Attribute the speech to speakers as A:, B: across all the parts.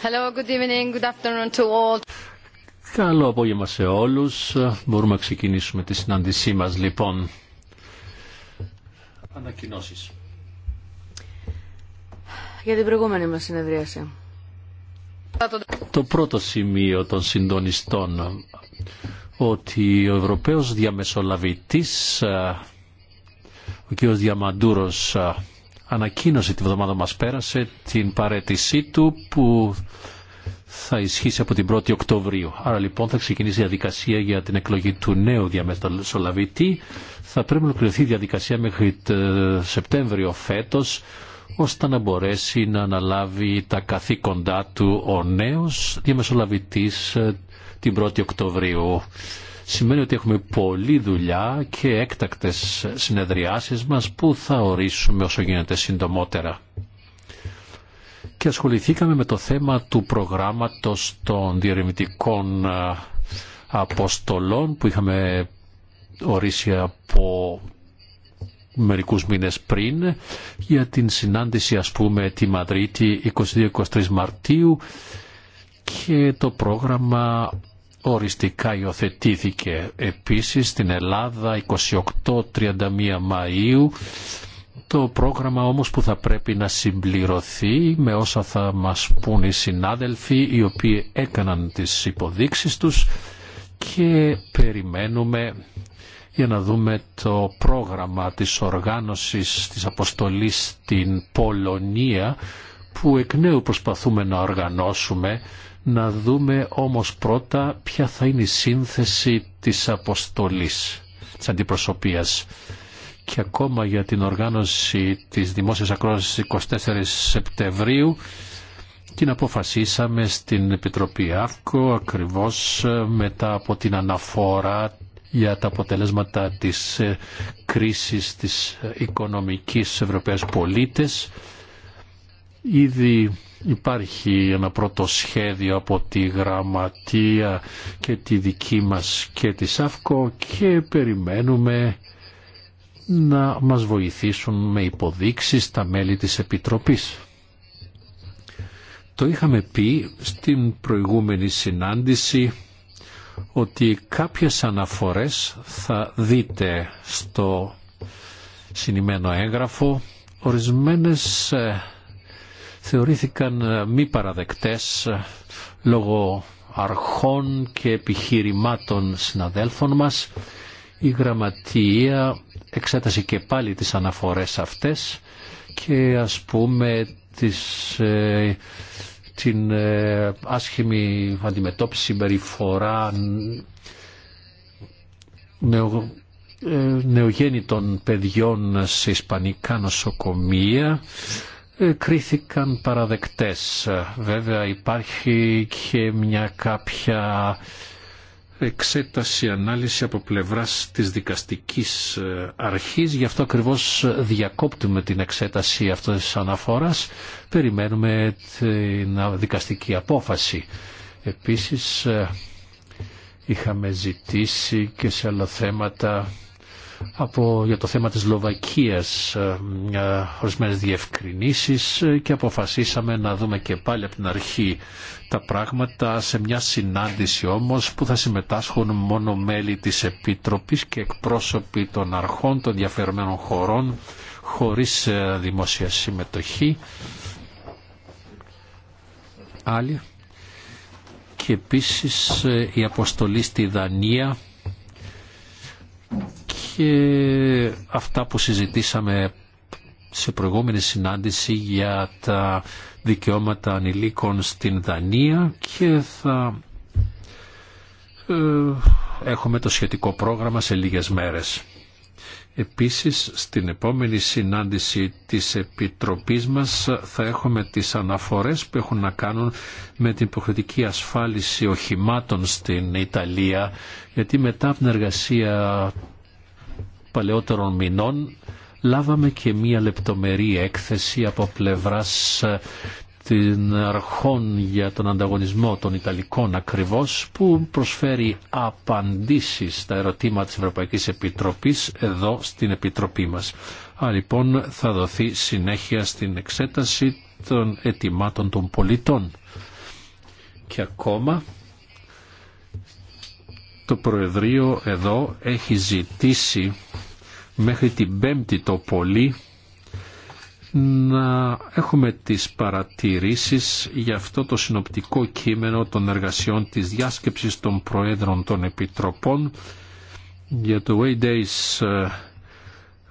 A: Hello, good evening, good afternoon to all. Καλό απόγευμα σε όλους. Μπορούμε να ξεκινήσουμε τη συνάντησή μας λοιπόν. Ανακοινώσεις.
B: Για την προηγούμενη μας συνεδρίαση.
A: Το πρώτο σημείο των συντονιστών ότι ο Ευρωπαίος διαμεσολαβητής ο κ. Διαμαντούρος ανακοίνωσε τη βδομάδα μας πέρασε την παρέτησή του που θα ισχύσει από την 1η Οκτωβρίου. Άρα λοιπόν θα ξεκινήσει η διαδικασία για την εκλογή του νέου διαμεσολαβητή. Θα πρέπει να ολοκληρωθεί η διαδικασία μέχρι το Σεπτέμβριο φέτος ώστε να μπορέσει να αναλάβει τα καθήκοντά του ο νέος διαμεσολαβητής ε, την 1η Οκτωβρίου. Σημαίνει ότι έχουμε πολλή δουλειά και έκτακτες συνεδριάσεις μας που θα ορίσουμε όσο γίνεται συντομότερα και ασχοληθήκαμε με το θέμα του προγράμματος των διερευνητικών ε, αποστολών που είχαμε ορίσει από μερικούς μήνες πριν για την συνάντηση ας πούμε τη Μαδρίτη 22-23 Μαρτίου και το πρόγραμμα οριστικά υιοθετήθηκε επίσης στην Ελλάδα 28-31 Μαΐου το πρόγραμμα όμως που θα πρέπει να συμπληρωθεί με όσα θα μας πούν οι συνάδελφοι οι οποίοι έκαναν τις υποδείξεις τους και περιμένουμε για να δούμε το πρόγραμμα της οργάνωσης της αποστολής στην Πολωνία που εκ νέου προσπαθούμε να οργανώσουμε να δούμε όμως πρώτα ποια θα είναι η σύνθεση της αποστολής της αντιπροσωπείας και ακόμα για την οργάνωση της δημόσιας ακρόασης 24 Σεπτεμβρίου την αποφασίσαμε στην Επιτροπή ΑΦΚΟ ακριβώς ε, μετά από την αναφορά για τα αποτελέσματα της ε, κρίσης της ε, οικονομικής ευρωπαϊκής πολίτες. Ήδη υπάρχει ένα πρώτο σχέδιο από τη Γραμματεία και τη δική μας και της ΑΦΚΟ και περιμένουμε να μας βοηθήσουν με υποδείξεις τα μέλη της Επιτροπής. Το είχαμε πει στην προηγούμενη συνάντηση ότι κάποιες αναφορές θα δείτε στο συνημένο έγγραφο ορισμένες ε, θεωρήθηκαν ε, μη παραδεκτές ε, λόγω αρχών και επιχειρημάτων συναδέλφων μας η γραμματεία εξέτασε και πάλι τις αναφορές αυτές και ας πούμε τις, ε, την ε, άσχημη αντιμετώπιση συμπεριφορά νεο, ε, νεογέννητων παιδιών σε ισπανικά νοσοκομεία κρίθηκαν παραδεκτές. Βέβαια υπάρχει και μια κάποια εξέταση, ανάλυση από πλευράς της δικαστικής ε, αρχής. Γι' αυτό ακριβώς διακόπτουμε την εξέταση αυτής της αναφοράς. Περιμένουμε την δικαστική απόφαση. Επίσης ε, είχαμε ζητήσει και σε άλλα θέματα από, για το θέμα της Λοβακίας ε, ορισμένες διευκρινήσεις ε, και αποφασίσαμε να δούμε και πάλι από την αρχή τα πράγματα σε μια συνάντηση όμως που θα συμμετάσχουν μόνο μέλη της Επιτροπής και εκπρόσωποι των αρχών των διαφερμένων χωρών χωρίς ε, δημόσια συμμετοχή. Και επίσης η αποστολή στη Δανία και αυτά που συζητήσαμε σε προηγούμενη συνάντηση για τα δικαιώματα ανηλίκων στην Δανία και θα ε, έχουμε το σχετικό πρόγραμμα σε λίγες μέρες. Επίσης, στην επόμενη συνάντηση της Επιτροπής μας θα έχουμε τις αναφορές που έχουν να κάνουν με την υποχρεωτική ασφάλιση οχημάτων στην Ιταλία, γιατί μετά από την εργασία παλαιότερων μηνών λάβαμε και μία λεπτομερή έκθεση από πλευράς ε, την αρχών για τον ανταγωνισμό των Ιταλικών ακριβώς που προσφέρει απαντήσεις στα ερωτήματα της Ευρωπαϊκής Επιτροπής εδώ στην Επιτροπή μας. Α λοιπόν θα δοθεί συνέχεια στην εξέταση των ετοιμάτων των πολιτών. Και ακόμα το Προεδρείο εδώ έχει ζητήσει μέχρι την Πέμπτη το πολύ να έχουμε τις παρατηρήσεις για αυτό το συνοπτικό κείμενο των εργασιών της διάσκεψης των Προέδρων των Επιτροπών για το Way Days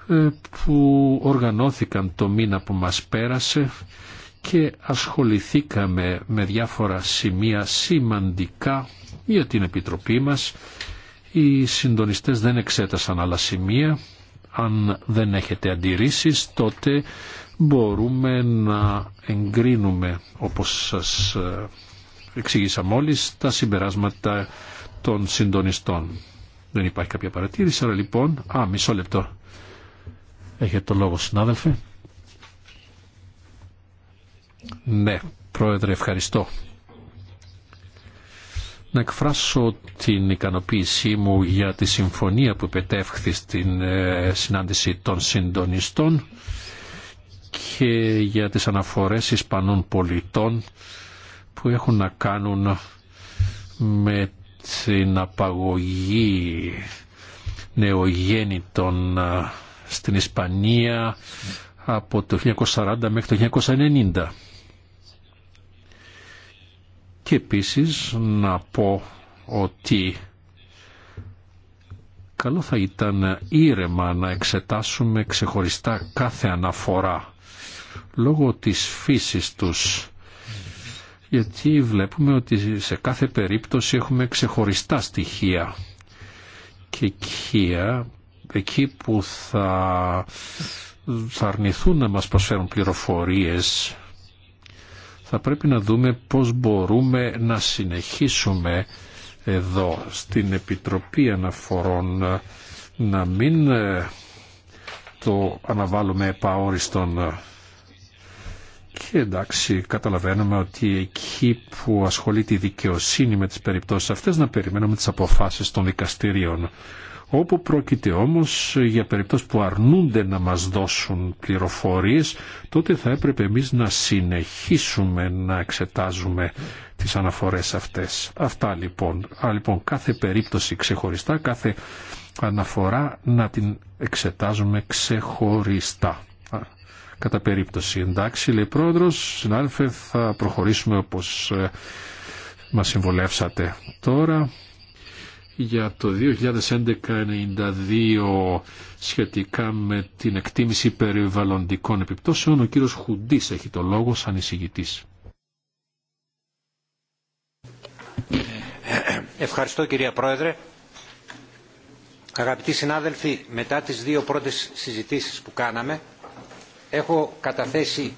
A: ε, που οργανώθηκαν το μήνα που μας πέρασε και ασχοληθήκαμε με διάφορα σημεία σημαντικά για την Επιτροπή μας. Οι συντονιστές δεν εξέτασαν άλλα σημεία. Αν δεν έχετε αντιρρήσεις τότε μπορούμε να εγκρίνουμε όπως σας ε, εξήγησα μόλις τα συμπεράσματα των συντονιστών. Δεν υπάρχει κάποια παρατήρηση, αλλά λοιπόν... Α, μισό λεπτό. Έχετε το λόγο, συνάδελφε. Ναι, Πρόεδρε, ευχαριστώ. Να εκφράσω την ικανοποίησή μου για τη συμφωνία που επετεύχθη στην ε, συνάντηση των συντονιστών και για τις αναφορές Ισπανών πολιτών που έχουν να κάνουν με την απαγωγή νεογέννητων ε, στην Ισπανία από το 1940 μέχρι το 1990. Και επίσης να πω ότι καλό θα ήταν ήρεμα να εξετάσουμε ξεχωριστά κάθε αναφορά λόγω της φύσης τους γιατί βλέπουμε ότι σε κάθε περίπτωση έχουμε ξεχωριστά στοιχεία και εκεί, εκεί που θα, θα αρνηθούν να μας προσφέρουν πληροφορίες θα πρέπει να δούμε πώς μπορούμε να συνεχίσουμε εδώ στην Επιτροπή Αναφορών να μην ε, το αναβάλουμε επαόριστον και εντάξει, καταλαβαίνουμε ότι εκεί που ασχολείται η δικαιοσύνη με τις περιπτώσεις αυτές να περιμένουμε τις αποφάσεις των δικαστηρίων όπου πρόκειται όμως για περιπτώσεις που αρνούνται να μας δώσουν πληροφορίες, τότε θα έπρεπε εμείς να συνεχίσουμε να εξετάζουμε τις αναφορές αυτές. Αυτά λοιπόν. Α, λοιπόν κάθε περίπτωση ξεχωριστά, κάθε αναφορά να την εξετάζουμε ξεχωριστά. Κατά περίπτωση. Εντάξει, λέει πρόεδρος, συνάδελφε, θα προχωρήσουμε όπως ε, μας συμβολεύσατε. Τώρα για το 2011-92 σχετικά με την εκτίμηση περιβαλλοντικών επιπτώσεων. Ο κύριος Χουντής έχει το λόγο σαν εισηγητής.
C: Ευχαριστώ κυρία Πρόεδρε. Αγαπητοί συνάδελφοι, μετά τις δύο πρώτες συζητήσεις που κάναμε, έχω καταθέσει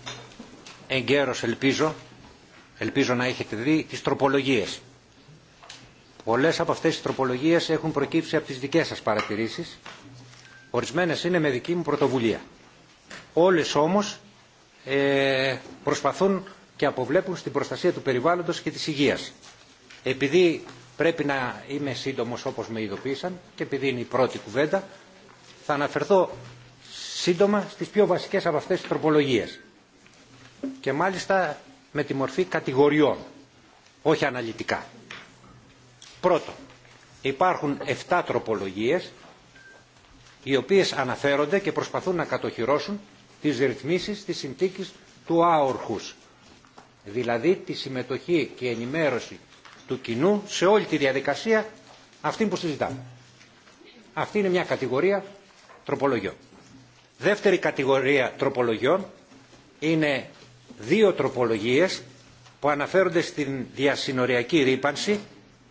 C: εγκαίρως ελπίζω, ελπίζω να έχετε δει, τις τροπολογίες Πολλές από αυτές τις τροπολογίες έχουν προκύψει από τις δικές σας παρατηρήσεις. Ορισμένες είναι με δική μου πρωτοβουλία. Όλες όμως ε, προσπαθούν και αποβλέπουν στην προστασία του περιβάλλοντος και της υγείας. Επειδή πρέπει να είμαι σύντομος όπως με ειδοποίησαν και επειδή είναι η πρώτη κουβέντα, θα αναφερθώ σύντομα στις πιο βασικές από αυτές τις τροπολογίες. Και μάλιστα με τη μορφή κατηγοριών, όχι αναλυτικά. Πρώτον, υπάρχουν 7 τροπολογίες οι οποίες αναφέρονται και προσπαθούν να κατοχυρώσουν τις ρυθμίσεις της συνθήκης του άορχους. Δηλαδή τη συμμετοχή και ενημέρωση του κοινού σε όλη τη διαδικασία αυτή που συζητάμε. Αυτή είναι μια κατηγορία τροπολογιών. Δεύτερη κατηγορία τροπολογιών είναι δύο τροπολογίες που αναφέρονται στην διασυνοριακή ρήπανση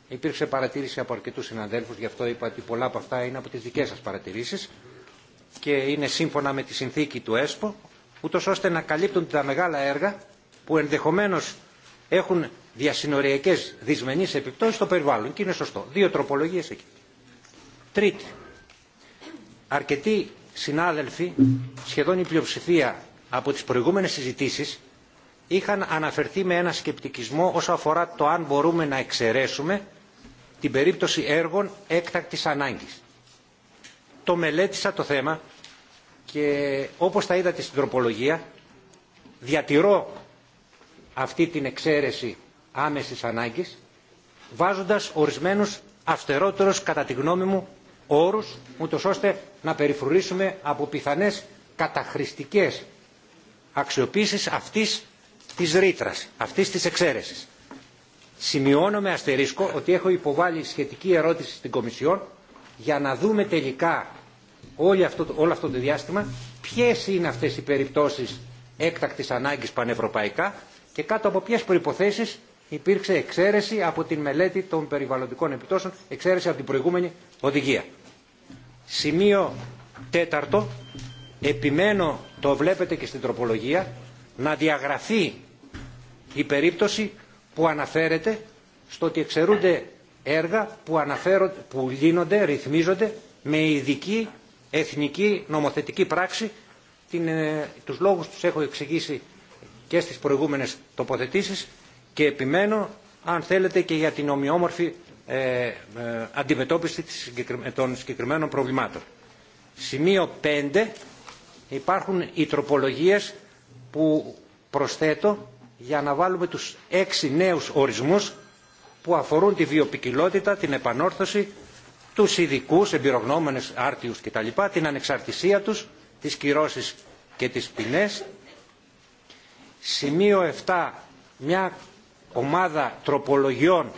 C: Υπήρξε παρατήρηση από αρκετού συναδέλφου, γι' αυτό είπα ότι πολλά από αυτά είναι από τι δικέ σα παρατηρήσει και είναι σύμφωνα με τη συνθήκη του ΕΣΠΟ, ούτω ώστε να καλύπτουν τα μεγάλα έργα που ενδεχομένω έχουν διασυνοριακέ δυσμενεί επιπτώσει στο περιβάλλον. Και είναι σωστό. Δύο τροπολογίε εκεί. Τρίτη. Αρκετοί συνάδελφοι, σχεδόν η πλειοψηφία από τι προηγούμενε συζητήσει, είχαν αναφερθεί με ένα σκεπτικισμό όσο αφορά το αν μπορούμε να εξαιρέσουμε την περίπτωση έργων έκτακτης ανάγκης. Το μελέτησα το θέμα και όπως τα είδατε στην τροπολογία διατηρώ αυτή την εξαίρεση άμεσης ανάγκης βάζοντας ορισμένους αυστερότερους κατά τη γνώμη μου όρους ούτως ώστε να περιφρουρήσουμε από πιθανές καταχρηστικές αξιοποίησεις αυτής της ρήτρα, αυτής της εξαίρεσης. Σημειώνω με αστερίσκο ότι έχω υποβάλει σχετική ερώτηση στην Κομισιόν για να δούμε τελικά όλο αυτό, όλο αυτό το διάστημα ποιες είναι αυτές οι περιπτώσεις έκτακτης ανάγκης πανευρωπαϊκά και κάτω από ποιες προϋποθέσεις υπήρξε εξαίρεση από την μελέτη των περιβαλλοντικών επιπτώσεων, εξαίρεση από την προηγούμενη οδηγία. Σημείο τέταρτο, επιμένω, το βλέπετε και στην τροπολογία, να διαγραφεί η περίπτωση που αναφέρεται στο ότι εξαιρούνται έργα που, που λύνονται, ρυθμίζονται με ειδική εθνική νομοθετική πράξη. Την, ε, τους λόγους τους έχω εξηγήσει και στις προηγούμενες τοποθετήσεις και επιμένω αν θέλετε και για την ομοιόμορφη ε, ε, αντιμετώπιση των συγκεκριμένων προβλημάτων. Σημείο 5 υπάρχουν οι τροπολογίες που προσθέτω για να βάλουμε τους έξι νέους ορισμούς που αφορούν τη βιοπικιλότητα, την επανόρθωση, τους ειδικού εμπειρογνώμενες άρτιους κτλ, την ανεξαρτησία τους, τις κυρώσεις και τις ποινές. Σημείο 7. Μια ομάδα τροπολογιών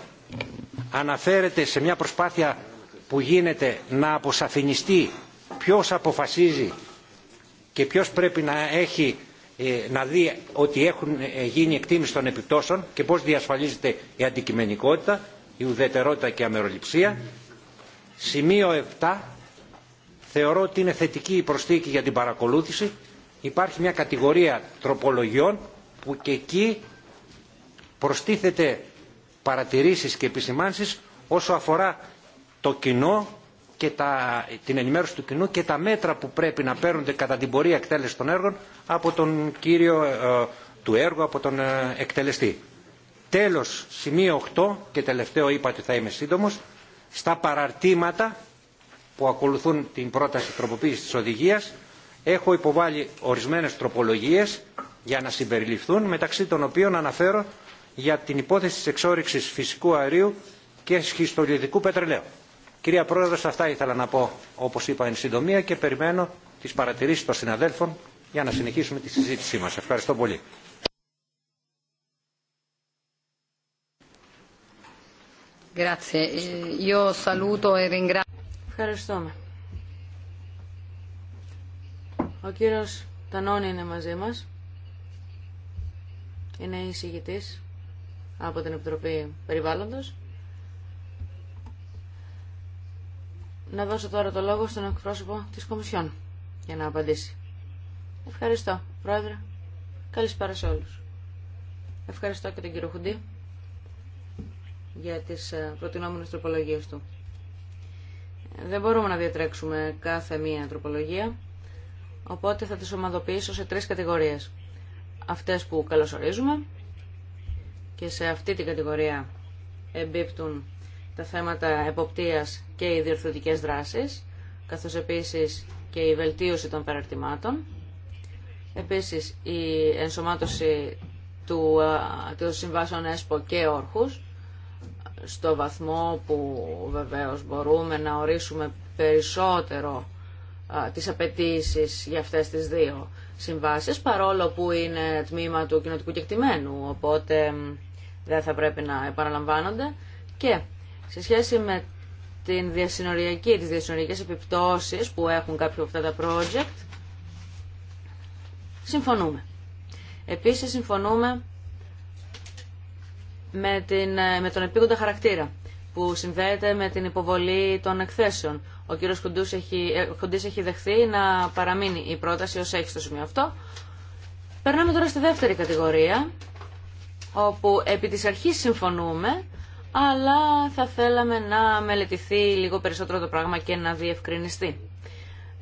C: αναφέρεται σε μια προσπάθεια που γίνεται να αποσαφινιστεί ποιος αποφασίζει και ποιος πρέπει να έχει ε, να δει ότι έχουν ε, γίνει εκτίμηση των επιπτώσεων και πώς διασφαλίζεται η αντικειμενικότητα, η ουδετερότητα και η αμεροληψία. Σημείο 7. Θεωρώ ότι είναι θετική η προσθήκη για την παρακολούθηση. Υπάρχει μια κατηγορία τροπολογιών που και εκεί προστίθεται παρατηρήσεις και επισημάνσεις όσο αφορά το κοινό και την ενημέρωση του κοινού και τα μέτρα που πρέπει να παίρνονται κατά την πορεία εκτέλεση των έργων από τον κύριο ε, του έργου, από τον ε, εκτελεστή. Τέλος, σημείο 8 και τελευταίο είπα ότι θα είμαι σύντομος, στα παραρτήματα που ακολουθούν την πρόταση τροποποίησης της οδηγίας έχω υποβάλει ορισμένες τροπολογίες για να συμπεριληφθούν μεταξύ των οποίων αναφέρω για την υπόθεση της εξόριξης φυσικού αερίου και σχιστολιωδικού πετρελαίου Κυρία Πρόεδρε, αυτά ήθελα να πω, όπως είπα, εν συντομία και περιμένω τις παρατηρήσεις των συναδέλφων για να συνεχίσουμε τη συζήτησή μας. Ευχαριστώ πολύ.
B: E Ευχαριστώ. Ο κύριος Τανόνι είναι μαζί μας. Είναι εισηγητής από την Επιτροπή Περιβάλλοντος. Να δώσω τώρα το λόγο στον εκπρόσωπο της Κομισιόν για να απαντήσει. Ευχαριστώ, Πρόεδρε. Καλησπέρα σε όλους. Ευχαριστώ και τον κύριο Χουντή για τις ε, προτινόμενες τροπολογίες του. Δεν μπορούμε να διατρέξουμε κάθε μία τροπολογία, οπότε θα τις ομαδοποιήσω σε τρεις κατηγορίες. Αυτές που καλωσορίζουμε και σε αυτή την κατηγορία εμπίπτουν τα θέματα εποπτείας και οι διορθωτικές δράσεις, καθώς επίσης και η βελτίωση των παραρτημάτων. Επίσης η ενσωμάτωση του, του συμβάσεων ΕΣΠΟ και όρχους, στο βαθμό που βεβαίως μπορούμε να ορίσουμε περισσότερο τις απαιτήσει για αυτές τις δύο συμβάσεις, παρόλο που είναι τμήμα του κοινοτικού κεκτημένου, οπότε δεν θα πρέπει να επαναλαμβάνονται. Και σε σχέση με την διασυνοριακή, τις διασυνοριακές επιπτώσεις που έχουν κάποιο από αυτά τα project, συμφωνούμε. Επίσης συμφωνούμε με, την, με τον επίγοντα χαρακτήρα που συνδέεται με την υποβολή των εκθέσεων. Ο κ. Κοντούς έχει, ε, έχει δεχθεί να παραμείνει η πρόταση ως έχει στο σημείο αυτό. Περνάμε τώρα στη δεύτερη κατηγορία, όπου επί της αρχής συμφωνούμε, αλλά θα θέλαμε να μελετηθεί λίγο περισσότερο το πράγμα και να διευκρινιστεί.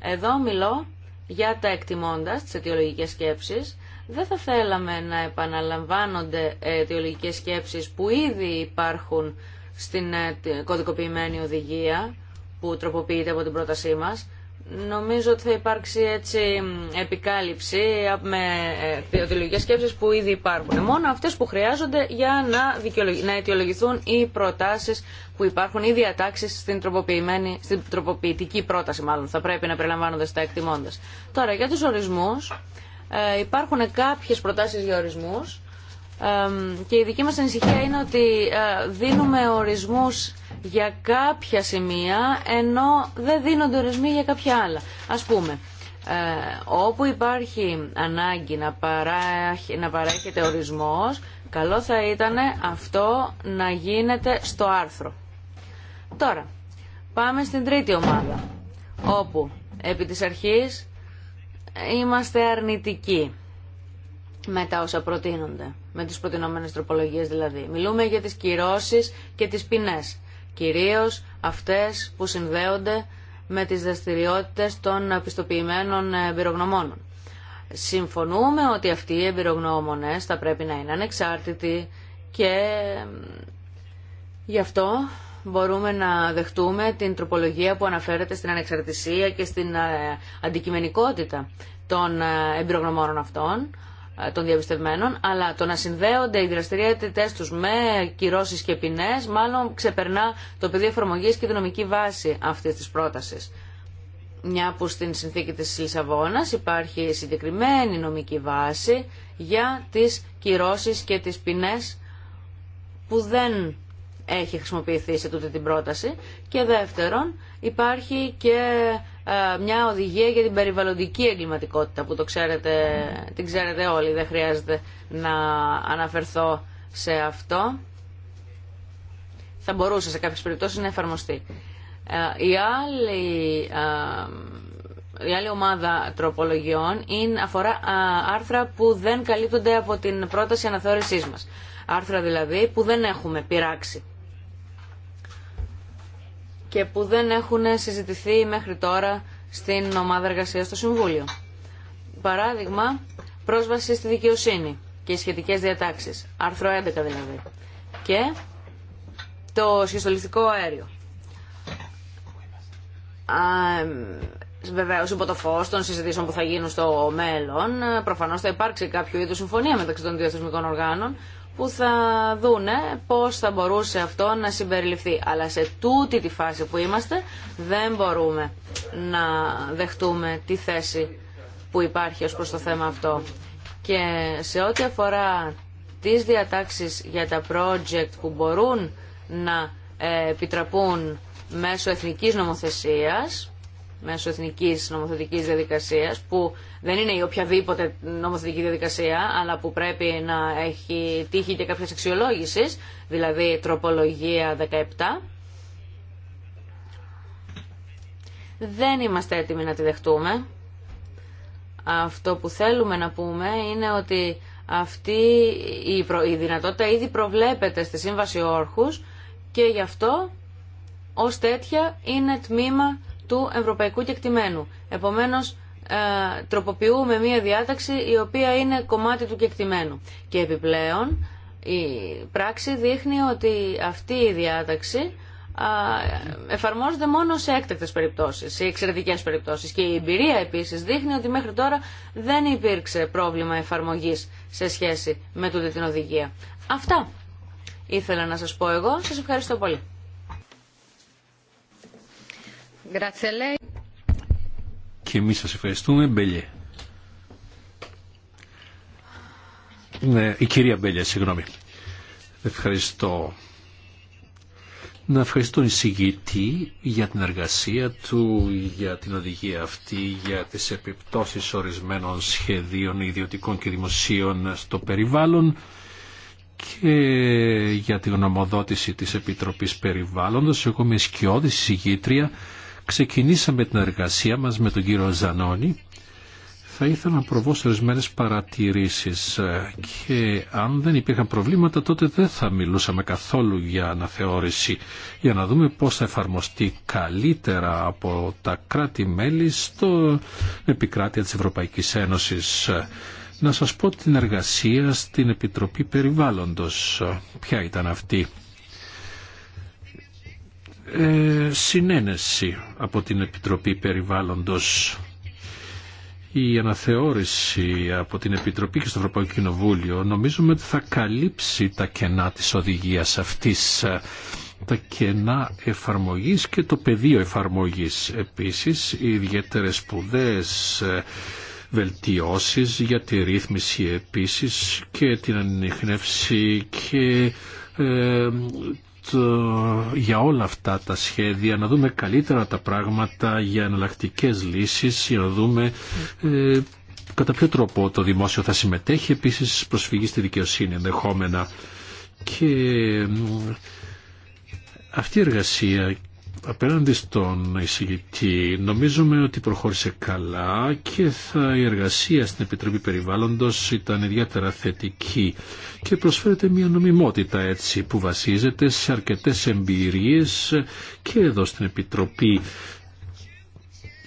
B: Εδώ μιλώ για τα εκτιμώντας, τις αιτιολογικές σκέψεις. Δεν θα θέλαμε να επαναλαμβάνονται αιτιολογικές σκέψεις που ήδη υπάρχουν στην ε, κωδικοποιημένη οδηγία που τροποποιείται από την πρότασή μας. Νομίζω ότι θα υπάρξει έτσι επικάλυψη με ιδεολογικές ε, σκέψεις που ήδη υπάρχουν. Μόνο αυτές που χρειάζονται για να, να αιτιολογηθούν οι προτάσεις που υπάρχουν, ή διατάξεις στην, τροποποιημένη, στην τροποποιητική πρόταση μάλλον. Θα πρέπει να περιλαμβάνονται στα εκτιμώντας. Τώρα για τους ορισμούς. Ε, υπάρχουν κάποιες προτάσεις για ορισμούς και η δική μας ανησυχία είναι ότι ε, δίνουμε ορισμούς για κάποια σημεία ενώ δεν δίνονται ορισμοί για κάποια άλλα. Ας πούμε, ε, όπου υπάρχει ανάγκη να, παράχει, να παρέχεται ορισμός, καλό θα ήταν αυτό να γίνεται στο άρθρο. Τώρα, πάμε στην τρίτη ομάδα, όπου επί της αρχής είμαστε αρνητικοί με τα όσα προτείνονται, με τις προτινόμενες τροπολογίες δηλαδή. Μιλούμε για τις κυρώσεις και τις ποινές, κυρίως αυτές που συνδέονται με τις δραστηριότητες των πιστοποιημένων εμπειρογνωμόνων. Συμφωνούμε ότι αυτοί οι εμπειρογνώμονες θα πρέπει να είναι ανεξάρτητοι και γι' αυτό μπορούμε να δεχτούμε την τροπολογία που αναφέρεται στην ανεξαρτησία και στην ε, αντικειμενικότητα των ε, εμπειρογνωμόνων αυτών ε, των διαπιστευμένων, αλλά το να συνδέονται οι δραστηριότητε του με κυρώσει και ποινέ, μάλλον ξεπερνά το πεδίο εφαρμογή και τη νομική βάση αυτή τη πρόταση. Μια που στην συνθήκη της Λισαβόνα υπάρχει συγκεκριμένη νομική βάση για τις κυρώσεις και τις ποινέ που δεν έχει χρησιμοποιηθεί σε τούτη την πρόταση και δεύτερον υπάρχει και ε, μια οδηγία για την περιβαλλοντική εγκληματικότητα που το ξέρετε, την ξέρετε όλοι, δεν χρειάζεται να αναφερθώ σε αυτό. Θα μπορούσε σε κάποιες περιπτώσεις να εφαρμοστεί. Ε, η άλλη, ε, η άλλη ομάδα τροπολογιών είναι, αφορά άρθρα που δεν καλύπτονται από την πρόταση αναθεώρησής μας. Άρθρα δηλαδή που δεν έχουμε πειράξει και που δεν έχουν συζητηθεί μέχρι τώρα στην ομάδα εργασία στο Συμβούλιο. Παράδειγμα, πρόσβαση στη δικαιοσύνη και οι σχετικές διατάξεις, άρθρο 11 δηλαδή, και το συστολιστικό αέριο. Βεβαίω, υπό το φω των συζητήσεων που θα γίνουν στο μέλλον, ε, προφανώ θα υπάρξει κάποιο είδου συμφωνία μεταξύ των δύο θεσμικών οργάνων, που θα δούνε πώς θα μπορούσε αυτό να συμπεριληφθεί. Αλλά σε τούτη τη φάση που είμαστε δεν μπορούμε να δεχτούμε τη θέση που υπάρχει ως προς το θέμα αυτό. Και σε ό,τι αφορά τις διατάξεις για τα project που μπορούν να ε, επιτραπούν μέσω εθνικής νομοθεσίας, μέσω εθνική νομοθετική διαδικασία, που δεν είναι η οποιαδήποτε νομοθετική διαδικασία, αλλά που πρέπει να έχει τύχει και κάποια αξιολόγηση, δηλαδή τροπολογία 17. Δεν είμαστε έτοιμοι να τη δεχτούμε. Αυτό που θέλουμε να πούμε είναι ότι αυτή η δυνατότητα ήδη προβλέπεται στη Σύμβαση Όρχους και γι' αυτό ως τέτοια είναι τμήμα του ευρωπαϊκού κεκτημένου. Επομένως, ε, τροποποιούμε μία διάταξη η οποία είναι κομμάτι του κεκτημένου. Και επιπλέον, η πράξη δείχνει ότι αυτή η διάταξη εφαρμόζεται μόνο σε έκτακτες περιπτώσεις, σε εξαιρετικές περιπτώσεις. Και η εμπειρία επίσης δείχνει ότι μέχρι τώρα δεν υπήρξε πρόβλημα εφαρμογής σε σχέση με τούτη την οδηγία. Αυτά ήθελα να σας πω εγώ. Σας ευχαριστώ πολύ.
A: Και εμεί σα ευχαριστούμε. Μπέλιε. Ναι, η κυρία Μπέλια, συγγνώμη. Ευχαριστώ. Να ευχαριστώ εισηγητή για την εργασία του, για την οδηγία αυτή, για τις επιπτώσεις ορισμένων σχεδίων ιδιωτικών και δημοσίων στο περιβάλλον και για την γνωμοδότηση της Επιτροπής Περιβάλλοντος. Εγώ είμαι εισηγήτρια ξεκινήσαμε την εργασία μας με τον κύριο Ζανόνη θα ήθελα να προβώ σε ορισμένε παρατηρήσει και αν δεν υπήρχαν προβλήματα τότε δεν θα μιλούσαμε καθόλου για αναθεώρηση για να δούμε πώς θα εφαρμοστεί καλύτερα από τα κράτη-μέλη στο επικράτεια τη Ευρωπαϊκής Ένωσης. Να σας πω την εργασία στην Επιτροπή περιβάλλοντο. Ποια ήταν αυτή. Ε, συνένεση από την Επιτροπή Περιβάλλοντος. Η αναθεώρηση από την Επιτροπή και στο Ευρωπαϊκό Κοινοβούλιο νομίζουμε ότι θα καλύψει τα κενά της οδηγίας αυτής τα κενά εφαρμογής και το πεδίο εφαρμογής. Επίσης, οι ιδιαίτερες σπουδές ε, βελτιώσεις για τη ρύθμιση επίσης και την ανιχνεύση και ε, ε, για όλα αυτά τα σχέδια, να δούμε καλύτερα τα πράγματα για εναλλακτικέ λύσεις, για να δούμε ε, κατά ποιο τρόπο το δημόσιο θα συμμετέχει, επίσης προσφυγή στη δικαιοσύνη ενδεχόμενα. Και αυτή η εργασία απέναντι στον εισηγητή νομίζουμε ότι προχώρησε καλά και θα η εργασία στην Επιτροπή Περιβάλλοντος ήταν ιδιαίτερα θετική και προσφέρεται μια νομιμότητα έτσι που βασίζεται σε αρκετές εμπειρίες και εδώ στην Επιτροπή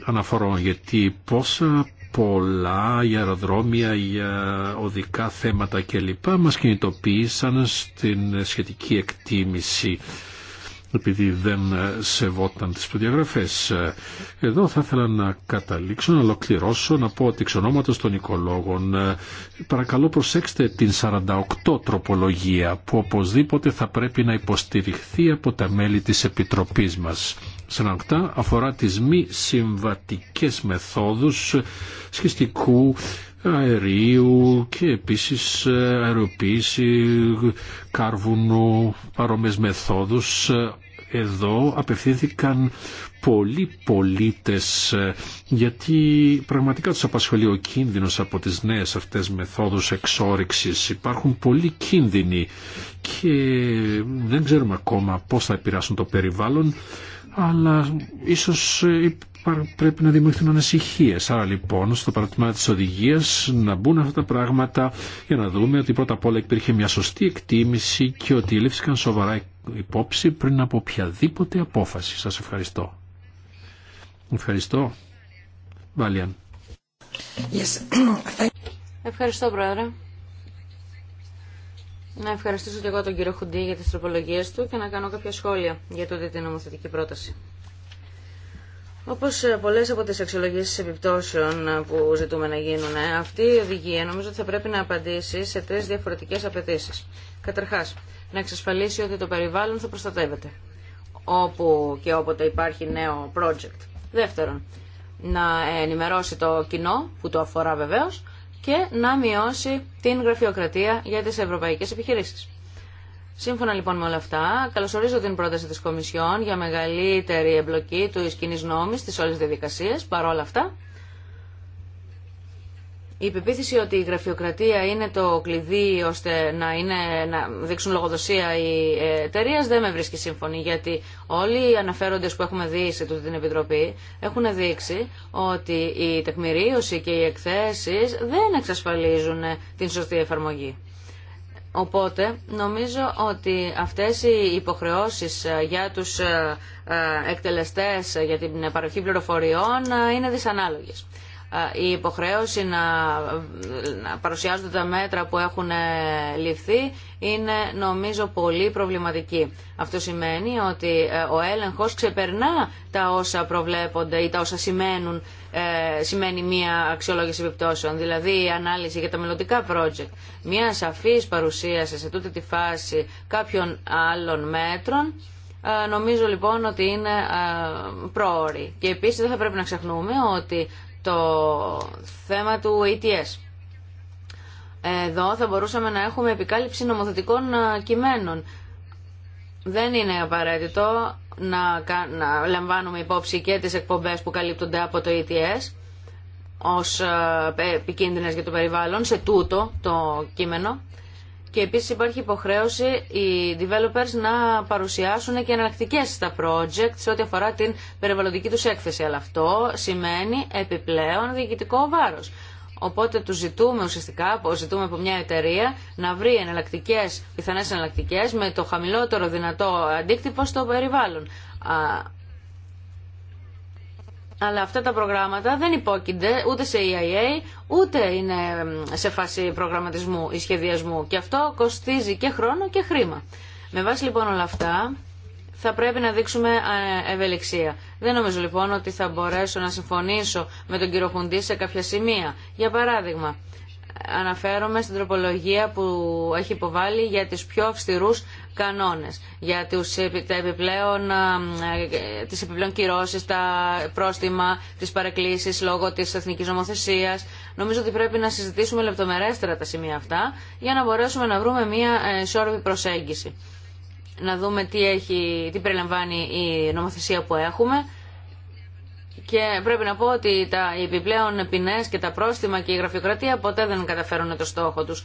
A: αναφορώ γιατί πόσα πολλά για αεροδρόμια, για οδικά θέματα κλπ. μας κινητοποίησαν στην σχετική εκτίμηση επειδή δεν ε, σεβόταν τις προδιαγραφές. Ε, εδώ θα ήθελα να καταλήξω, να ολοκληρώσω, να πω ότι εξ των οικολόγων ε, παρακαλώ προσέξτε την 48 τροπολογία που οπωσδήποτε θα πρέπει να υποστηριχθεί από τα μέλη της Επιτροπής μας. αντά αφορά τις μη συμβατικές μεθόδους σχιστικού αερίου και επίσης ε, αεροποίηση κάρβουνου, παρόμοιες μεθόδους. Ε, εδώ απευθύνθηκαν πολλοί πολίτες ε, γιατί πραγματικά τους απασχολεί ο κίνδυνος από τις νέες αυτές μεθόδους εξόριξης. Υπάρχουν πολλοί κίνδυνοι και δεν ξέρουμε ακόμα πώς θα επηρεάσουν το περιβάλλον αλλά ίσως πρέπει να δημιουργηθούν ανησυχίε. Άρα λοιπόν στο παρατημά τη οδηγία να μπουν αυτά τα πράγματα για να δούμε ότι πρώτα απ' όλα υπήρχε μια σωστή εκτίμηση και ότι λήφθηκαν σοβαρά υπόψη πριν από οποιαδήποτε απόφαση. Σα ευχαριστώ. Ευχαριστώ. Βάλιαν.
B: Yes. Ευχαριστώ Πρόεδρε. Να ευχαριστήσω και εγώ τον κύριο Χουντή για τις τροπολογίες του και να κάνω κάποια σχόλια για τότε την νομοθετική πρόταση. Όπω πολλέ από τις αξιολογήσει επιπτώσεων που ζητούμε να γίνουν, ε, αυτή η οδηγία νομίζω ότι θα πρέπει να απαντήσει σε τρεις διαφορετικές απαιτήσει. Καταρχάς, να εξασφαλίσει ότι το περιβάλλον θα προστατεύεται, όπου και όποτε υπάρχει νέο project. Δεύτερον, να ενημερώσει το κοινό, που το αφορά βεβαίως, και να μειώσει την γραφειοκρατία για τι ευρωπαϊκέ επιχειρήσει. Σύμφωνα λοιπόν με όλα αυτά, καλωσορίζω την πρόταση τη Κομισιόν για μεγαλύτερη εμπλοκή του κοινή νόμη στις όλες διαδικασίε Παρ' όλα αυτά. Η υπεποίθηση ότι η γραφειοκρατία είναι το κλειδί ώστε να, είναι, να δείξουν λογοδοσία οι εταιρείε δεν με βρίσκει σύμφωνη, γιατί όλοι οι αναφέροντε που έχουμε δει σε τούτη την Επιτροπή έχουν δείξει ότι η τεκμηρίωση και οι εκθέσει δεν εξασφαλίζουν την σωστή εφαρμογή. Οπότε νομίζω ότι αυτές οι υποχρεώσεις ε, για τους ε, ε, εκτελεστές για την παροχή πληροφοριών είναι δυσανάλογες. Ε, η υποχρέωση να, παρουσιάζονται τα μέτρα που έχουν ε, ληφθεί είναι νομίζω πολύ προβληματική. Αυτό σημαίνει ότι ε, ο έλεγχος ξεπερνά τα όσα προβλέπονται ή τα όσα σημαίνουν, ε, σημαίνει μία αξιολόγηση επιπτώσεων, δηλαδή η τα οσα σημαινουν σημαινει μια αξιολογηση επιπτωσεων δηλαδη η αναλυση για τα μελλοντικά project. Μία σαφής παρουσίαση σε τούτη τη φάση κάποιων άλλων μέτρων νομίζω λοιπόν ότι είναι πρόορη. Και επίσης δεν θα πρέπει να ξεχνούμε ότι το θέμα του ETS. Εδώ θα μπορούσαμε να έχουμε επικάλυψη νομοθετικών κειμένων. Δεν είναι απαραίτητο να, να λαμβάνουμε υπόψη και τις εκπομπές που καλύπτονται από το ETS ως επικίνδυνες για το περιβάλλον, σε τούτο το κείμενο. Και επίση υπάρχει υποχρέωση οι developers να παρουσιάσουν και εναλλακτικέ στα project σε ό,τι αφορά την περιβαλλοντική του έκθεση. Αλλά αυτό σημαίνει επιπλέον διοικητικό βάρο. Οπότε του ζητούμε ουσιαστικά, ζητούμε από μια εταιρεία να βρει εναλλακτικέ, πιθανέ εναλλακτικέ με το χαμηλότερο δυνατό αντίκτυπο στο περιβάλλον αλλά αυτά τα προγράμματα δεν υπόκεινται ούτε σε EIA, ούτε είναι σε φάση προγραμματισμού ή σχεδιασμού. Και αυτό κοστίζει και χρόνο και χρήμα. Με βάση λοιπόν όλα αυτά, θα πρέπει να δείξουμε ε, ευελιξία. Δεν νομίζω λοιπόν ότι θα μπορέσω να συμφωνήσω με τον κύριο Χουντή σε κάποια σημεία. Για παράδειγμα, αναφέρομαι στην τροπολογία που έχει υποβάλει για τις πιο αυστηρούς κανόνες για τους, επιπλέον, ε, τις επιπλέον κυρώσεις, τα πρόστιμα, τις παρεκκλήσεις λόγω της εθνικής νομοθεσίας. Νομίζω ότι πρέπει να συζητήσουμε λεπτομερέστερα τα σημεία αυτά για να μπορέσουμε να βρούμε μια ε, ισόρροπη προσέγγιση. Να δούμε τι, έχει, τι περιλαμβάνει η νομοθεσία που έχουμε και πρέπει να πω ότι τα, επιπλέον ποινέ και τα πρόστιμα και η γραφειοκρατία ποτέ δεν καταφέρουν το στόχο του.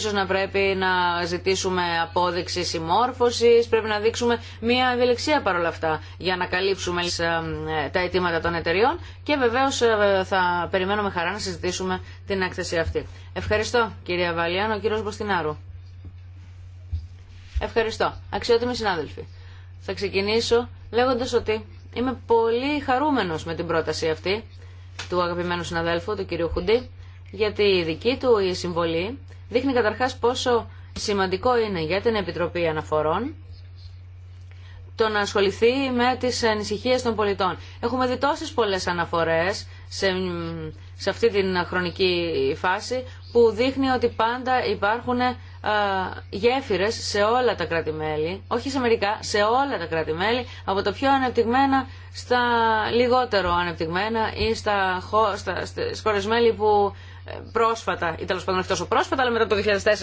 B: σω να πρέπει να ζητήσουμε απόδειξη συμμόρφωση, πρέπει να δείξουμε μια ευελιξία παρόλα αυτά για να καλύψουμε ε, τα αιτήματα των εταιριών και βεβαίω ε, θα περιμένουμε χαρά να συζητήσουμε την έκθεση αυτή. Ευχαριστώ κυρία Βαλιάν, ο κύριο Μποστινάρου. Ευχαριστώ. Αξιότιμοι συνάδελφοι. Θα ξεκινήσω λέγοντα ότι Είμαι πολύ χαρούμενος με την πρόταση αυτή του αγαπημένου συναδέλφου, του κυρίου Χουντή, γιατί η δική του η συμβολή δείχνει καταρχάς πόσο σημαντικό είναι για την Επιτροπή Αναφορών το να ασχοληθεί με τις ανησυχίες των πολιτών. Έχουμε δει τόσες πολλές αναφορές σε, σε αυτή την χρονική φάση που δείχνει ότι πάντα υπάρχουν ε, γέφυρες σε όλα τα κράτη-μέλη, όχι σε μερικά, σε όλα τα κράτη-μέλη, από τα πιο ανεπτυγμένα στα λιγότερο ανεπτυγμένα ή στα, στα, μέλη που ε, πρόσφατα, ή τέλο πάντων τόσο πρόσφατα, αλλά μετά το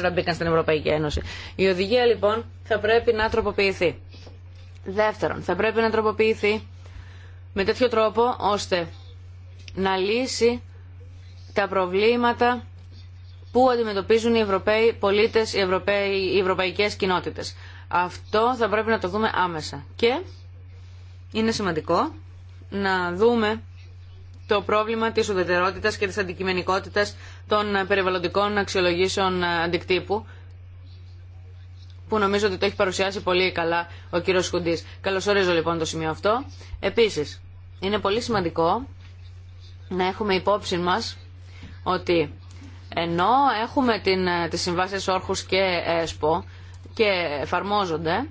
B: 2004 μπήκαν στην Ευρωπαϊκή Ένωση. Η οδηγία λοιπόν θα πρέπει να τροποποιηθεί. Δεύτερον, θα πρέπει να τροποποιηθεί με τέτοιο τρόπο ώστε να λύσει τα προβλήματα που αντιμετωπίζουν οι Ευρωπαίοι πολίτες, οι, Ευρωπαίοι, οι ευρωπαϊκές κοινότητες. Αυτό θα πρέπει να το δούμε άμεσα. Και είναι σημαντικό να δούμε το πρόβλημα της ουδετερότητας και της αντικειμενικότητας των περιβαλλοντικών αξιολογήσεων αντικτύπου που νομίζω ότι το έχει παρουσιάσει πολύ καλά ο κύριος Καλώς Καλωσορίζω λοιπόν το σημείο αυτό. Επίσης, είναι πολύ σημαντικό να έχουμε υπόψη μας ότι ενώ έχουμε την, ε, τις συμβάσεις όρχους και ΕΣΠΟ και εφαρμόζονται,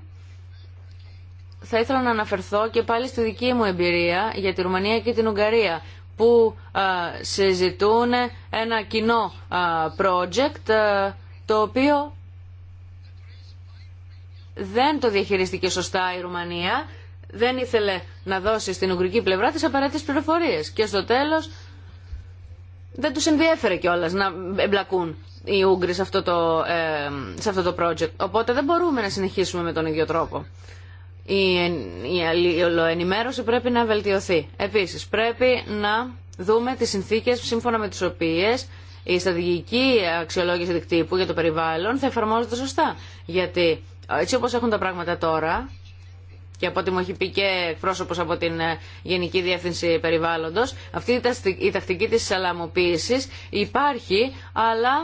B: θα ήθελα να αναφερθώ και πάλι στη δική μου εμπειρία για τη Ρουμανία και την Ουγγαρία που ε, συζητούν ένα κοινό ε, project το οποίο δεν το διαχειριστήκε σωστά η Ρουμανία, δεν ήθελε να δώσει στην ουγγρική πλευρά τις απαραίτητες πληροφορίες και στο τέλος δεν τους ενδιέφερε κιόλα να εμπλακούν οι Ούγγροι σε αυτό, το, ε, σε αυτό το project. Οπότε δεν μπορούμε να συνεχίσουμε με τον ίδιο τρόπο. Η, η ολοενημέρωση πρέπει να βελτιωθεί. Επίσης, πρέπει να δούμε τις συνθήκες σύμφωνα με τις οποίες η στρατηγική αξιολόγηση δικτύπου για το περιβάλλον θα εφαρμόζεται σωστά. Γιατί ε, έτσι όπως έχουν τα πράγματα τώρα, και από ό,τι μου έχει πει και πρόσωπο από την ε, Γενική Διεύθυνση Περιβάλλοντο, αυτή η τακτική τη σαλαμοποίηση υπάρχει, αλλά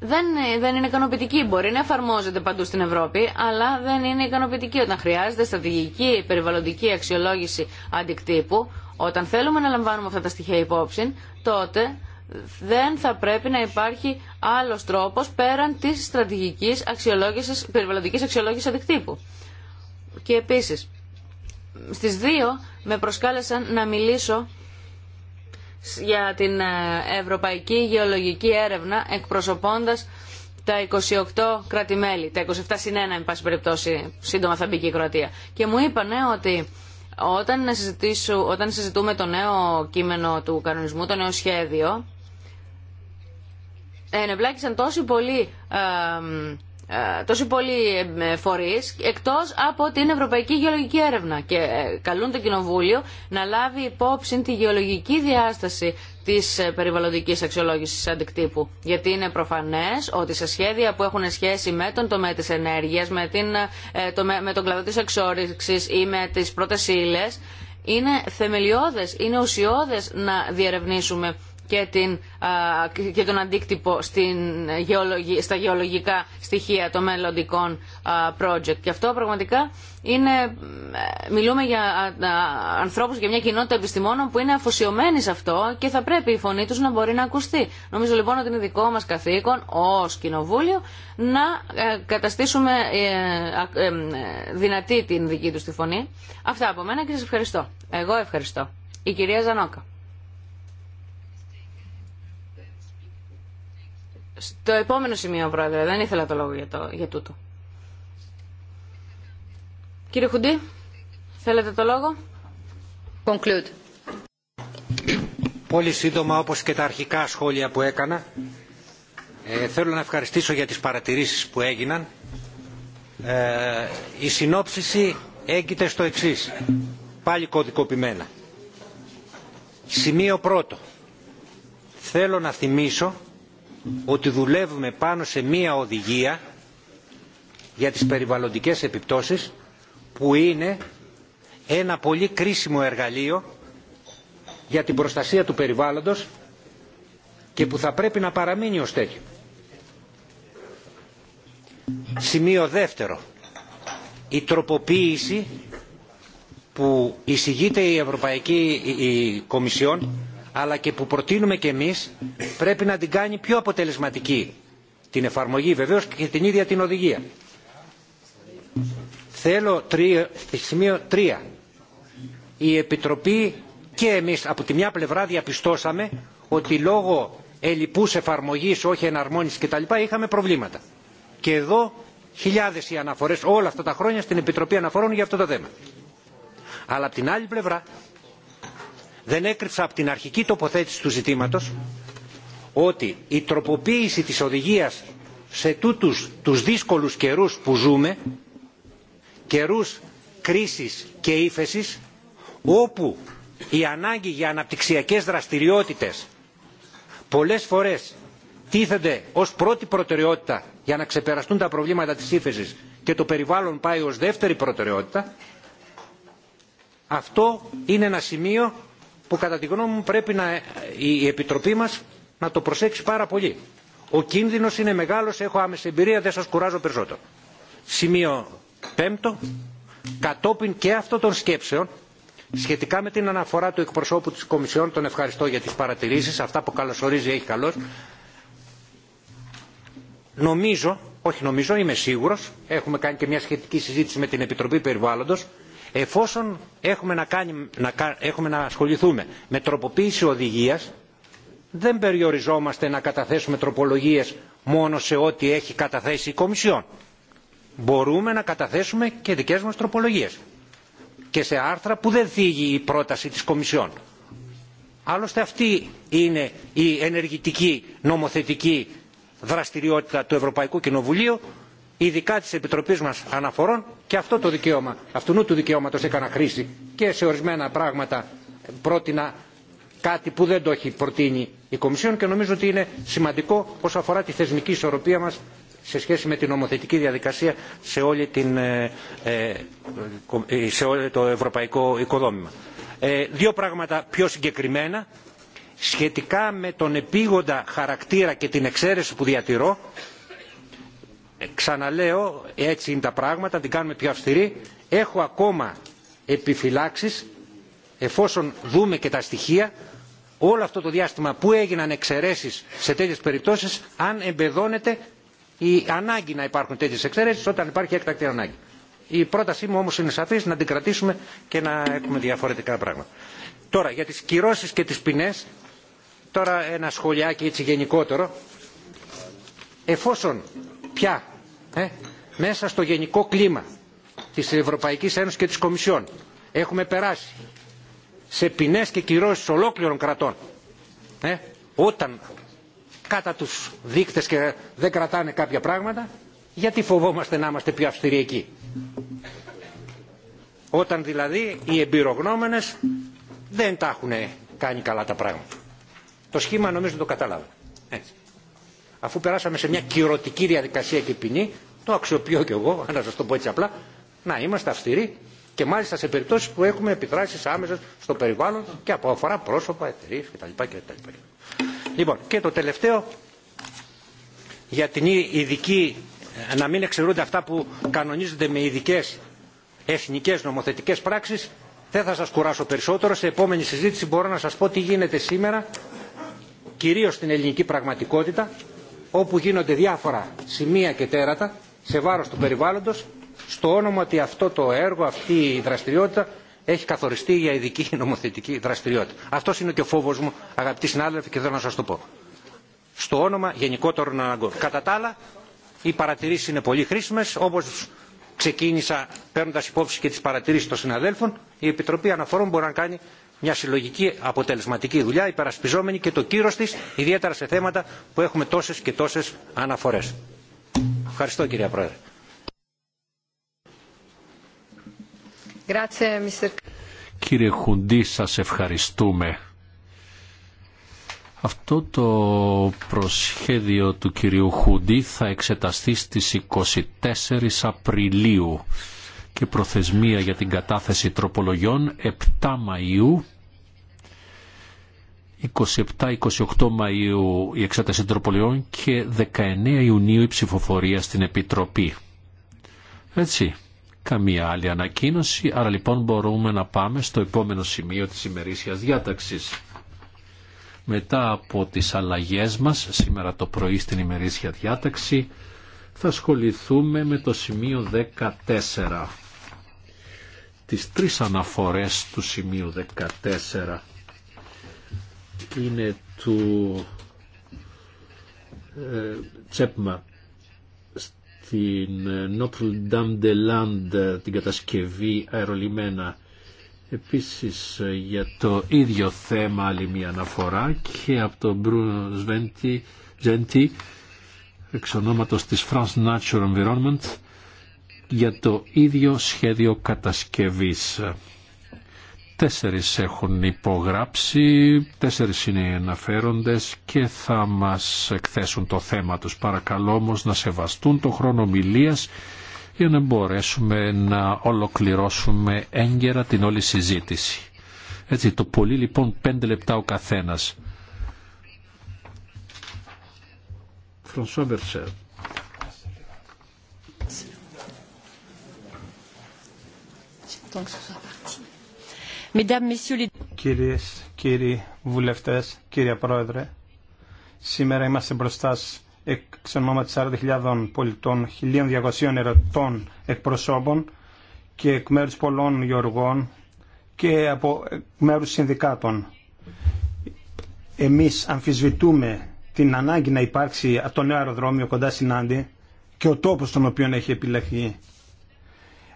B: δεν, δεν είναι ικανοποιητική. Μπορεί να εφαρμόζεται παντού στην Ευρώπη, αλλά δεν είναι ικανοποιητική όταν χρειάζεται στρατηγική περιβαλλοντική αξιολόγηση αντικτύπου. Όταν θέλουμε να λαμβάνουμε αυτά τα στοιχεία υπόψη, τότε δεν θα πρέπει να υπάρχει άλλος τρόπος πέραν της στρατηγικής αξιολόγησης, περιβαλλοντικής αξιολόγησης αντικτύπου. Και επίσης, στις δύο με προσκάλεσαν να μιλήσω για την ε, Ευρωπαϊκή Γεωλογική Έρευνα εκπροσωπώντας τα 28 κράτη-μέλη, τα 27 συν 1, εν πάση περιπτώσει, σύντομα θα μπει και η Κροατία. Και μου είπανε ότι όταν, όταν συζητούμε το νέο κείμενο του κανονισμού, το νέο σχέδιο, τόσο τόσοι πολλοί ε, ε, τόσο πολλοί ε, φορεί εκτό από την Ευρωπαϊκή Γεωλογική Έρευνα. Και καλούν το Κοινοβούλιο να λάβει υπόψη τη γεωλογική διάσταση τη περιβαλλοντική αξιολόγηση αντικτύπου. Γιατί είναι προφανέ ότι σε σχέδια που έχουν σχέση με τον τομέα τη ενέργεια, με, την, το, με τον κλαδό τη εξόριξη ή με τι πρώτε ύλε, είναι θεμελιώδες, είναι ουσιώδες να διερευνήσουμε και, τον αντίκτυπο στα γεωλογικά στοιχεία των μελλοντικών project. Και αυτό πραγματικά είναι, ε, μιλούμε για ανθρώπους, και μια κοινότητα επιστημόνων που είναι αφοσιωμένοι σε αυτό και θα πρέπει η φωνή τους να μπορεί να ακουστεί. Νομίζω λοιπόν ότι είναι δικό μας καθήκον ως Κοινοβούλιο να ε, καταστήσουμε ε, δυνατή την δική τους τη φωνή. Αυτά από μένα και σας ευχαριστώ. Εγώ ευχαριστώ. Η κυρία Ζανόκα. Στο επόμενο σημείο, Πρόεδρε, δεν ήθελα το λόγο για, το, για τούτο. Κύριε Χουντή, θέλετε το λόγο. Conclude.
C: Πολύ σύντομα, όπως και τα αρχικά σχόλια που έκανα, ε, θέλω να ευχαριστήσω για τις παρατηρήσεις που έγιναν. Ε, η συνόψιση έγκυται στο εξής, πάλι κωδικοποιημένα. Σημείο πρώτο. Θέλω να θυμίσω ότι δουλεύουμε πάνω σε μία οδηγία για τις περιβαλλοντικές επιπτώσεις που είναι ένα πολύ κρίσιμο εργαλείο για την προστασία του περιβάλλοντος και που θα πρέπει να παραμείνει ως τέτοιο. Σημείο δεύτερο. Η τροποποίηση που εισηγείται η Ευρωπαϊκή Κομισιόν αλλά και που προτείνουμε και εμείς πρέπει να την κάνει πιο αποτελεσματική την εφαρμογή βεβαίως και την ίδια την οδηγία. Θέλω σημείο τρία. Η Επιτροπή και εμείς από τη μια πλευρά διαπιστώσαμε ότι λόγω ελλειπούς εφαρμογής, όχι εναρμόνισης κτλ. είχαμε προβλήματα. Και εδώ χιλιάδες οι αναφορές όλα αυτά τα χρόνια στην Επιτροπή Αναφορών για αυτό το θέμα. Αλλά από την άλλη πλευρά δεν έκρυψα από την αρχική τοποθέτηση του ζητήματος ότι η τροποποίηση της οδηγίας σε τούτους τους δύσκολους καιρούς που ζούμε, καιρούς κρίσης και ύφεσης, όπου η ανάγκη για αναπτυξιακές δραστηριότητες πολλές φορές τίθενται ως πρώτη προτεραιότητα για να ξεπεραστούν τα προβλήματα της ύφεσης και το περιβάλλον πάει ως δεύτερη προτεραιότητα, αυτό είναι ένα σημείο που κατά τη γνώμη μου πρέπει να, η Επιτροπή μας να το προσέξει πάρα πολύ. Ο κίνδυνος είναι μεγάλος, έχω άμεση εμπειρία, δεν σας κουράζω περισσότερο. Σημείο πέμπτο, κατόπιν και αυτών των σκέψεων, σχετικά με την αναφορά του εκπροσώπου της Κομισιόν, τον ευχαριστώ για τις παρατηρήσεις, αυτά που καλωσορίζει έχει καλώς, νομίζω, όχι νομίζω, είμαι σίγουρος, έχουμε κάνει και μια σχετική συζήτηση με την Επιτροπή Περιβάλλοντος, εφόσον έχουμε να, ασχοληθούμε με τροποποίηση οδηγίας δεν περιοριζόμαστε να καταθέσουμε τροπολογίες μόνο σε ό,τι έχει καταθέσει η Κομισιόν. Μπορούμε να καταθέσουμε και δικές μας τροπολογίες και σε άρθρα που δεν θίγει η πρόταση της Κομισιόν. Άλλωστε αυτή είναι η ενεργητική νομοθετική δραστηριότητα του Ευρωπαϊκού Κοινοβουλίου ειδικά της Επιτροπής μας Αναφορών και αυτό το δικαίωμα, αυτού του δικαιώματος έκανα χρήση και σε ορισμένα πράγματα πρότεινα κάτι που δεν το έχει προτείνει η Κομισιόν και νομίζω ότι είναι σημαντικό όσον αφορά τη θεσμική ισορροπία μας σε σχέση με την νομοθετική διαδικασία σε, όλη την, ε, ε, ε, σε όλο το ευρωπαϊκό οικοδόμημα. Δύο πράγματα πιο συγκεκριμένα σχετικά με τον επίγοντα χαρακτήρα και την εξαίρεση που διατηρώ ξαναλέω έτσι είναι τα πράγματα την κάνουμε πιο αυστηρή έχω ακόμα επιφυλάξεις εφόσον δούμε και τα στοιχεία όλο αυτό το διάστημα που έγιναν εξαιρέσεις σε τέτοιες περιπτώσεις αν εμπεδώνεται η ανάγκη να υπάρχουν τέτοιες εξαιρέσεις όταν υπάρχει έκτακτη ανάγκη. Η πρότασή μου όμως είναι σαφής να την κρατήσουμε και να έχουμε διαφορετικά πράγματα. Τώρα για τις κυρώσεις και τις ποινές, τώρα ένα σχολιάκι έτσι γενικότερο. Εφόσον πια ε, μέσα στο γενικό κλίμα της Ευρωπαϊκής Ένωσης και της Κομισιόν. Έχουμε περάσει σε ποινές και κυρώσεις ολόκληρων κρατών ε, όταν κατά τους δείκτες και δεν κρατάνε κάποια πράγματα γιατί φοβόμαστε να είμαστε πιο αυστηροί εκεί. Όταν δηλαδή οι εμπειρογνώμενες δεν τα έχουν κάνει καλά τα πράγματα. Το σχήμα νομίζω το καταλάβαμε. Έτσι αφού περάσαμε σε μια κυρωτική διαδικασία και ποινή, το αξιοποιώ και εγώ, να σα το πω έτσι απλά, να είμαστε αυστηροί και μάλιστα σε περιπτώσει που έχουμε επιδράσει άμεσα στο περιβάλλον και από αφορά πρόσωπα, εταιρείε κτλ. κτλ. Λοιπόν, και το τελευταίο για την ειδική, ε, να μην εξαιρούνται αυτά που κανονίζονται με ειδικέ εθνικέ νομοθετικέ πράξει. Δεν θα σας κουράσω περισσότερο. Σε επόμενη συζήτηση μπορώ να σας πω τι γίνεται σήμερα, κυρίως στην ελληνική πραγματικότητα, όπου γίνονται διάφορα σημεία και τέρατα σε βάρος του περιβάλλοντος στο όνομα ότι αυτό το έργο, αυτή η δραστηριότητα έχει καθοριστεί για ειδική νομοθετική δραστηριότητα. Αυτό είναι και ο φόβο μου, αγαπητοί συνάδελφοι, και θέλω να σα το πω. Στο όνομα γενικότερων αναγκών. Κατά τα άλλα, οι παρατηρήσει είναι πολύ χρήσιμε. Όπω ξεκίνησα παίρνοντα υπόψη και τι παρατηρήσει των συναδέλφων, η Επιτροπή Αναφορών μπορεί να κάνει μια συλλογική αποτελεσματική δουλειά υπερασπιζόμενη και το κύρος της ιδιαίτερα σε θέματα που έχουμε τόσες και τόσες αναφορές. Ευχαριστώ κυρία Πρόεδρε.
A: Κύριε Χουντή, σας ευχαριστούμε. Αυτό το προσχέδιο του κυρίου Χουντή θα εξεταστεί στις 24 Απριλίου και προθεσμία για την κατάθεση τροπολογιών 7 Μαΐου 27-28 Μαΐου η εξέταση τροπολογιών... και 19 Ιουνίου η ψηφοφορία στην Επιτροπή. Έτσι, καμία άλλη ανακοίνωση, άρα λοιπόν μπορούμε να πάμε στο επόμενο σημείο της ημερήσιας διάταξης. Μετά από τις αλλαγές μας, σήμερα το πρωί στην ημερήσια διάταξη, θα ασχοληθούμε με το σημείο 14 τις τρεις αναφορές του σημείου 14. Είναι του ε, Τσέπμα στην ε, Notre Dame de Land την κατασκευή αερολιμένα Επίσης ε, για το ίδιο θέμα άλλη μια αναφορά και από τον Μπρουν Σβέντι εξ ονόματος της France Natural Environment για το ίδιο σχέδιο κατασκευής. Τέσσερις έχουν υπογράψει, τέσσερις είναι οι αναφέροντες και θα μας εκθέσουν το θέμα τους. Παρακαλώ όμως να σεβαστούν το χρόνο μιλίας για να μπορέσουμε να ολοκληρώσουμε έγκαιρα την όλη συζήτηση. Έτσι, το πολύ λοιπόν πέντε λεπτά ο καθένας. François
D: Κυρίες, κύριοι βουλευτές, κύριε Πρόεδρε, σήμερα είμαστε μπροστά εξ ονόματι 40.000 πολιτών, 1.200 ερωτών εκπροσώπων και εκ μέρους πολλών γεωργών και από μέρους συνδικάτων. Εμείς αμφισβητούμε την ανάγκη να υπάρξει το νέο αεροδρόμιο κοντά στην Άντι και ο τόπος τον οποίο έχει επιλεχθεί.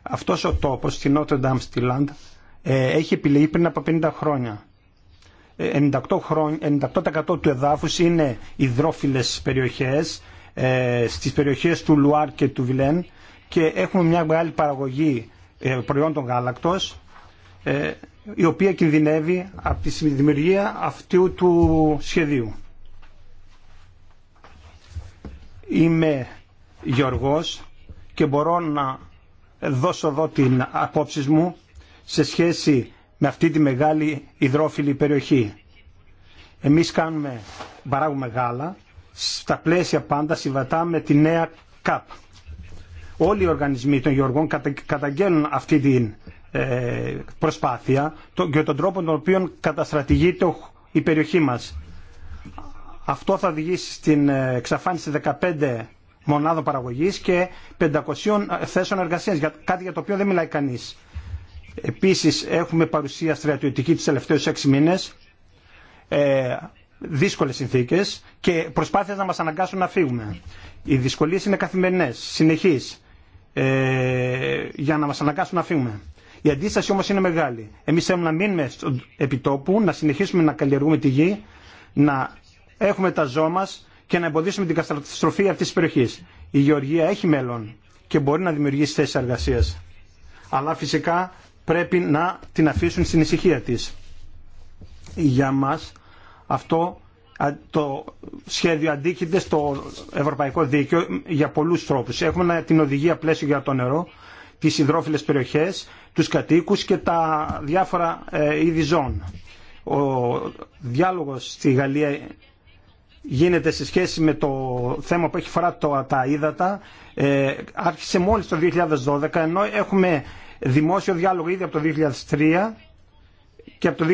D: Αυτός ο τόπος στην notre Ντάμστιλαντ, στη ε, έχει επιλεγεί πριν από 50 χρόνια. 98%, ε, χρόνια, 98 του εδάφους είναι υδρόφιλες περιοχές, ε, στις περιοχές του Λουάρ και του Βιλέν και έχουμε μια μεγάλη παραγωγή προϊόντων γάλακτος η οποία κινδυνεύει από τη δημιουργία αυτού του σχεδίου. Είμαι Γιώργος και μπορώ να δώσω εδώ την απόψη μου σε σχέση με αυτή τη μεγάλη υδρόφιλη περιοχή. Εμείς κάνουμε, παράγουμε γάλα, στα πλαίσια πάντα συμβατά με τη νέα ΚΑΠ. Όλοι οι οργανισμοί των γεωργών καταγγέλνουν αυτή την ε, προσπάθεια και τον τρόπο τον οποίο καταστρατηγείται η περιοχή μας. Αυτό θα οδηγήσει στην ε, εξαφάνιση 15 μονάδων παραγωγή και 500 ε, θέσεων εργασία. κάτι για το οποίο δεν μιλάει κανεί. Επίση, έχουμε παρουσία στρατιωτική τις τελευταίου 6 μήνε. ε, δύσκολες συνθήκες και προσπάθειες να μας αναγκάσουν να φύγουμε. Οι δυσκολίες είναι καθημερινές, συνεχείς, ε, για να μας αναγκάσουν να φύγουμε. Η αντίσταση όμως είναι μεγάλη. Εμείς θέλουμε να μείνουμε επιτόπου, να συνεχίσουμε να καλλιεργούμε τη γη, να έχουμε τα ζώα μας, και να εμποδίσουμε την καταστροφή αυτή τη περιοχή. Η γεωργία έχει μέλλον και μπορεί να δημιουργήσει θέσει εργασία. Αλλά φυσικά πρέπει να την αφήσουν στην ησυχία τη. Για μα αυτό το σχέδιο αντίκειται στο ευρωπαϊκό δίκαιο για πολλού τρόπου. Έχουμε την οδηγία πλαίσιο για το νερό, τι υδρόφιλε περιοχέ, του κατοίκου και τα διάφορα ε, είδη ζών. Ο διάλογο στη Γαλλία γίνεται σε σχέση με το θέμα που έχει φορά το, τα ύδατα ε, άρχισε μόλις το 2012 ενώ έχουμε δημόσιο διάλογο ήδη από το 2003 και από το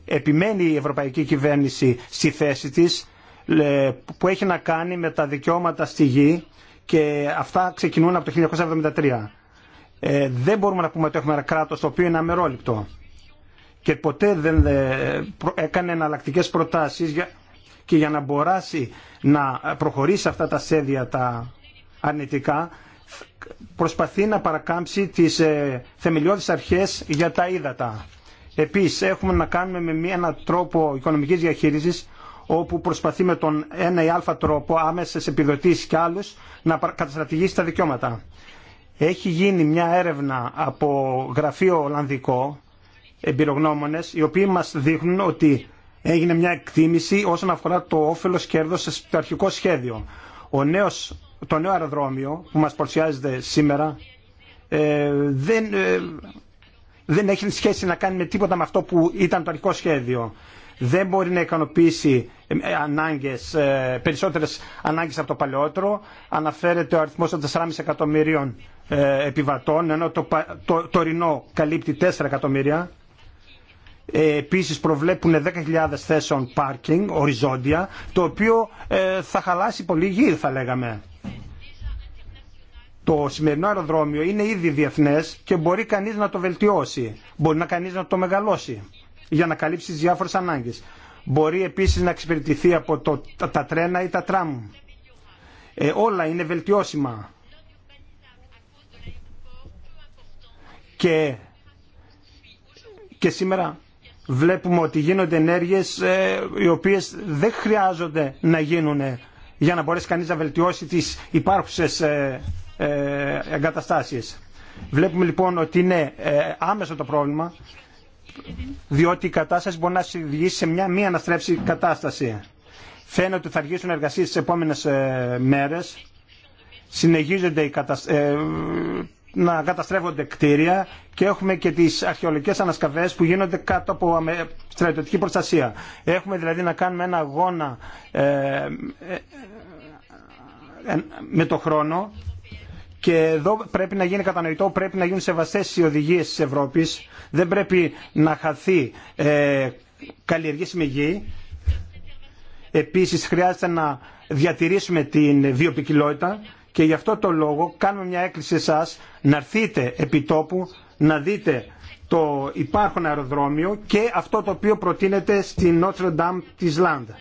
D: 2008. Επιμένει η Ευρωπαϊκή Κυβέρνηση στη θέση της που έχει να κάνει με τα δικαιώματα στη γη και αυτά ξεκινούν από το 1973. Ε, δεν μπορούμε να πούμε ότι έχουμε ένα κράτος το οποίο είναι αμερόληπτο και ποτέ δεν ε, έκανε εναλλακτικέ προτάσεις για και για να μποράσει να προχωρήσει αυτά τα σχέδια τα αρνητικά προσπαθεί να παρακάμψει τις ε, θεμελιώδεις αρχές για τα ύδατα. Επίσης έχουμε να κάνουμε με έναν τρόπο οικονομικής διαχείρισης όπου προσπαθεί με τον ένα ή αλφα τρόπο άμεσες επιδοτήσεις και άλλους να καταστρατηγήσει τα δικαιώματα. Έχει γίνει μια έρευνα από γραφείο Ολλανδικό εμπειρογνώμονες οι οποίοι μας δείχνουν ότι έγινε μια εκτίμηση όσον αφορά το όφελο κέρδο στο αρχικό σχέδιο. Ο νέος, το νέο αεροδρόμιο που μας παρουσιάζεται σήμερα ε, δεν, ε, δεν έχει σχέση να κάνει με τίποτα με αυτό που ήταν το αρχικό σχέδιο. Δεν μπορεί να ικανοποιήσει ε, ε, ανάγκες, περισσότερες ανάγκες από το παλαιότερο. Αναφέρεται ο αριθμός των 4,5 εκατομμυρίων επιβατών, ενώ το, το, το, τωρινό καλύπτει 4 εκατομμύρια ε, επίσης προβλέπουν 10.000 θέσεων παρκινγκ οριζόντια, το οποίο ε, θα χαλάσει πολύ γη θα λέγαμε. Το σημερινό αεροδρόμιο είναι ήδη διεθνές και μπορεί κανείς να το βελτιώσει, μπορεί να κανείς να το μεγαλώσει για να καλύψει τις διάφορες ανάγκες. Μπορεί επίσης να εξυπηρετηθεί από το, τα, τα τρένα ή τα τραμ. Ε, όλα είναι βελτιώσιμα. Και, και σήμερα βλέπουμε ότι γίνονται ενέργειες ε, οι οποίες δεν χρειάζονται να γίνουν για να μπορέσει κανείς να βελτιώσει τις υπάρχουσες ε, ε, εγκαταστάσεις. Βλέπουμε λοιπόν ότι είναι άμεσο το πρόβλημα διότι η κατάσταση μπορεί να οδηγήσει σε μια μη αναστρέψη κατάσταση. Φαίνεται ότι θα αργήσουν εργασίες τις επόμενες μέρες. Συνεχίζονται οι να καταστρέφονται κτίρια και έχουμε και τις αρχαιολογικές ανασκαφές που γίνονται κάτω από στρατιωτική προστασία. Έχουμε δηλαδή να κάνουμε ένα αγώνα ε, ε, ε, με το χρόνο και εδώ πρέπει να γίνει κατανοητό, πρέπει να γίνουν σεβαστές οι οδηγίες της Ευρώπης. Δεν πρέπει να χαθεί ε, καλλιεργήσιμη γη. Επίσης χρειάζεται να διατηρήσουμε την βιοπικιλότητα και γι' αυτό το λόγο κάνουμε μια έκκληση σας να έρθετε επί τόπου να δείτε το υπάρχον αεροδρόμιο και αυτό το οποίο προτείνεται στην Notre Dame της Λάντα.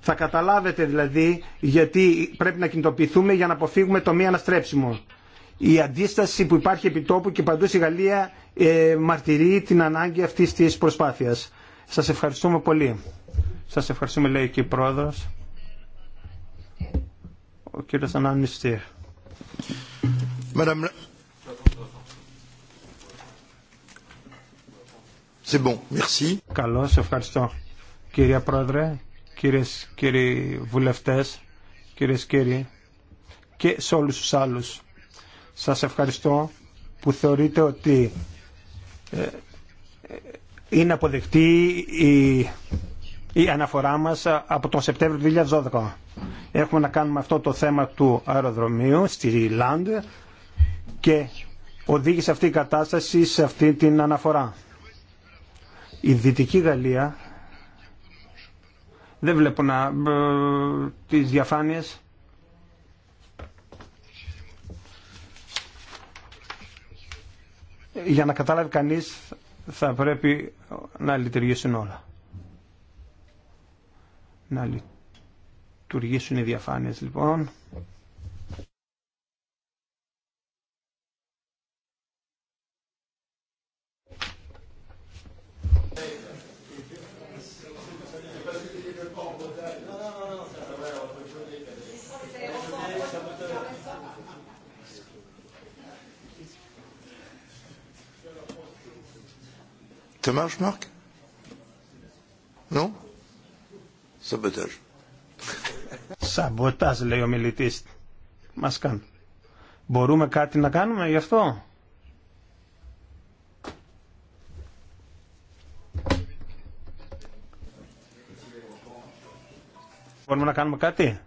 D: Θα καταλάβετε δηλαδή γιατί πρέπει να κινητοποιηθούμε για να αποφύγουμε το μη αναστρέψιμο. Η αντίσταση που υπάρχει επί τόπου και παντού στη Γαλλία ε, μαρτυρεί την ανάγκη αυτής της προσπάθειας. Σας ευχαριστούμε πολύ. Σας ευχαριστούμε λέει και η πρόεδρος. Ο κύριος Bon, Καλώς, ευχαριστώ. Κύριε Πρόεδρε, κύριε κύριοι βουλευτές, κυρίες κύριοι και σε όλους τους άλλους. Σας ευχαριστώ που θεωρείτε ότι ε, ε, είναι αποδεκτή η, αναφορά μας από τον Σεπτέμβριο του 2012 έχουμε να κάνουμε αυτό το θέμα του αεροδρομίου στη Λάντ και οδήγησε αυτή η κατάσταση σε αυτή την αναφορά. Η Δυτική Γαλλία, δεν βλέπω να, ε, τις διαφάνειες, για να καταλάβει κανείς θα πρέπει να λειτουργήσουν όλα. Να λειτουργήσουν λειτουργήσουν οι διαφάνειες λοιπόν. Ça marche, Marc Non Sabotage. Σαμποτάζ λέει ο μιλητής. Μας κάνει. Μπορούμε κάτι να κάνουμε γι' αυτό. Μπορούμε να κάνουμε κάτι.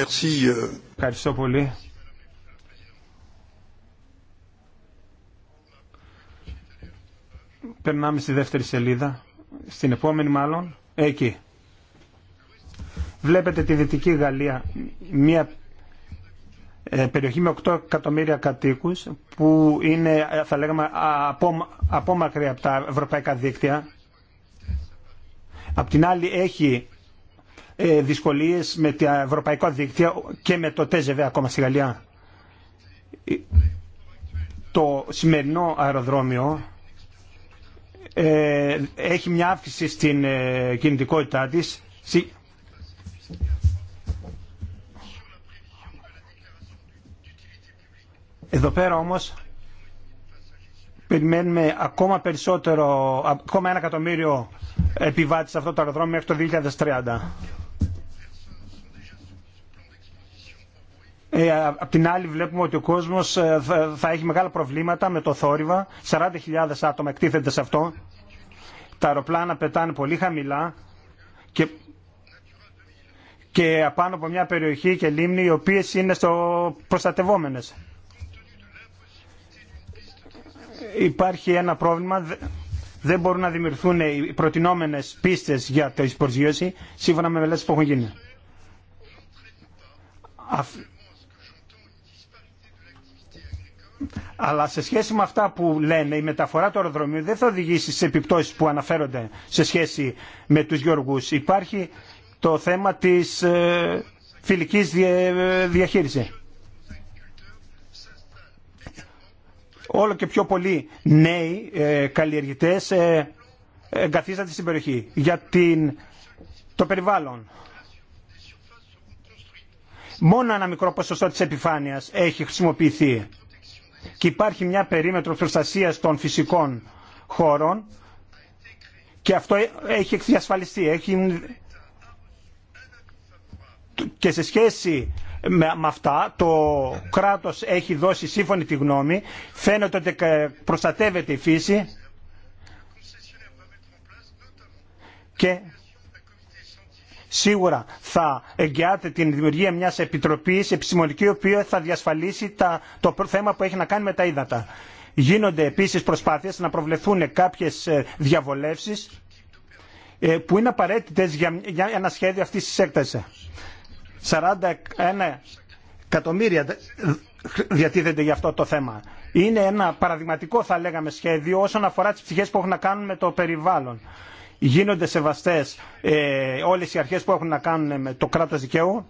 D: Euh. Ευχαριστώ πολύ. Περνάμε στη δεύτερη σελίδα, στην επόμενη μάλλον, εκεί. Βλέπετε τη Δυτική Γαλλία, μια ε, περιοχή με 8 εκατομμύρια κατοίκους που είναι, ε, θα λέγαμε, από, απόμακρη από τα ευρωπαϊκά δίκτυα. Απ' την άλλη έχει ε, δυσκολίες με τα ευρωπαϊκά δίκτυα και με το ΤΕΖΕΒΕ ακόμα στη Γαλλία. Ε, το σημερινό αεροδρόμιο ε, έχει μια αύξηση στην κινητικότητά της Εδώ πέρα όμως περιμένουμε ακόμα περισσότερο, ακόμα ένα εκατομμύριο επιβάτης σε αυτό το αεροδρόμιο μέχρι το 2030. Ε, απ' την άλλη βλέπουμε ότι ο κόσμος ε, θα έχει μεγάλα προβλήματα με το θόρυβα. 40.000 άτομα εκτίθενται σε αυτό. Τα αεροπλάνα πετάνε πολύ χαμηλά και, και απάνω από μια περιοχή και λίμνη οι οποίες είναι στο προστατευόμενες. Υπάρχει ένα πρόβλημα δεν μπορούν να δημιουργηθούν οι προτινόμενες πίστες για το προσγείωση σύμφωνα με μελέτε που έχουν γίνει. Αλλά σε σχέση με αυτά που λένε, η μεταφορά του αεροδρομίου δεν θα οδηγήσει σε επιπτώσεις που αναφέρονται σε σχέση με τους γεωργούς. Υπάρχει το θέμα της ε, φιλικής ε, διαχείρισης. Όλο και πιο πολλοί νέοι ε, καλλιεργητές εγκαθίζονται στην περιοχή για την... το περιβάλλον. Μόνο ένα μικρό ποσοστό της επιφάνειας έχει χρησιμοποιηθεί και υπάρχει μια περίμετρο προστασίας των φυσικών χώρων και αυτό έχει εξασφαλιστεί. Έχει... Και σε σχέση με, αυτά το κράτος έχει δώσει σύμφωνη τη γνώμη, φαίνεται ότι προστατεύεται η φύση και σίγουρα θα εγγυάται την δημιουργία μιας επιτροπής επιστημονική η οποία θα διασφαλίσει το θέμα που έχει να κάνει με τα ύδατα. Γίνονται επίσης προσπάθειες να προβλεφθούν κάποιες ε, διαβολεύσεις ε, που είναι απαραίτητες για ένα σχέδιο αυτής της έκτασης. 41 εκατομμύρια διατίθεται για αυτό το θέμα. Είναι ένα παραδειγματικό θα λέγαμε σχέδιο όσον αφορά τις ψυχές που έχουν να κάνουν με το περιβάλλον γίνονται σεβαστές ε, όλες οι αρχές που έχουν να κάνουν με το κράτος δικαίου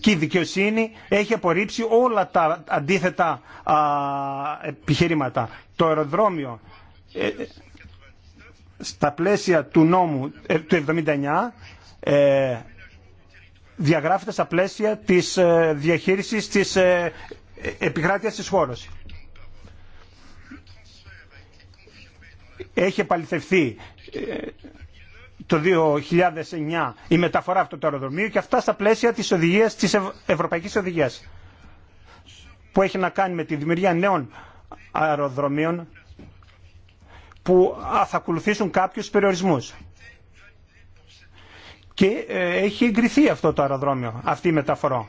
D: και η δικαιοσύνη έχει απορρίψει όλα τα αντίθετα επιχειρήματα. Το αεροδρόμιο ε, στα πλαίσια του νόμου ε, του 79 ε, διαγράφεται στα πλαίσια της διαχείρισης της επικράτειας της χώρας. έχει επαληθευθεί ε, το 2009 η μεταφορά αυτού του αεροδρομίου και αυτά στα πλαίσια της, οδηγίας, της Ευρωπαϊκής Οδηγίας που έχει να κάνει με τη δημιουργία νέων αεροδρομίων που θα ακολουθήσουν κάποιους περιορισμούς. Και ε, έχει εγκριθεί αυτό το αεροδρόμιο, αυτή η μεταφορά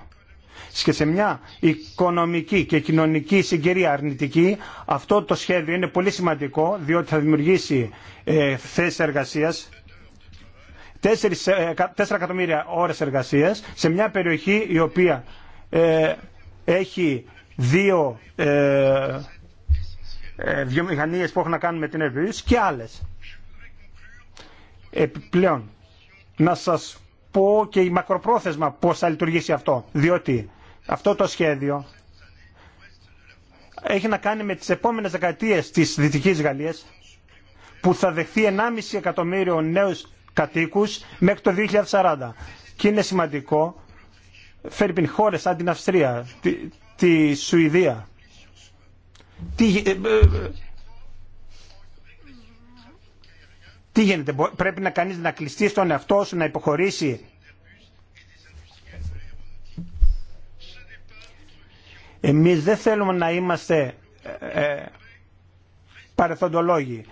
D: και σε μια οικονομική και κοινωνική συγκυρία αρνητική αυτό το σχέδιο είναι πολύ σημαντικό διότι θα δημιουργήσει ε, θέσεις εργασίας 4, ε, εκατομμύρια ώρες εργασίας σε μια περιοχή η οποία ε, έχει δύο ε, ε, βιομηχανίες που έχουν να κάνουν με την εργασία και άλλες. Επιπλέον, να σας πω και η μακροπρόθεσμα πώς θα λειτουργήσει αυτό. Διότι αυτό το σχέδιο έχει να κάνει με τις επόμενες δεκαετίες της Δυτικής Γαλλίας που θα δεχθεί 1,5 εκατομμύριο νέους κατοίκους μέχρι το 2040. Και είναι σημαντικό, φέρει χώρες σαν την Αυστρία, τη, τη Σουηδία, ε, ε, Τι γίνεται, πρέπει να κανείς να κλειστεί στον εαυτό σου, να υποχωρήσει. Εμείς δεν θέλουμε να είμαστε ε, ε, παρεθοντολόγοι.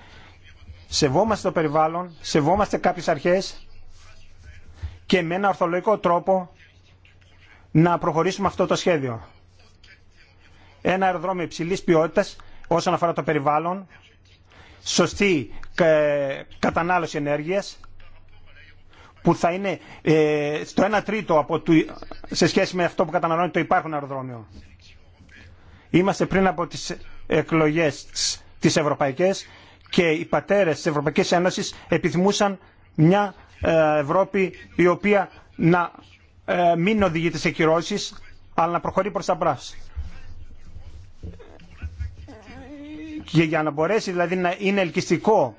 D: Σεβόμαστε το περιβάλλον, σεβόμαστε κάποιες αρχές και με ένα ορθολογικό τρόπο να προχωρήσουμε αυτό το σχέδιο. Ένα αεροδρόμιο υψηλής ποιότητας όσον αφορά το περιβάλλον, σωστή κατανάλωση ενέργειας που θα είναι ε, στο 1 τρίτο από του σε σχέση με αυτό που καταναλώνει το υπάρχον αεροδρόμιο. Είμαστε πριν από τις εκλογές τις ευρωπαϊκές και οι πατέρες της Ευρωπαϊκής Ένωσης επιθυμούσαν μια ε, Ευρώπη η οποία να ε, μην οδηγείται σε κυρώσεις αλλά να προχωρεί προς τα μπράς. Και για να μπορέσει δηλαδή να είναι ελκυστικό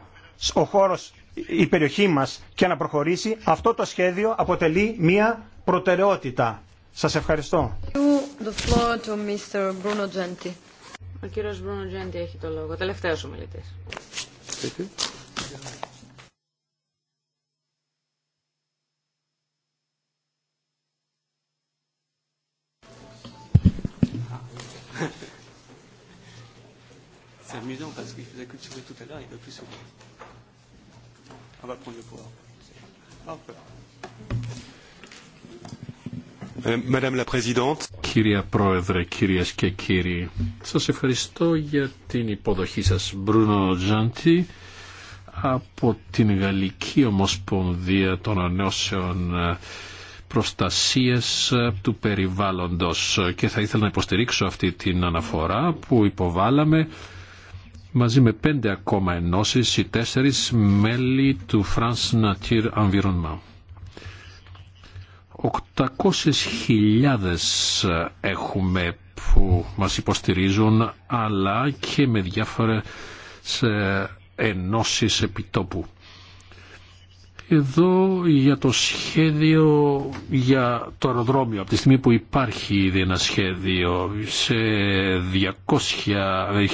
D: ο χώρος, η περιοχή μας και να προχωρήσει, αυτό το σχέδιο αποτελεί μία προτεραιότητα. Σας ευχαριστώ.
B: The floor to Mr. Bruno Genti. Ο κύριος Bruno Genti έχει το λόγο. Τελευταίος ομιλητής. C'est amusant parce qu'il faisait que tout à l'heure, il plus On va prendre le pouvoir. Ah,
A: euh, Madame la Présidente. Κυρία Πρόεδρε, κυρίε και κύριοι, σα ευχαριστώ για την υποδοχή σα Μπρούνο Τζάντι από την Γαλλική Ομοσπονδία των Ανώσεων ε, προστασία ε, του περιβάλλοντο. και θα ήθελα να υποστηρίξω αυτή την αναφορά που υποβάλαμε μαζί με πέντε ακόμα ενώσεις ή τέσσερις μέλη του France Nature Environnement. 800.000 έχουμε που μας υποστηρίζουν αλλά και με διάφορες ε, ενώσεις επιτόπου. Εδώ για το σχέδιο για το αεροδρόμιο, από τη στιγμή που υπάρχει ήδη ένα σχέδιο σε 200,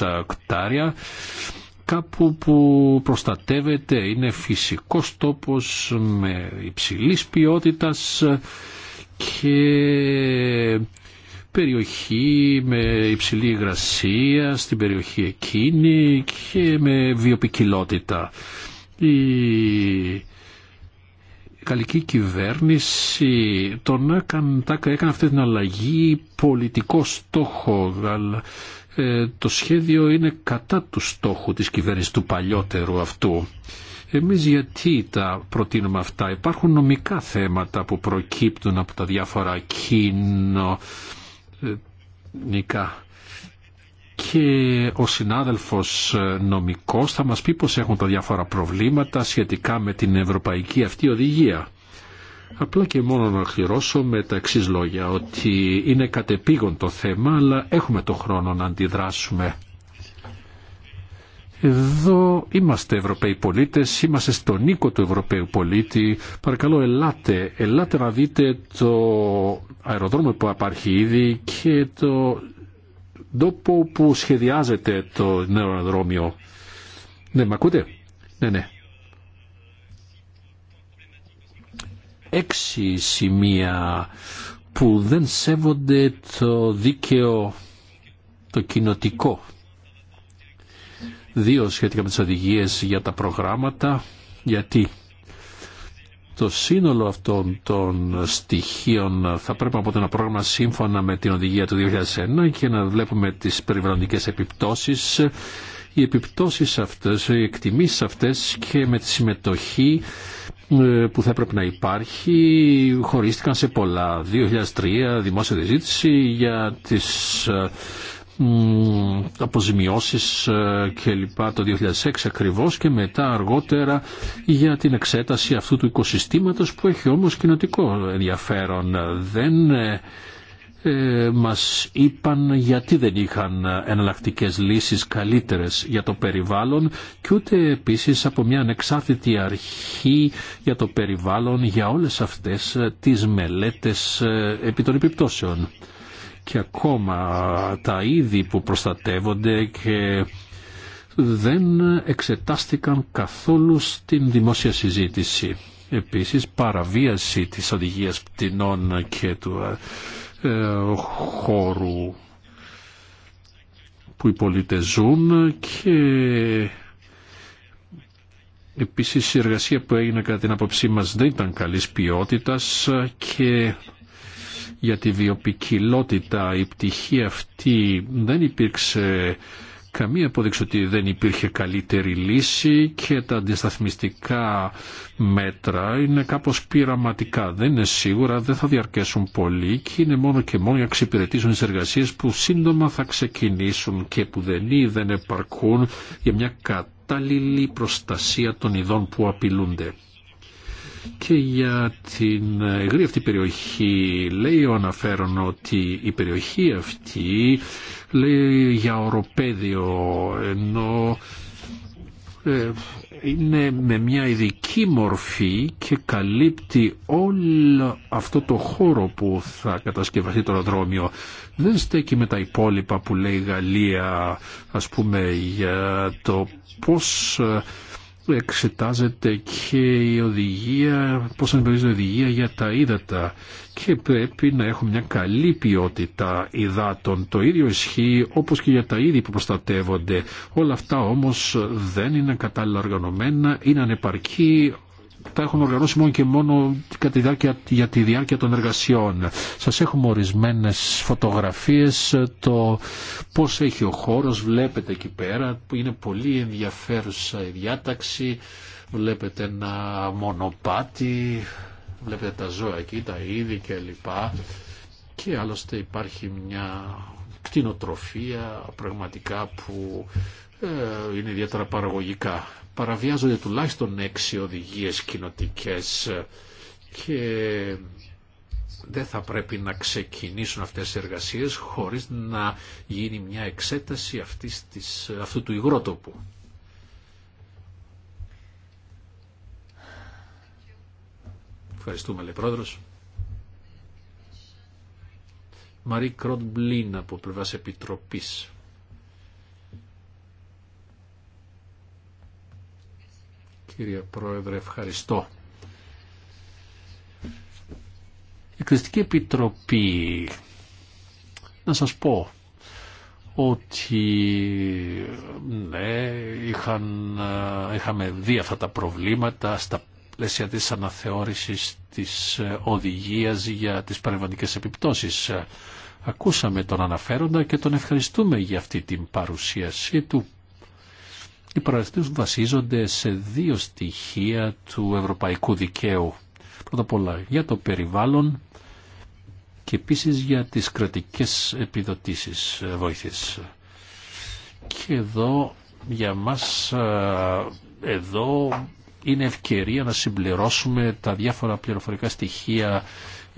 A: 1200 κτάρια, κάπου που προστατεύεται, είναι φυσικός τόπος με υψηλής ποιότητας και περιοχή με υψηλή υγρασία στην περιοχή εκείνη και με βιοπικιλότητα η γαλλική κυβέρνηση τον έκανε, έκανε αυτή την αλλαγή πολιτικό στόχο αλλά ε, το σχέδιο είναι κατά του στόχου της κυβέρνησης του παλιότερου αυτού. Εμείς γιατί τα προτείνουμε αυτά. Υπάρχουν νομικά θέματα που προκύπτουν από τα διάφορα κοινωνικά και ο συνάδελφος ε, νομικός θα μας πει πως έχουν τα διάφορα προβλήματα σχετικά με την ευρωπαϊκή αυτή οδηγία. Απλά και μόνο να κληρώσω με τα εξή λόγια, ότι είναι κατεπήγον το θέμα, αλλά έχουμε το χρόνο να αντιδράσουμε. Εδώ είμαστε Ευρωπαίοι πολίτες, είμαστε στον οίκο του Ευρωπαίου πολίτη. Παρακαλώ ελάτε, ελάτε να δείτε το αεροδρόμιο που υπάρχει ήδη και το Δόπο που σχεδιάζεται το νέο αεροδρόμιο. Ναι, με ακούτε? Ναι, ναι. Έξι σημεία που δεν σέβονται το δίκαιο το κοινοτικό. Δύο σχετικά με τις οδηγίες για τα προγράμματα, γιατί το σύνολο αυτών των στοιχείων θα πρέπει να ένα πρόγραμμα σύμφωνα με την οδηγία του 2001 και να βλέπουμε τις περιβαλλοντικές επιπτώσεις οι επιπτώσεις αυτές, οι εκτιμήσεις αυτές και με τη συμμετοχή ε, που θα έπρεπε να υπάρχει χωρίστηκαν σε πολλά. 2003 δημόσια διζήτηση για τις ε, αποζημιώσεις ε, και λοιπά το 2006 ακριβώς και μετά αργότερα για την εξέταση αυτού του οικοσυστήματος που έχει όμως κοινοτικό ενδιαφέρον. Δεν ε, ε, μας είπαν γιατί δεν είχαν εναλλακτικές λύσεις καλύτερες για το περιβάλλον και ούτε επίσης από μια ανεξάρτητη αρχή για το περιβάλλον για όλες αυτές τις μελέτες επί των επιπτώσεων και ακόμα τα είδη που προστατεύονται και δεν εξετάστηκαν καθόλου στην δημόσια συζήτηση. Επίσης παραβίαση της οδηγίας πτηνών και του ε, ε, χώρου που οι πολίτες ζουν και επίσης η εργασία που έγινε κατά την άποψή μας δεν ήταν καλής ποιότητας και για τη βιοπικιλότητα. Η πτυχή αυτή δεν υπήρξε καμία απόδειξη ότι δεν υπήρχε καλύτερη λύση και τα αντισταθμιστικά μέτρα είναι κάπως πειραματικά. Δεν είναι σίγουρα, δεν θα διαρκέσουν πολύ και είναι μόνο και μόνο για να εξυπηρετήσουν τις εργασίες που σύντομα θα ξεκινήσουν και που δεν ή δεν επαρκούν για μια κατάλληλη προστασία των ειδών που απειλούνται και για την εγρή αυτή περιοχή λέει ο αναφέρον ότι η περιοχή αυτή λέει για οροπέδιο ενώ ε, είναι με μια ειδική μορφή και καλύπτει όλο αυτό το χώρο που θα κατασκευαστεί το αεροδρόμιο. Δεν στέκει με τα υπόλοιπα που λέει η Γαλλία, ας πούμε, για το πώς ε, εξετάζεται και η οδηγία, πώς η οδηγία για τα ύδατα και πρέπει να έχουμε μια καλή ποιότητα υδάτων. Το ίδιο ισχύει όπως και για τα είδη που προστατεύονται. Όλα αυτά όμως δεν είναι κατάλληλα οργανωμένα, είναι ανεπαρκή τα έχουν οργανώσει μόνο και μόνο κατά τη διάρκεια, για τη διάρκεια των εργασιών. Σας έχουμε ορισμένες φωτογραφίες, το πώς έχει ο χώρος, βλέπετε εκεί πέρα, που είναι πολύ ενδιαφέρουσα η διάταξη, βλέπετε ένα μονοπάτι, βλέπετε τα ζώα εκεί, τα είδη κλπ. Και άλλωστε υπάρχει μια κτηνοτροφία πραγματικά που ε, είναι ιδιαίτερα παραγωγικά παραβιάζονται τουλάχιστον έξι οδηγίες κοινοτικέ. και δεν θα πρέπει να ξεκινήσουν αυτές οι εργασίες χωρίς να γίνει μια εξέταση αυτής της, αυτού του υγρότοπου. Ευχαριστούμε, λέει πρόεδρος. Μαρή Κροντμπλίν από πλευράς Επιτροπής. Κύριε Πρόεδρε, ευχαριστώ. Η Κριστική Επιτροπή, να σας πω ότι ναι, είχαν, είχαμε δει αυτά τα προβλήματα στα πλαίσια της αναθεώρησης της οδηγίας για τις παρεμβαντικές επιπτώσεις. Ακούσαμε τον αναφέροντα και τον ευχαριστούμε για αυτή την παρουσίαση του οι παραστήσεις βασίζονται σε δύο στοιχεία του ευρωπαϊκού δικαίου. Πρώτα απ' όλα για το περιβάλλον και επίσης για τις κρατικές επιδοτήσεις ε, βοήθειας. Και εδώ για μας ε, εδώ είναι ευκαιρία να συμπληρώσουμε τα διάφορα πληροφορικά στοιχεία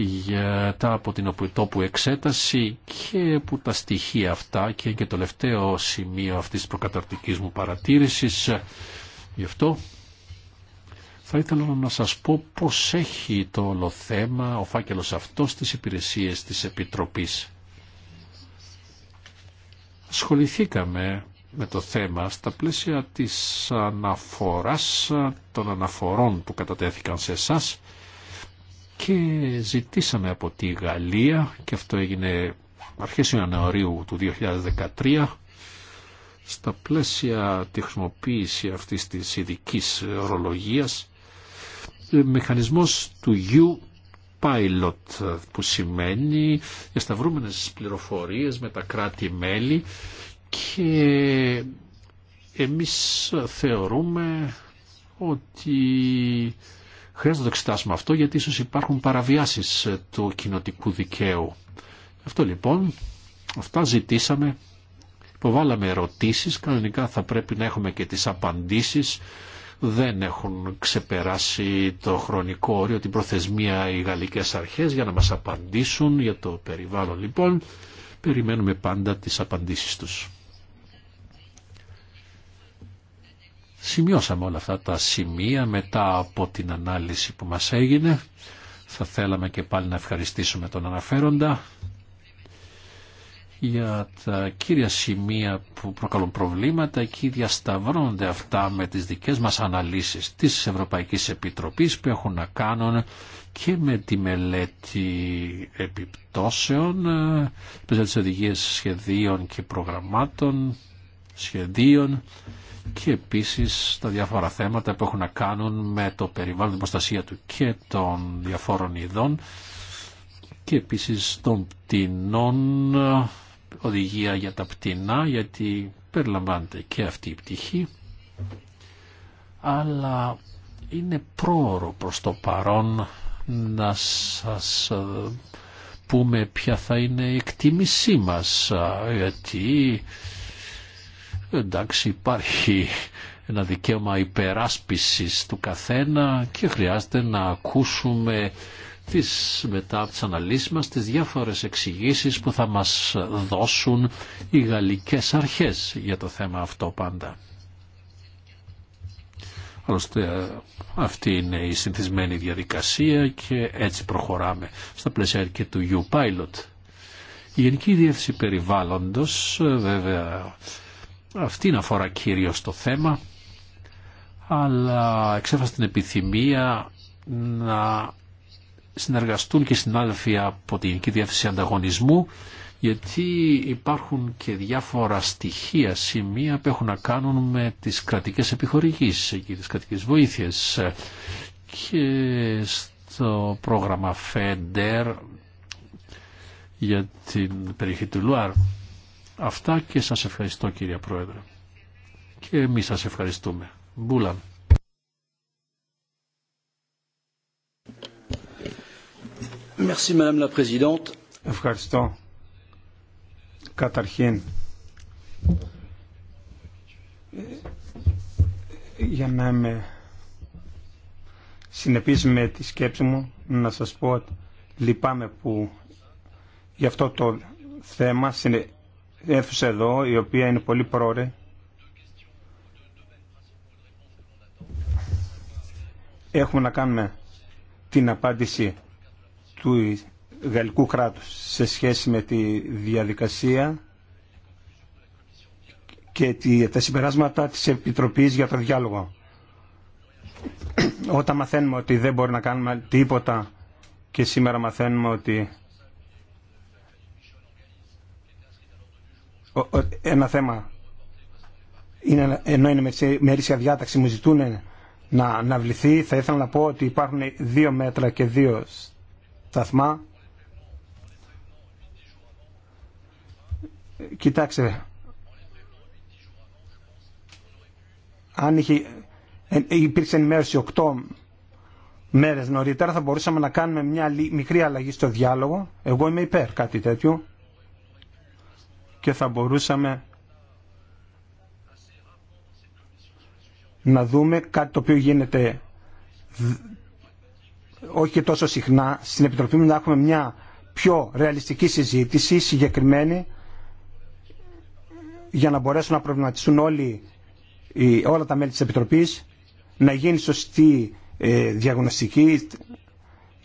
A: για τα από την τόπου εξέταση και που τα στοιχεία αυτά και και το τελευταίο σημείο αυτής της προκαταρτικής μου παρατήρησης. Γι' αυτό θα ήθελα να σας πω πώς έχει το όλο θέμα ο φάκελος αυτός στις υπηρεσίες της Επιτροπής. Ασχοληθήκαμε με το θέμα στα πλαίσια της αναφοράς των αναφορών που κατατέθηκαν σε εσάς και ζητήσαμε από τη Γαλλία και αυτό έγινε αρχές Ιανουαρίου του 2013 στα πλαίσια τη χρησιμοποίηση αυτής της ειδική ορολογίας ε, μηχανισμός του U pilot που σημαίνει διασταυρούμενες πληροφορίες με τα κράτη-μέλη και εμείς θεωρούμε ότι Χρειάζεται να το εξετάσουμε αυτό γιατί ίσως υπάρχουν παραβιάσεις ε, του κοινοτικού δικαίου. Αυτό λοιπόν, αυτά ζητήσαμε, υποβάλαμε ερωτήσεις, κανονικά θα πρέπει να έχουμε και τις απαντήσεις. Δεν έχουν ξεπεράσει το χρονικό όριο, την προθεσμία οι γαλλικές αρχές για να μας απαντήσουν για το περιβάλλον λοιπόν. Περιμένουμε πάντα τις απαντήσεις τους. Σημειώσαμε όλα αυτά τα σημεία μετά από την ανάλυση που μας έγινε. Θα θέλαμε και πάλι να ευχαριστήσουμε τον αναφέροντα για τα κύρια σημεία που προκαλούν προβλήματα και διασταυρώνονται αυτά με τις δικές μας αναλύσεις της Ευρωπαϊκής Επιτροπής που έχουν να κάνουν και με τη μελέτη επιπτώσεων με τις οδηγίες σχεδίων και προγραμμάτων σχεδίων και επίσης τα διάφορα θέματα που έχουν να κάνουν με το περιβάλλον, την προστασία του και των διαφόρων ειδών και επίσης των πτηνών, οδηγία για τα πτηνά γιατί περιλαμβάνεται και αυτή η πτυχή αλλά είναι πρόωρο προς το παρόν να σας ε, πούμε ποια θα είναι η εκτίμησή μας ε, γιατί Εντάξει υπάρχει ένα δικαίωμα υπεράσπισης του καθένα και χρειάζεται να ακούσουμε τις, μετά από τις αναλύσεις μας τις διάφορες εξηγήσεις που θα μας δώσουν οι γαλλικές αρχές για το θέμα αυτό πάντα. Άλλωστε αυτή είναι η συνηθισμένη διαδικασία και έτσι προχωράμε στα πλαίσια και του U-Pilot. Η Γενική Διεύθυνση Περιβάλλοντος βέβαια Αυτήν αφορά κυρίως το θέμα, αλλά εξέφασε την επιθυμία να συνεργαστούν και συνάδελφοι από την Γενική Διεύθυνση Ανταγωνισμού, γιατί υπάρχουν και διάφορα στοιχεία, σημεία που έχουν να κάνουν με τις κρατικές επιχορηγήσεις και τις κρατικές βοήθειες. Και στο πρόγραμμα FEDER για την περιοχή του Λουάρ Αυτά και σας ευχαριστώ κυρία Πρόεδρε. Και εμείς σας ευχαριστούμε. Μπούλαν. Merci, Madame la Présidente.
D: Ευχαριστώ. Καταρχήν, για να είμαι συνεπής με τη σκέψη μου, να σας πω ότι λυπάμαι που γι' αυτό το θέμα αίθουσα εδώ, η οποία είναι πολύ πρόρε. Έχουμε να κάνουμε την απάντηση του γαλλικού κράτους σε σχέση με τη διαδικασία και τα συμπεράσματα της Επιτροπής για το διάλογο. Όταν μαθαίνουμε ότι δεν μπορεί να κάνουμε τίποτα και σήμερα μαθαίνουμε ότι ένα θέμα είναι, ενώ είναι μερίσια διάταξη μου ζητούν να αναβληθεί θα ήθελα να πω ότι υπάρχουν δύο μέτρα και δύο σταθμά κοιτάξτε αν είχε, ε, υπήρξε ενημέρωση 8 μέρες νωρίτερα θα μπορούσαμε να κάνουμε μια μικρή αλλαγή στο διάλογο εγώ είμαι υπέρ κάτι τέτοιο και θα μπορούσαμε να δούμε κάτι το οποίο γίνεται όχι και τόσο συχνά στην Επιτροπή να έχουμε μια πιο ρεαλιστική συζήτηση συγκεκριμένη για να μπορέσουν να προβληματιστούν όλοι, όλα τα μέλη της Επιτροπής να γίνει σωστή ε, διαγνωστική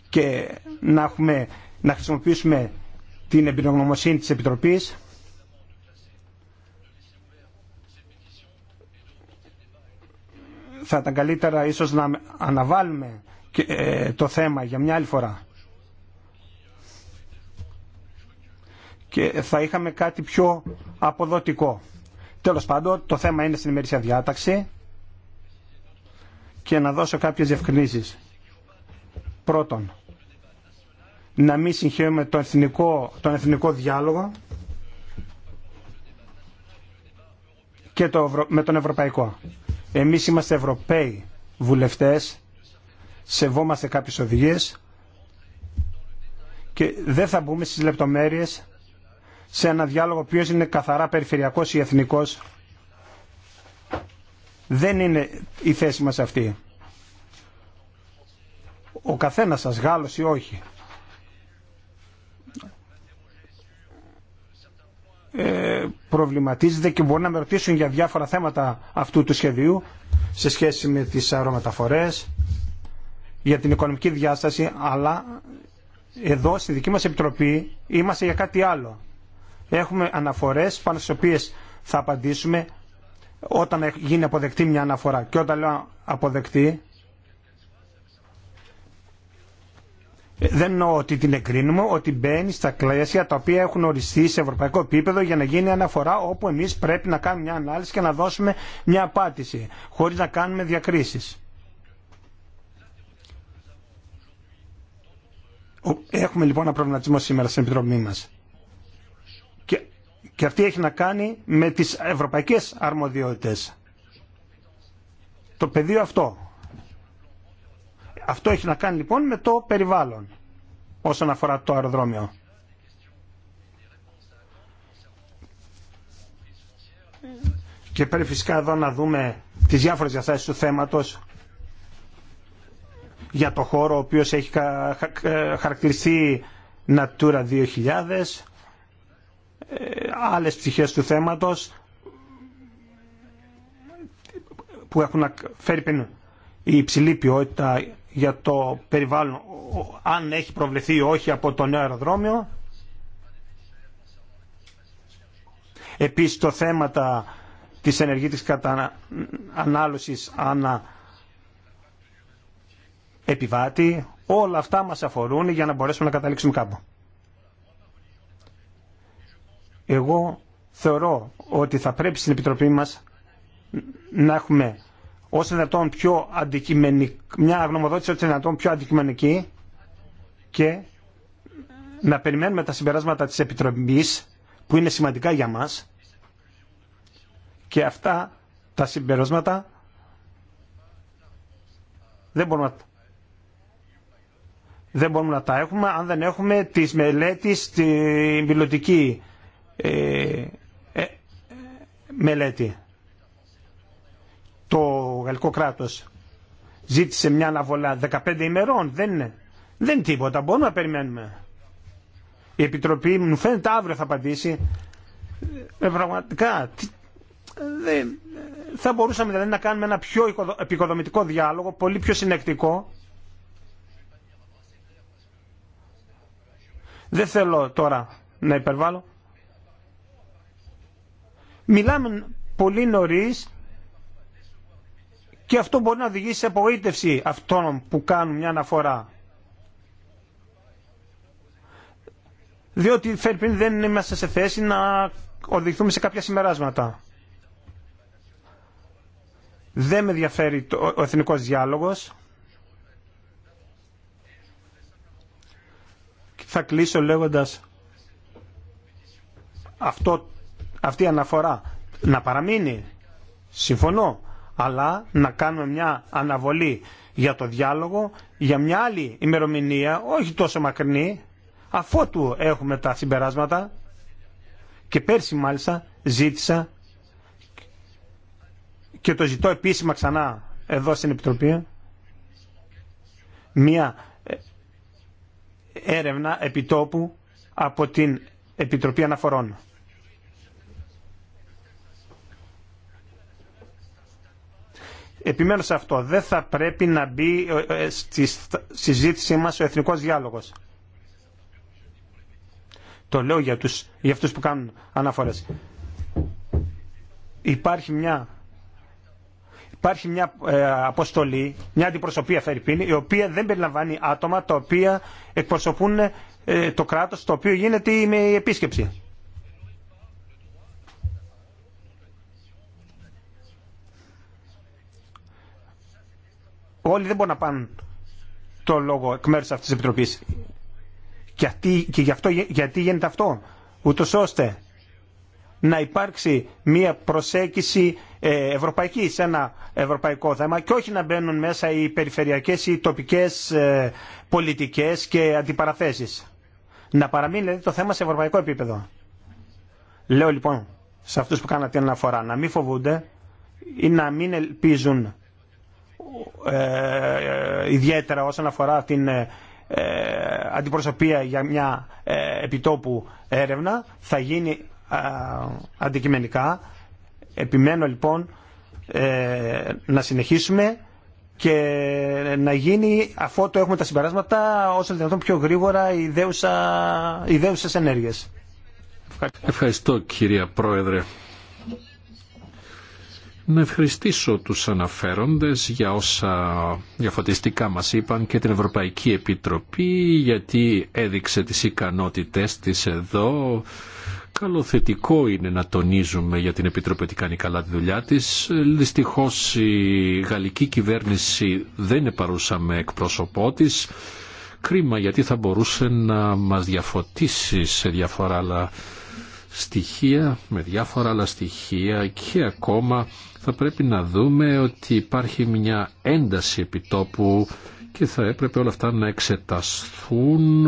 D: και να, έχουμε, να χρησιμοποιήσουμε την εμπειρογνωμοσύνη της Επιτροπής θα ήταν καλύτερα ίσως να αναβάλουμε ε, το θέμα για μια άλλη φορά. Και θα είχαμε κάτι πιο αποδοτικό. Τέλος πάντων, το θέμα είναι στην ημερήσια διάταξη και να δώσω κάποιες διευκρινήσεις. Πρώτον, να μην συγχαίρουμε τον εθνικό, τον εθνικό διάλογο και το, με τον ευρωπαϊκό. Εμείς είμαστε Ευρωπαίοι βουλευτές, σεβόμαστε κάποιες οδηγίες και δεν θα μπούμε στις λεπτομέρειες σε ένα διάλογο που είναι καθαρά περιφερειακός ή εθνικός. Δεν είναι η θέση μας αυτή. Ο καθένας σας, Γάλλος ή όχι, Ε, προβληματίζεται και μπορεί να με ρωτήσουν για διάφορα θέματα αυτού του σχεδίου σε σχέση με τις αερομεταφορές, για την οικονομική διάσταση, αλλά εδώ στη δική μας Επιτροπή είμαστε για κάτι άλλο. Έχουμε αναφορές πάνω στις οποίες θα απαντήσουμε όταν γίνει αποδεκτή μια αναφορά. Και όταν λέω αποδεκτή, δεν εννοώ ότι την εγκρίνουμε, ότι μπαίνει στα πλαίσια τα οποία έχουν οριστεί σε ευρωπαϊκό επίπεδο για να γίνει αναφορά όπου εμείς πρέπει να κάνουμε μια ανάλυση και να δώσουμε μια απάντηση, χωρίς να κάνουμε διακρίσεις. Έχουμε λοιπόν ένα προβληματισμό σήμερα στην Επιτροπή μας. Και, και αυτή έχει να κάνει με τις ευρωπαϊκές αρμοδιότητες. Το πεδίο αυτό αυτό έχει να κάνει λοιπόν με το περιβάλλον όσον αφορά το αεροδρόμιο. Και πρέπει φυσικά εδώ να δούμε τις διάφορες διαστάσεις του θέματος για το χώρο ο οποίος έχει ε, χαρακτηριστεί Natura 2000, ε, άλλες πτυχές του θέματος που έχουν φέρει η υψηλή ποιότητα για το περιβάλλον, αν έχει προβλεφθεί ή όχι από το νέο αεροδρόμιο. Επίσης το θέμα τα, της ενεργήτης κατανάλωσης ανά επιβάτη, όλα αυτά μας αφορούν για να μπορέσουμε να καταλήξουμε κάπου. Εγώ θεωρώ ότι θα πρέπει στην Επιτροπή μας να έχουμε είναι δυνατόν πιο αντικειμενική, μια γνωμοδότηση ως δυνατόν πιο αντικειμενική και να περιμένουμε τα συμπεράσματα της Επιτροπής που είναι σημαντικά για μας και αυτά τα συμπεράσματα δεν μπορούμε να τα έχουμε αν δεν έχουμε τις μελέτες στην πιλωτική ε, ε, ε, μελέτη γαλλικό κράτος ζήτησε μια αναβολά 15 ημερών. Δεν είναι. Δεν τίποτα. Μπορούμε να περιμένουμε. Η Επιτροπή μου φαίνεται αύριο θα απαντήσει. Ε, πραγματικά. Ε, ε, θα μπορούσαμε δηλαδή να κάνουμε ένα πιο επικοδομητικό διάλογο, πολύ πιο συνεκτικό. Δεν θέλω τώρα να υπερβάλλω. Μιλάμε πολύ νωρίς και αυτό μπορεί να οδηγήσει σε απογοήτευση αυτών που κάνουν μια αναφορά. Διότι φέρπιν δεν είμαστε σε θέση να οδηγηθούμε σε κάποια συμπεράσματα. Δεν με ενδιαφέρει ο εθνικός διάλογος. Θα κλείσω λέγοντας αυτό, αυτή η αναφορά να παραμείνει. Συμφωνώ αλλά να κάνουμε μια αναβολή για το διάλογο για μια άλλη ημερομηνία, όχι τόσο μακρινή, αφότου έχουμε τα συμπεράσματα και πέρσι μάλιστα ζήτησα και το ζητώ επίσημα ξανά εδώ στην Επιτροπή μια ε, έρευνα επιτόπου από την Επιτροπή Αναφορών. Επιμένω σε αυτό. Δεν θα πρέπει να μπει ε, ε, στη συζήτησή μας ο εθνικός διάλογος. Το λέω για, τους, για αυτούς που κάνουν αναφορές. Υπάρχει μια, υπάρχει μια ε, αποστολή, μια αντιπροσωπεία Φερρυπίνη, η οποία δεν περιλαμβάνει άτομα τα οποία εκπροσωπούν το κράτος το οποίο γίνεται η επίσκεψη. όλοι δεν μπορούν να πάνε το λόγο εκ μέρου αυτή τη Επιτροπής. Και, αυτή, και γι αυτό, γιατί γίνεται αυτό. Ούτω ώστε να υπάρξει μια προσέγγιση ε, ευρωπαϊκή σε ένα ευρωπαϊκό θέμα και όχι να μπαίνουν μέσα οι περιφερειακές ή οι τοπικές ε, πολιτικές και αντιπαραθέσεις. Να παραμείνει δηλαδή, το θέμα σε ευρωπαϊκό επίπεδο. Λέω λοιπόν σε αυτούς που κάνατε αναφορά να μην φοβούνται ή να μην ελπίζουν ε, ε, ιδιαίτερα όσον αφορά την ε, ε αντιπροσωπεία για μια επιτόπου έρευνα θα γίνει αντικειμενικά. Επιμένω λοιπόν να συνεχίσουμε και να γίνει αφότου έχουμε τα συμπεράσματα όσο δυνατόν πιο γρήγορα ιδέουσα, ιδέουσες ενέργειες.
A: Ευχαριστώ κυρία Πρόεδρε να ευχαριστήσω τους αναφέροντες για όσα διαφωτιστικά μας είπαν και την Ευρωπαϊκή Επιτροπή γιατί έδειξε τις ικανότητες της εδώ. Καλοθετικό είναι να τονίζουμε για την Επιτροπή ότι κάνει καλά τη δουλειά της. Δυστυχώς η γαλλική κυβέρνηση δεν είναι παρούσα με εκπρόσωπό Κρίμα γιατί θα μπορούσε να μας διαφωτίσει σε διαφορά άλλα στοιχεία, με διάφορα άλλα στοιχεία και ακόμα θα πρέπει να δούμε ότι υπάρχει μια ένταση επιτόπου και θα έπρεπε όλα αυτά να εξεταστούν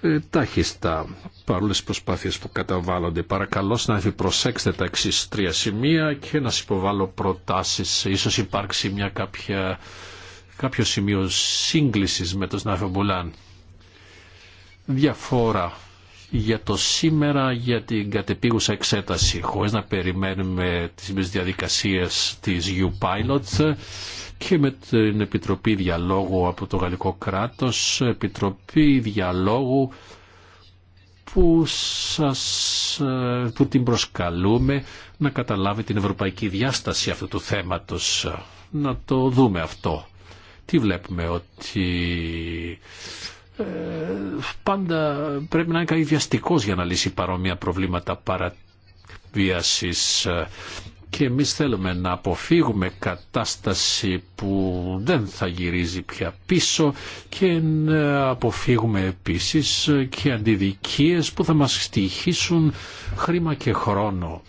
A: ε, τάχιστα παρόλε προσπάθειες που καταβάλλονται. Παρακαλώ, συνάδελφοι, προσέξτε τα εξή τρία σημεία και να σα υποβάλω προτάσει. Ίσως υπάρξει μια κάποια, κάποιο σημείο σύγκλησης με τον συνάδελφο Μπουλάν. Διαφόρα για το σήμερα για την κατεπίγουσα εξέταση χωρίς να περιμένουμε τις διαδικασίες της U-Pilot και με την Επιτροπή Διαλόγου από το Γαλλικό κράτος, Επιτροπή Διαλόγου που, σας, που την προσκαλούμε να καταλάβει την ευρωπαϊκή διάσταση αυτού του θέματος. Να το δούμε αυτό. Τι βλέπουμε ότι ε, πάντα πρέπει να είναι κάτι για να λύσει παρόμοια προβλήματα παραβίασης ε, και εμείς θέλουμε να αποφύγουμε κατάσταση που δεν θα γυρίζει πια πίσω και να αποφύγουμε επίσης και αντιδικίες που θα μας στοιχήσουν χρήμα και χρόνο.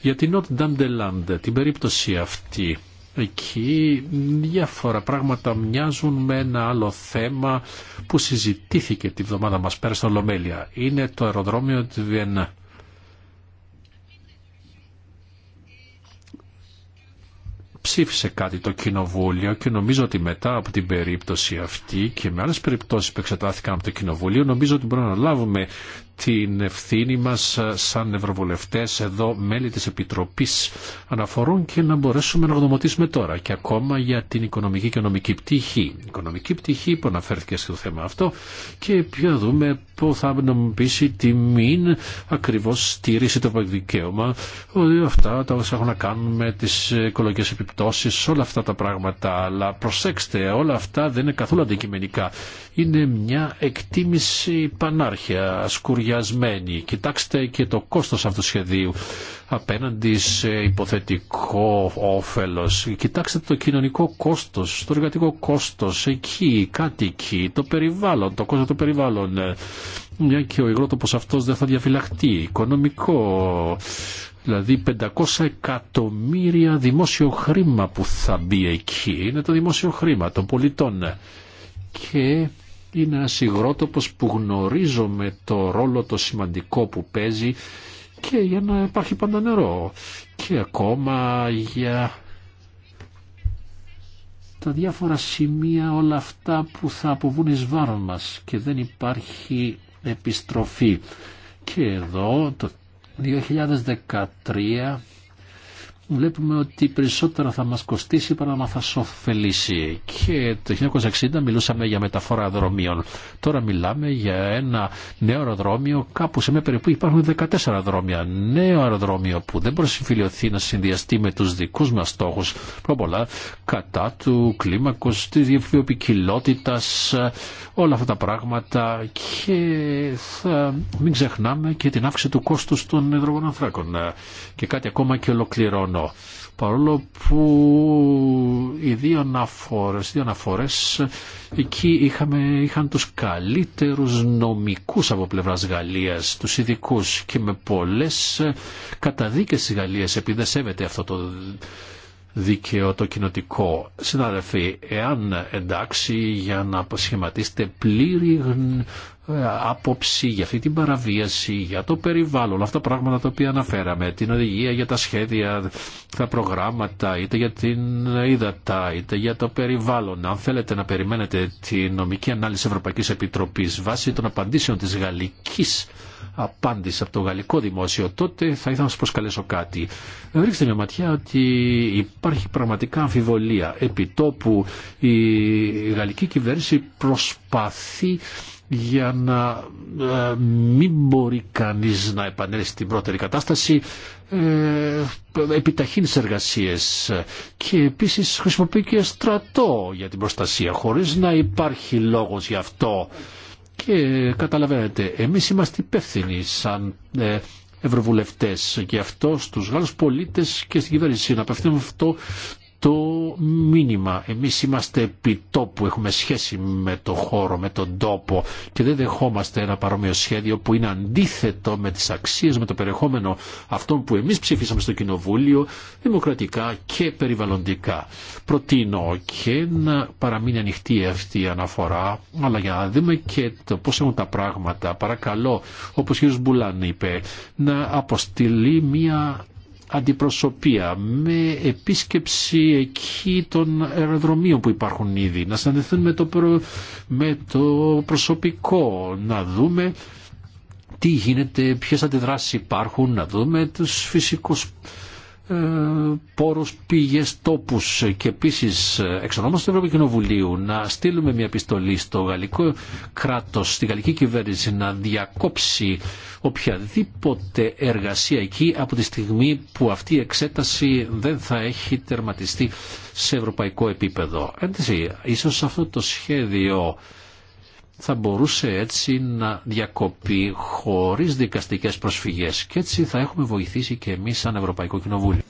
A: Για την Νότ Dame την περίπτωση αυτή, Εκεί διάφορα πράγματα μοιάζουν με ένα άλλο θέμα που συζητήθηκε τη βδομάδα μας πέρα στο Λομέλια. Είναι το αεροδρόμιο του Βιέννα. ψήφισε κάτι το κοινοβούλιο και νομίζω ότι μετά από την περίπτωση αυτή και με άλλες περιπτώσεις που εξετάθηκαν από το κοινοβούλιο νομίζω ότι μπορούμε να λάβουμε την ευθύνη μας ε, σαν ευρωβουλευτές εδώ μέλη της Επιτροπής αναφορών και να μπορέσουμε να γνωμοτήσουμε τώρα και ακόμα για την οικονομική και νομική πτυχή. Η οικονομική πτυχή που αναφέρθηκε στο θέμα αυτό και πια δούμε πού θα νομιμοποιήσει τη μην ακριβώς στήριση το δικαίωμα ότι αυτά τα όσα έχουν να κάνουν με τις οικολογικές επιπτώσεις όλα αυτά τα πράγματα αλλά προσέξτε όλα αυτά δεν είναι καθόλου αντικειμενικά είναι μια εκτίμηση πανάρχια, σκουριά Κοιτάξτε και το κόστος αυτού του σχεδίου απέναντι σε υποθετικό όφελος. Κοιτάξτε το κοινωνικό κόστος, το εργατικό κόστος, εκεί κάτι εκεί, το περιβάλλον, το κόστος του περιβάλλον. Μια και ο υγρότοπος αυτός δεν θα διαφυλαχτεί. Οικονομικό, Δηλαδή 500 εκατομμύρια δημόσιο χρήμα που θα μπει εκεί. Είναι το δημόσιο χρήμα των πολιτών. Και είναι ένας υγρότοπος που με το ρόλο το σημαντικό που παίζει και για να υπάρχει πάντα νερό και ακόμα για τα διάφορα σημεία όλα αυτά που θα αποβούν εις μας και δεν υπάρχει επιστροφή. Και εδώ το 2013 βλέπουμε ότι περισσότερα θα μας κοστίσει παρά να μας ωφελήσει. Και το 1960 μιλούσαμε για μεταφορά δρομίων. Τώρα μιλάμε για ένα νέο αεροδρόμιο κάπου σε μια περίπου υπάρχουν 14 δρόμια. Νέο αεροδρόμιο που δεν μπορεί να συμφιλειωθεί να συνδυαστεί με τους δικούς μας στόχους. Προπολά κατά του κλίμακος, της διευκαιοπικιλότητας, όλα αυτά τα πράγματα και θα μην ξεχνάμε και την αύξηση του κόστου των υδρογονανθράκων. Και κάτι ακόμα και ολοκληρώνω Παρόλο που οι δύο αναφορές, δύο εκεί είχαμε, είχαν τους καλύτερους νομικούς από πλευράς Γαλλίας, τους ειδικού και με πολλές καταδίκες της Γαλλίας επειδή δεν σέβεται αυτό το δίκαιο το κοινοτικό. Συνάδελφοι, εάν εντάξει για να αποσχηματίσετε πλήρη ε, άποψη για αυτή την παραβίαση, για το περιβάλλον, αυτά τα πράγματα τα οποία αναφέραμε, την οδηγία για τα σχέδια, τα προγράμματα, είτε για την ύδατα, είτε για το περιβάλλον. Αν θέλετε να περιμένετε τη νομική ανάλυση Ευρωπαϊκής Επιτροπής βάσει των απαντήσεων της γαλλικής απάντηση από το γαλλικό δημόσιο, τότε θα ήθελα να σα προσκαλέσω κάτι. Ρίξτε μια ματιά ότι υπάρχει πραγματικά αμφιβολία επί τόπου η γαλλική κυβέρνηση προσπαθεί για να ε, μην μπορεί κανείς να επανέλθει στην πρώτερη κατάσταση ε, επιταχύνει τις και επίσης χρησιμοποιεί και στρατό για την προστασία χωρίς να υπάρχει λόγος γι' αυτό. Και καταλαβαίνετε, εμείς είμαστε υπεύθυνοι σαν ε, ευρωβουλευτές και αυτό στους Γάλλους πολίτες και στην κυβέρνηση να απευθύνουμε αυτό το μήνυμα. Εμείς είμαστε επί τόπου, έχουμε σχέση με το χώρο, με τον τόπο και δεν δεχόμαστε ένα παρόμοιο σχέδιο που είναι αντίθετο με τις αξίες, με το περιεχόμενο αυτών που εμείς ψήφισαμε στο Κοινοβούλιο, δημοκρατικά και περιβαλλοντικά. Προτείνω και να παραμείνει ανοιχτή αυτή η αναφορά, αλλά για να δούμε και το πώς έχουν τα πράγματα. Παρακαλώ, όπως ο κ. Μπουλάν είπε, να αποστείλει μια αντιπροσωπεία με επίσκεψη εκεί των αεροδρομίων που υπάρχουν ήδη, να συναντηθούν με το, το προσωπικό, να δούμε τι γίνεται, ποιες αντιδράσεις υπάρχουν, να δούμε τους φυσικούς ε, πόρους πήγες τόπους και επίσης εξ του Ευρωπαϊκού Κοινοβουλίου να στείλουμε μια επιστολή στο γαλλικό κράτος, στη γαλλική κυβέρνηση να διακόψει οποιαδήποτε εργασία εκεί από τη στιγμή που αυτή η εξέταση δεν θα έχει τερματιστεί σε ευρωπαϊκό επίπεδο. Έτσι, ίσως αυτό το σχέδιο θα μπορούσε έτσι να διακοπεί χωρίς δικαστικές προσφυγές και έτσι θα έχουμε βοηθήσει και εμείς σαν Ευρωπαϊκό
C: Κοινοβούλιο.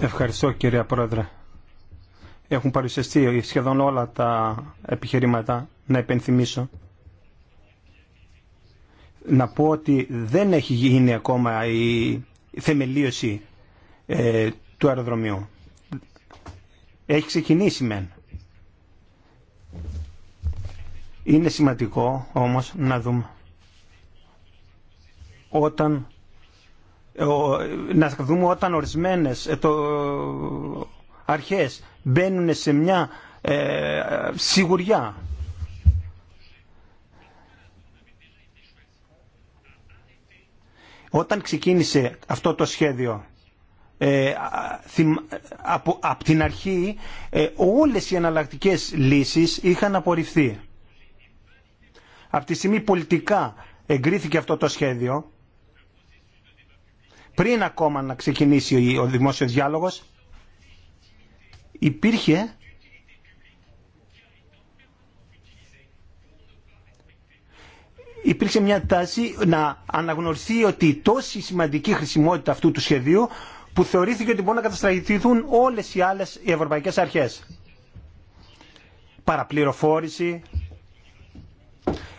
D: Ευχαριστώ κυρία Πρόεδρε. Έχουν παρουσιαστεί σχεδόν όλα τα επιχειρήματα να επενθυμίσω. Να πω ότι δεν έχει γίνει ακόμα η θεμελίωση ε, του αεροδρομίου. Έχει ξεκινήσει μεν. Είναι σημαντικό όμως να δούμε όταν να δούμε όταν ορισμένες ε, το, αρχές μπαίνουν σε μια ε, σιγουριά όταν ξεκίνησε αυτό το σχέδιο ε, από, από την αρχή ε, όλες οι εναλλακτικές λύσεις είχαν απορριφθεί. Από τη στιγμή πολιτικά εγκρίθηκε αυτό το σχέδιο, πριν ακόμα να ξεκινήσει ο δημόσιος διάλογος, υπήρχε υπήρξε μια τάση να αναγνωριστεί ότι τόση σημαντική χρησιμότητα αυτού του σχεδίου που θεωρήθηκε ότι μπορούν να καταστραγηθούν όλες οι άλλες οι ευρωπαϊκές αρχές. Παραπληροφόρηση,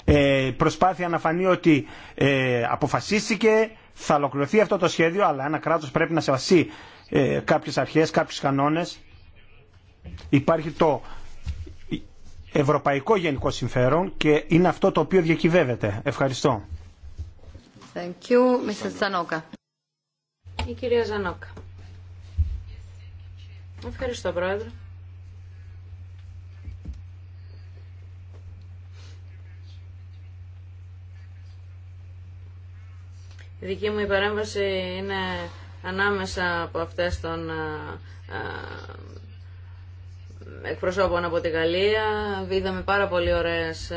D: ε, προσπάθεια να φανεί ότι ε, αποφασίστηκε, θα ολοκληρωθεί αυτό το σχέδιο, αλλά ένα κράτος πρέπει να σεβασεί ε, κάποιες αρχές, κάποιους κανόνες. Υπάρχει το ευρωπαϊκό γενικό συμφέρον και είναι αυτό το οποίο διακυβεύεται. Ευχαριστώ.
B: Thank you, η κυρία Ζανόκα. Ευχαριστώ, Πρόεδρε. Η δική μου η παρέμβαση είναι ανάμεσα από αυτές των εκπροσώπων από τη Γαλλία. Είδαμε πάρα πολύ ωραίες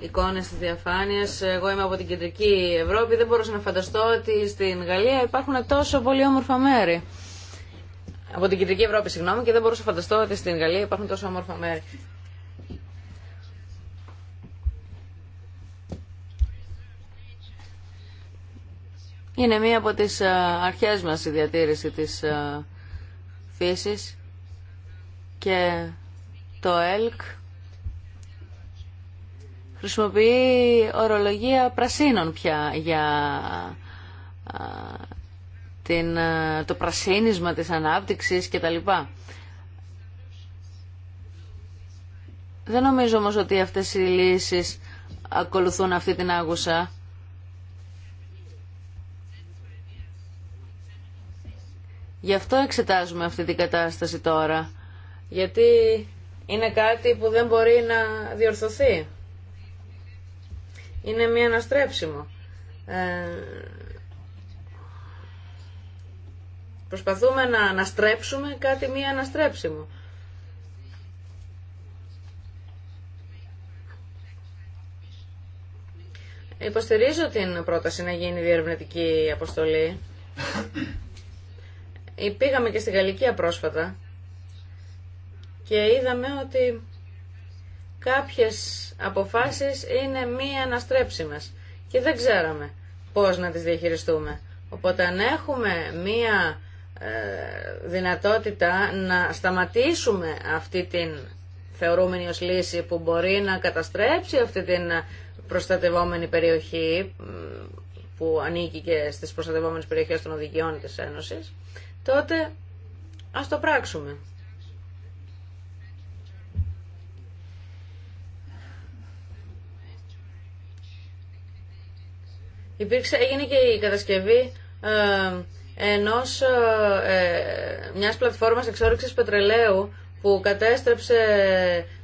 B: εικόνες της διαφάνειας. Εγώ είμαι από την κεντρική Ευρώπη, δεν μπορούσα να φανταστώ ότι στην Γαλλία υπάρχουν τόσο πολύ όμορφα μέρη. Από την κεντρική Ευρώπη, συγγνώμη, και δεν μπορούσα να φανταστώ ότι στην Γαλλία υπάρχουν τόσο όμορφα μέρη. Είναι μία από τις αρχές μας η διατήρηση της φύσης και το ΕΛΚ χρησιμοποιεί ορολογία πρασίνων πια για την, το πρασίνισμα της ανάπτυξης κτλ. Δεν νομίζω όμως ότι αυτές οι λύσεις ακολουθούν αυτή την άγουσα. Γι' αυτό εξετάζουμε αυτή την κατάσταση τώρα. Γιατί είναι κάτι που δεν μπορεί να διορθωθεί είναι μία αναστρέψιμο. Ε, προσπαθούμε να αναστρέψουμε κάτι μία αναστρέψιμο. Υποστηρίζω την πρόταση να γίνει διερευνητική αποστολή. Πήγαμε και στη Γαλλικία πρόσφατα και είδαμε ότι κάποιες αποφάσεις είναι μη αναστρέψιμες και δεν ξέραμε πώς να τις διαχειριστούμε. Οπότε αν έχουμε μία ε, δυνατότητα να σταματήσουμε αυτή την θεωρούμενη ως λύση που μπορεί να καταστρέψει αυτή την προστατευόμενη περιοχή που ανήκει και στις προστατευόμενες περιοχές των οδηγιών της Ένωσης, τότε ας το πράξουμε. Υπήρξε, έγινε και η κατασκευή ε, ενός, ε, ε, μιας πλατφόρμας εξόρυξης πετρελαίου που κατέστρεψε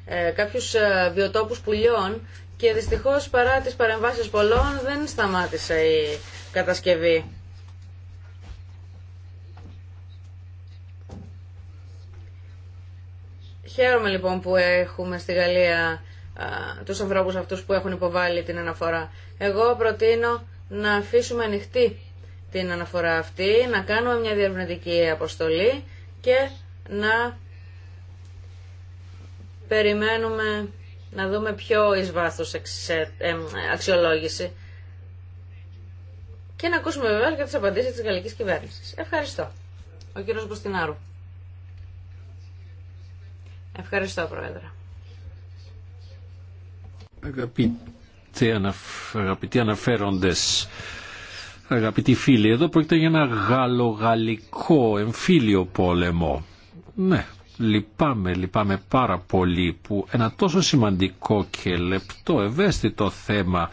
B: ε, κάποιους ε, βιοτόπους πουλιών και δυστυχώς παρά τις παρεμβάσεις πολλών δεν σταμάτησε η κατασκευή. Χαίρομαι λοιπόν που έχουμε στη Γαλλία α, τους ανθρώπους αυτούς που έχουν υποβάλει την αναφορά. Εγώ προτείνω να αφήσουμε ανοιχτή την αναφορά αυτή, να κάνουμε μια διαρευνητική αποστολή και να περιμένουμε να δούμε πιο εις αξιολόγηση και να ακούσουμε βέβαια και τις απαντήσεις της γαλλικής κυβέρνησης. Ευχαριστώ. Ο κύριος Μποστινάρου. Ευχαριστώ, Πρόεδρε
A: αγαπητοί αναφέροντες, αγαπητοί φίλοι, εδώ πρόκειται για ένα γαλλογαλλικό εμφύλιο πόλεμο. Ναι, λυπάμαι, λυπάμαι πάρα πολύ που ένα τόσο σημαντικό και λεπτό ευαίσθητο θέμα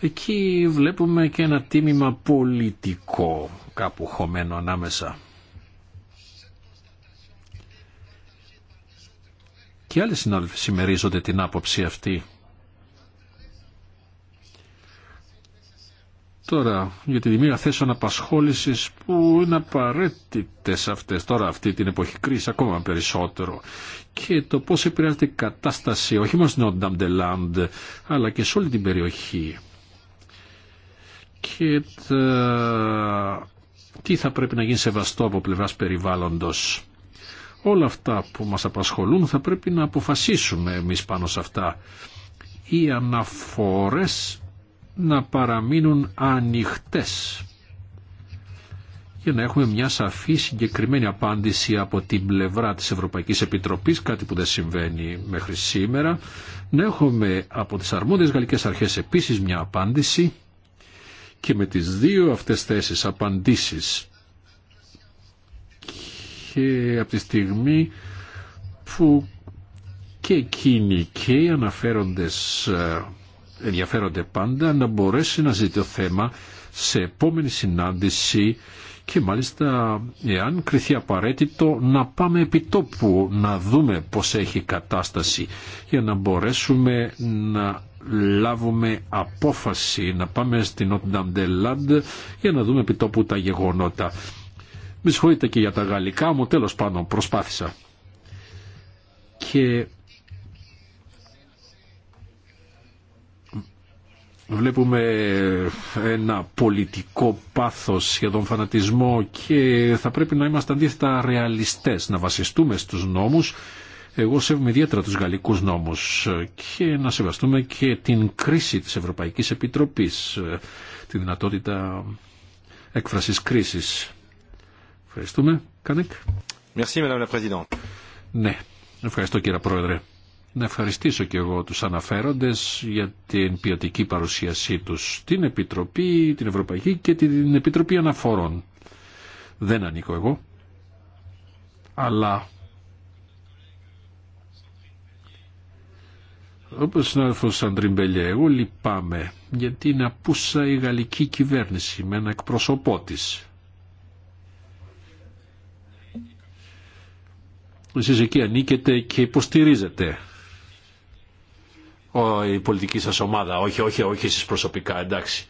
A: εκεί βλέπουμε και ένα τίμημα πολιτικό κάπου χωμένο ανάμεσα. Και άλλοι συνάδελφοι συμμερίζονται την άποψη αυτή. Τώρα, για τη δημιουργία θέσεων απασχόληση που είναι απαραίτητε αυτές τώρα αυτή την εποχή κρίση ακόμα περισσότερο και το πώ επηρεάζεται η κατάσταση όχι μόνο στην Ονταμπτελάντ, αλλά και σε όλη την περιοχή και τι θα πρέπει να γίνει σεβαστό από πλευρά περιβάλλοντο. Όλα αυτά που μας απασχολούν θα πρέπει να αποφασίσουμε εμείς πάνω σε αυτά. Οι αναφορές να παραμείνουν ανοιχτές για να έχουμε μια σαφή συγκεκριμένη απάντηση από την πλευρά της Ευρωπαϊκής Επιτροπής, κάτι που δεν συμβαίνει μέχρι σήμερα, να έχουμε από τις αρμόδιες γαλλικές αρχές επίσης μια απάντηση και με τις δύο αυτές θέσεις απαντήσεις και από τη στιγμή που και εκείνοι και οι αναφέροντες ε, ενδιαφέρονται πάντα να μπορέσει να ζητεί το θέμα σε επόμενη συνάντηση και μάλιστα εάν κριθεί απαραίτητο να πάμε επί τόπου να δούμε πως έχει κατάσταση για να μπορέσουμε να λάβουμε απόφαση να πάμε στην Ονταμντελάντ για να δούμε επί τόπου τα γεγονότα. Μη συγχωρείτε και για τα γαλλικά μου, τέλος πάντων προσπάθησα. Και Βλέπουμε ένα πολιτικό πάθος, σχεδόν φανατισμό και θα πρέπει να είμαστε αντίθετα ρεαλιστές, να βασιστούμε στους νόμους. Εγώ σέβομαι ιδιαίτερα τους γαλλικούς νόμους και να σεβαστούμε και την κρίση της Ευρωπαϊκής Επιτροπής, τη δυνατότητα έκφρασης κρίσης. Ευχαριστούμε. Κανέκ. Ναι. Ευχαριστώ κύριε Πρόεδρε να ευχαριστήσω και εγώ τους αναφέροντες για την ποιοτική παρουσίασή τους, στην Επιτροπή, την Ευρωπαϊκή και την Επιτροπή Αναφορών. Δεν ανήκω εγώ, αλλά όπως συνάδελφος Αντριμπελιέ, εγώ λυπάμαι γιατί είναι απούσα η γαλλική κυβέρνηση με ένα εκπροσωπό της. Εσείς εκεί ανήκετε και υποστηρίζετε η πολιτική σας ομάδα. Όχι, όχι, όχι εσείς προσωπικά, εντάξει.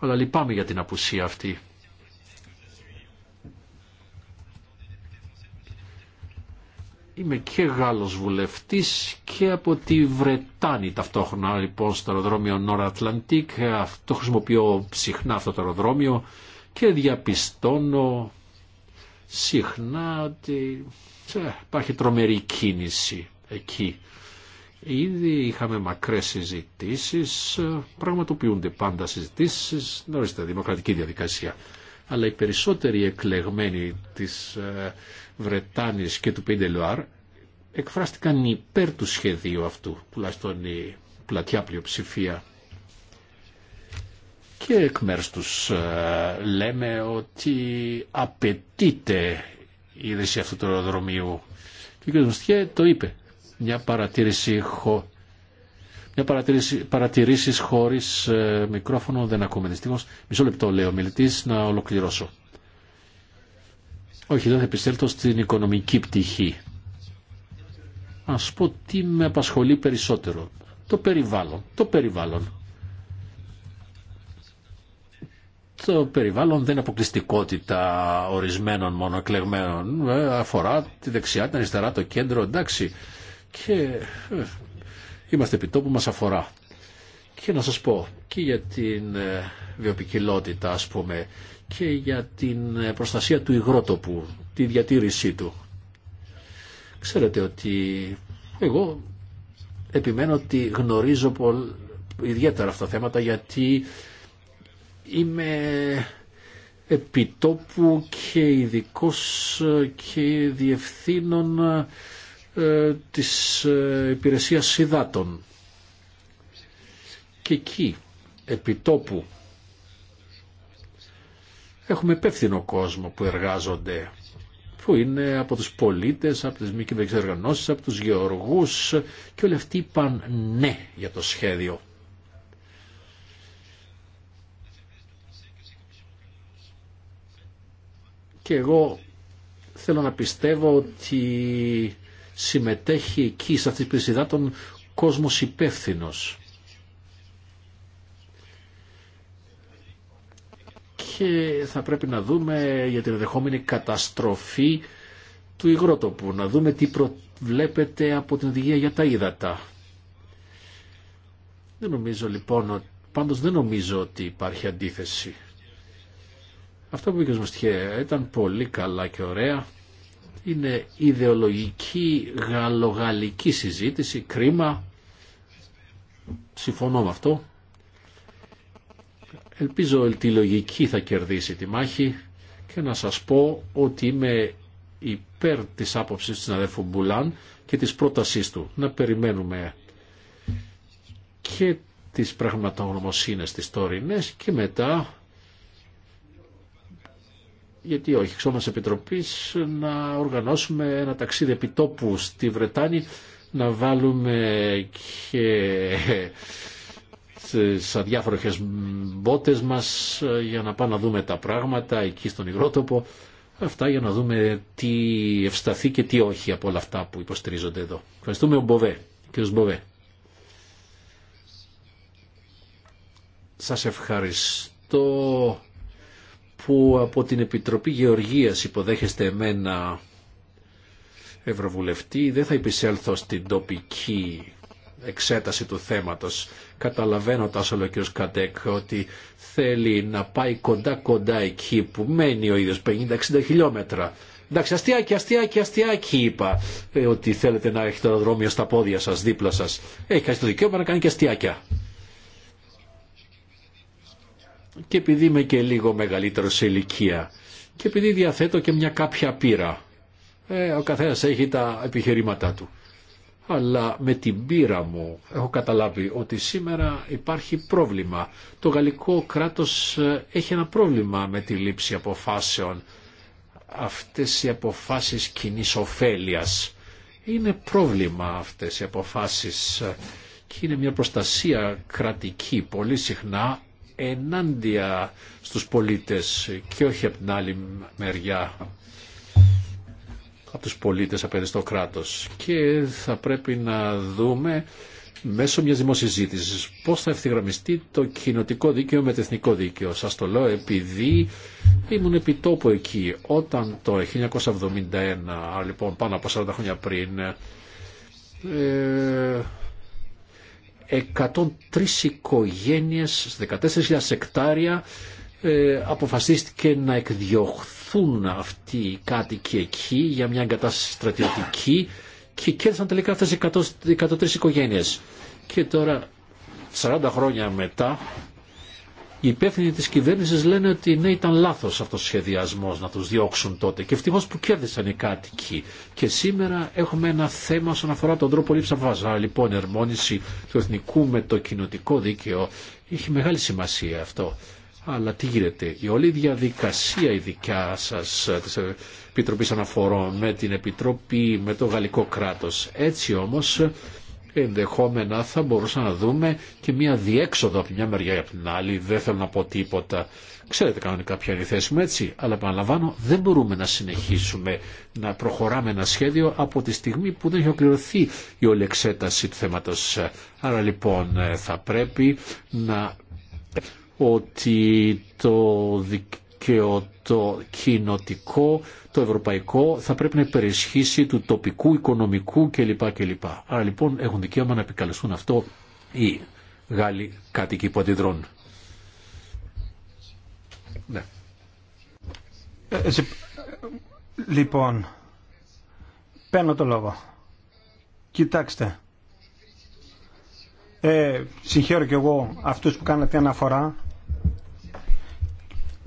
A: Αλλά λυπάμαι για την απουσία αυτή. Είμαι και Γάλλος βουλευτής και από τη Βρετάνη ταυτόχρονα λοιπόν στο αεροδρόμιο Νόρα Ατλαντικ. το χρησιμοποιώ συχνά αυτό το αεροδρόμιο και διαπιστώνω συχνά ότι ε, υπάρχει τρομερή κίνηση εκεί. Ήδη είχαμε μακρές συζητήσεις, πραγματοποιούνται πάντα συζητήσεις, τα δημοκρατική διαδικασία. Αλλά οι περισσότεροι εκλεγμένοι της ε, Βρετάνης και του Πεντελουάρ εκφράστηκαν υπέρ του σχεδίου αυτού, τουλάχιστον η πλατιά πλειοψηφία. Και εκ μέρους τους ε, λέμε ότι απαιτείται η είδηση αυτού του αεροδρομίου. Και ο κ. Μουστιέ το είπε μια παρατήρηση χωρί χωρίς ε, μικρόφωνο δεν ακούμε δυστυχώ. Μισό λεπτό λέω ο μιλητής να ολοκληρώσω. Όχι, δεν θα στην οικονομική πτυχή. Ας πω τι με απασχολεί περισσότερο. Το περιβάλλον. Το περιβάλλον. Το περιβάλλον δεν είναι αποκλειστικότητα ορισμένων μόνο ε, Αφορά τη δεξιά, την αριστερά, το κέντρο, εντάξει και ε, είμαστε επί τόπου μας αφορά. Και να σας πω και για την ε, βιοπικιλότητα ας πούμε και για την ε, προστασία του υγρότοπου, τη διατήρησή του. Ξέρετε ότι εγώ επιμένω ότι γνωρίζω πολύ, ιδιαίτερα αυτά τα θέματα γιατί είμαι επιτόπου και ειδικό και διευθύνων ε, της ε, υπηρεσίας Σιδάτων. Και εκεί, επί τόπου έχουμε υπεύθυνο κόσμο που εργάζονται, που είναι από τους πολίτες, από τις μη κυβερνήσεις από τους γεωργούς και όλοι αυτοί είπαν ναι για το σχέδιο. Και εγώ θέλω να πιστεύω ότι συμμετέχει εκεί σε αυτή τη πλησιδά τον κόσμο υπεύθυνο. Και θα πρέπει να δούμε για την ενδεχόμενη καταστροφή του υγρότοπου, να δούμε τι προβλέπεται από την οδηγία για τα ύδατα. Δεν νομίζω λοιπόν, πάντως δεν νομίζω ότι υπάρχει αντίθεση. Αυτό που είπε ο ήταν πολύ καλά και ωραία. Είναι ιδεολογική γαλλογαλλική συζήτηση, κρίμα. Συμφωνώ με αυτό. Ελπίζω ότι η λογική θα κερδίσει τη μάχη και να σας πω ότι είμαι υπέρ της άποψης του αδερφού Μπουλάν και της πρότασής του. Να περιμένουμε και τις πραγματογνωμοσύνες τις τωρινές και μετά γιατί όχι, ξώμας επιτροπής, να οργανώσουμε ένα ταξίδι επιτόπου στη Βρετάνη, να βάλουμε και σε αδιάφορες μπότες μας για να πάμε να δούμε τα πράγματα εκεί στον υγρότοπο. Αυτά για να δούμε τι ευσταθεί και τι όχι από όλα αυτά που υποστηρίζονται εδώ. Ευχαριστούμε ο Μποβέ, κύριος Μποβέ. Σας ευχαριστώ που από την Επιτροπή Γεωργίας υποδέχεστε εμένα Ευρωβουλευτή, δεν θα επισέλθω στην τοπική εξέταση του θέματος. Καταλαβαίνω τόσο ο κ. Κατέκ ότι θέλει να πάει κοντά κοντά εκεί που μένει ο ίδιος 50-60 χιλιόμετρα. Εντάξει, αστείακι, αστείακι, αστείακι είπα ε, ότι θέλετε να έχετε αεροδρόμιο στα πόδια σας, δίπλα σας. Έχει χάσει το δικαίωμα να κάνει και αστείακια και επειδή είμαι και λίγο μεγαλύτερο σε ηλικία και επειδή διαθέτω και μια κάποια πείρα. Ε, ο καθένας έχει τα επιχειρήματά του. Αλλά με την πείρα μου έχω καταλάβει ότι σήμερα υπάρχει πρόβλημα. Το γαλλικό κράτος ε, έχει ένα πρόβλημα με τη λήψη αποφάσεων. Αυτές οι αποφάσεις κοινή ωφέλεια. Είναι πρόβλημα αυτές οι αποφάσεις και είναι μια προστασία κρατική πολύ συχνά ενάντια στους πολίτες και όχι από την άλλη μεριά από τους πολίτες απέναντι στο κράτος και θα πρέπει να δούμε μέσω μιας δημοσυζήτησης πώς θα ευθυγραμμιστεί το κοινοτικό δίκαιο με το εθνικό δίκαιο. Σας το λέω επειδή ήμουν επιτόπου εκεί όταν το 1971, λοιπόν πάνω από 40 χρόνια πριν, ε, 103 οικογένειες στις 14.000 εκτάρια ε, αποφασίστηκε να εκδιωχθούν αυτοί οι κάτοικοι εκεί για μια εγκατάσταση στρατιωτική και κέρδισαν τελικά αυτές οι 103 οικογένειες. Και τώρα 40 χρόνια μετά οι υπεύθυνοι της κυβέρνησης λένε ότι ναι ήταν λάθος αυτός ο σχεδιασμός να τους διώξουν τότε και ευτυχώς που κέρδισαν οι κάτοικοι. Και σήμερα έχουμε ένα θέμα όσον αφορά τον τρόπο λήψη αποφάσεων. Λοιπόν, η ερμόνιση του εθνικού με το κοινοτικό δίκαιο έχει μεγάλη σημασία αυτό. Αλλά τι γίνεται, η όλη διαδικασία η δικιά σας ε, της Επιτροπής Αναφορών με την Επιτροπή, με το γαλλικό κράτος. Έτσι όμως ενδεχόμενα θα μπορούσαμε να δούμε και μια διέξοδο από μια μεριά ή από την άλλη. Δεν θέλω να πω τίποτα. Ξέρετε κανονικά ποια είναι η θέση μου έτσι, αλλά επαναλαμβάνω δεν μπορούμε να συνεχίσουμε να προχωράμε ένα σχέδιο από τη στιγμή που δεν έχει ολοκληρωθεί η όλη εξέταση του θέματος. Άρα λοιπόν θα πρέπει να ότι το δικαίωτο κοινοτικό το ευρωπαϊκό θα πρέπει να υπερισχύσει του τοπικού, οικονομικού κλπ. κλπ. Άρα λοιπόν έχουν δικαίωμα να επικαλεστούν αυτό οι Γάλλοι κάτοικοι που αντιδρώνουν. Ναι.
D: Ε, ε, λοιπόν, παίρνω το λόγο. Κοιτάξτε. Ε, συγχαίρω και εγώ αυτούς που κάνατε αναφορά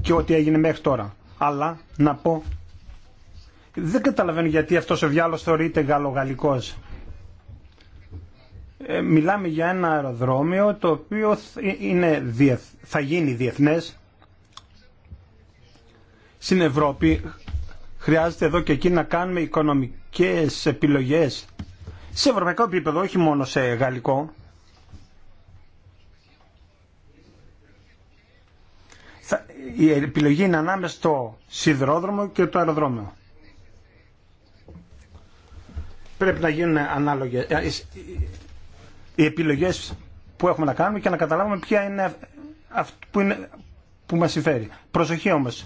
D: και ό,τι έγινε μέχρι τώρα. Αλλά να πω δεν καταλαβαίνω γιατί αυτός ο διάλογος θεωρείται γαλλογαλλικός. Ε, μιλάμε για ένα αεροδρόμιο το οποίο ε, είναι, θα γίνει διεθνές. Στην Ευρώπη χρειάζεται εδώ και εκεί να κάνουμε οικονομικές επιλογές σε ευρωπαϊκό επίπεδο, όχι μόνο σε γαλλικό. η επιλογή είναι ανάμεσα στο σιδηρόδρομο και το αεροδρόμιο πρέπει να γίνουν ανάλογε ε, ε, οι επιλογές που έχουμε να κάνουμε και να καταλάβουμε ποια είναι αυτό που, είναι, που μας συμφέρει. Προσοχή όμως,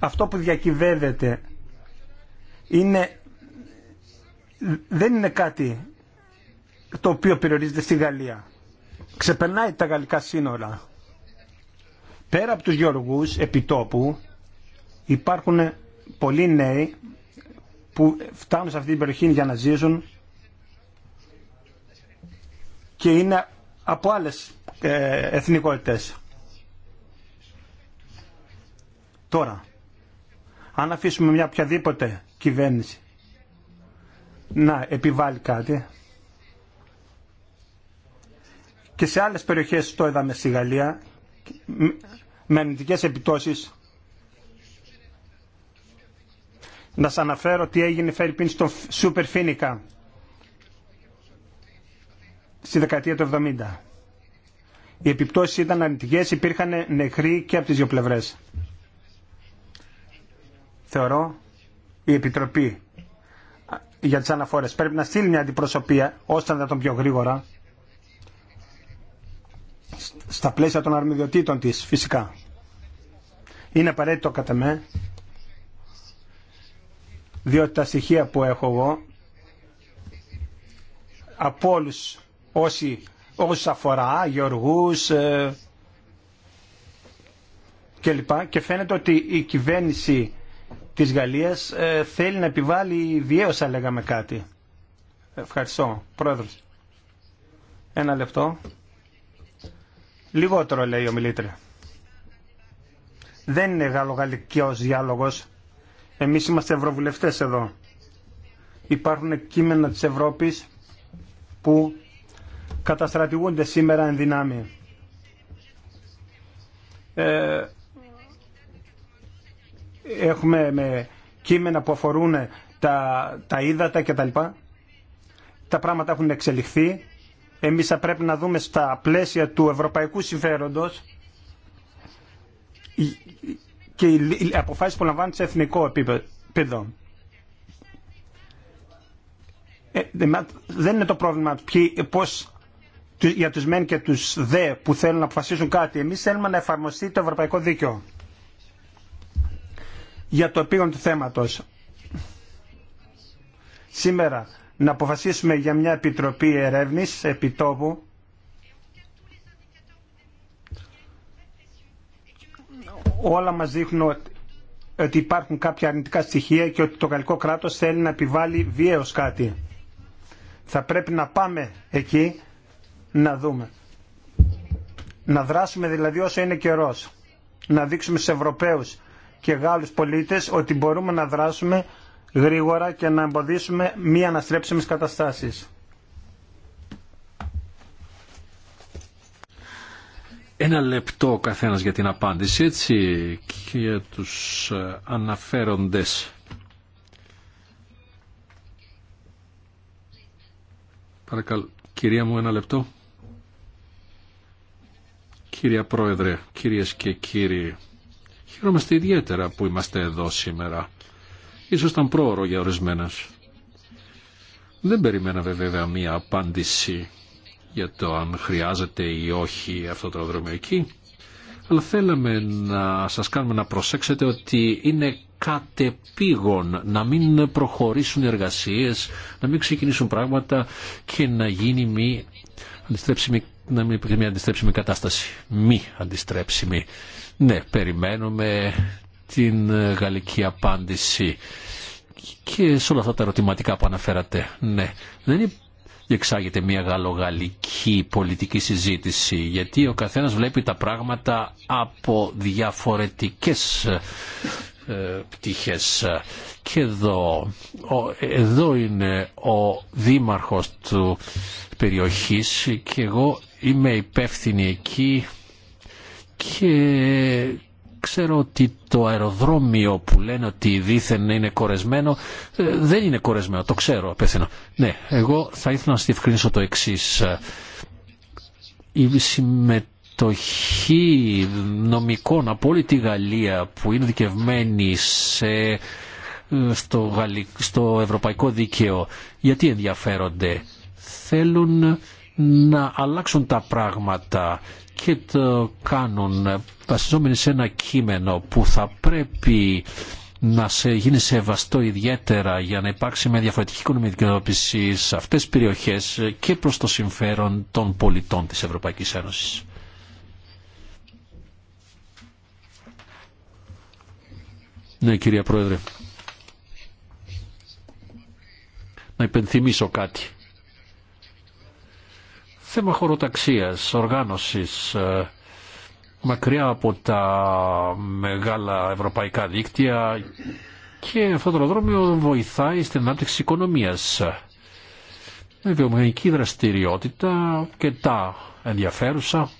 D: αυτό που διακυβεύεται είναι, δεν είναι κάτι το οποίο περιορίζεται στη Γαλλία. Ξεπερνάει τα γαλλικά σύνορα. Πέρα από τους γεωργούς επιτόπου υπάρχουν πολλοί νέοι που φτάνουν σε αυτή την περιοχή για να ζήσουν και είναι από άλλες ε, εθνικότητες. Τώρα, αν αφήσουμε μια οποιαδήποτε κυβέρνηση να επιβάλλει κάτι και σε άλλες περιοχές το είδαμε στη Γαλλία με αρνητικές επιτόσεις να σας αναφέρω τι έγινε Φερρυπίν στο Σούπερ Φίνικα στη δεκαετία του 70. Οι επιπτώσεις ήταν αρνητικές, υπήρχαν νεχροί και από τις δύο πλευρές. Θεωρώ η Επιτροπή για τις αναφορές πρέπει να στείλει μια αντιπροσωπεία ώστε να τον πιο γρήγορα στα πλαίσια των αρμοδιοτήτων της φυσικά. Είναι απαραίτητο κατά με διότι τα στοιχεία που έχω εγώ από όλου, όσοι, όσους αφορά, γεωργούς ε, και λοιπά και φαίνεται ότι η κυβέρνηση της Γαλλίας ε, θέλει να επιβάλλει βιαίως θα λέγαμε κάτι. Ευχαριστώ. Πρόεδρος. Ένα λεπτό. Λιγότερο λέει ο μιλήτρια. Δεν είναι γαλλογαλλικός διάλογος. Εμείς είμαστε ευρωβουλευτές εδώ. Υπάρχουν κείμενα της Ευρώπης που καταστρατηγούνται σήμερα εν δυνάμει. Ε, έχουμε με κείμενα που αφορούν τα, τα ύδατα και Τα, τα πράγματα έχουν εξελιχθεί. Εμείς θα πρέπει να δούμε στα πλαίσια του ευρωπαϊκού συμφέροντος και οι αποφάσεις που λαμβάνουν σε εθνικό επίπεδο. Ε, δεν είναι το πρόβλημα πώς, για τους μεν και τους δε που θέλουν να αποφασίσουν κάτι. Εμείς θέλουμε να εφαρμοστεί το ευρωπαϊκό δίκαιο για το επίγον του θέματος. Σήμερα να αποφασίσουμε για μια επιτροπή ερεύνης επιτόπου όλα μας δείχνουν ότι υπάρχουν κάποια αρνητικά στοιχεία και ότι το γαλλικό κράτος θέλει να επιβάλλει βίαιος κάτι. Θα πρέπει να πάμε εκεί να δούμε. Να δράσουμε δηλαδή όσο είναι καιρός. Να δείξουμε στους Ευρωπαίους και Γάλλους πολίτες ότι μπορούμε να δράσουμε γρήγορα και να εμποδίσουμε μη αναστρέψιμες καταστάσεις.
A: Ένα λεπτό ο καθένας για την απάντηση, έτσι, και για τους ε, αναφέροντες. Παρακαλώ, κυρία μου, ένα λεπτό. Κυρία Πρόεδρε, κυρίες και κύριοι, χαιρόμαστε ιδιαίτερα που είμαστε εδώ σήμερα. Ίσως ήταν πρόωρο για ορισμένες. Δεν περιμένα βέβαια μία απάντηση για το αν χρειάζεται ή όχι αυτό το αεροδρόμιο εκεί. Αλλά θέλαμε να σας κάνουμε να προσέξετε ότι είναι κατεπήγον να μην προχωρήσουν οι εργασίες, να μην ξεκινήσουν πράγματα και να γίνει μη αντιστρέψιμη, να μην μια αντιστρέψιμη κατάσταση. Μη αντιστρέψιμη. Ναι, περιμένουμε την γαλλική απάντηση και σε όλα αυτά τα ερωτηματικά που αναφέρατε. Ναι, δεν διεξάγεται μια γαλλογαλλική πολιτική συζήτηση γιατί ο καθένας βλέπει τα πράγματα από διαφορετικές ε, πτυχές. Και εδώ, εδώ είναι ο δήμαρχος του περιοχής και εγώ είμαι υπεύθυνη εκεί και ξέρω ότι το αεροδρόμιο που λένε ότι δήθεν είναι κορεσμένο ε, δεν είναι κορεσμένο, το ξέρω απέθυνα. Ναι, εγώ θα ήθελα να σας το εξή. Η συμμετοχή νομικών από όλη τη Γαλλία που είναι δικευμένη στο, στο ευρωπαϊκό δίκαιο γιατί ενδιαφέρονται. Θέλουν να αλλάξουν τα πράγματα και το ε, κάνουν ε, βασιζόμενοι σε ένα κείμενο που θα πρέπει να σε γίνει σεβαστό ιδιαίτερα για να υπάρξει μια διαφορετική οικονομική σε αυτές τις περιοχές και προς το συμφέρον των πολιτών της Ευρωπαϊκής Ένωσης. Ναι, κυρία Πρόεδρε. Να υπενθυμίσω κάτι θέμα χωροταξίας, οργάνωσης, ε, μακριά από τα μεγάλα ευρωπαϊκά δίκτυα και αυτό το αεροδρόμιο βοηθάει στην ανάπτυξη οικονομίας. Με βιομηχανική δραστηριότητα και τα ενδιαφέρουσα.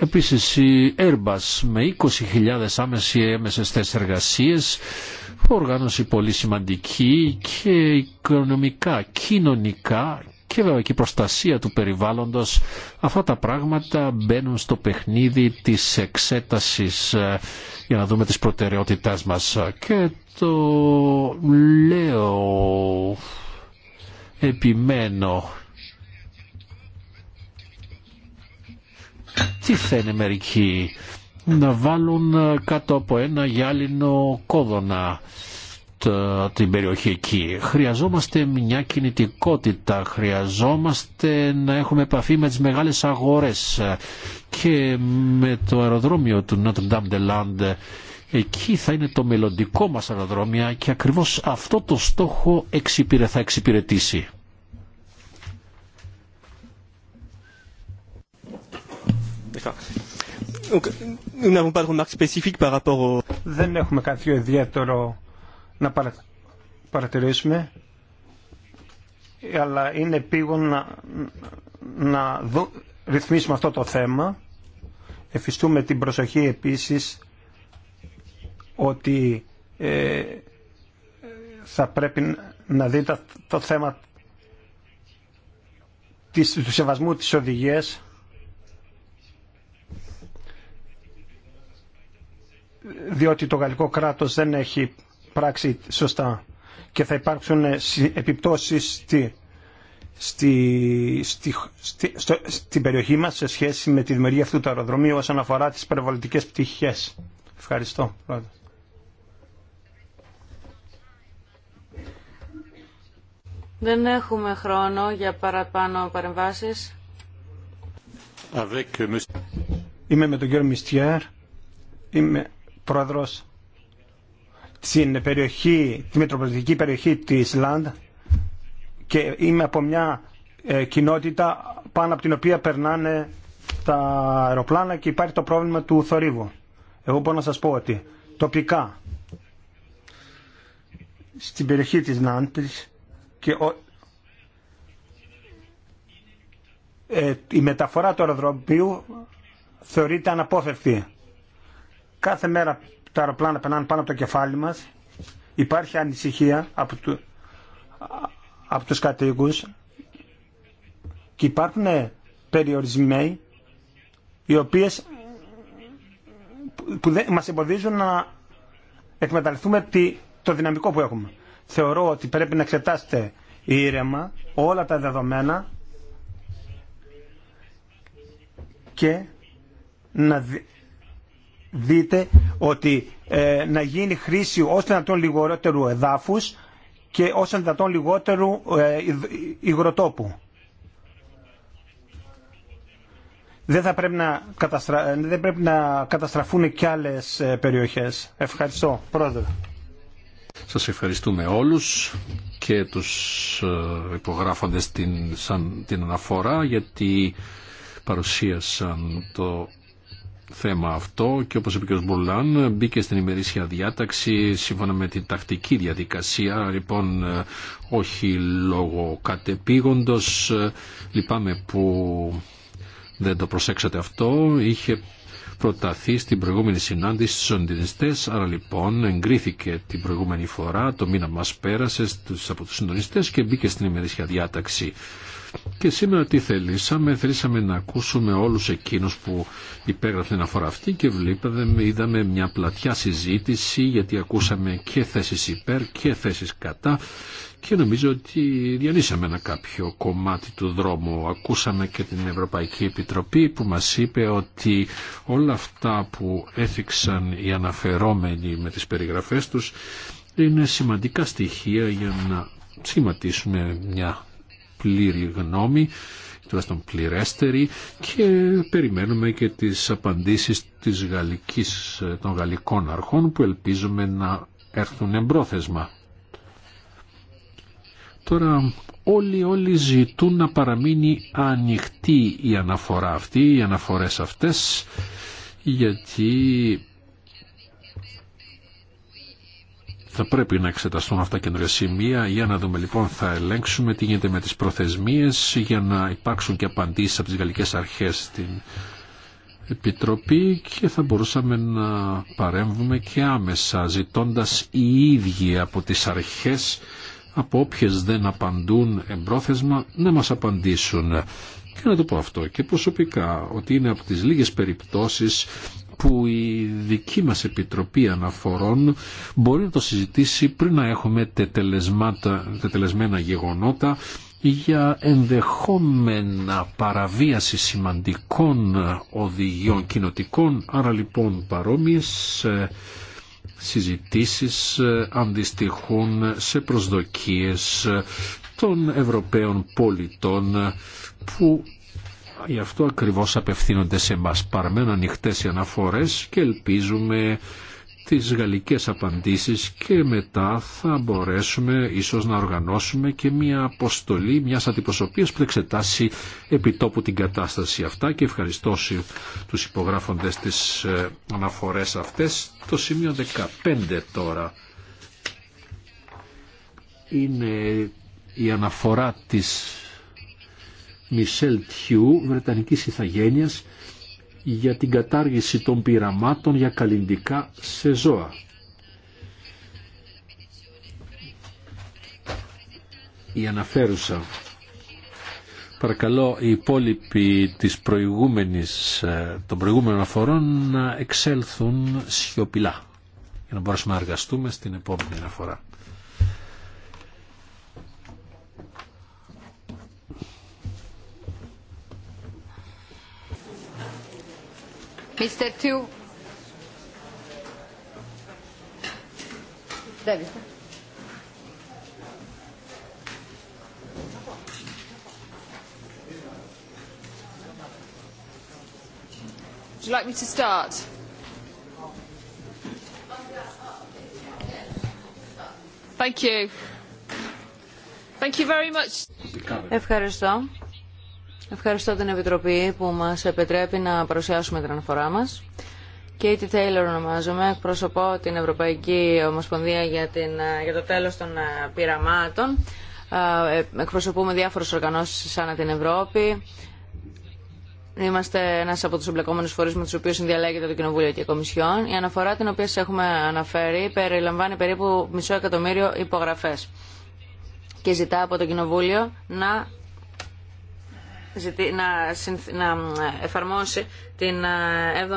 A: Επίσης η Airbus με 20.000 άμεση έμεσες θέσεις εργασίες οργάνωση πολύ σημαντική και οικονομικά, κοινωνικά και βέβαια και η προστασία του περιβάλλοντος. Αυτά τα πράγματα μπαίνουν στο παιχνίδι της εξέτασης ε, για να δούμε τις προτεραιότητάς μας. Και το λέω, επιμένω, τι θα είναι μερικοί να βάλουν ε, κάτω από ένα γυάλινο κόδωνα την περιοχή εκεί. Χρειαζόμαστε μια κινητικότητα, χρειαζόμαστε να έχουμε επαφή με τις μεγάλες αγορές ε, και με το αεροδρόμιο του Notre Dame de Εκεί θα είναι το μελλοντικό μας αεροδρόμιο και ακριβώς αυτό το στόχο θα εξυπηρετήσει.
D: Δεν έχουμε κάτι ιδιαίτερο να παρατηρήσουμε, αλλά είναι επίγον να, ρυθμίσουμε αυτό το θέμα. Εφιστούμε την προσοχή επίσης ότι ε, θα πρέπει να δείτε το θέμα του σεβασμού της οδηγίας διότι το γαλλικό κράτος δεν έχει πράξει σωστά και θα υπάρξουν επιπτώσεις στη, στη, στη, στη στο, στην περιοχή μας σε σχέση με τη δημιουργία αυτού του αεροδρομίου όσον αφορά τις περιβαλλοντικές πτυχές. Ευχαριστώ.
B: Δεν έχουμε χρόνο για παραπάνω παρεμβάσεις.
D: Είμαι με τον κύριο Μιστιέρ. Είμαι πρόεδρος στην περιοχή, τη μετροπολιτική περιοχή της Λαντ και είμαι από μια ε, κοινότητα πάνω από την οποία περνάνε τα αεροπλάνα και υπάρχει το πρόβλημα του θορύβου. Εγώ μπορώ να σας πω ότι τοπικά στην περιοχή της Νάντης και ο... Ε, η μεταφορά του αεροδρομίου θεωρείται αναπόφευκτη. Κάθε μέρα τα αεροπλάνα περνάνε πάνω από το κεφάλι μας. Υπάρχει ανησυχία από, του από τους κατοίκους και υπάρχουν περιορισμοί οι οποίες μας εμποδίζουν να εκμεταλλευτούμε το δυναμικό που έχουμε. Θεωρώ ότι πρέπει να εξετάσετε ήρεμα όλα τα δεδομένα και να, δείτε ότι ε, να γίνει χρήση ώστε να τον λιγότερου εδάφους και όσο να τον λιγότερου ε, υγροτόπου. Δεν θα πρέπει να, καταστρα... Δεν πρέπει να καταστραφούν και άλλες ε, περιοχές. Ευχαριστώ, Πρόεδρε.
A: Σας ευχαριστούμε όλους και τους ε, υπογράφοντες την, σαν την αναφορά γιατί παρουσίασαν το θέμα αυτό και όπως είπε ο κ. Μπουρλάν μπήκε στην ημερήσια διάταξη σύμφωνα με την τακτική διαδικασία λοιπόν ε, όχι λόγω κατεπήγοντος ε, λυπάμαι που δεν το προσέξατε αυτό είχε προταθεί στην προηγούμενη συνάντηση στους συντονιστές, άρα λοιπόν εγκρίθηκε την προηγούμενη φορά, το μήνα μας πέρασε από τους συντονιστές και μπήκε στην ημερήσια διάταξη. Και σήμερα τι θελήσαμε, θελήσαμε να ακούσουμε όλους εκείνους που υπέγραφαν την αφορά αυτή και βλέπαμε, είδαμε μια πλατιά συζήτηση γιατί ακούσαμε και θέσεις υπέρ και θέσεις κατά και νομίζω ότι διανύσαμε ένα κάποιο κομμάτι του δρόμου. Ακούσαμε και την Ευρωπαϊκή Επιτροπή που μας είπε ότι όλα αυτά που έφυξαν οι αναφερόμενοι με τις περιγραφές τους είναι σημαντικά στοιχεία για να σχηματίσουμε μια πλήρη γνώμη τουλάχιστον πληρέστερη και περιμένουμε και τις απαντήσεις της γαλλικής, των γαλλικών αρχών που ελπίζουμε να έρθουν εμπρόθεσμα. Τώρα όλοι όλοι ζητούν να παραμείνει ανοιχτή η αναφορά αυτή, οι αναφορές αυτές γιατί Θα πρέπει να εξεταστούν αυτά καινούργια σημεία για να δούμε λοιπόν θα ελέγξουμε τι γίνεται με τις προθεσμίες για να υπάρξουν και απαντήσεις από τις γαλλικές αρχές στην Επιτροπή και θα μπορούσαμε να παρέμβουμε και άμεσα ζητώντας οι ίδιοι από τις αρχές από όποιες δεν απαντούν εμπρόθεσμα να μας απαντήσουν. Και να το πω αυτό και προσωπικά ότι είναι από τις λίγες περιπτώσεις που η δική μας Επιτροπή Αναφορών μπορεί να το συζητήσει πριν να έχουμε τετελεσμένα γεγονότα για ενδεχόμενα παραβίαση σημαντικών οδηγιών κοινοτικών, άρα λοιπόν παρόμοιες ε, συζητήσεις ε, αντιστοιχούν σε προσδοκίες ε, των Ευρωπαίων πολιτών που Γι' αυτό ακριβώς απευθύνονται σε μας. Παραμένουν ανοιχτέ οι αναφορές και ελπίζουμε τις γαλλικές απαντήσεις και μετά θα μπορέσουμε ίσως να οργανώσουμε και μια αποστολή μιας αντιπροσωπείας που εξετάσει επιτόπου την κατάσταση αυτά και ευχαριστώ τους υπογράφοντες τις ε, αναφορές αυτές. Το σημείο 15 τώρα είναι η αναφορά της Μισελ Τιού, Βρετανικής Ιθαγένειας, για την κατάργηση των πειραμάτων για καλλιντικά σε ζώα. Η αναφέρουσα. Παρακαλώ οι υπόλοιποι της προηγούμενης, ε, των προηγούμενων αφορών να εξέλθουν σιωπηλά για να μπορέσουμε να εργαστούμε στην επόμενη αναφορά.
B: Mr. Tu. David.
C: Would you like me to start?
B: Thank you. Thank you very much. Ευχαριστώ. Ευχαριστώ την Επιτροπή που μας επιτρέπει να παρουσιάσουμε την αναφορά μας. Κέιτι Τέιλορ ονομάζομαι, εκπροσωπώ την Ευρωπαϊκή Ομοσπονδία για, την, για το τέλος των ε, πειραμάτων. Ε, εκπροσωπούμε διάφορες οργανώσεις σαν την Ευρώπη. Είμαστε ένα από του εμπλεκόμενου φορεί με του οποίου συνδιαλέγεται το Κοινοβούλιο και η Κομισιόν. Η αναφορά την οποία σα έχουμε αναφέρει περιλαμβάνει περίπου μισό εκατομμύριο υπογραφέ και ζητά από το Κοινοβούλιο να να εφαρμόσει την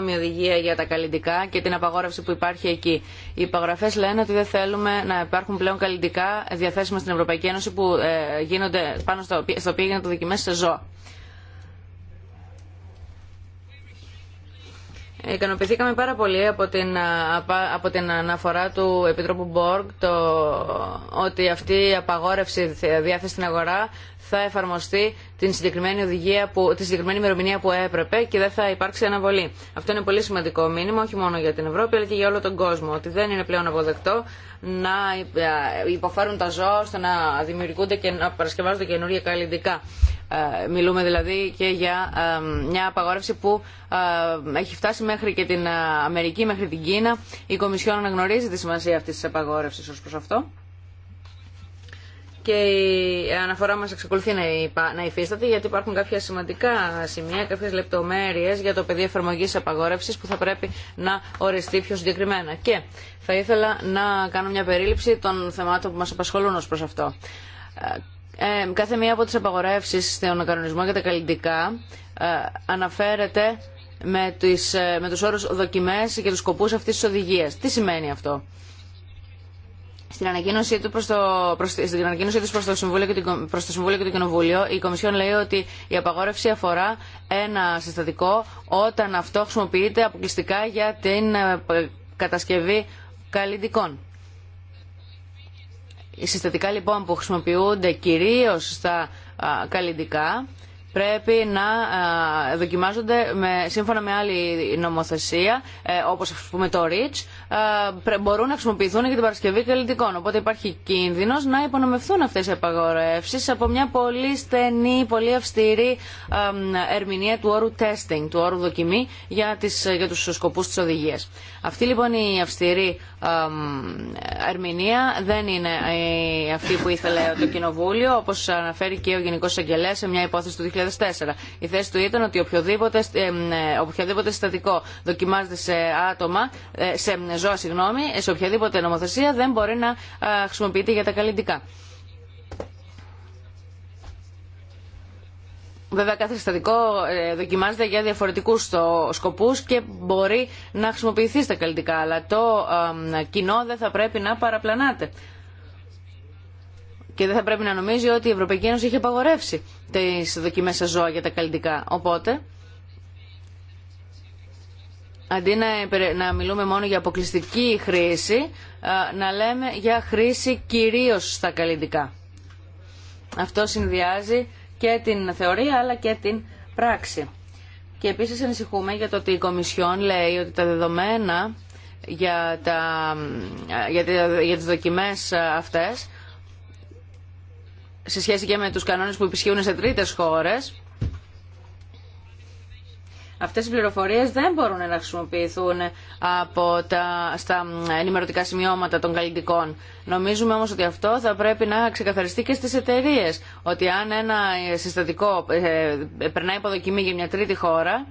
B: 7η ε, οδηγία για τα καλλιντικά και την απαγόρευση που υπάρχει εκεί. Οι υπογραφέ λένε ότι δεν θέλουμε να υπάρχουν πλέον καλλιντικά διαθέσιμα στην Ευρωπαϊκή Ένωση που ε, γίνονται πάνω στο οποίο γίνονται δοκιμέ σε ζώα. Ικανοποιηθήκαμε πάρα πολύ από την, από την αναφορά του Επιτρόπου Μπόργκ το, ότι αυτή η απαγόρευση διάθεση στην αγορά θα εφαρμοστεί την συγκεκριμένη οδηγία που, τη συγκεκριμένη ημερομηνία που έπρεπε και δεν θα υπάρξει αναβολή. Αυτό είναι πολύ σημαντικό μήνυμα, όχι μόνο για την Ευρώπη, αλλά και για όλο τον κόσμο. Ότι δεν είναι πλέον αποδεκτό να υποφέρουν τα ζώα ώστε να δημιουργούνται και να παρασκευάζονται καινούργια καλλιντικά. Ε, μιλούμε δηλαδή και για ε, μια απαγόρευση που ε, έχει φτάσει μέχρι και την Αμερική, μέχρι την Κίνα. Η Κομισιόν αναγνωρίζει τη σημασία αυτής της απαγόρευσης ως προς αυτό. Και η αναφορά μας εξακολουθεί να υφίσταται γιατί υπάρχουν κάποια σημαντικά σημεία, κάποιες λεπτομέρειες για το πεδίο εφαρμογή απαγόρευσης που θα πρέπει να οριστεί πιο συγκεκριμένα. Και θα ήθελα να κάνω μια περίληψη των θεμάτων που μας απασχολούν ως προς αυτό. Ε, κάθε μία από τις απαγορεύσεις στον κανονισμό για τα καλλιντικά ε, αναφέρεται με, τις, ε, με τους όρους δοκιμές και τους σκοπούς αυτής της οδηγίας. Τι σημαίνει αυτό. Στην ανακοίνωσή του προς το, προς, προς το, Συμβούλιο και προς το Συμβούλιο και το Κοινοβούλιο, η Κομισιόν λέει ότι η απαγόρευση αφορά ένα συστατικό όταν αυτό χρησιμοποιείται αποκλειστικά για την κατασκευή καλλιντικών συστατικά λοιπόν που χρησιμοποιούνται κυρίως στα καλλιντικά πρέπει να ε, δοκιμάζονται με, σύμφωνα με άλλη νομοθεσία, ε, όπως ας πούμε το REACH, ε, μπορούν να χρησιμοποιηθούν για την παρασκευή καλλιτικών. Οπότε υπάρχει κίνδυνος να υπονομευθούν αυτές οι απαγορεύσεις από μια πολύ στενή, πολύ αυστηρή ερμηνεία του όρου testing, του όρου δοκιμή για, τις, για τους σκοπούς της οδηγίας. Αυτή λοιπόν η αυστηρή ερμηνεία δεν είναι αυτή που ήθελε το Κοινοβούλιο, όπως αναφέρει και ο Γενικός Αγγελέας σε μια υπόθεση του 2000 2004. Η θέση του ήταν ότι οποιοδήποτε, ε, οποιοδήποτε συστατικό δοκιμάζεται σε άτομα, ε, σε ζώα, συγγνώμη, σε οποιαδήποτε νομοθεσία δεν μπορεί να ε, χρησιμοποιείται για τα καλλιντικά. Βέβαια, κάθε συστατικό δοκιμάζεται για διαφορετικού σκοπού και μπορεί να χρησιμοποιηθεί στα καλλιτικά, αλλά το κοινό δεν θα πρέπει να παραπλανάται. Και δεν θα πρέπει να νομίζει ότι η Ευρωπαϊκή Ένωση έχει απαγορεύσει τις δοκιμές σε ζώα για τα καλλιτικά. Οπότε, αντί να μιλούμε μόνο για αποκλειστική χρήση, να λέμε για χρήση κυρίως στα καλλιτικά. Αυτό συνδυάζει και την θεωρία αλλά και την πράξη. Και επίσης ανησυχούμε για το ότι η Κομισιόν λέει ότι τα δεδομένα για, τα, για, τις δοκιμές αυτές σε σχέση και με τους κανόνες που επισχύουν σε τρίτες χώρες, αυτές οι πληροφορίες δεν μπορούν να χρησιμοποιηθούν από τα, στα ενημερωτικά σημειώματα των καλλιτικών. Νομίζουμε όμως ότι αυτό θα πρέπει να ξεκαθαριστεί και στις εταιρείε. Ότι αν ένα συστατικό ε, ε, περνάει υποδοκιμή για μια τρίτη χώρα,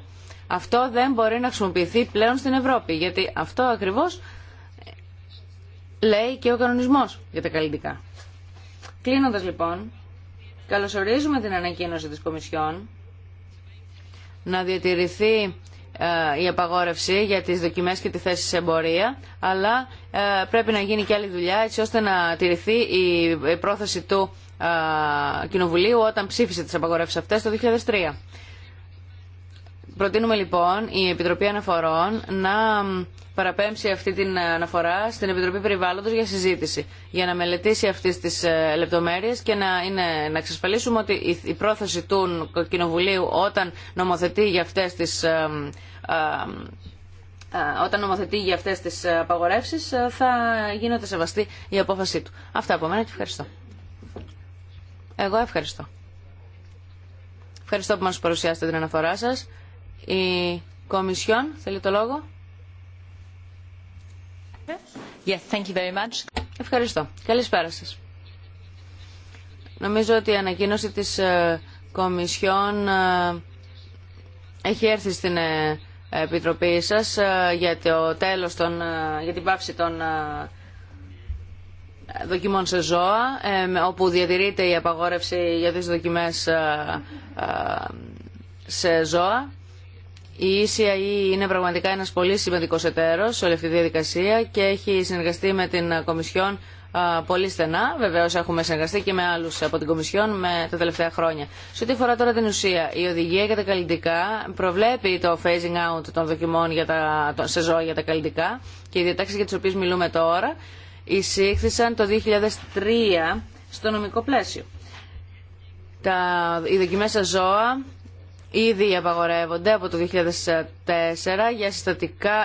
B: αυτό δεν μπορεί να χρησιμοποιηθεί πλέον στην Ευρώπη. Γιατί αυτό ακριβώς λέει και ο κανονισμός για τα καλλιτικά. Κλείνοντας λοιπόν, καλωσορίζουμε την ανακοίνωση της Κομισιόν να διατηρηθεί ε, η απαγόρευση για τις δοκιμές και τη θέση σε εμπορία, αλλά ε, πρέπει να γίνει και άλλη δουλειά έτσι ώστε να τηρηθεί η πρόθεση του ε, Κοινοβουλίου όταν ψήφισε τις απαγορεύσει αυτές το 2003. Προτείνουμε λοιπόν η Επιτροπή Αναφορών να παραπέμψει αυτή την αναφορά στην Επιτροπή Περιβάλλοντος για συζήτηση, για να μελετήσει αυτές τις ε, λεπτομέρειες και να, είναι, να εξασφαλίσουμε ότι η πρόθεση του Κοινοβουλίου όταν νομοθετεί για αυτές τις ε, ε, όταν νομοθετεί για αυτές τις απαγορεύσεις θα γίνεται σεβαστή η απόφασή του. Αυτά από μένα και ευχαριστώ. Εγώ ευχαριστώ. Ευχαριστώ που μας παρουσιάσετε την αναφορά σας. Η Κομισιόν θέλει το λόγο thank you very much. Ευχαριστώ. Καλησπέρα σα. Νομίζω ότι η ανακοίνωση της ε, Κομισιόν ε, έχει έρθει στην ε, Επιτροπή σας για, το τέλος των, για την πάυση των δοκιμών σε ζώα, όπου διατηρείται η απαγόρευση για τις δοκιμές σε ζώα. Η ECIE είναι πραγματικά ένας πολύ σημαντικός εταίρος σε όλη αυτή τη διαδικασία και έχει συνεργαστεί με την Κομισιόν πολύ στενά. Βεβαίω έχουμε συνεργαστεί και με άλλου από την Κομισιόν με τα τελευταία χρόνια. Σε ό,τι αφορά τώρα την ουσία, η οδηγία για τα καλλιτικά προβλέπει το phasing out των δοκιμών για τα, σε ζώα για τα καλλιτικά και οι διατάξει για τι οποίε μιλούμε τώρα εισήχθησαν το 2003 στο νομικό πλαίσιο. Τα, οι δοκιμέ σε ζώα ήδη απαγορεύονται από το 2004 για,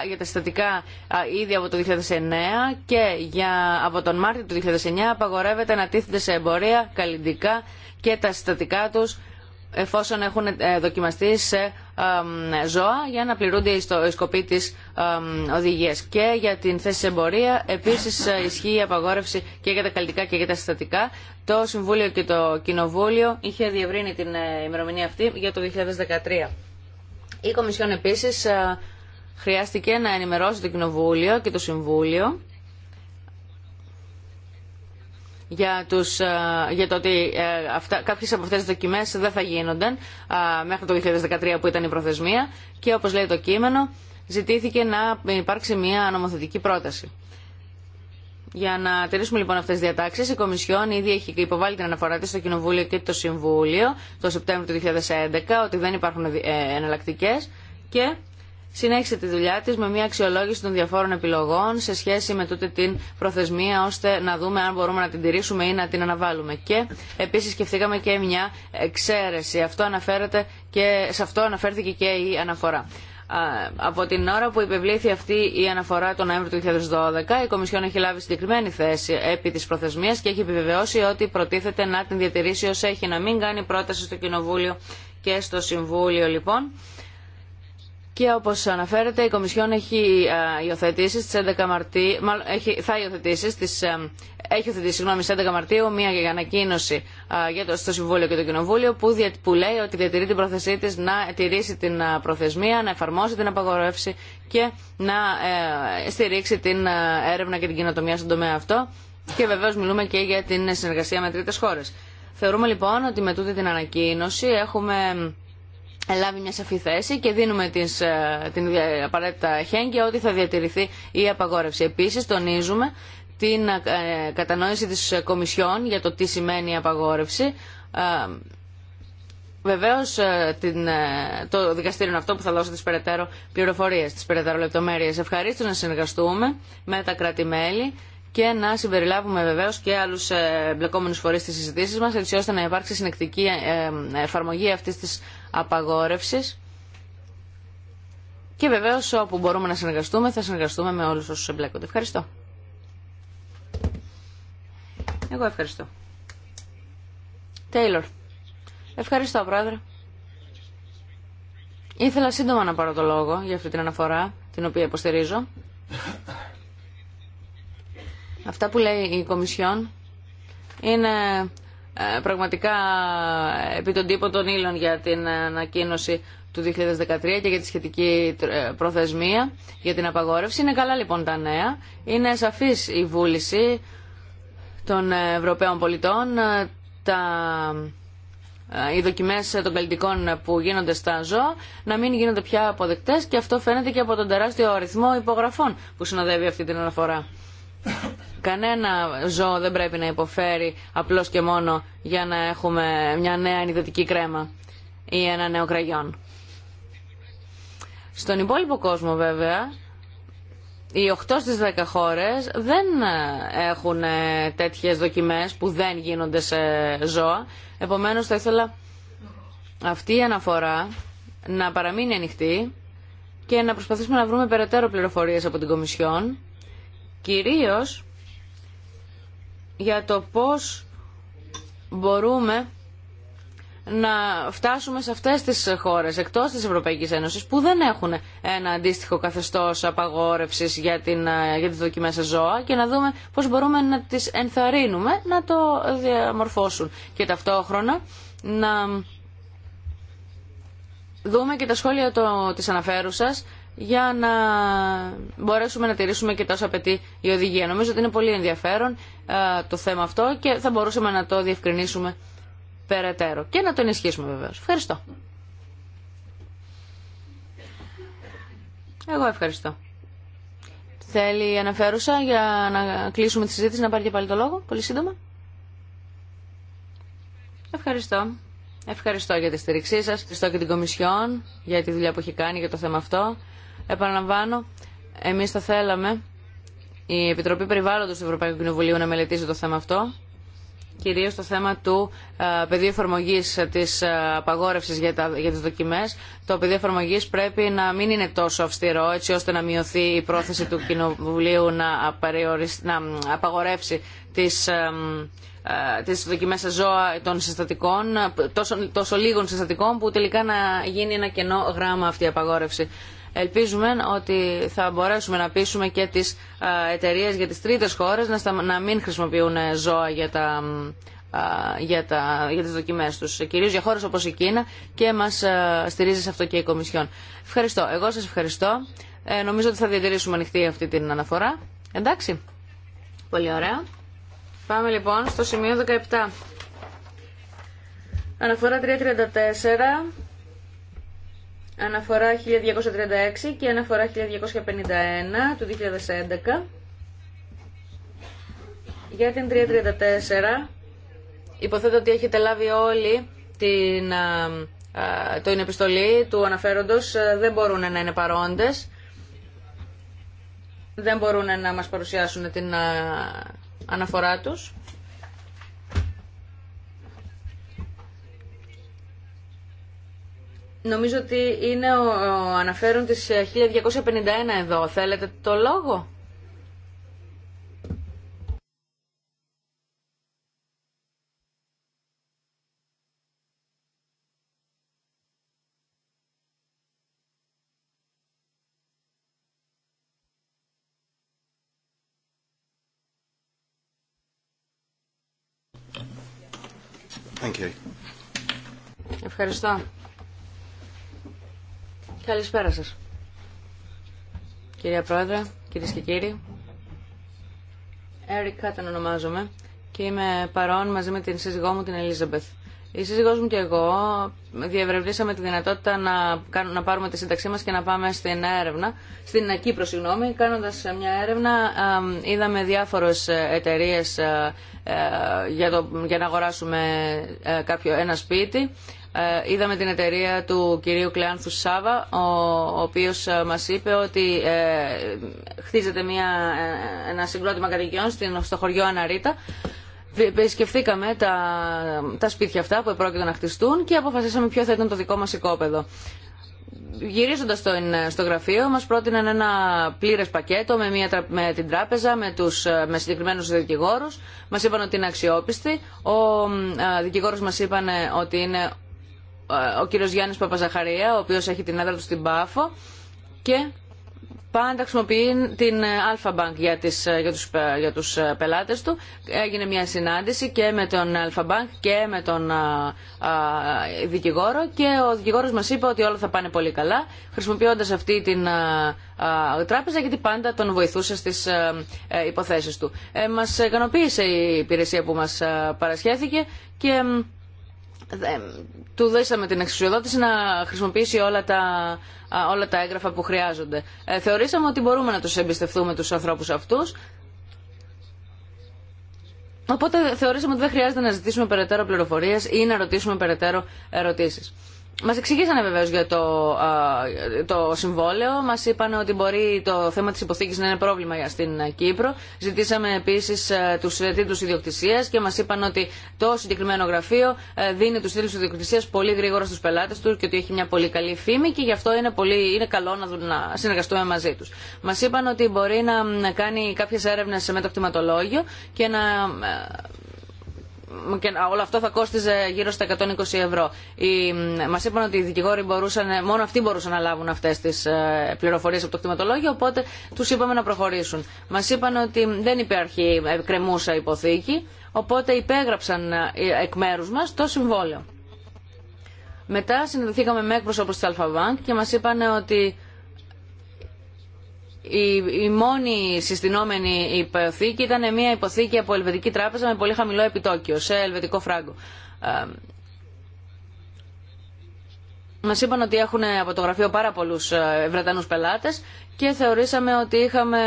B: για τα συστατικά ήδη από το 2009 και για, από τον Μάρτιο του 2009 απαγορεύεται να τίθενται σε εμπορία καλλιντικά και τα συστατικά τους εφόσον έχουν ε, δοκιμαστεί σε ζώα για να πληρούνται οι σκοποί της οδηγία Και για την θέση σε εμπορία επίσης ε, ισχύει η απαγόρευση και για τα καλλιτικά και για τα συστατικά. Το Συμβούλιο και το Κοινοβούλιο είχε διευρύνει την ε, ημερομηνία αυτή για το 2013. Η Κομισιόν επίσης ε, χρειάστηκε να ενημερώσει το Κοινοβούλιο και το Συμβούλιο για, τους, ε, για το ότι ε, αυτά, κάποιες από αυτές τις δοκιμές δεν θα γίνονταν ε, μέχρι το 2013 που ήταν η προθεσμία και όπως λέει το κείμενο ζητήθηκε να υπάρξει μια νομοθετική πρόταση. Για να τηρήσουμε λοιπόν αυτέ τι διατάξει, η Κομισιόν ήδη έχει υποβάλει την αναφορά τη στο Κοινοβούλιο και το Συμβούλιο το Σεπτέμβριο του 2011 ότι δεν υπάρχουν εναλλακτικέ και συνέχισε τη δουλειά της με μια αξιολόγηση των διαφόρων επιλογών σε σχέση με τούτη την προθεσμία ώστε να δούμε αν μπορούμε να την τηρήσουμε ή να την αναβάλουμε. Και επίσης σκεφτήκαμε και μια εξαίρεση. Αυτό αναφέρεται και, σε αυτό αναφέρθηκε και η αναφορά. Από την ώρα που υπευλήθη αυτή η αναφορά τον Νοέμβριο του 2012, η Κομισιόν έχει λάβει συγκεκριμένη θέση επί τη προθεσμία και έχει επιβεβαιώσει ότι προτίθεται να την διατηρήσει ω έχει, να μην κάνει πρόταση στο Κοινοβούλιο και στο Συμβούλιο λοιπόν. Και όπως αναφέρεται, η Κομισιόν έχει ε, υιοθετήσει στις 11 Μαρτίου, μάλλον, έχει, θα υιοθετήσει στις, ε, έχει συγγνώμη, 11 Μαρτίου μια ανακοίνωση ε, για το, στο Συμβούλιο και το Κοινοβούλιο που, δια, που λέει ότι διατηρεί την πρόθεσή της να τηρήσει την προθεσμία, να εφαρμόσει την απαγορεύση και να ε, στηρίξει την έρευνα και την κοινοτομία στον τομέα αυτό. Και βεβαίως μιλούμε και για την συνεργασία με τρίτες χώρες. Θεωρούμε λοιπόν ότι με τούτη την ανακοίνωση έχουμε λάβει μια σαφή θέση και δίνουμε τις, ε, την απαραίτητα χέγγια ότι θα διατηρηθεί η απαγόρευση. Επίσης τονίζουμε την ε, κατανόηση της Κομισιόν για το τι σημαίνει η απαγόρευση. Ε, βεβαίως το δικαστήριο είναι αυτό που θα δώσει τις περαιτέρω πληροφορίες, τις περαιτέρω λεπτομέρειες. Ευχαρίστω να συνεργαστούμε με τα κράτη-μέλη και να συμπεριλάβουμε βεβαίω και άλλου εμπλεκόμενου φορεί στι συζητήσει μα, έτσι ώστε να υπάρξει συνεκτική εφαρμογή αυτή τη απαγόρευσης και βεβαίως όπου μπορούμε να συνεργαστούμε θα συνεργαστούμε με όλους όσους εμπλέκονται. Ευχαριστώ. Εγώ ευχαριστώ. Τέιλορ. Ευχαριστώ, Πρόεδρε. Ήθελα σύντομα να πάρω το λόγο για αυτή την αναφορά, την οποία υποστηρίζω. Αυτά που λέει η Κομισιόν είναι ε, πραγματικά επί τον τύπο των ήλων για την ανακοίνωση του 2013 και για τη σχετική ε, προθεσμία για την απαγόρευση. Είναι καλά λοιπόν τα νέα. Είναι σαφής η βούληση των Ευρωπαίων πολιτών. Ε, τα... Οι δοκιμές των καλλιτικών που γίνονται στα ζώα να μην γίνονται πια αποδεκτές και αυτό φαίνεται και από τον τεράστιο αριθμό υπογραφών που συνοδεύει αυτή την αναφορά. Κανένα ζώο δεν πρέπει να υποφέρει απλώς και μόνο για να έχουμε μια νέα ενυδατική κρέμα ή ένα νέο κραγιόν. Στον υπόλοιπο κόσμο βέβαια, οι 8 στις 10 χώρες δεν έχουν ε, τέτοιες δοκιμές που δεν γίνονται σε ζώα. Επομένως θα ήθελα αυτή η αναφορά να παραμείνει ανοιχτή και να προσπαθήσουμε να βρούμε περαιτέρω πληροφορίες από την Κομισιόν κυρίως για το πώς μπορούμε να φτάσουμε σε αυτές τις χώρες εκτός της Ευρωπαϊκής Ένωσης που δεν έχουν ένα αντίστοιχο καθεστώς απαγόρευσης για, την, ε, για δοκιμές ζώα και να δούμε πώς μπορούμε να τις ενθαρρύνουμε να το διαμορφώσουν και ταυτόχρονα να δούμε και τα σχόλια το, της αναφέρουσας για να μπορέσουμε να τηρήσουμε και τόσο απαιτεί η οδηγία. Νομίζω ότι είναι πολύ ενδιαφέρον ε, το θέμα αυτό και θα μπορούσαμε να το διευκρινίσουμε περαιτέρω και να το ενισχύσουμε βεβαίω. Ευχαριστώ. Εγώ ευχαριστώ. Θέλει αναφέρουσα για να κλείσουμε τη συζήτηση να πάρει και πάλι το λόγο, πολύ σύντομα. Ευχαριστώ. Ευχαριστώ για τη στήριξή σας, ευχαριστώ και την Κομισιόν για τη δουλειά που έχει κάνει για το θέμα αυτό. Επαναλαμβάνω, εμείς θα θέλαμε η Επιτροπή Περιβάλλοντος του Ευρωπαϊκού Κοινοβουλίου να μελετήσει το θέμα αυτό κυρίως το θέμα του ε, πεδίου εφαρμογή της ε, απαγόρευσης για, για τις δοκιμές. Το πεδίο εφαρμογή πρέπει να μην είναι τόσο αυστηρό έτσι ώστε να μειωθεί η πρόθεση του Κοινοβουλίου να, να απαγορεύσει τις, ε, τις δοκιμές σε ζώα των συστατικών, τόσο, τόσο λίγων συστατικών που τελικά να γίνει ένα κενό γράμμα αυτή η απαγόρευση. Ελπίζουμε ότι θα μπορέσουμε να πείσουμε και τις εταιρείες για τις τρίτες χώρες να μην χρησιμοποιούν ε, ζώα για, τα, για, τα, για τις δοκιμές τους. Ε, κυρίως για χώρες όπως η Κίνα και μας στηρίζει σε αυτό και η Κομισιόν. Ευχαριστώ. Εγώ σας ευχαριστώ. Ε, νομίζω ότι θα διατηρήσουμε ανοιχτή αυτή την αναφορά. Εντάξει. Πολύ ωραία. Πάμε λοιπόν στο σημείο 17. Αναφορά 334 Αναφορά 1236 και αναφορά 1251 του 2011 για την 334 υποθέτω ότι έχετε λάβει όλοι την, το είναι επιστολή του αναφέροντος δεν μπορούν να είναι παρόντες δεν μπορούν να μας παρουσιάσουν την αναφορά τους Νομίζω ότι είναι ο, ο της 1251 ε, εδώ. Θέλετε το λόγο? Thank you. Ευχαριστώ. Καλησπέρα σας. Κυρία Πρόεδρε, κυρίες και κύριοι. Έρικ Χάτεν ονομάζομαι και είμαι παρόν μαζί με την σύζυγό μου την Ελίζαμπεθ. Η σύζυγός μου και εγώ διευρευνήσαμε τη δυνατότητα να, κάνουμε να πάρουμε τη σύνταξή μας και να πάμε στην έρευνα, στην Κύπρο συγγνώμη, κάνοντας μια έρευνα είδαμε διάφορες εταιρείε ε, ε, για, για, να αγοράσουμε ε, κάποιο, ένα σπίτι. Ε, είδαμε την εταιρεία του κυρίου Κλεάνθου Σάβα, ο οποίος ε, μας είπε ότι ε, χτίζεται μια, ένα συγκρότημα κατοικιών στο χωριό Αναρίτα. Επισκεφθήκαμε τα, τα σπίτια αυτά που πρόκειται να χτιστούν και αποφασίσαμε ποιο θα ήταν το δικό μας οικόπεδο. Γυρίζοντα στο γραφείο, μα πρότειναν ένα πλήρε πακέτο με, με την τράπεζα, με, τους, με συγκεκριμένου δικηγόρου. Μα είπαν ότι είναι αξιόπιστοι. Ο δικηγόρο μα είπαν ότι είναι ο κύριος Γιάννης Παπαζαχαρία, ο οποίος έχει την έδρα του στην Πάφο και πάντα χρησιμοποιεί την Αλφα ε, Bank για, τις, ε, για, τους, ε, για τους πελάτες του. Έγινε μια συνάντηση και με τον Αλφα Bank και με τον δικηγόρο και ο δικηγόρος μας είπε ότι όλα θα πάνε πολύ καλά χρησιμοποιώντας αυτή την τράπεζα γιατί πάντα τον βοηθούσε στις υποθέσεις του. Ε, μας ικανοποίησε η υπηρεσία που μας παρασχέθηκε και του δώσαμε την εξουσιοδότηση να χρησιμοποιήσει όλα τα, όλα τα έγγραφα που χρειάζονται. Ε, θεωρήσαμε ότι μπορούμε να τους εμπιστευτούμε τους ανθρώπους αυτούς. Οπότε θεωρήσαμε ότι δεν χρειάζεται να ζητήσουμε περαιτέρω πληροφορίες ή να ρωτήσουμε περαιτέρω ερωτήσεις. Μα εξηγήσανε βεβαίω για το, το συμβόλαιο. Μα είπαν ότι μπορεί το θέμα τη υποθήκη να είναι πρόβλημα για στην Κύπρο. Ζητήσαμε επίση ε, του τίτλου ιδιοκτησία και μα είπαν ότι το συγκεκριμένο γραφείο ε, δίνει του τίτλου ιδιοκτησία πολύ γρήγορα στου πελάτε του και ότι έχει μια πολύ καλή φήμη και γι' αυτό είναι, πολύ, είναι καλό να, να συνεργαστούμε μαζί του. Μα είπαν ότι μπορεί να κάνει κάποιε έρευνε σε μεταπτυματολόγιο και να ε, και όλο αυτό θα κόστιζε γύρω στα 120 ευρώ. Μα μας είπαν ότι οι δικηγόροι μπορούσαν, μόνο αυτοί μπορούσαν να λάβουν αυτές τις ε, πληροφορίες από το κτηματολόγιο, οπότε τους είπαμε να προχωρήσουν. Μας είπαν ότι δεν υπάρχει κρεμούσα υποθήκη, οπότε υπέγραψαν ε, εκ μέρους μας το συμβόλαιο. Μετά συνδεθήκαμε με εκπροσώπους της Αλφαβάνκ και μας είπαν ότι η, μόνη συστηνόμενη υποθήκη ήταν μια υποθήκη από Ελβετική Τράπεζα με πολύ χαμηλό επιτόκιο, σε Ελβετικό φράγκο. Μα είπαν ότι έχουν από το γραφείο πάρα πολλού ε, Βρετανού πελάτε και θεωρήσαμε ότι είχαμε,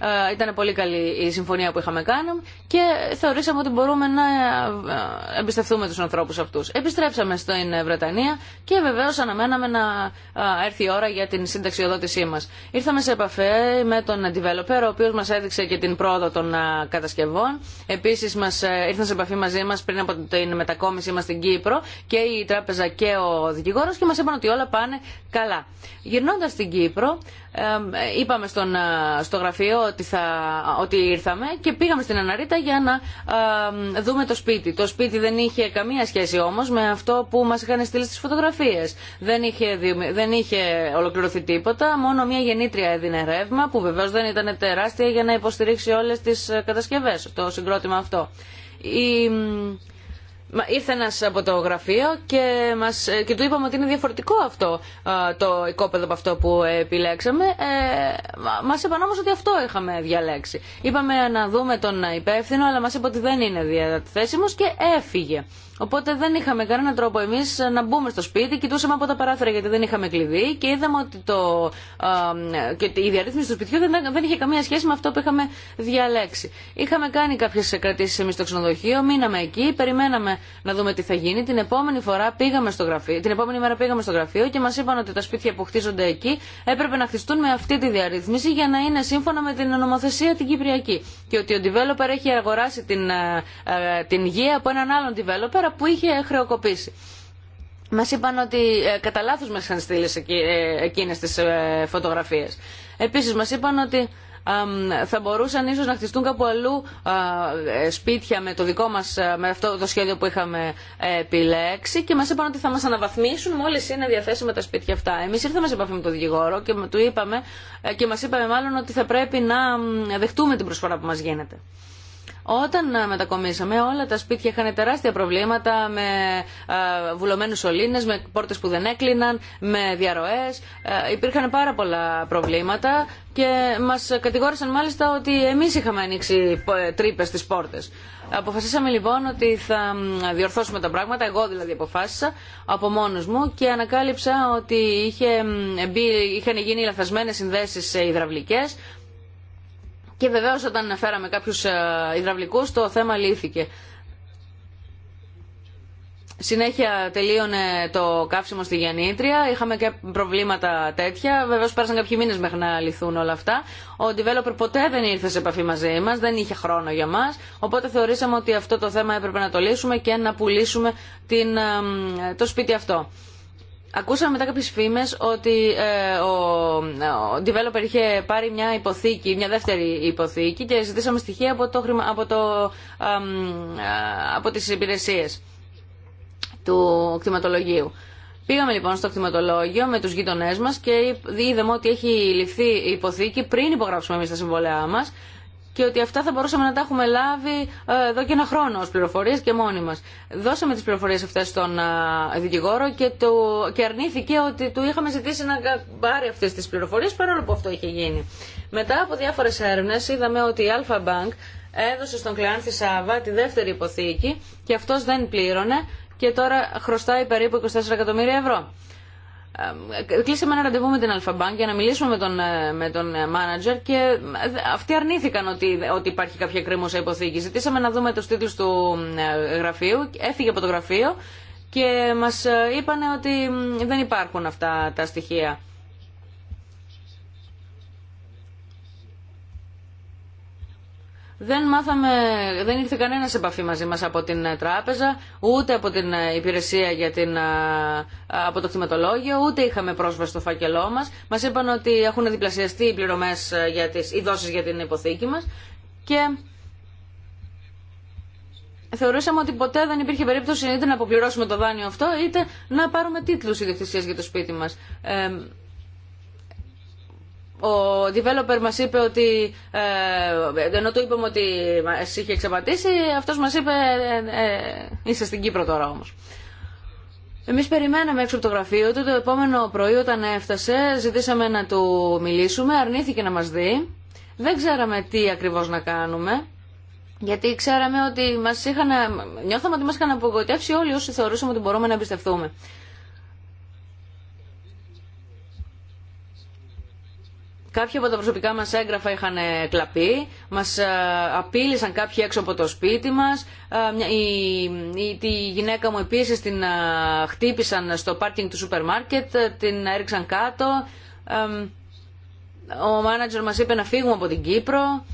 B: ε, ήταν πολύ καλή η συμφωνία που είχαμε κάνει και θεωρήσαμε ότι μπορούμε να ε, εμπιστευτούμε τους ανθρώπους αυτούς. Επιστρέψαμε στην ε, Βρετανία και βεβαίως αναμέναμε να έρθει η ώρα για την συνταξιοδότησή μας. Ήρθαμε σε επαφή με τον developer, ο οποίος μας έδειξε και την πρόοδο των κατασκευών. Επίσης μας, ήρθαν σε επαφή μαζί μας πριν από την μετακόμιση μας στην Κύπρο και η τράπεζα και ο δικηγόρος και μας είπαν ότι όλα πάνε καλά. Γυρνώντας στην Κύπρο, ε, είπαμε στον, ε, στο γραφείο ότι, θα, ότι ήρθαμε και πήγαμε στην Αναρίτα για να δούμε το σπίτι. Το σπίτι δεν είχε καμία σχέση όμως με αυτό που μας είχαν στείλει στις φωτογραφίες. Δεν είχε, δεν είχε ολοκληρωθεί τίποτα, μόνο μια γεννήτρια έδινε ρεύμα που βεβαίως δεν ήταν τεράστια για να υποστηρίξει όλες τις ε, κατασκευές, το συγκρότημα αυτό. Η, Ήρθε ένα από το γραφείο και, μας, ε, και του είπαμε ότι είναι διαφορετικό αυτό ε, το οικόπεδο από αυτό που επιλέξαμε. Ε, μα είπαν όμω ότι αυτό είχαμε διαλέξει. Είπαμε να δούμε τον υπεύθυνο, αλλά μα είπε ότι δεν είναι διαθέσιμο και έφυγε. Οπότε δεν είχαμε κανέναν τρόπο εμεί να μπούμε στο σπίτι, κοιτούσαμε από τα παράθυρα γιατί δεν είχαμε κλειδί και είδαμε ότι το, α, και η διαρρύθμιση του σπιτιού δεν, δεν είχε καμία σχέση με αυτό που είχαμε διαλέξει. Είχαμε κάνει κάποιε κρατήσει εμεί στο ξενοδοχείο, μείναμε εκεί, περιμέναμε να δούμε τι θα γίνει. Την επόμενη, φορά πήγαμε στο γραφείο, την επόμενη μέρα πήγαμε στο γραφείο και μα είπαν ότι τα σπίτια που χτίζονται εκεί έπρεπε να χτιστούν με αυτή τη διαρρύθμιση για να είναι σύμφωνα με την νομοθεσία την Κυπριακή. Και ότι ο developer έχει αγοράσει την, ε, ε, την γη από έναν άλλον developer που είχε χρεοκοπήσει. Μα είπαν ότι ε, κατά λάθο μα είχαν στείλει ε, εκείνε τι ε, φωτογραφίε. Επίση, μα είπαν ότι θα μπορούσαν ίσω να χτιστούν κάπου αλλού ε, σπίτια με το δικό μα με αυτό το σχέδιο που είχαμε επιλέξει και μα είπαν ότι θα μα αναβαθμίσουν μόλις είναι διαθέσιμα τα σπίτια αυτά. Εμεί ήρθαμε σε επαφή με τον δικηγόρο και του είπαμε και μας είπαμε μάλλον ότι θα πρέπει να δεχτούμε την προσφορά που μα γίνεται. Όταν ε, μετακομίσαμε όλα τα σπίτια είχαν τεράστια προβλήματα με ε, βουλωμένου σωλήνες, με πόρτες που δεν έκλειναν, με διαρροές. Ε, υπήρχαν πάρα πολλά προβλήματα και μας κατηγόρησαν μάλιστα ότι εμείς είχαμε ανοίξει τρύπε στις πόρτες. Αποφασίσαμε λοιπόν ότι θα διορθώσουμε τα πράγματα, εγώ δηλαδή αποφάσισα από μόνος μου και ανακάλυψα ότι είχε, είχαν γίνει λαθασμένες συνδέσεις υδραυλικές και βεβαίω όταν φέραμε κάποιου ε, υδραυλικούς το θέμα λύθηκε. Συνέχεια τελείωνε το καύσιμο στη Γιαννήτρια. Είχαμε και προβλήματα τέτοια. Βεβαίω πέρασαν κάποιοι μήνε μέχρι να λυθούν όλα αυτά. Ο developer ποτέ δεν ήρθε σε επαφή μαζί μα, δεν είχε χρόνο για μα. Οπότε θεωρήσαμε ότι αυτό το θέμα έπρεπε να το λύσουμε και να πουλήσουμε την, ε, το σπίτι αυτό. Ακούσαμε μετά κάποιες φήμες ότι ε, ο, ο developer είχε πάρει μια υποθήκη, μια δεύτερη υποθήκη και ζητήσαμε στοιχεία από, το, από, το, από τις υπηρεσίες του κτηματολογίου. Πήγαμε λοιπόν στο κτηματολόγιο με τους γείτονές μας και είδαμε ότι έχει ληφθεί η υποθήκη πριν υπογράψουμε εμείς τα συμβολέα μας και ότι αυτά θα μπορούσαμε να τα έχουμε λάβει ε, εδώ και ένα χρόνο ως πληροφορίες και μόνοι μας. Δώσαμε τις πληροφορίες αυτές στον ε, δικηγόρο και, το, και αρνήθηκε ότι του είχαμε ζητήσει να πάρει αυτές τις πληροφορίες παρόλο που αυτό είχε γίνει. Μετά από διάφορες έρευνες είδαμε ότι η Alpha Bank έδωσε στον Κλεάνθη Σάβα τη δεύτερη υποθήκη και αυτός δεν πλήρωνε και τώρα χρωστάει περίπου 24 εκατομμύρια ευρώ κλείσαμε ένα ραντεβού με την Αλφαμπάνκ για να μιλήσουμε με τον, ε, με τον μάνατζερ και ε, αυτοί αρνήθηκαν ότι, ότι υπάρχει κάποια κρίμωσα υποθήκη. Ζητήσαμε να δούμε το τίτλου του ε, γραφείου, έφυγε από το γραφείο και μας είπαν ότι δεν υπάρχουν αυτά τα στοιχεία. Δεν μάθαμε, δεν ήρθε κανένα σε επαφή μαζί μας από την ε, τράπεζα, ούτε από την ε, υπηρεσία για την, ε, από το χρηματολόγιο, ούτε είχαμε πρόσβαση στο φάκελό μας. Μας είπαν ότι έχουν διπλασιαστεί οι πληρωμές, για τις, δόσεις για την υποθήκη μας και θεωρούσαμε ότι ποτέ δεν υπήρχε περίπτωση είτε να αποπληρώσουμε το δάνειο αυτό, είτε να πάρουμε τίτλους ιδιοκτησίας για το σπίτι μας ο developer μας είπε ότι, ε, ενώ του είπαμε ότι μας είχε εξαπατήσει, αυτός μας είπε ε, ε, είσαι στην Κύπρο τώρα όμως. Εμείς περιμέναμε έξω από το γραφείο του. Το επόμενο πρωί, όταν έφτασε, ζητήσαμε να του μιλήσουμε. Αρνήθηκε να μας δει. Δεν ξέραμε τι ακριβώς να κάνουμε. Γιατί ξέραμε ότι μας είχαν. Νιώθαμε ότι μας είχαν απογοητεύσει όλοι όσοι θεωρούσαμε ότι μπορούμε να εμπιστευτούμε. Κάποια από τα προσωπικά μας έγγραφα είχαν ε, κλαπεί, μας ε, απείλησαν κάποιοι έξω από το σπίτι μας. Ε, η, η, τη γυναίκα μου επίσης την χτύπησαν στο πάρκινγκ του σούπερ μάρκετ, την έριξαν κάτω. Ο μάνατζερ μας είπε να φύγουμε από την Κύπρο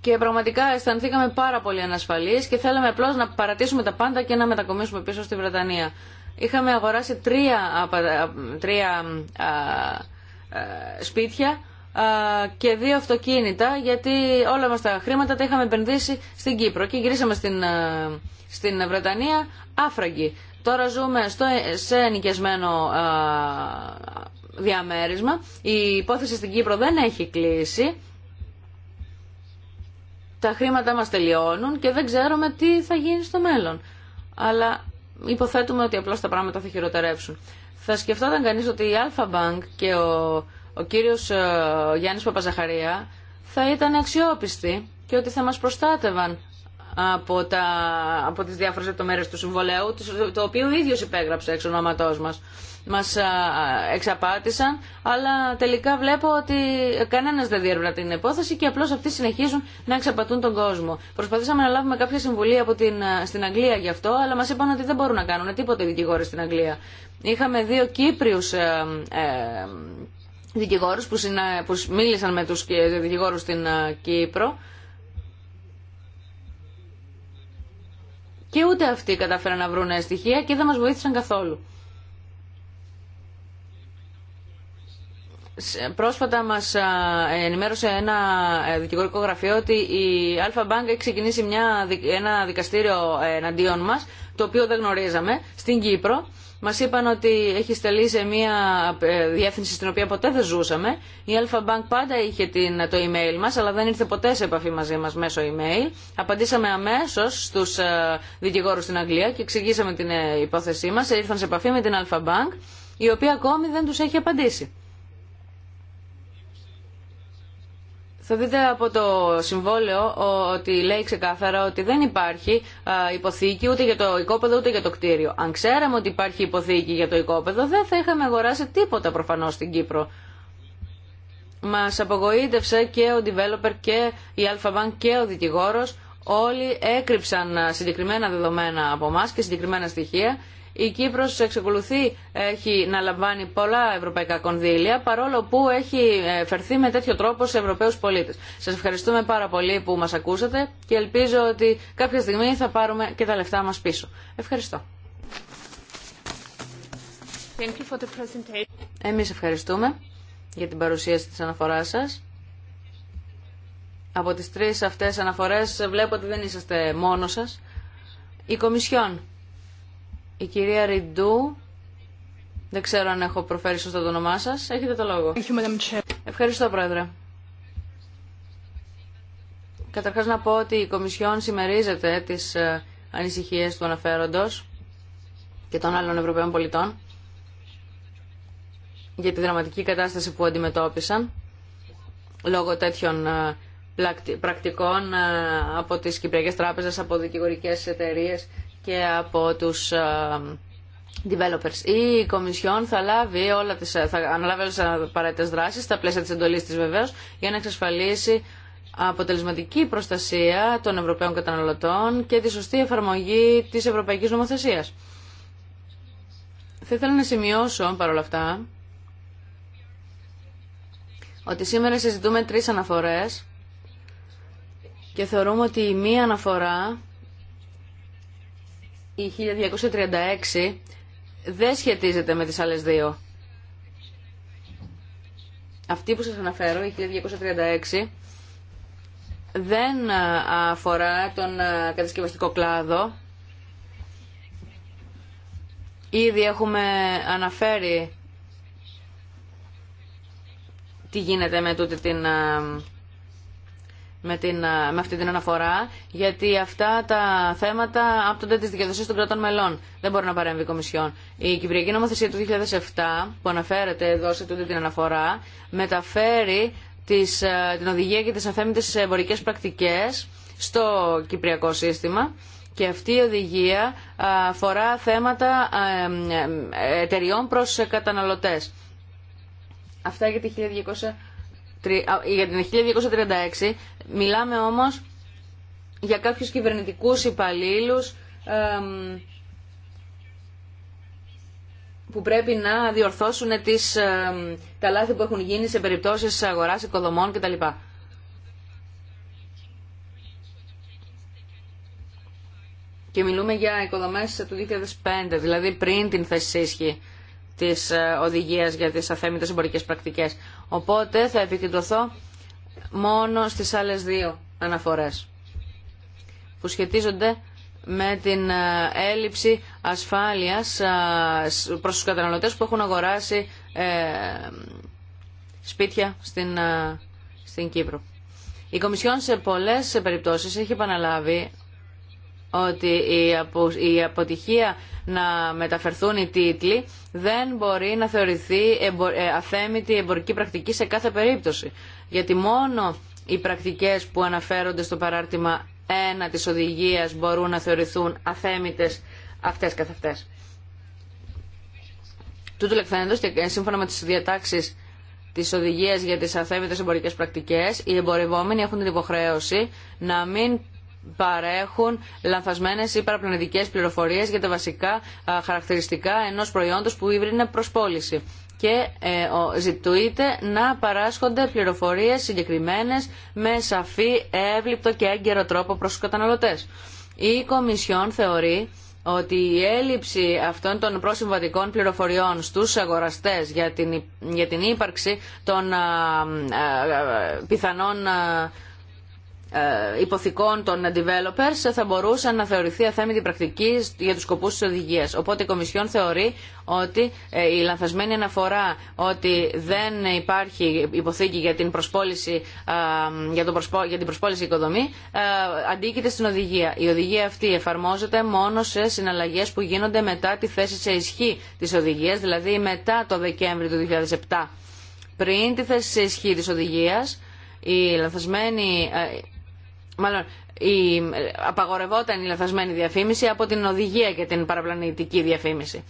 B: και πραγματικά αισθανθήκαμε πάρα πολύ ανασφαλείς και θέλαμε απλώ να παρατήσουμε τα πάντα και να μετακομίσουμε πίσω στη Βρετανία. Είχαμε αγοράσει τρία, τρία ε, σπίτια ε, και δύο αυτοκίνητα γιατί όλα μας τα χρήματα τα είχαμε επενδύσει στην Κύπρο και γυρίσαμε στην, ε, στην Βρετανία άφραγοι. Τώρα ζούμε στο, σε ενοικιασμένο διαμέρισμα. Η υπόθεση στην Κύπρο δεν έχει κλείσει. Τα χρήματα μας τελειώνουν και δεν ξέρουμε τι θα γίνει στο μέλλον. Αλλά υποθέτουμε ότι απλώς τα πράγματα θα χειροτερεύσουν θα σκεφτόταν κανείς ότι η Αλφα Bank και ο, ο κύριος ε, Γιάννης Παπαζαχαρία θα ήταν αξιόπιστοι και ότι θα μας προστάτευαν από, τα, από τις διάφορες λεπτομέρειες του συμβολέου, το οποίο ο ίδιος υπέγραψε εξ ονόματός μας. Μας ε, εξαπάτησαν, αλλά τελικά βλέπω ότι κανένας δεν διέρευνα την υπόθεση και απλώς αυτοί συνεχίζουν να εξαπατούν τον κόσμο. Προσπαθήσαμε να λάβουμε κάποια συμβουλή από την, ε, στην Αγγλία γι' αυτό, αλλά μας είπαν ότι δεν μπορούν να κάνουν τίποτα οι δικηγόροι στην Αγγλία. Είχαμε δύο Κύπριους ε, ε, δικηγόρους που, συνα... που μίλησαν με τους δικηγόρους στην ε, Κύπρο και ούτε αυτοί κατάφεραν να βρουν στοιχεία και δεν μας βοήθησαν καθόλου. Πρόσφατα μας ενημέρωσε ένα δικηγορικό γραφείο ότι η Αλφα Μπάνκ έχει ξεκινήσει μια, ένα δικαστήριο εναντίον μας, το οποίο δεν γνωρίζαμε, στην Κύπρο Μα είπαν ότι έχει στελεί σε μια ε, διεύθυνση στην οποία ποτέ δεν ζούσαμε. Η Alpha Bank πάντα είχε την, το email μας, αλλά δεν ήρθε ποτέ σε επαφή μαζί μας μέσω email. Απαντήσαμε αμέσως στους ε, δικηγόρους στην Αγγλία και εξηγήσαμε την ε, υπόθεσή μας. Ήρθαν σε επαφή με την Αλφα Bank, η οποία ακόμη δεν τους έχει απαντήσει. Θα δείτε από το συμβόλαιο ότι λέει ξεκάθαρα ότι δεν υπάρχει υποθήκη ούτε για το οικόπεδο ούτε για το κτίριο. Αν ξέραμε ότι υπάρχει υποθήκη για το οικόπεδο δεν θα είχαμε αγοράσει τίποτα προφανώς στην Κύπρο. Μας απογοήτευσε και ο developer και η Αλφαμπάν και ο δικηγόρος. Όλοι έκρυψαν συγκεκριμένα δεδομένα από εμά και συγκεκριμένα στοιχεία η Κύπρος εξακολουθεί έχει να λαμβάνει πολλά ευρωπαϊκά κονδύλια παρόλο που έχει ε, φερθεί με τέτοιο τρόπο σε Ευρωπαίους πολίτες. Σας ευχαριστούμε πάρα πολύ που μας ακούσατε και ελπίζω ότι κάποια στιγμή θα πάρουμε και τα λεφτά μας πίσω. Ευχαριστώ. Thank Εμείς ευχαριστούμε για την παρουσίαση της αναφοράς σας. Από τις τρεις αυτές αναφορές βλέπω ότι δεν είσαστε μόνος σας. Η Κομισιόν η κυρία Ριντού, δεν ξέρω αν έχω προφέρει σωστά το όνομά σας. Έχετε το λόγο. Ευχαριστώ, Πρόεδρε. Καταρχάς να πω ότι η Κομισιόν συμμερίζεται τις ε, ανησυχίες του αναφέροντος και των άλλων Ευρωπαίων πολιτών για τη δραματική κατάσταση που αντιμετώπισαν λόγω τέτοιων ε, πρακτικών ε, από τις Κυπριακές Τράπεζες, από δικηγορικές εταιρείες και από τους ε, developers. Η Κομισιόν θα, λάβει όλα τις, ε, θα αναλάβει όλες τις απαραίτητες δράσεις, στα πλαίσια της εντολής της βεβαίως, για να εξασφαλίσει αποτελεσματική προστασία των Ευρωπαίων καταναλωτών και τη σωστή εφαρμογή της Ευρωπαϊκής Νομοθεσίας. Θα ήθελα να σημειώσω παρόλα αυτά ότι σήμερα συζητούμε τρεις αναφορές και θεωρούμε ότι η μία αναφορά η 1236 δεν σχετίζεται με τις άλλες δύο. Αυτή που σας αναφέρω, η 1236, δεν ε, αφορά τον ε, κατασκευαστικό κλάδο. Ήδη έχουμε αναφέρει τι γίνεται με τούτη την ε, με, την, ε, με αυτή την αναφορά, γιατί αυτά τα θέματα άπτονται τη δικαιοδοσία των κρατών μελών. Δεν μπορεί να παρέμβει η Κομισιόν. Η Κυπριακή Νομοθεσία του 2007, που αναφέρεται εδώ σε τούτη την αναφορά, μεταφέρει τις, ε, την οδηγία για τι αφέμητε εμπορικέ πρακτικέ στο κυπριακό σύστημα και αυτή η οδηγία ε, αφορά θέματα εταιριών προς καταναλωτές. Αυτά για τη 1200 για την 1236 μιλάμε όμως για κάποιους κυβερνητικούς υπαλλήλους που πρέπει να διορθώσουν τις, τα λάθη που έχουν γίνει σε περιπτώσεις αγοράς οικοδομών κτλ. Και μιλούμε για οικοδομές του 2005, δηλαδή πριν την θέση ισχύ. Τη ε, οδηγίας για τις αθέμητε εμπορικές πρακτικές. Οπότε θα επικεντρωθώ μόνο στις άλλες δύο αναφορές που σχετίζονται με την ε, έλλειψη ασφάλειας ε, προς τους καταναλωτές που έχουν αγοράσει σπίτια στην, στην Κύπρο. Η Κομισιόν σε πολλές περιπτώσεις έχει επαναλάβει ότι η αποτυχία να μεταφερθούν οι τίτλοι δεν μπορεί να θεωρηθεί ε, αθέμητη εμπορική πρακτική σε κάθε περίπτωση. Γιατί μόνο οι πρακτικές που αναφέρονται στο παράρτημα 1 της οδηγίας μπορούν να θεωρηθούν αθέμητες αυτές καθ' αυτές. Τούτου λεκθέντος και ε, σύμφωνα με τις διατάξεις της οδηγίας για τις αθέμητες εμπορικές πρακτικές, οι εμπορευόμενοι έχουν την υποχρέωση να μην παρέχουν λανθασμένες ή παραπλανητικές πληροφορίες για τα βασικά χαρακτηριστικά ενός προϊόντος που είναι προ πώληση και ε, ζητούνται να παράσχονται πληροφορίες συγκεκριμένε με σαφή, εύληπτο και έγκαιρο τρόπο προς του καταναλωτές. Η Κομισιόν θεωρεί ότι η έλλειψη αυτών των προσυμβατικών πληροφοριών στους αγοραστές για την, για την ύπαρξη των πιθανών ε, υποθηκών των developers θα μπορούσαν να θεωρηθεί αθέμητη πρακτική για τους σκοπούς της οδηγίας. Οπότε η Κομισιόν θεωρεί ότι ε, η λανθασμένη αναφορά ότι δεν υπάρχει υποθήκη για την προσπόληση, ε, για, προσπό, για την προσπόληση οικοδομή αντίκειται στην οδηγία. Η οδηγία αυτή εφαρμόζεται μόνο σε συναλλαγές που γίνονται μετά τη θέση σε ισχύ της οδηγίας, δηλαδή μετά το Δεκέμβρη του 2007. Πριν τη θέση σε ισχύ της οδηγίας, η λανθασμένη μάλλον η, απαγορευόταν η λαθασμένη διαφήμιση από την οδηγία και την παραπλανητική διαφήμιση.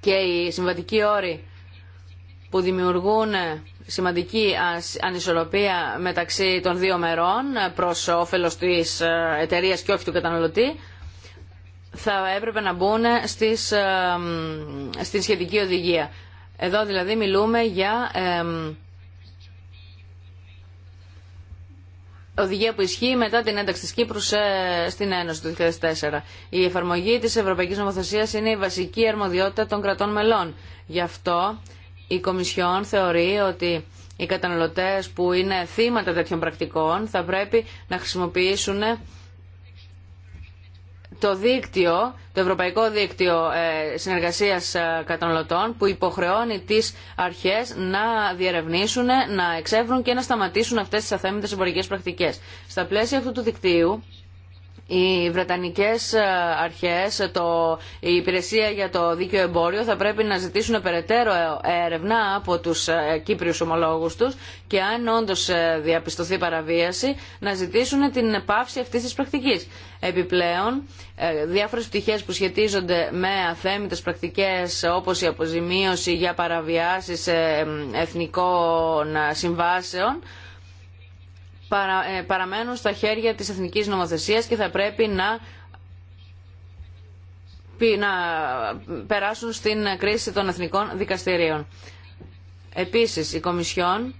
B: Και οι συμβατικοί όροι που δημιουργούν σημαντική ανισορροπία μεταξύ των δύο μερών προς όφελος της ε, εταιρείας και όχι του καταναλωτή θα έπρεπε να μπουν στις, ε, στην σχετική οδηγία. Εδώ δηλαδή μιλούμε για ε, οδηγία που ισχύει μετά την ένταξη της Κύπρου στην Ένωση του 2004. Η εφαρμογή της Ευρωπαϊκής Νομοθεσίας είναι η βασική αρμοδιότητα των κρατών μελών. Γι' αυτό η Κομισιόν θεωρεί ότι οι καταναλωτές που είναι θύματα τέτοιων πρακτικών θα πρέπει να χρησιμοποιήσουν το δίκτυο, το Ευρωπαϊκό Δίκτυο ε, Συνεργασίας ε, Καταναλωτών που υποχρεώνει τις αρχές να διερευνήσουν, να εξεύρουν και να σταματήσουν αυτές τις αθέμητες εμπορικές πρακτικές. Στα πλαίσια αυτού του δικτύου οι Βρετανικές ε, αρχές, το, η υπηρεσία για το δίκαιο εμπόριο θα πρέπει να ζητήσουν περαιτέρω ε, έρευνα από τους ε, Κύπριους ομολόγους τους και αν όντως διαπιστωθεί παραβίαση να ζητήσουν την πάυση αυτής της πρακτικής. Επιπλέον, διάφορες πτυχές που σχετίζονται με αθέμητες πρακτικές όπως η αποζημίωση για παραβιάσεις εθνικών συμβάσεων ε, παραμένουν στα χέρια της εθνικής νομοθεσίας και θα πρέπει να να περάσουν στην κρίση των εθνικών δικαστηρίων. Επίσης, η Κομισιόν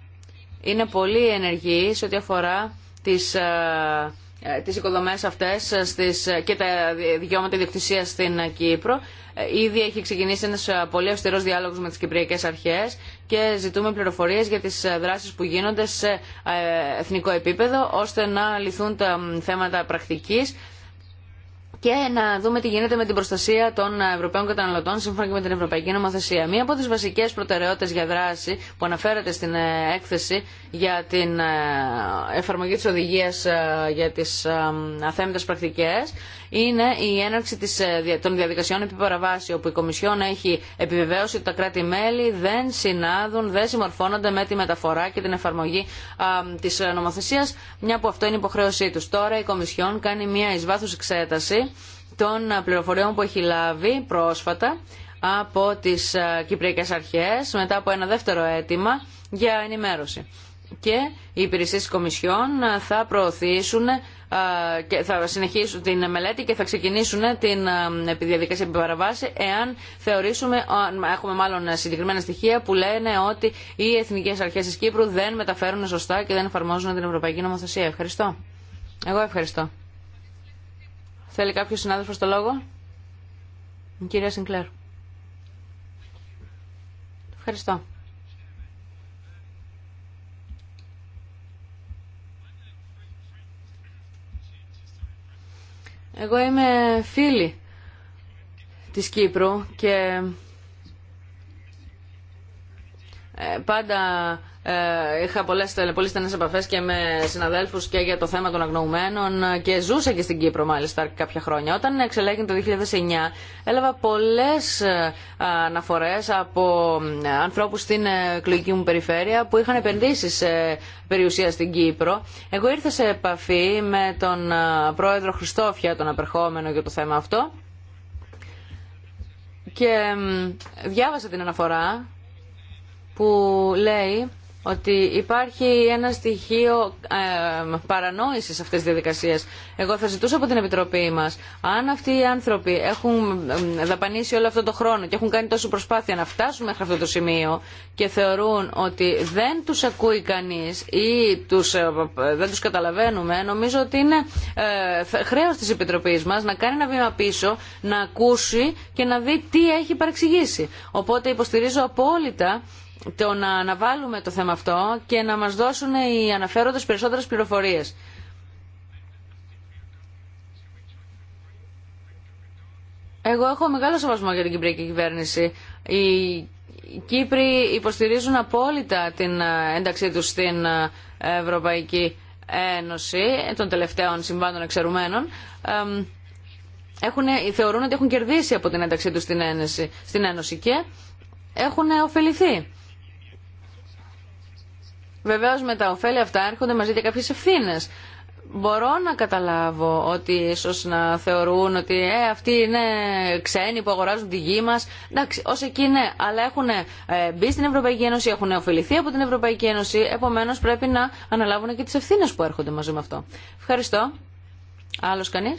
B: είναι πολύ ενεργή σε ό,τι αφορά τις ε, ε, τις οικοδομές αυτές ε, ε, και τα δικαιώματα ιδιοκτησία στην Κύπρο. Ήδη έχει ξεκινήσει ένας πολύ αυστηρός διάλογος με τις κυπριακές αρχές και ζητούμε πληροφορίες για τις δράσεις που γίνονται σε εθνικό επίπεδο ώστε να λυθούν τα θέματα πρακτικής και να δούμε τι γίνεται με την προστασία των Ευρωπαίων καταναλωτών σύμφωνα και με την Ευρωπαϊκή Νομοθεσία. Μία από τι βασικέ προτεραιότητε για δράση που αναφέρεται στην ε, έκθεση για την ε, εφαρμογή τη οδηγία ε, για τι αθέμητε πρακτικέ είναι η έναρξη ε, των διαδικασιών επί παραβάση, όπου η Κομισιόν έχει επιβεβαίωση ότι τα κράτη-μέλη δεν συνάδουν, δεν συμμορφώνονται με τη μεταφορά και την εφαρμογή της νομοθεσίας, μια που αυτό είναι υποχρέωσή τους. Τώρα η Κομισιόν κάνει μια εισβάθους εξέταση των πληροφοριών που έχει λάβει πρόσφατα από τις Κυπριακές Αρχές μετά από ένα δεύτερο αίτημα για ενημέρωση. Και οι υπηρεσίες Κομισιόν θα προωθήσουν ε, και θα συνεχίσουν την μελέτη και θα ξεκινήσουν την ε, διαδικασία επιπαραβάση εάν θεωρήσουμε, ε, έχουμε μάλλον συγκεκριμένα στοιχεία που λένε ότι οι εθνικές αρχές τη Κύπρου δεν μεταφέρουν σωστά και δεν εφαρμόζουν την Ευρωπαϊκή Νομοθεσία. Ευχαριστώ. Εγώ ευχαριστώ. Θέλει κάποιο συνάδελφο το λόγο. κυρία Σινκλέρ. Ευχαριστώ. Εγώ είμαι φίλη της Κύπρου και ε, πάντα ε, είχα πολλές, πολύ στενέ επαφέ και με συναδέλφου και για το θέμα των αγνοωμένων και ζούσα και στην Κύπρο μάλιστα κάποια χρόνια. Όταν εξελέγει το 2009 έλαβα πολλέ ε, αναφορέ από ε, ανθρώπου στην εκλογική μου περιφέρεια που είχαν επενδύσει σε περιουσία στην Κύπρο. Εγώ ήρθα σε επαφή με τον πρόεδρο Χριστόφια τον απερχόμενο για το θέμα αυτό και διάβασα την αναφορά που λέει ότι υπάρχει ένα στοιχείο ε, σε αυτές τις διαδικασίες. Εγώ θα ζητούσα από την Επιτροπή μας, αν αυτοί οι άνθρωποι έχουν δαπανίσει όλο αυτό το χρόνο και έχουν κάνει τόση προσπάθεια να φτάσουν μέχρι αυτό το σημείο και θεωρούν ότι δεν τους ακούει κανείς ή τους, ε, δεν τους καταλαβαίνουμε, νομίζω ότι είναι ε, χρέος της Επιτροπής μας να κάνει ένα βήμα πίσω, να ακούσει και να δει τι έχει παρεξηγήσει. Οπότε υποστηρίζω απόλυτα το να αναβάλουμε το θέμα αυτό και να μας δώσουν οι αναφέροντες περισσότερες πληροφορίες. Εγώ έχω μεγάλο σεβασμό για την Κυπριακή κυβέρνηση. Οι Κύπροι υποστηρίζουν απόλυτα την ε, ένταξή τους στην ε, Ευρωπαϊκή Ένωση ε, των τελευταίων συμβάντων εξαιρουμένων. Έχουν, θεωρούν ότι έχουν κερδίσει από την ένταξή τους στην Ένωση και έχουν ωφεληθεί. Βεβαίως με τα ωφέλη αυτά έρχονται μαζί και κάποιε ευθύνε. Μπορώ να καταλάβω ότι ίσως να θεωρούν ότι ε, αυτοί είναι ξένοι που αγοράζουν τη γη μας. Εντάξει, ως εκεί ναι, αλλά έχουν ε, μπει στην Ευρωπαϊκή Ένωση, έχουν ωφεληθεί από την Ευρωπαϊκή Ένωση, επομένως πρέπει να αναλάβουν και τις ευθύνε που έρχονται μαζί με αυτό. Ευχαριστώ. Άλλο κανεί.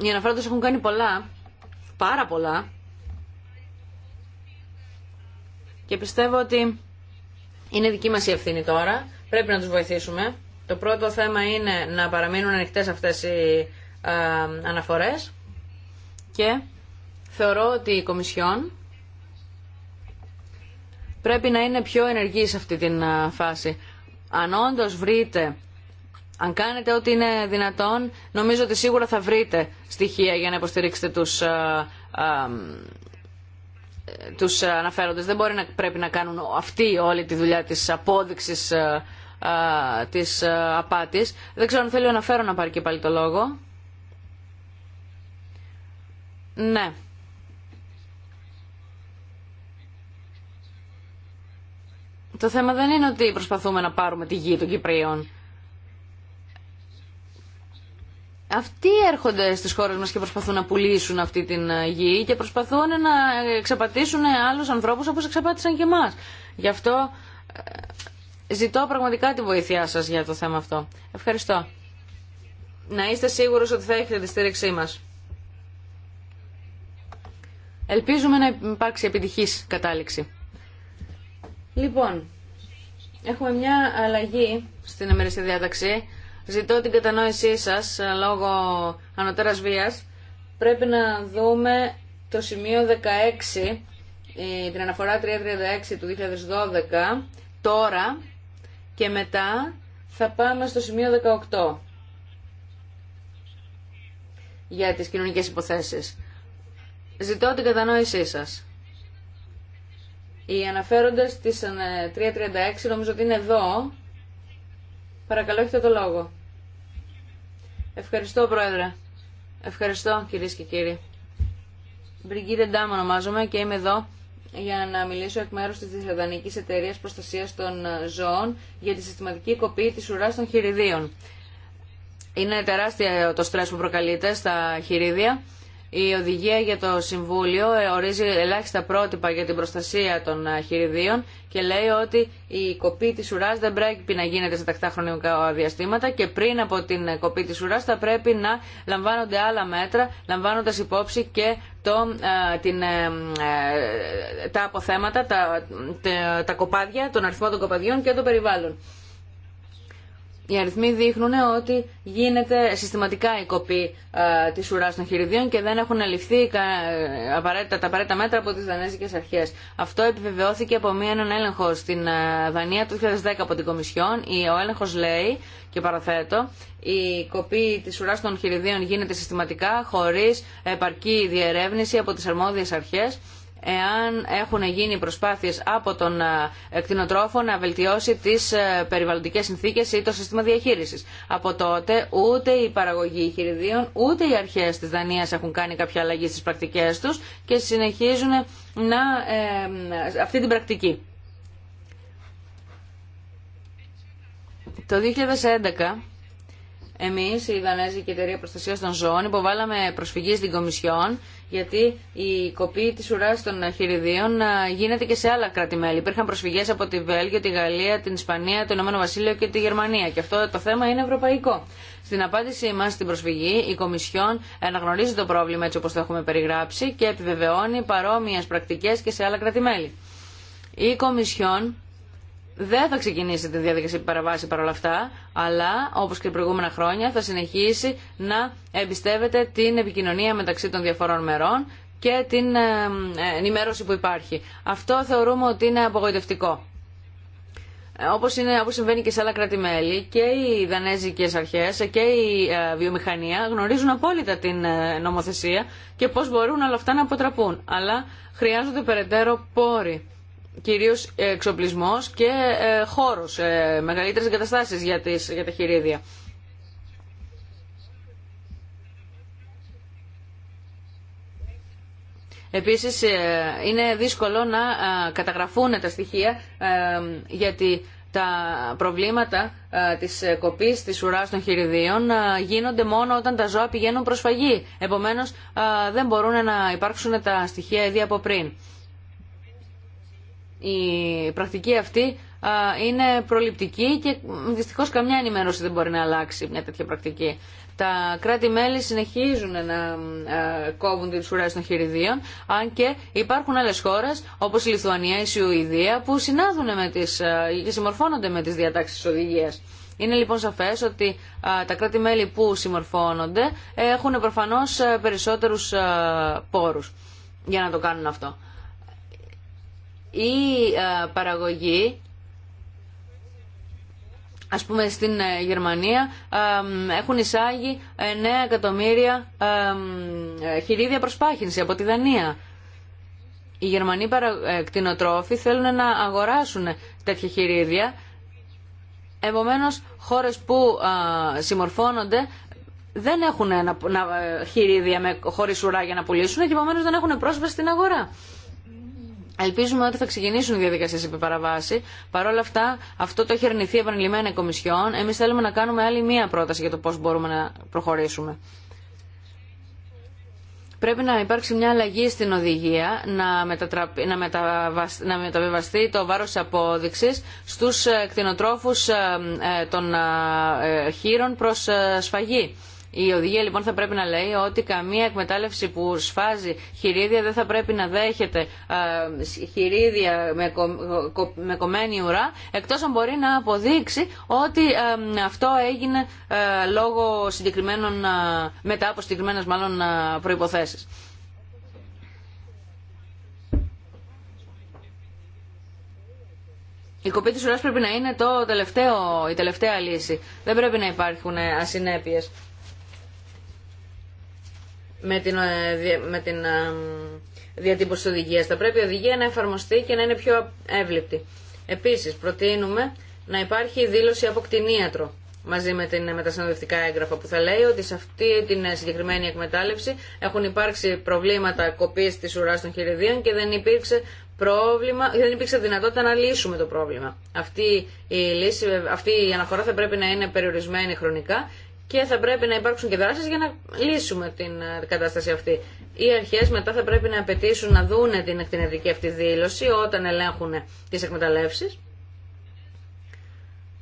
B: οι αναφέροντες έχουν κάνει πολλά, πάρα πολλά και πιστεύω ότι είναι δική μας η ευθύνη τώρα, πρέπει να τους βοηθήσουμε. Το πρώτο θέμα είναι να παραμείνουν ανοιχτές αυτές οι ε, αναφορές και θεωρώ ότι η Κομισιόν πρέπει να είναι πιο ενεργή σε αυτή την ε, φάση. Αν όντω βρείτε αν κάνετε ό,τι είναι δυνατόν, νομίζω ότι σίγουρα θα βρείτε στοιχεία για να υποστηρίξετε τους, α, ε, ε, τους αναφέροντες. Δεν μπορεί να πρέπει να κάνουν αυτοί όλη τη δουλειά της απόδειξης α, ε, της απάτης. Δεν ξέρω αν θέλει ο αναφέρον να πάρει και πάλι το λόγο. Ναι. Το θέμα δεν είναι ότι προσπαθούμε να πάρουμε τη γη των Κυπρίων. αυτοί έρχονται στις χώρες μας και προσπαθούν να πουλήσουν αυτή την ε, γη και προσπαθούν να εξαπατήσουν άλλους ανθρώπους όπως εξαπάτησαν και εμάς. Γι' αυτό ε, ζητώ πραγματικά τη βοήθειά σας για το θέμα αυτό. Ευχαριστώ. Να είστε σίγουροι ότι θα έχετε τη στήριξή μας. Ελπίζουμε να υπάρξει επιτυχής κατάληξη. Λοιπόν, έχουμε μια αλλαγή στην εμερήσια διάταξη. Ζητώ την κατανόησή σας ε, λόγω ανωτέρας βίας. Πρέπει να δούμε το σημείο 16, την αναφορά 336 του 2012, τώρα και μετά θα πάμε στο σημείο 18 για τις κοινωνικές υποθέσεις. Ζητώ την κατανόησή σας. Οι αναφέροντες της 336 ε, νομίζω ότι είναι εδώ Παρακαλώ, έχετε το λόγο. Ευχαριστώ, Πρόεδρε. Ευχαριστώ, κυρίε και κύριοι. Μπριγκίτε Ντάμ ονομάζομαι και είμαι εδώ για να μιλήσω εκ μέρου τη Δισλανδική Εταιρεία Προστασία των Ζώων για τη συστηματική κοπή τη ουρά των χειριδίων. Είναι τεράστιο το στρες που προκαλείται στα χειρίδια η οδηγία για το Συμβούλιο ε, ορίζει ελάχιστα πρότυπα για την προστασία των ε, χειριδίων και λέει ότι η κοπή της ουράς δεν πρέπει να γίνεται σε τακτά χρονικά διαστήματα και πριν από την ε, κοπή της ουράς θα πρέπει να λαμβάνονται άλλα μέτρα, λαμβάνοντας υπόψη και το, την, τα αποθέματα, τα, τα, τα κοπάδια, τον αριθμό των κοπαδιών και των περιβάλλων οι αριθμοί δείχνουν ότι γίνεται συστηματικά η κοπή ε, της ουράς των χειριδίων και δεν έχουν ληφθεί κα, ε, απαραίτητα, τα απαραίτητα μέτρα από τις δανέζικες αρχές. Αυτό επιβεβαιώθηκε από μία έναν έλεγχο στην ε, Δανία το 2010 από την Κομισιόν. Η, ο έλεγχος λέει, και παραθέτω, η κοπή της ουράς των χειριδίων γίνεται συστηματικά χωρίς επαρκή διερεύνηση από τις αρμόδιες αρχές εάν έχουν γίνει προσπάθειες από τον ε, κτηνοτρόφο να βελτιώσει τις ε, περιβαλλοντικές συνθήκες ή το σύστημα διαχείρισης. Από τότε ούτε η παραγωγή χειριδίων ούτε οι αρχές της Δανίας έχουν κάνει κάποια αλλαγή στις πρακτικές τους και συνεχίζουν να, ε, αυτή την πρακτική. Το 2011 Εμεί, η Δανέζικη Εταιρεία Προστασία των Ζώων, υποβάλαμε προσφυγή στην Κομισιόν, γιατί η κοπή τη ουράς των χειριδίων ε, γίνεται και σε άλλα κράτη-μέλη. Υπήρχαν προσφυγέ από τη Βέλγιο, τη Γαλλία, την Ισπανία, το Ηνωμένο Βασίλειο και τη Γερμανία. Και αυτό το θέμα είναι ευρωπαϊκό. Στην απάντησή μα στην προσφυγή, η Κομισιόν αναγνωρίζει το πρόβλημα έτσι όπω το έχουμε περιγράψει και επιβεβαιώνει παρόμοιε πρακτικέ και σε άλλα κράτη-μέλη. Η Κομισιόν δεν θα ξεκινήσει τη διαδικασία παραβάση παρόλα αυτά, αλλά όπως και προηγούμενα χρόνια θα συνεχίσει να εμπιστεύεται την επικοινωνία μεταξύ των διαφορών μερών και την ε, ε, ενημέρωση που υπάρχει. Αυτό θεωρούμε ότι είναι απογοητευτικό. Ε, όπως, είναι, όπως συμβαίνει και σε άλλα κράτη-μέλη και οι δανέζικες αρχές και η βιομηχανία γνωρίζουν απόλυτα την νομοθεσία και πώς μπορούν όλα αυτά να αποτραπούν. Αλλά χρειάζονται περαιτέρω πόροι κυρίως εξοπλισμός και ε, χώρος, ε, μεγαλύτερες εγκαταστάσεις για, τις, για τα χειρίδια. Επίσης ε, είναι δύσκολο να καταγραφούν τα στοιχεία γιατί τα προβλήματα της κοπής της ουράς των χειριδίων γίνονται μόνο όταν τα ζώα πηγαίνουν προσφαγή. φαγή. Επομένως δεν μπορούν να υπάρξουν τα στοιχεία ήδη από πριν η πρακτική αυτή είναι προληπτική και δυστυχώς καμιά ενημέρωση δεν μπορεί να αλλάξει μια τέτοια πρακτική. Τα κράτη-μέλη συνεχίζουν να κόβουν τις ουσουρά των χειριδίων, αν και υπάρχουν άλλες χώρες όπως η Λιθουανία, η Σιουηδία που συνάδουν με τις, και συμμορφώνονται με τις διατάξεις της οδηγίας. Είναι λοιπόν σαφές ότι τα κράτη-μέλη που συμμορφώνονται έχουν προφανώς περισσότερους πόρους για να το κάνουν αυτό η ε, παραγωγή ας πούμε στην ε, Γερμανία ε, έχουν εισάγει 9 εκατομμύρια χειρίδια προσπάχυνση από τη Δανία. Οι Γερμανοί κτηνοτρόφοι θέλουν να αγοράσουν τέτοια χειρίδια. Επομένως, χώρες που συμμορφώνονται δεν έχουν χειρίδια χωρίς ουρά για να πουλήσουν και επομένως δεν έχουν πρόσβαση στην αγορά. Ελπίζουμε ότι θα ξεκινήσουν οι διαδικασίε επί παραβάση. Παρ' όλα αυτά, αυτό το έχει αρνηθεί επανειλημμένα η Κομισιόν. Εμεί θέλουμε να κάνουμε άλλη μία πρόταση για το πώ μπορούμε να προχωρήσουμε. Πρέπει να υπάρξει μια αλλαγή στην οδηγία, να, να, να μεταβεβαστεί το βάρος της απόδειξης στους ε, κτηνοτρόφους ε, ε, των χείρων προς σφαγή. Η οδηγία λοιπόν θα πρέπει να λέει ότι καμία εκμετάλλευση που σφάζει χειρίδια δεν θα πρέπει να δέχεται χειρίδια με, κομμένη ουρά εκτός αν μπορεί να αποδείξει ότι αυτό έγινε ε, λόγω συγκεκριμένων, μετά από συγκεκριμένες μάλλον προϋποθέσεις. Η κοπή τη ουρά πρέπει να είναι το τελευταίο, η τελευταία λύση. Δεν πρέπει να υπάρχουν ε, ασυνέπειε με την, ε, με την ε, διατύπωση οδηγία. Θα πρέπει η οδηγία να εφαρμοστεί και να είναι πιο εύληπτη. Επίσης, προτείνουμε να υπάρχει δήλωση από κτηνίατρο μαζί με, την, με τα συνοδευτικά έγγραφα που θα λέει ότι σε αυτή την ε, συγκεκριμένη εκμετάλλευση έχουν υπάρξει προβλήματα κοπής τη ουράς των χειριδίων και δεν υπήρξε, πρόβλημα, δεν υπήρξε δυνατότητα να λύσουμε το πρόβλημα. Αυτή η, λύση, αυτή η αναφορά θα πρέπει να είναι περιορισμένη χρονικά και θα πρέπει να υπάρξουν και δράσει για να λύσουμε την ε, κατάσταση αυτή. Οι αρχές μετά θα πρέπει να απαιτήσουν να δούνε την εκτινετική αυτή δήλωση όταν ελέγχουν τις εκμεταλλεύσεις.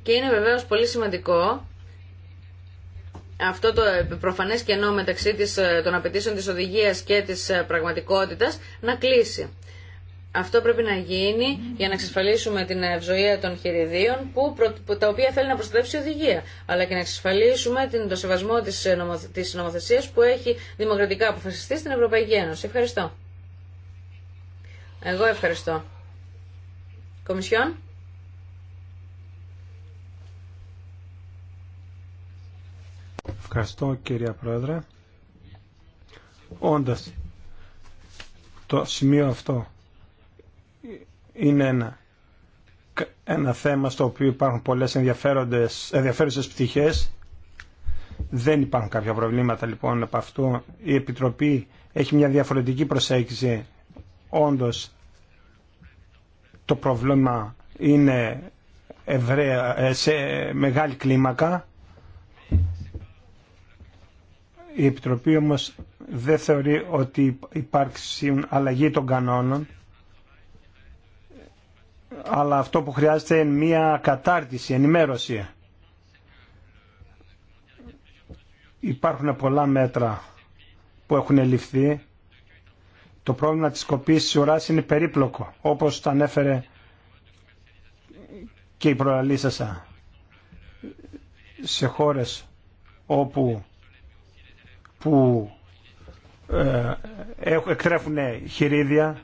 B: Και είναι βεβαίω πολύ σημαντικό αυτό το προφανές κενό μεταξύ της, ε, των απαιτήσεων της οδηγίας και της ε, πραγματικότητας να κλείσει. Αυτό πρέπει να γίνει για να εξασφαλίσουμε την ευζοία των χειριδίων που, τα οποία θέλει να προστατεύσει η οδηγία, αλλά και να εξασφαλίσουμε την, το σεβασμό της, ε, της νομοθεσίας που έχει δημοκρατικά αποφασιστεί στην Ευρωπαϊκή Ένωση. Ευχαριστώ. Εγώ ευχαριστώ. Κομισιόν.
D: Ευχαριστώ κυρία Πρόεδρε. Όντας, το σημείο αυτό είναι ένα, θέμα στο οποίο υπάρχουν πολλές ενδιαφέρουσες πτυχές. Δεν υπάρχουν κάποια προβλήματα λοιπόν από αυτού. Η Επιτροπή έχει μια διαφορετική προσέγγιση. Όντως το πρόβλημα είναι ευραία, ε, σε μεγάλη κλίμακα. Η Επιτροπή όμως δεν θεωρεί ότι υπάρξουν αλλαγή των κανόνων αλλά αυτό που χρειάζεται είναι μία κατάρτιση, ενημέρωση. Υπάρχουν πολλά μέτρα που έχουν ληφθεί. Το πρόβλημα της κοπής της ουράς είναι περίπλοκο, όπως τα ανέφερε και η προαλήσασα. Σε χώρες όπου που ε, εκτρέφουν χειρίδια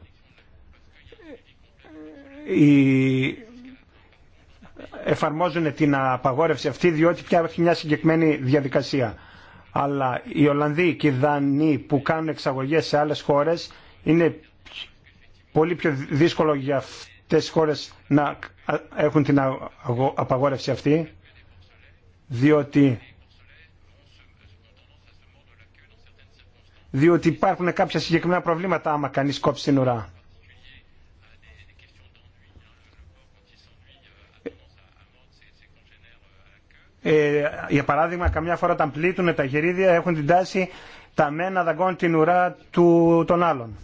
D: εφαρμόζουν την απαγόρευση αυτή διότι πια έχει μια συγκεκριμένη διαδικασία. Αλλά οι Ολλανδοί και οι Δανείοι που κάνουν εξαγωγές σε άλλες χώρες είναι πολύ πιο δύσκολο για αυτές τις χώρες να έχουν την απαγόρευση αυτή διότι διότι υπάρχουν κάποια συγκεκριμένα προβλήματα άμα κανείς κόψει την ουρά. ε, για παράδειγμα καμιά φορά όταν πλήττουν τα γερίδια έχουν την τάση τα μένα δαγκώνουν την ουρά του, των άλλων.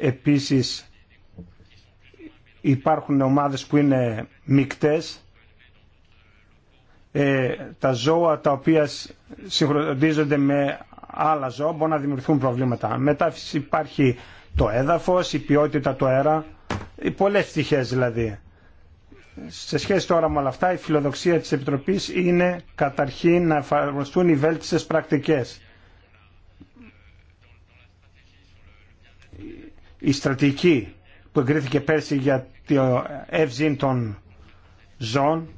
D: Επίσης υπάρχουν ομάδες που είναι μικτές ε, τα ζώα τα οποία συγχροντίζονται με άλλα ζώα μπορούν να δημιουργηθούν προβλήματα. Μετά υπάρχει το έδαφος, η ποιότητα του αέρα, ε, πολλές στοιχές δηλαδή σε σχέση τώρα με όλα αυτά, η φιλοδοξία της Επιτροπής είναι καταρχήν να εφαρμοστούν οι βέλτιστες πρακτικές. Η στρατηγική που εγκρίθηκε πέρσι για το ευζήν των ζώων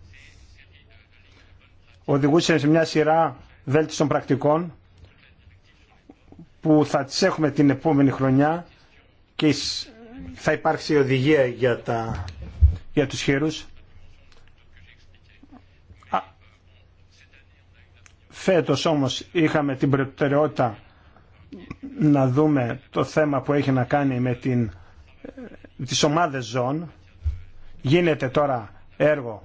D: οδηγούσε σε μια σειρά βέλτιστων πρακτικών που θα τις έχουμε την επόμενη χρονιά και θα υπάρξει οδηγία για τα για τους χείρους. Φέτος όμως είχαμε την προτεραιότητα να δούμε το θέμα που έχει να κάνει με την, ε, τις ομάδες ζών. Γίνεται τώρα έργο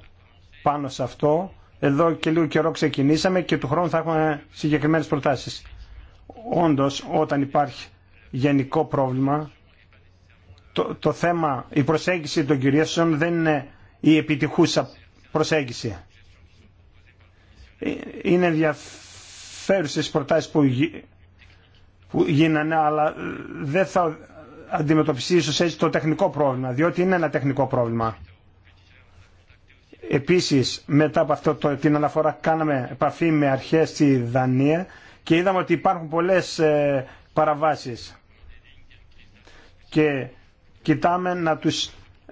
D: πάνω σε αυτό. Εδώ και λίγο καιρό ξεκινήσαμε και του χρόνου θα έχουμε συγκεκριμένες προτάσεις. Όντως, όταν υπάρχει γενικό πρόβλημα, το, το θέμα, η προσέγγιση των κυρίων δεν είναι η επιτυχούσα προσέγγιση. Ε, είναι ενδιαφέρουσες προτάσεις που, που γίνανε, αλλά δεν θα αντιμετωπιστεί ίσως έτσι το τεχνικό πρόβλημα, διότι είναι ένα τεχνικό πρόβλημα. Επίσης, μετά από αυτό το, την αναφορά κάναμε επαφή με αρχές στη Δανία και είδαμε ότι υπάρχουν πολλές ε, παραβάσεις. Και κοιτάμε να, τους,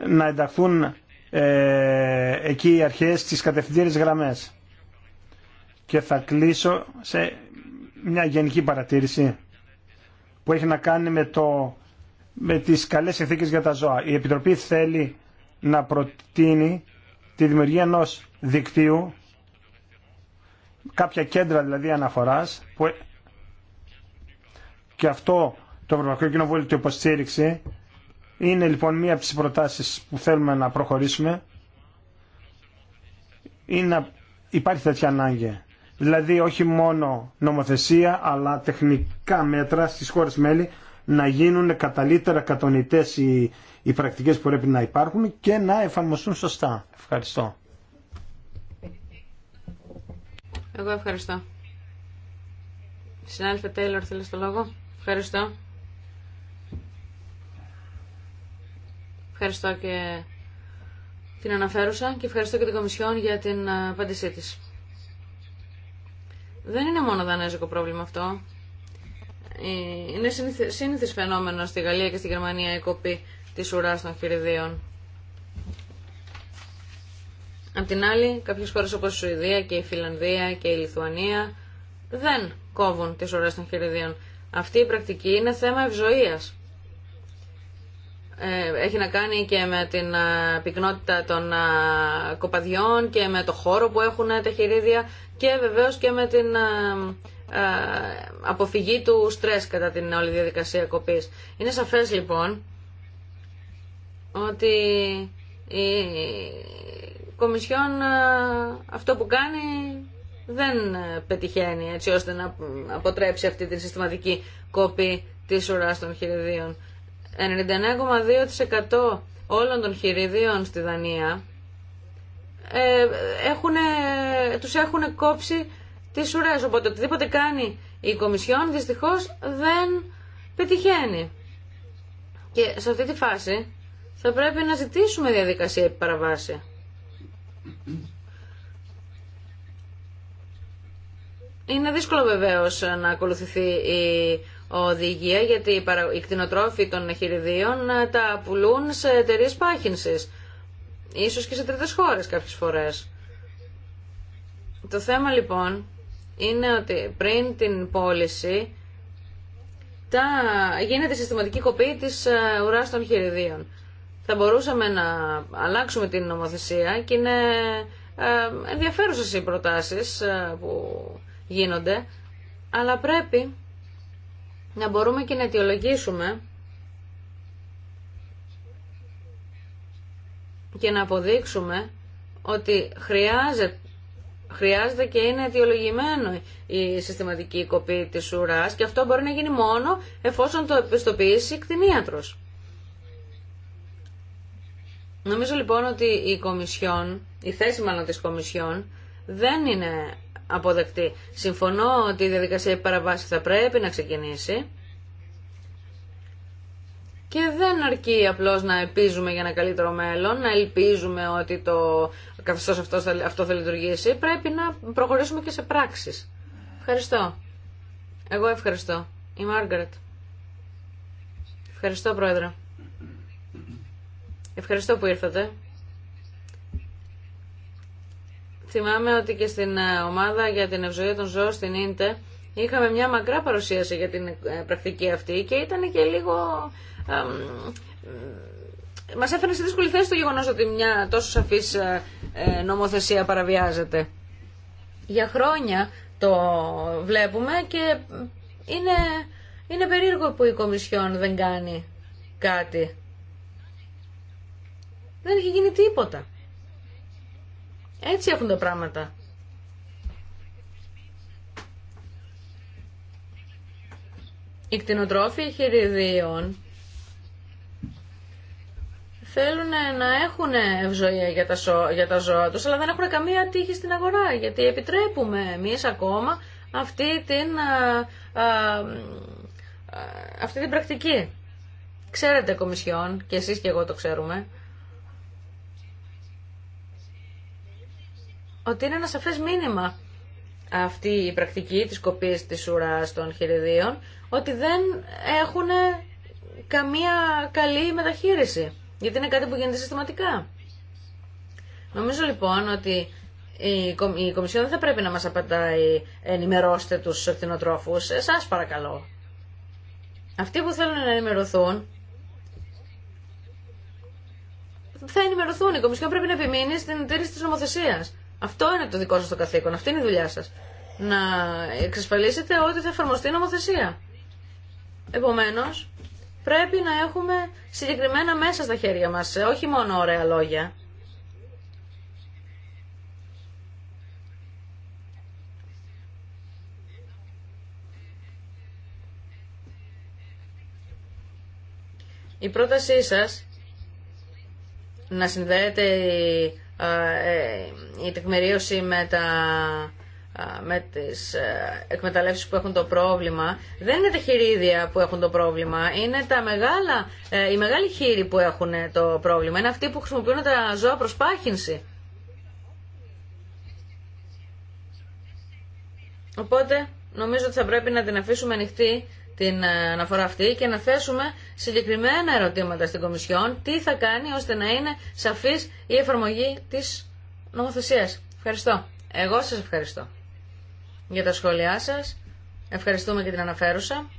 D: να ενταχθούν ε, εκεί οι αρχές στις κατευθυντήρες γραμμές. Και θα κλείσω σε μια γενική παρατήρηση που έχει να κάνει με, το, με τις καλές συνθήκες για τα ζώα. Η Επιτροπή θέλει να προτείνει τη δημιουργία ενός δικτύου, κάποια κέντρα δηλαδή αναφοράς, που... και αυτό το Ευρωπαϊκό Κοινοβούλιο το υποστήριξε είναι λοιπόν μία από τις προτάσεις που θέλουμε να προχωρήσουμε. Είναι, υπάρχει τέτοια ανάγκη. Δηλαδή όχι μόνο νομοθεσία αλλά τεχνικά μέτρα στις χώρες μέλη να γίνουν καταλύτερα κατονητές οι, οι πρακτικές που πρέπει να υπάρχουν και να εφαρμοστούν σωστά. Ευχαριστώ.
B: Εγώ ευχαριστώ. Συνάδελφε Τέιλορ, θέλεις το λόγο. Ευχαριστώ. Ευχαριστώ και την αναφέρουσα και ευχαριστώ και την Κομισιόν για την απάντησή τη. Δεν είναι μόνο δανέζικο πρόβλημα αυτό. Ε, είναι σύνηθε φαινόμενο στη Γαλλία και στη Γερμανία η κοπή τη ουρά των χειριδίων. Απ' την άλλη, κάποιε χώρε όπω η Σουηδία και η Φιλανδία και η Λιθουανία δεν κόβουν τι ουρέ των χειριδίων. Αυτή η πρακτική είναι θέμα ευζοία. Ε, έχει να κάνει και με την ε, πυκνότητα των ε, κοπαδιών και με το χώρο που έχουν τα χειρίδια και βεβαίως και με την αποφυγή του στρες κατά την όλη διαδικασία κοπής. Είναι σαφές λοιπόν ότι η Κομισιόν αυτό που κάνει δεν πετυχαίνει έτσι ώστε να αποτρέψει αυτή τη συστηματική κόπη της ουράς των χειριδίων. 99,2% όλων των χειριδίων στη Δανία ε, έχουν, τους έχουν κόψει τις ουρές. Οπότε οτιδήποτε κάνει η Κομισιόν δυστυχώς δεν πετυχαίνει. Και σε αυτή τη φάση θα πρέπει να ζητήσουμε διαδικασία επί παραβάση. Είναι δύσκολο βεβαίως να ακολουθηθεί η οδηγία γιατί οι κτηνοτρόφοι των χειριδίων ε, τα πουλούν σε εταιρείε πάχυνση. Ίσως και σε τρίτες χώρες κάποιες φορές. Το θέμα λοιπόν είναι ότι πριν την πώληση τα... γίνεται συστηματική κοπή της ε, ουράς των χειριδίων. Θα μπορούσαμε να αλλάξουμε την νομοθεσία και είναι ε, ενδιαφέρουσες οι προτάσεις που γίνονται, αλλά πρέπει να μπορούμε και να αιτιολογήσουμε και να αποδείξουμε ότι χρειάζεται, χρειάζεται και είναι αιτιολογημένο η συστηματική κοπή της ουράς και αυτό μπορεί να γίνει μόνο εφόσον το επιστοποιήσει η κτηνίατρος. Νομίζω λοιπόν ότι η Κομισιόν, η θέση μάλλον της Κομισιόν δεν είναι αποδεκτή. Συμφωνώ ότι η διαδικασία παραβάση θα πρέπει να ξεκινήσει και δεν αρκεί απλώς να ελπίζουμε για ένα καλύτερο μέλλον, να ελπίζουμε ότι το καθεστώς αυτό θα, αυτό λειτουργήσει. Πρέπει να προχωρήσουμε και σε πράξεις. Ευχαριστώ. Εγώ ευχαριστώ. Η Μάργαρετ. Ευχαριστώ, Πρόεδρε. Ευχαριστώ που ήρθατε. Θυμάμαι ότι και στην ε, ομάδα για την ευζοία των ζώων στην Ίντε είχαμε μια μακρά παρουσίαση για την ε, πρακτική αυτή και ήταν και λίγο... Ε, μας έφερε σε δύσκολη θέση το γεγονός ότι μια τόσο σαφής νομοθεσία παραβιάζεται. Για χρόνια το βλέπουμε και είναι, είναι περίεργο που η Κομισιόν δεν κάνει κάτι. Δεν έχει γίνει τίποτα. Έτσι έχουν τα πράγματα. Οι κτηνοτρόφοι χειριδίων θέλουν να έχουν ευζοία για τα, για τα ζώα τους, αλλά δεν έχουν καμία τύχη στην αγορά, γιατί επιτρέπουμε εμείς ακόμα αυτή την, α, αυτή την πρακτική. Ξέρετε, Κομισιόν, και εσείς και εγώ το ξέρουμε, ότι είναι ένα σαφές μήνυμα αυτή η πρακτική της κοπής της ουράς των χειριδίων, ότι δεν έχουν καμία καλή μεταχείριση, γιατί είναι κάτι που γίνεται συστηματικά. Νομίζω λοιπόν ότι η, Κομισιόν δεν θα πρέπει να μας απαντάει ενημερώστε τους κτηνοτρόφους, εσάς παρακαλώ. Αυτοί που θέλουν να ενημερωθούν, θα ενημερωθούν. Η Κομισιόν πρέπει να επιμείνει στην τήρηση της νομοθεσίας. Αυτό είναι το δικό σας το καθήκον, αυτή είναι η δουλειά σας. Να εξασφαλίσετε ότι θα εφαρμοστεί η νομοθεσία. Επομένως, πρέπει να έχουμε συγκεκριμένα μέσα στα χέρια μας, όχι μόνο ωραία λόγια. Η πρότασή σας να συνδέεται ε, ε, η τεκμηρίωση με τα ε, με τις εκμεταλλεύσεις που έχουν το πρόβλημα δεν είναι τα χειρίδια που έχουν το πρόβλημα είναι τα μεγάλα, οι μεγάλοι χείροι που έχουν το πρόβλημα είναι αυτοί που χρησιμοποιούν τα ζώα πάχυνση οπότε νομίζω ότι θα πρέπει να την αφήσουμε ανοιχτή την ε, αναφορά αυτή και να θέσουμε συγκεκριμένα ερωτήματα στην Κομισιόν τι θα κάνει ώστε να είναι σαφής η εφαρμογή της νομοθεσίας. Ευχαριστώ. Εγώ σας ευχαριστώ για τα σχόλιά σας. Ευχαριστούμε και την αναφέρουσα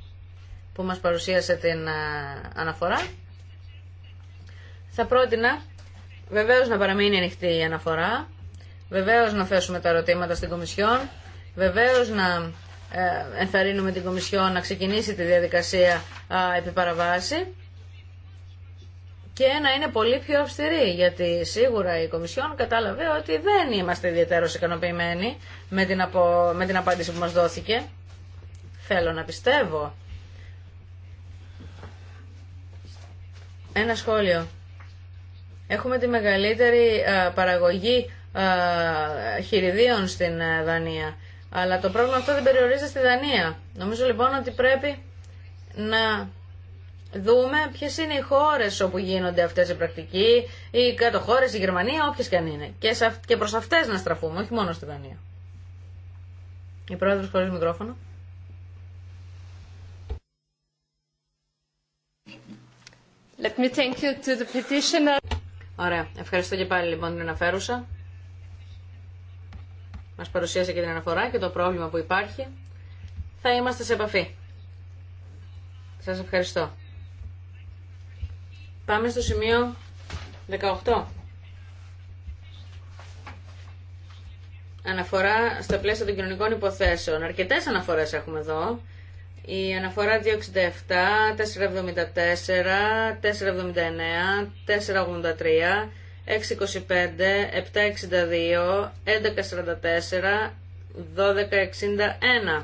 B: που μας παρουσίασε την ε, αναφορά. Θα πρότεινα βεβαίως να παραμείνει ανοιχτή η αναφορά, βεβαίως να θέσουμε τα ερωτήματα στην Κομισιόν, βεβαίως να ε, ενθαρρύνουμε την Κομισιόν να ξεκινήσει τη διαδικασία παραβάση και να είναι πολύ πιο αυστηρή, γιατί σίγουρα η Κομισιόν κατάλαβε ότι δεν είμαστε ιδιαίτερω ικανοποιημένοι με την, απο... με την απάντηση που μας δόθηκε. Θέλω να πιστεύω. Ένα σχόλιο. Έχουμε τη μεγαλύτερη παραγωγή χειριδίων στην ε, Δανία. Αλλά το πρόβλημα αυτό δεν περιορίζεται στη Δανία. Νομίζω λοιπόν ότι πρέπει να δούμε ποιε είναι οι χώρε όπου γίνονται αυτέ οι πρακτικοί, οι κάτω η Γερμανία, όποιε και αν είναι. Και, σε, και προ αυτέ να στραφούμε, όχι μόνο στη Δανία. Η πρόεδρο χωρί μικρόφωνο. Let me thank you to the petitioner. Ωραία. Ευχαριστώ και πάλι λοιπόν την αναφέρουσα μας παρουσίασε και την αναφορά και το πρόβλημα που υπάρχει, θα είμαστε σε επαφή. Σας ευχαριστώ. Πάμε στο σημείο 18. Αναφορά στα πλαίσια των κοινωνικών υποθέσεων. Αρκετές αναφορές έχουμε εδώ. Η αναφορά 267, 474, 479, 483, 625, 762, 1144, 1261.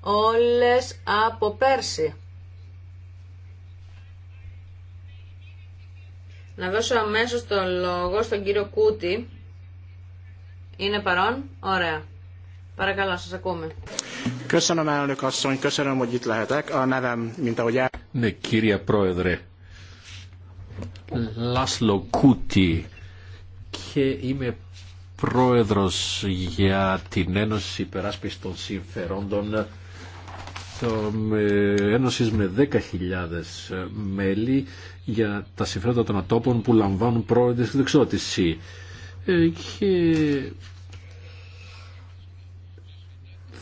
B: Όλες από πέρσι. Να δώσω αμέσως τον λόγο στον κύριο Κούτη. Είναι παρόν. Ωραία. Παρακαλώ, σας ακούμε.
A: Ναι, κύριε Πρόεδρε, Λάσλο Κούτι και είμαι πρόεδρος για την Ένωση Υπεράσπιση των Συμφερόντων το, με, Ένωσης με 10.000 μέλη για τα συμφέροντα των ατόπων που λαμβάνουν πρόεδρες στην δεξότηση. Ε, και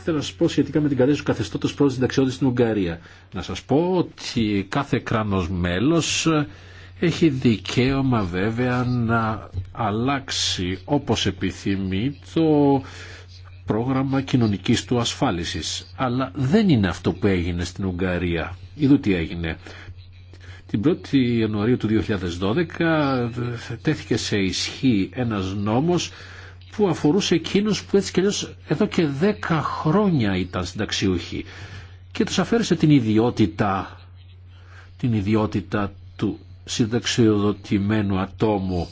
A: θέλω να σας πω σχετικά με την κατάσταση του καθεστώτος πρόεδρος στην στην Ουγγαρία. Να σας πω ότι κάθε κράνος μέλος έχει δικαίωμα βέβαια να αλλάξει όπως επιθυμεί το πρόγραμμα κοινωνικής του ασφάλισης. Αλλά δεν είναι αυτό που έγινε στην Ουγγαρία. Είδου τι έγινε. Την 1η Ιανουαρίου του 2012 τέθηκε σε ισχύ ένας νόμος που αφορούσε εκείνους που έτσι και αλλιώς εδώ και 10 χρόνια ήταν συνταξιούχοι και τους αφαίρεσε την ιδιότητα την ιδιότητα συνταξιοδοτημένου ατόμου.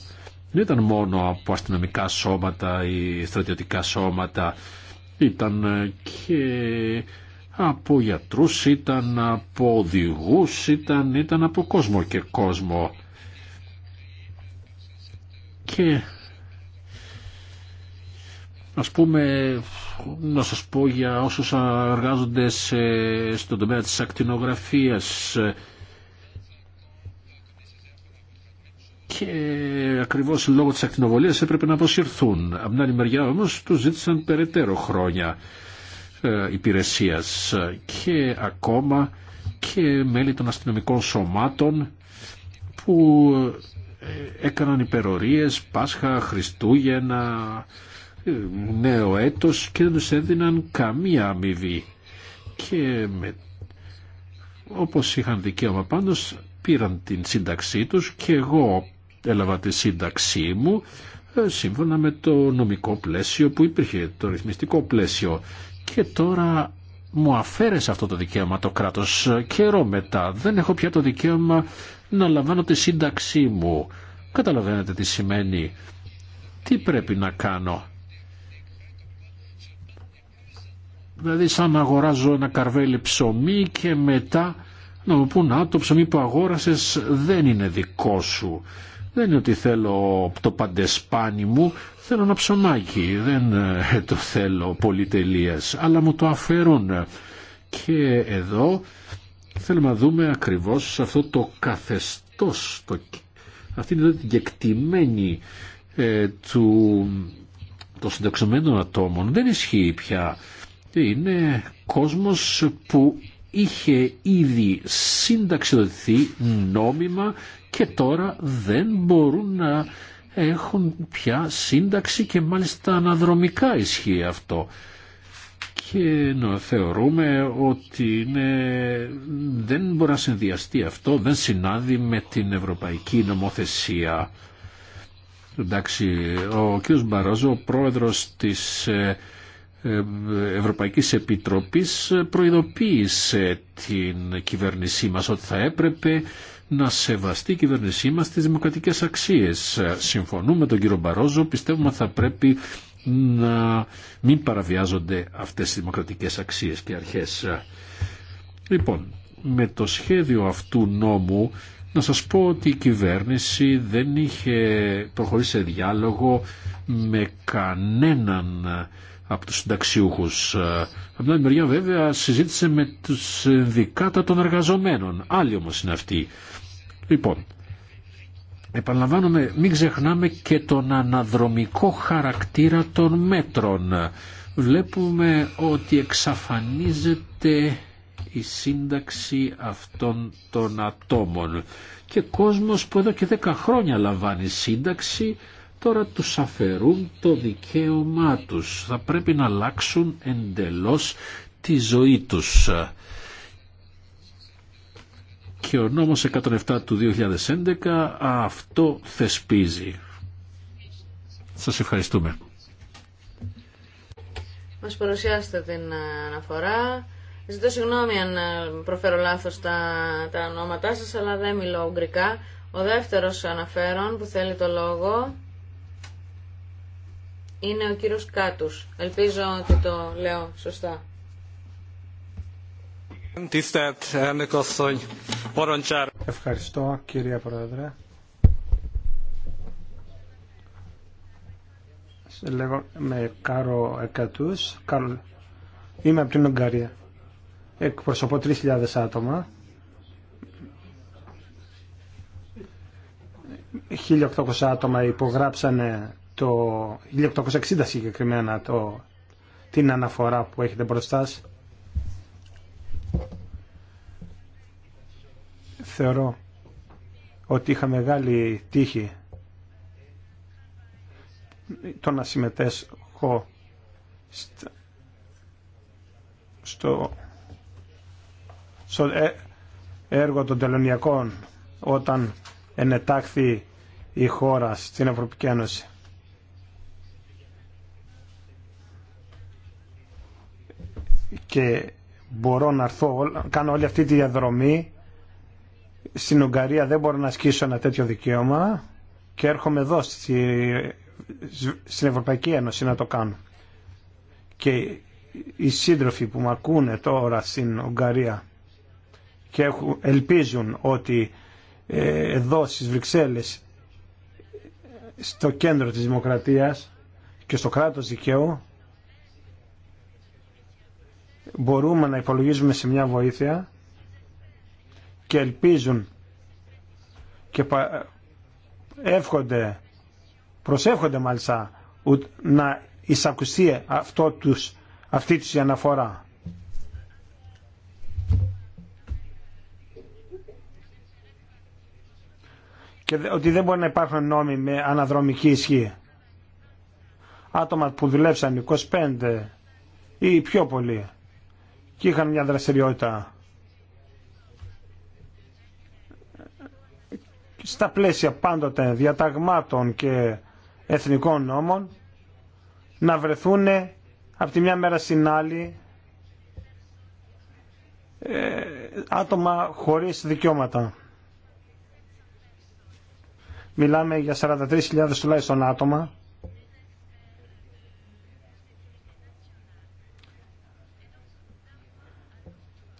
A: Δεν ήταν μόνο από αστυνομικά σώματα ή στρατιωτικά σώματα, ήταν ε, και από γιατρούς, ήταν από οδηγού, ήταν, ήταν από κόσμο και κόσμο. Και ας πούμε, να σας πω για όσους εργάζονται σε, στον τομέα της ακτινογραφίας, και ακριβώ λόγω της ακτινοβολίας έπρεπε να αποσυρθούν. Από την άλλη μεριά όμω τους ζήτησαν περαιτέρω χρόνια ε, υπηρεσίας και ακόμα και μέλη των αστυνομικών σωμάτων που ε, έκαναν υπερορίες Πάσχα, Χριστούγεννα, ε, νέο έτος και δεν τους έδιναν καμία αμοιβή. Και όπως είχαν δικαίωμα πάντως πήραν την σύνταξή τους και εγώ έλαβα τη σύνταξή μου ε, σύμφωνα με το νομικό πλαίσιο που υπήρχε, το ρυθμιστικό πλαίσιο. Και τώρα μου αφαίρεσε αυτό το δικαίωμα το κράτος καιρό μετά. Δεν έχω πια το δικαίωμα να λαμβάνω τη σύνταξή μου. Καταλαβαίνετε τι σημαίνει. Τι πρέπει να κάνω. Δηλαδή σαν να αγοράζω ένα καρβέλι ψωμί και μετά να μου πούν το ψωμί που αγόρασες δεν είναι δικό σου». Δεν είναι ότι θέλω το παντεσπάνι μου, θέλω ένα ψωμάκι, δεν ε, το θέλω πολυτελείας, αλλά μου το αφαιρούν. Και εδώ θέλουμε να δούμε ακριβώς αυτό το καθεστώς, το, αυτή είναι δηλαδή την κεκτημένη ε, του, των συνταξιωμένων ατόμων. Δεν ισχύει πια. Είναι κόσμος που είχε ήδη συνταξιδοτηθεί νόμιμα και τώρα δεν μπορούν να έχουν πια σύνταξη και μάλιστα αναδρομικά ισχύει αυτό. Και θεωρούμε ότι είναι, δεν μπορεί να συνδυαστεί αυτό, δεν συνάδει με την ευρωπαϊκή νομοθεσία. Εντάξει, ο κ. Μπαρόζο, ο πρόεδρος της ε, ε, Ευρωπαϊκής Επιτροπής, προειδοποίησε την κυβέρνησή μας ότι θα έπρεπε να σεβαστεί η κυβέρνησή μας τις δημοκρατικές αξίες. Συμφωνούμε με τον κύριο Μπαρόζο, πιστεύουμε θα πρέπει να μην παραβιάζονται αυτές οι δημοκρατικές αξίες και αρχές. Λοιπόν, με το σχέδιο αυτού νόμου να σας πω ότι η κυβέρνηση δεν είχε προχωρήσει σε διάλογο με κανέναν από τους συνταξιούχους. Από την άλλη μεριά βέβαια συζήτησε με τους δικάτα των εργαζομένων. Άλλοι όμως είναι αυτοί. Λοιπόν, επαναλαμβάνομαι, μην ξεχνάμε και τον αναδρομικό χαρακτήρα των μέτρων. Βλέπουμε ότι εξαφανίζεται η σύνταξη αυτών των ατόμων και κόσμος που εδώ και δέκα χρόνια λαμβάνει σύνταξη τώρα τους αφαιρούν το δικαίωμά τους. Θα πρέπει να αλλάξουν εντελώς τη ζωή τους και ο νόμος 107 του 2011 αυτό θεσπίζει. Σας ευχαριστούμε.
B: Μας παρουσιάσετε την ε, αναφορά. Ζητώ συγγνώμη αν ε, προφέρω λάθος τα, τα ονόματά σας, αλλά δεν μιλώ ουγγρικά. Ο δεύτερος αναφέρον που θέλει το λόγο είναι ο κύριος Κάτους. Ελπίζω ότι το λέω σωστά.
D: Ευχαριστώ κυρία Πρόεδρε. Κάρο Εκατούς. Είμαι από την Ουγγαρία. Εκπροσωπώ 3.000 άτομα. 1.800 άτομα υπογράψανε το 1860 συγκεκριμένα το, την αναφορά που έχετε μπροστά σας θεωρώ ότι είχα μεγάλη τύχη το να συμμετέσχω στο, στο ε- έργο των τελωνιακών όταν ενετάχθη η χώρα στην Ευρωπαϊκή Ένωση. Και μπορώ να κάνω όλη αυτή τη διαδρομή στην Ουγγαρία δεν μπορώ να ασκήσω ένα τέτοιο δικαίωμα και έρχομαι εδώ στη, στην Ευρωπαϊκή Ένωση να το κάνω. Και οι σύντροφοι που με ακούνε τώρα στην Ουγγαρία και ελπίζουν ότι ε, εδώ στις Βρυξέλλες στο κέντρο της δημοκρατίας και στο κράτος δικαίου μπορούμε να υπολογίζουμε σε μια βοήθεια και ελπίζουν και εύχονται, προσεύχονται μάλιστα να εισακουστεί αυτό τους, αυτή τους η αναφορά. Και ότι δεν μπορεί να υπάρχουν νόμοι με αναδρομική ισχύ. Άτομα που δουλέψαν 25 ή πιο πολύ και είχαν μια δραστηριότητα στα πλαίσια πάντοτε διαταγμάτων και εθνικών νόμων να βρεθούν από τη μια μέρα στην άλλη ε, άτομα χωρίς δικαιώματα. Μιλάμε για 43.000 τουλάχιστον άτομα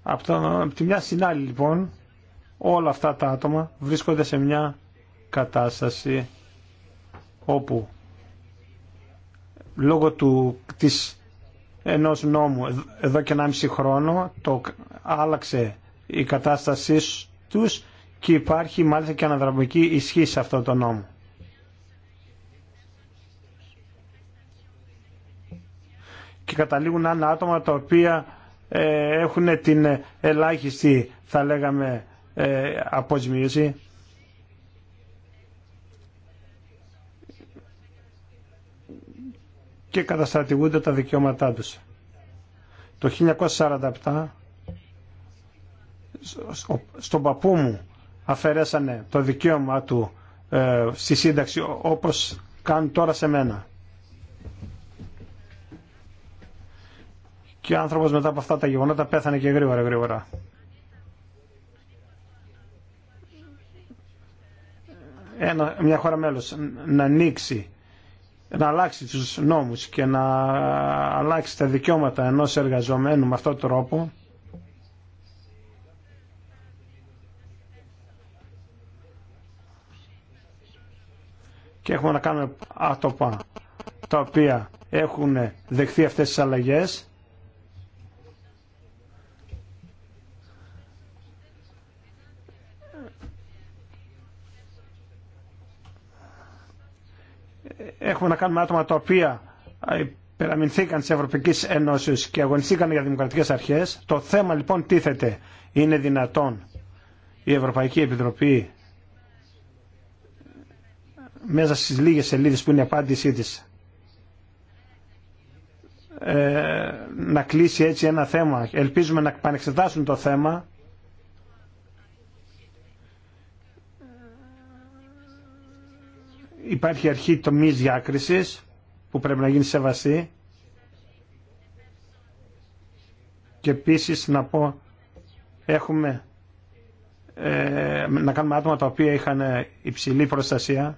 D: από, από τη μια στην λοιπόν όλα αυτά τα άτομα βρίσκονται σε μια κατάσταση όπου λόγω του, της, ενός νόμου εδώ και 1,5 χρόνο το άλλαξε η κατάστασή τους και υπάρχει μάλιστα και αναδραμική ισχύ σε αυτό το νόμο. Και καταλήγουν άλλα άτομα τα οποία ε, έχουν την ελάχιστη θα λέγαμε ε, αποζημίωση. και καταστρατηγούνται τα δικαιώματά τους. Το 1947 στον παππού μου αφαιρέσανε το δικαίωμα του ε, στη σύνταξη όπως κάνουν τώρα σε μένα. Και ο άνθρωπος μετά από αυτά τα γεγονότα πέθανε και γρήγορα γρήγορα. ένα, μια χώρα μέλος να ανοίξει, να αλλάξει τους νόμους και να αλλάξει τα δικαιώματα ενός εργαζομένου με αυτόν τον τρόπο, και έχουμε να κάνουμε άτομα τα οποία έχουν δεχθεί αυτές τις αλλαγές έχουμε να κάνουμε άτομα τα οποία υπεραμεινθήκαν τη Ευρωπαϊκή Ένωση και αγωνιστήκαν για δημοκρατικέ αρχέ. Το θέμα λοιπόν τίθεται. Είναι δυνατόν η Ευρωπαϊκή Επιτροπή μέσα στις λίγε σελίδε που είναι η απάντησή τη, ε, να κλείσει έτσι ένα θέμα. Ελπίζουμε να επανεξετάσουν το θέμα υπάρχει αρχή τομή διάκριση που πρέπει να γίνει σεβαστή και επίση να πω έχουμε ε, να κάνουμε άτομα τα οποία είχαν υψηλή προστασία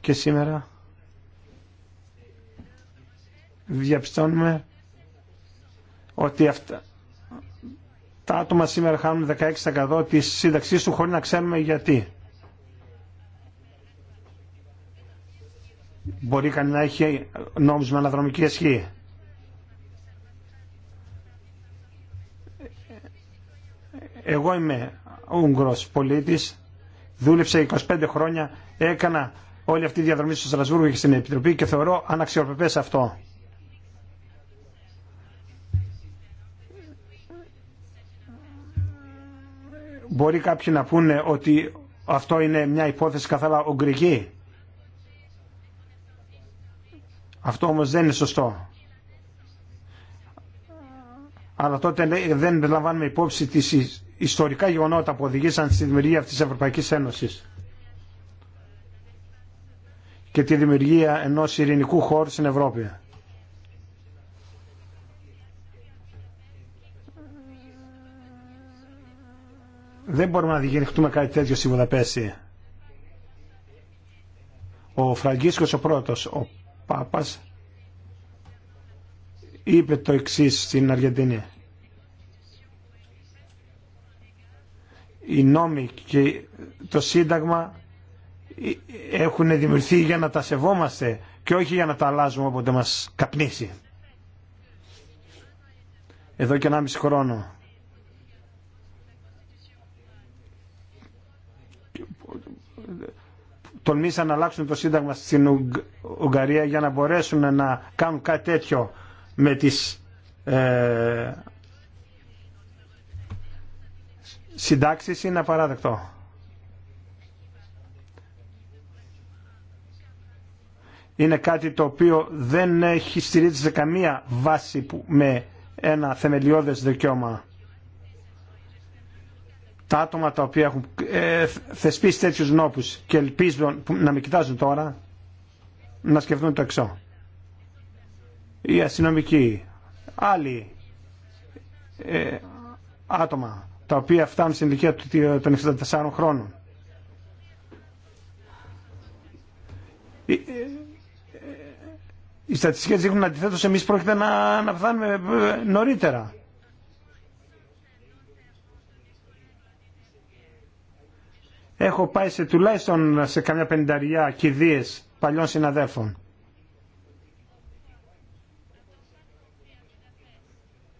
D: και σήμερα διαπιστώνουμε ότι αυτά, τα άτομα σήμερα χάνουν 16% της συνταξή του χωρίς να ξέρουμε γιατί. Μπορεί κανεί να έχει νόμισμα αναδρομική ισχύ. Εγώ είμαι Ούγγρος πολίτης, δούλεψα 25 χρόνια, έκανα όλη αυτή τη διαδρομή στο Στρασβούργο και στην Επιτροπή και θεωρώ αναξιοπρεπές αυτό. Μπορεί κάποιοι να πούνε ότι αυτό είναι μια υπόθεση καθαρά ογκρική. Αυτό όμως δεν είναι σωστό. Αλλά τότε ναι, δεν λαμβάνουμε υπόψη τις ιστορικά γεγονότα που οδηγήσαν στη δημιουργία αυτής της Ευρωπαϊκής Ένωσης και τη δημιουργία ενός ειρηνικού χώρου στην Ευρώπη. Δεν μπορούμε να διγενεχτούμε κάτι τέτοιο στη Βουδαπέστη. Ο Φραγκίσκος ο πρώτος, ο Πάπας, είπε το εξή στην Αργεντινή. Οι νόμοι και το Σύνταγμα έχουν δημιουργηθεί για να τα σεβόμαστε και όχι για να τα αλλάζουμε όποτε μας καπνίσει. Εδώ και ένα μισή χρόνο τολμήσαν να αλλάξουν το σύνταγμα στην Ουγγαρία για να μπορέσουν να κάνουν κάτι τέτοιο με τις ε, συντάξεις είναι απαράδεκτο. Είναι κάτι το οποίο δεν έχει στηρίζει σε καμία βάση που, με ένα θεμελιώδες δικαιώμα τα άτομα τα οποία έχουν ε, θεσπίσει τέτοιου νόπου και ελπίζουν να μην κοιτάζουν τώρα να σκεφτούν το εξώ. Οι αστυνομικοί, άλλοι ε, άτομα τα οποία φτάνουν στην ηλικία των 64 χρόνων. Οι, ε, ε, ε, οι στατιστικές δείχνουν αντιθέτως εμείς πρόκειται να, να πεθάνουμε νωρίτερα. έχω πάει σε τουλάχιστον σε καμιά πενταριά κηδείες παλιών συναδέφων.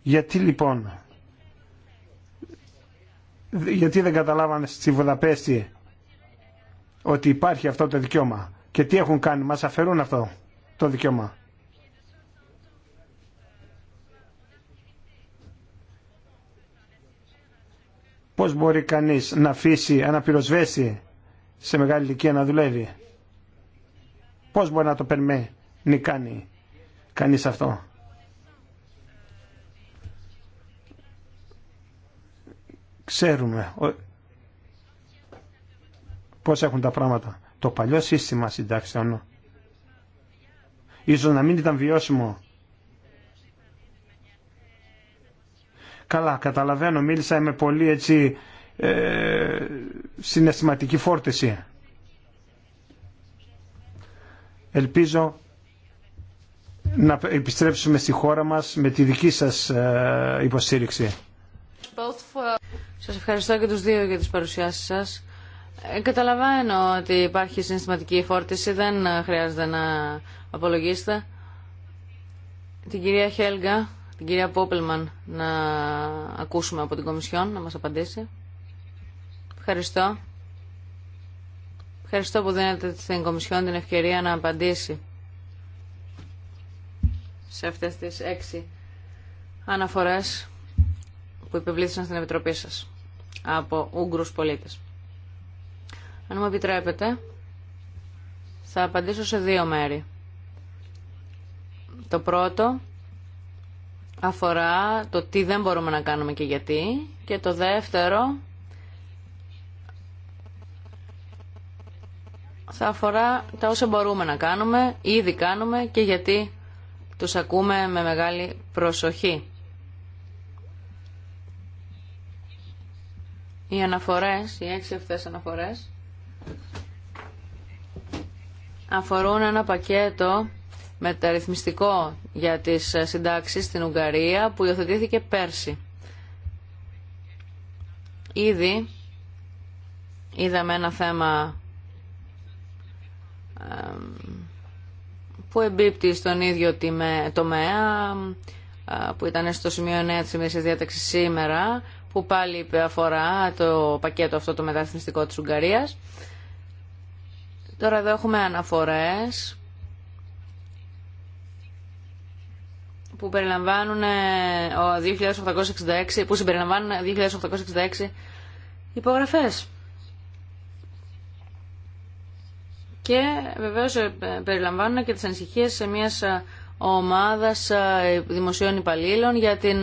D: Γιατί λοιπόν, γιατί δεν καταλάβανε στη Βουδαπέστη ότι υπάρχει αυτό το δικαίωμα και τι έχουν κάνει, μας αφαιρούν αυτό το δικαίωμα. Πώς μπορεί κανείς να αφήσει ένα πυροσβέστη σε μεγάλη ηλικία να δουλεύει. Πώς μπορεί να το περιμένει κάνει κανείς αυτό. Ξέρουμε πώς έχουν τα πράγματα. Το παλιό σύστημα συντάξεων ίσως να μην ήταν βιώσιμο Καλά, καταλαβαίνω, μίλησα με πολύ έτσι ε, συναισθηματική φόρτιση. Ελπίζω να επιστρέψουμε στη χώρα μας με τη δική σας ε, υποστήριξη.
B: Σας ευχαριστώ και τους δύο για τις παρουσιάσεις σας. Ε, καταλαβαίνω ότι υπάρχει συναισθηματική φόρτιση, δεν ε, χρειάζεται να απολογίσετε. Την κυρία Χέλγα την κυρία Πόπελμαν να ακούσουμε από την Κομισιόν να μας απαντήσει. Ευχαριστώ. Ευχαριστώ που δίνετε στην Κομισιόν την ευκαιρία να απαντήσει σε αυτές τις έξι αναφορές που υπευλήθησαν στην Επιτροπή σας από Ούγγρους πολίτες. Αν μου επιτρέπετε, θα απαντήσω σε δύο μέρη. Το πρώτο αφορά το τι δεν μπορούμε να κάνουμε και γιατί. Και το δεύτερο θα αφορά τα όσα μπορούμε να κάνουμε, ήδη κάνουμε και γιατί τους ακούμε με μεγάλη προσοχή. Οι αναφορές, οι έξι αυτές αναφορές αφορούν ένα πακέτο μεταρρυθμιστικό για τις συντάξεις στην Ουγγαρία που υιοθετήθηκε πέρσι. Ήδη είδαμε ένα θέμα που εμπίπτει στον ίδιο τομέα που ήταν στο σημείο 9 της ημερής διάταξης σήμερα που πάλι αφορά το πακέτο αυτό το μεταρρυθμιστικό της Ουγγαρίας. Τώρα εδώ έχουμε αναφορές που περιλαμβάνουν 2866, ε, που συμπεριλαμβάνουν 2866 υπογραφές. Και βεβαίως ε, περιλαμβάνουν και τις ανησυχίες μιας ε, ομάδας δημοσίων υπαλλήλων για την,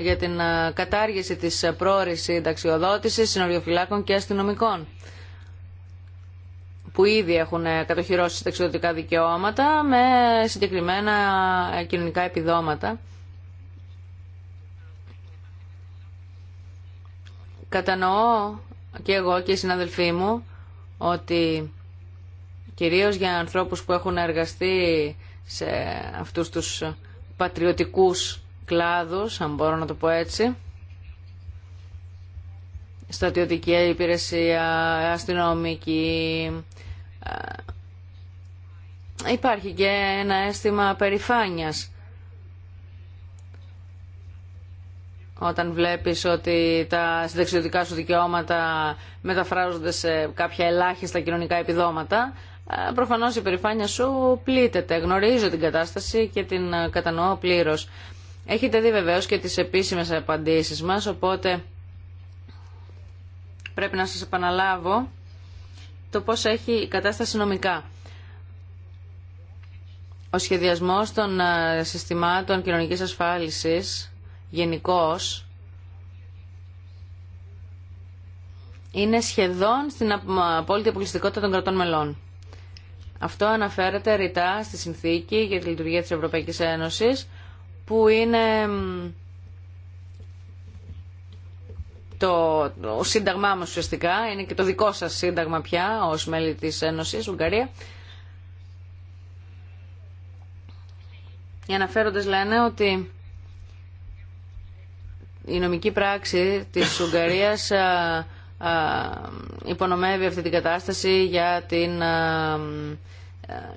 B: για την κατάργηση της πρόορης συνταξιοδότησης συνοριοφυλάκων και αστυνομικών που ήδη έχουν κατοχυρώσει εξωτερικά δικαιώματα με συγκεκριμένα κοινωνικά επιδόματα. Κατανοώ και εγώ και οι συναδελφοί μου ότι κυρίως για ανθρώπους που έχουν εργαστεί σε αυτούς τους πατριωτικούς κλάδους, αν μπορώ να το πω έτσι, στρατιωτική υπηρεσία, αστυνομική, ε, υπάρχει και ένα αίσθημα περηφάνειας. όταν βλέπεις ότι τα συνταξιδοτικά σου δικαιώματα μεταφράζονται σε κάποια ελάχιστα κοινωνικά επιδόματα, ε, προφανώς η περηφάνεια σου πλήττεται. Γνωρίζω την κατάσταση και την ε, κατανοώ πλήρως. Έχετε δει βεβαίως και τις επίσημες απαντήσεις μας, οπότε πρέπει να σας επαναλάβω το πώς έχει η κατάσταση νομικά. Ο σχεδιασμός των ε, συστημάτων κοινωνικής ασφάλισης γενικώ είναι σχεδόν στην απόλυτη αποκλειστικότητα των κρατών μελών. Αυτό αναφέρεται ρητά στη συνθήκη για τη λειτουργία της Ευρωπαϊκής Ένωσης που είναι το, σύνταγμά μας ουσιαστικά, είναι και το δικό σας σύνταγμα πια ως μέλη της Ένωσης Ουγγαρία. Οι αναφέροντες λένε ότι η νομική πράξη της Ουγγαρίας υπονομεύει αυτή την κατάσταση για, την, α,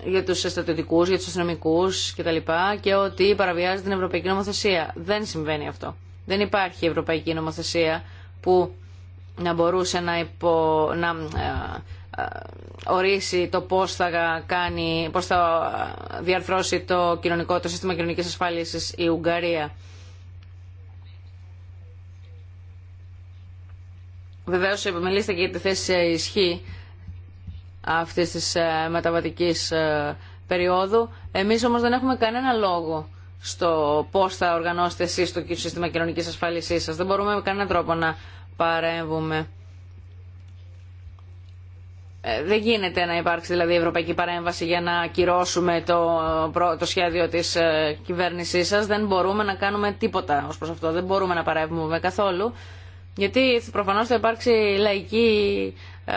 B: για τους αστυνομικού για τους αστυνομικούς κτλ. και ότι παραβιάζει την ευρωπαϊκή νομοθεσία. Δεν συμβαίνει αυτό. Δεν υπάρχει ευρωπαϊκή νομοθεσία που να μπορούσε να, υπο, να ε, ε, ορίσει το πώς θα, κάνει, πώς θα διαρθρώσει το, κοινωνικό, το σύστημα κοινωνικής ασφάλισης η Ουγγαρία. Βεβαίως μιλήσατε και για τη θέση ισχύ αυτής της ε, μεταβατικής περίοδου. Εμείς όμως δεν έχουμε κανένα λόγο στο πώς θα οργανώσετε εσείς το σύστημα κοινωνικής ασφάλισής σας. Δεν μπορούμε με κανέναν τρόπο να παρέμβουμε. Ε, δεν γίνεται να υπάρξει δηλαδή ευρωπαϊκή παρέμβαση για να ακυρώσουμε το, το σχέδιο της ε, κυβέρνησής σας. Δεν μπορούμε να κάνουμε τίποτα ως προς αυτό. Δεν μπορούμε να παρέμβουμε καθόλου. Γιατί προφανώς θα υπάρξει λαϊκή ε,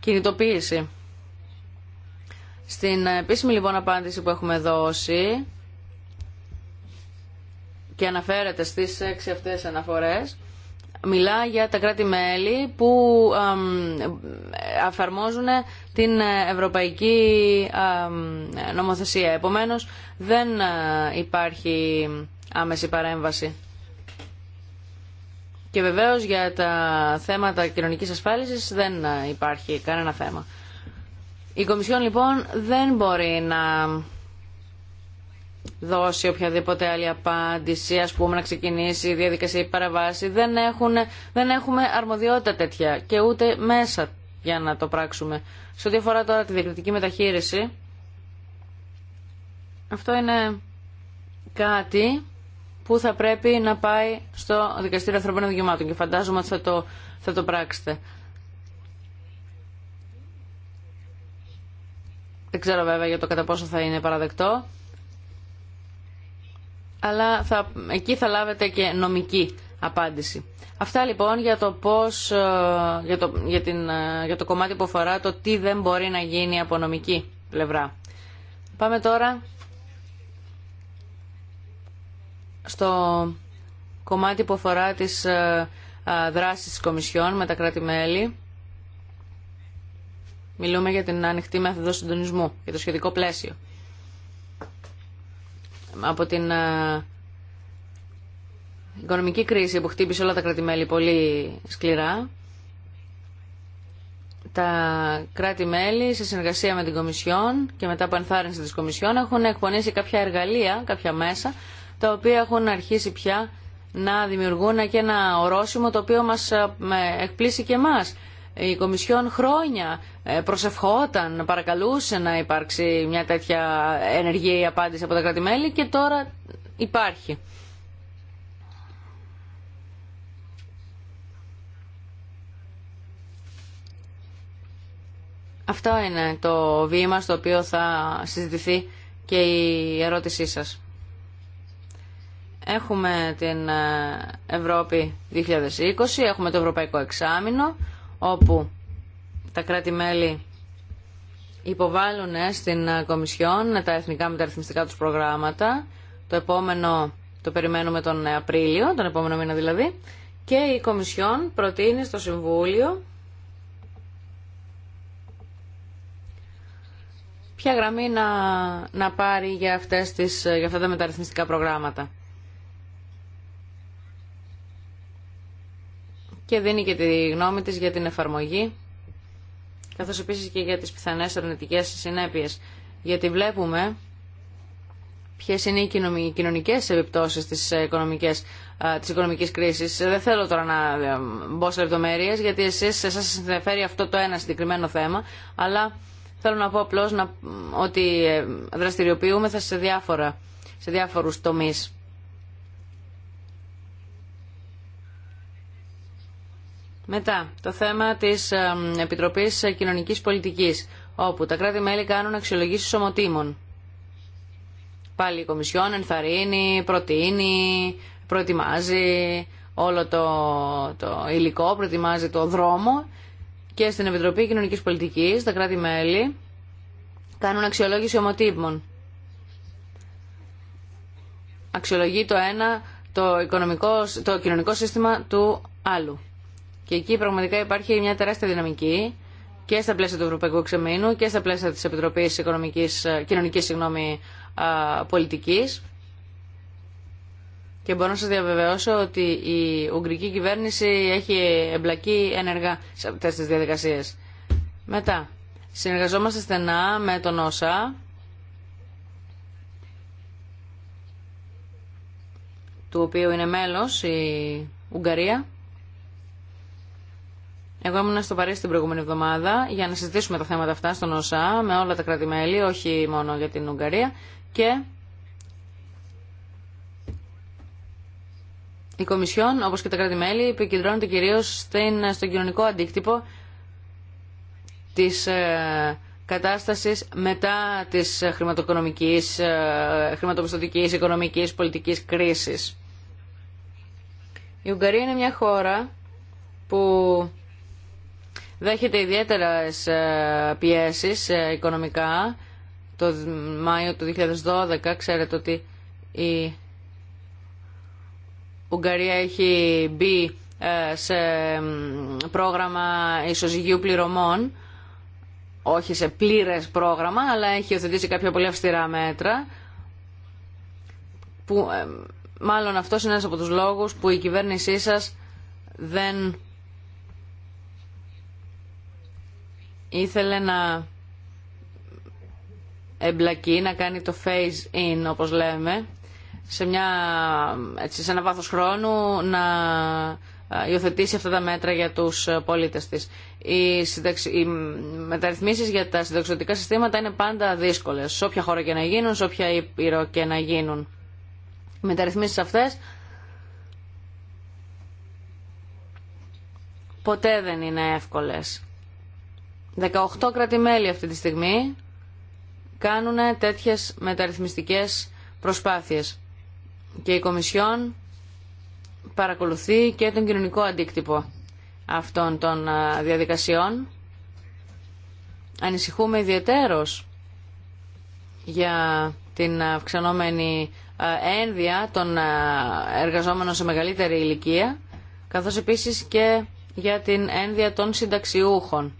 B: κινητοποίηση. Στην επίσημη λοιπόν απάντηση που έχουμε δώσει και αναφέρεται στις έξι αυτές αναφορές μιλά για τα κράτη-μέλη που αφαρμόζουν την ευρωπαϊκή νομοθεσία. Επομένως, δεν ε, υπάρχει άμεση παρέμβαση. Και βεβαίως για τα θέματα κοινωνικής ασφάλισης δεν ε, υπάρχει κανένα θέμα. Η Κομισιόν λοιπόν δεν μπορεί να δώσει οποιαδήποτε άλλη απάντηση, ας πούμε να ξεκινήσει η διαδικασία η παραβάση. Δεν, έχουν, δεν έχουμε αρμοδιότητα τέτοια και ούτε μέσα για να το πράξουμε. Σε ό,τι αφορά τώρα τη διακριτική μεταχείριση, αυτό είναι κάτι που θα πρέπει να πάει στο Δικαστήριο Ανθρωπίνων Δικαιωμάτων και φαντάζομαι ότι θα το, θα το πράξετε. Δεν ξέρω βέβαια για το κατά πόσο θα είναι παραδεκτό αλλά εκεί θα λάβετε και νομική απάντηση. Αυτά λοιπόν για το, πώς, ε, για, το, ε, για, το κομμάτι που αφορά το τι δεν μπορεί να γίνει από νομική πλευρά. Πάμε τώρα στο κομμάτι που αφορά τις ε, δράσεις της Κομισιόν με τα κράτη-μέλη. Μιλούμε για την ανοιχτή μέθοδο συντονισμού, για το σχετικό πλαίσιο από την ε, οικονομική κρίση που χτύπησε όλα τα κράτη-μέλη πολύ σκληρά, τα κράτη-μέλη σε συνεργασία με την Κομισιόν και μετά από ενθάρρυνση της Κομισιόν έχουν εκπονήσει κάποια εργαλεία, κάποια μέσα, τα οποία έχουν αρχίσει πια να δημιουργούν και ένα ορόσημο το οποίο μας ε, εκπλήσει και εμάς η Κομισιόν χρόνια ε, προσευχόταν, παρακαλούσε να υπάρξει μια τέτοια ενεργή απάντηση από τα κράτη-μέλη και τώρα υπάρχει. Αυτό είναι το βήμα στο οποίο θα συζητηθεί και η ερώτησή σας. Έχουμε την ε, Ευρώπη 2020, έχουμε το Ευρωπαϊκό Εξάμεινο, όπου τα κράτη-μέλη υποβάλλουν ε, στην ε, Κομισιόν τα εθνικά μεταρρυθμιστικά τους προγράμματα. Το επόμενο το περιμένουμε τον Απρίλιο, τον επόμενο μήνα δηλαδή. Και η Κομισιόν προτείνει στο Συμβούλιο ποια γραμμή να, να πάρει για, αυτές τις, ε, για αυτά τα μεταρρυθμιστικά προγράμματα. και δίνει και τη γνώμη της για την εφαρμογή, καθώς επίσης και για τις πιθανές αρνητικές συνέπειες. Γιατί βλέπουμε ποιε είναι οι κοινωνικέ επιπτώσει τη της οικονομική κρίση. Δεν θέλω τώρα να ε, μπω σε λεπτομέρειε, γιατί εσεί σας ενδιαφέρει αυτό το ένα συγκεκριμένο θέμα, αλλά θέλω να πω απλώ ότι ε, δραστηριοποιούμεθα σε, σε διάφορου τομεί. Μετά, το θέμα της Επιτροπής Κοινωνικής Πολιτικής, όπου τα κράτη-μέλη κάνουν αξιολογήσεις ομοτήμων. Πάλι η Κομισιόν ενθαρρύνει, προτείνει, προετοιμάζει όλο το, το υλικό, προετοιμάζει το δρόμο και στην Επιτροπή Κοινωνικής Πολιτικής τα κράτη-μέλη κάνουν αξιολόγηση ομοτήμων. Αξιολογεί το ένα το, οικονομικό, το κοινωνικό σύστημα του άλλου. Και εκεί πραγματικά υπάρχει μια τεράστια δυναμική και στα πλαίσια του Ευρωπαϊκού Ξεμείνου και στα πλαίσια της Επιτροπής Οικονομικής, ε, Κοινωνικής συγγνώμη, ε, Πολιτικής. Και μπορώ να σας διαβεβαιώσω ότι η Ουγγρική κυβέρνηση έχει εμπλακεί ενεργά σε αυτές τις διαδικασίες. Μετά, συνεργαζόμαστε στενά με τον ΩΣΑ, του οποίου είναι μέλος η Ουγγαρία. Εγώ ήμουν στο Παρίσι την προηγούμενη εβδομάδα για να συζητήσουμε τα θέματα αυτά στον ΟΣΑ με όλα τα κράτη-μέλη, όχι μόνο για την Ουγγαρία. Και η Κομισιόν, όπως και τα κράτη-μέλη, επικεντρώνεται κυρίως στον κοινωνικό αντίκτυπο της ε, κατάστασης μετά της χρηματοοικονομικής, ε, χρηματοπιστωτική, οικονομικής, πολιτικής κρίσης. Η Ουγγαρία είναι μια χώρα που δέχεται ιδιαίτερες ε, πιέσεις ε, οικονομικά. Το Μάιο του 2012 ξέρετε ότι η Ουγγαρία έχει μπει ε, σε πρόγραμμα ισοζυγίου πληρωμών όχι σε πλήρες πρόγραμμα αλλά έχει οθετήσει κάποια πολύ αυστηρά μέτρα που μάλλον αυτός είναι ένας από τους λόγους που η κυβέρνησή σας δεν ήθελε να εμπλακεί, να κάνει το phase in όπως λέμε σε, μια, έτσι, σε ένα βάθος χρόνου να υιοθετήσει αυτά τα μέτρα για τους πολίτες της. Οι, μεταρρυθμίσεις για τα συνταξιδοτικά συστήματα είναι πάντα δύσκολες, σε όποια χώρα και να γίνουν, σε όποια ήπειρο και να γίνουν. Οι μεταρρυθμίσεις αυτές ποτέ δεν είναι εύκολες. 18 κρατημέλη αυτή τη στιγμή κάνουν τέτοιες μεταρρυθμιστικές προσπάθειες και η Κομισιόν παρακολουθεί και τον κοινωνικό αντίκτυπο αυτών των διαδικασιών. Ανησυχούμε ιδιαιτέρως για την αυξανόμενη ένδια των εργαζόμενων σε μεγαλύτερη ηλικία, καθώς επίσης και για την ένδια των συνταξιούχων.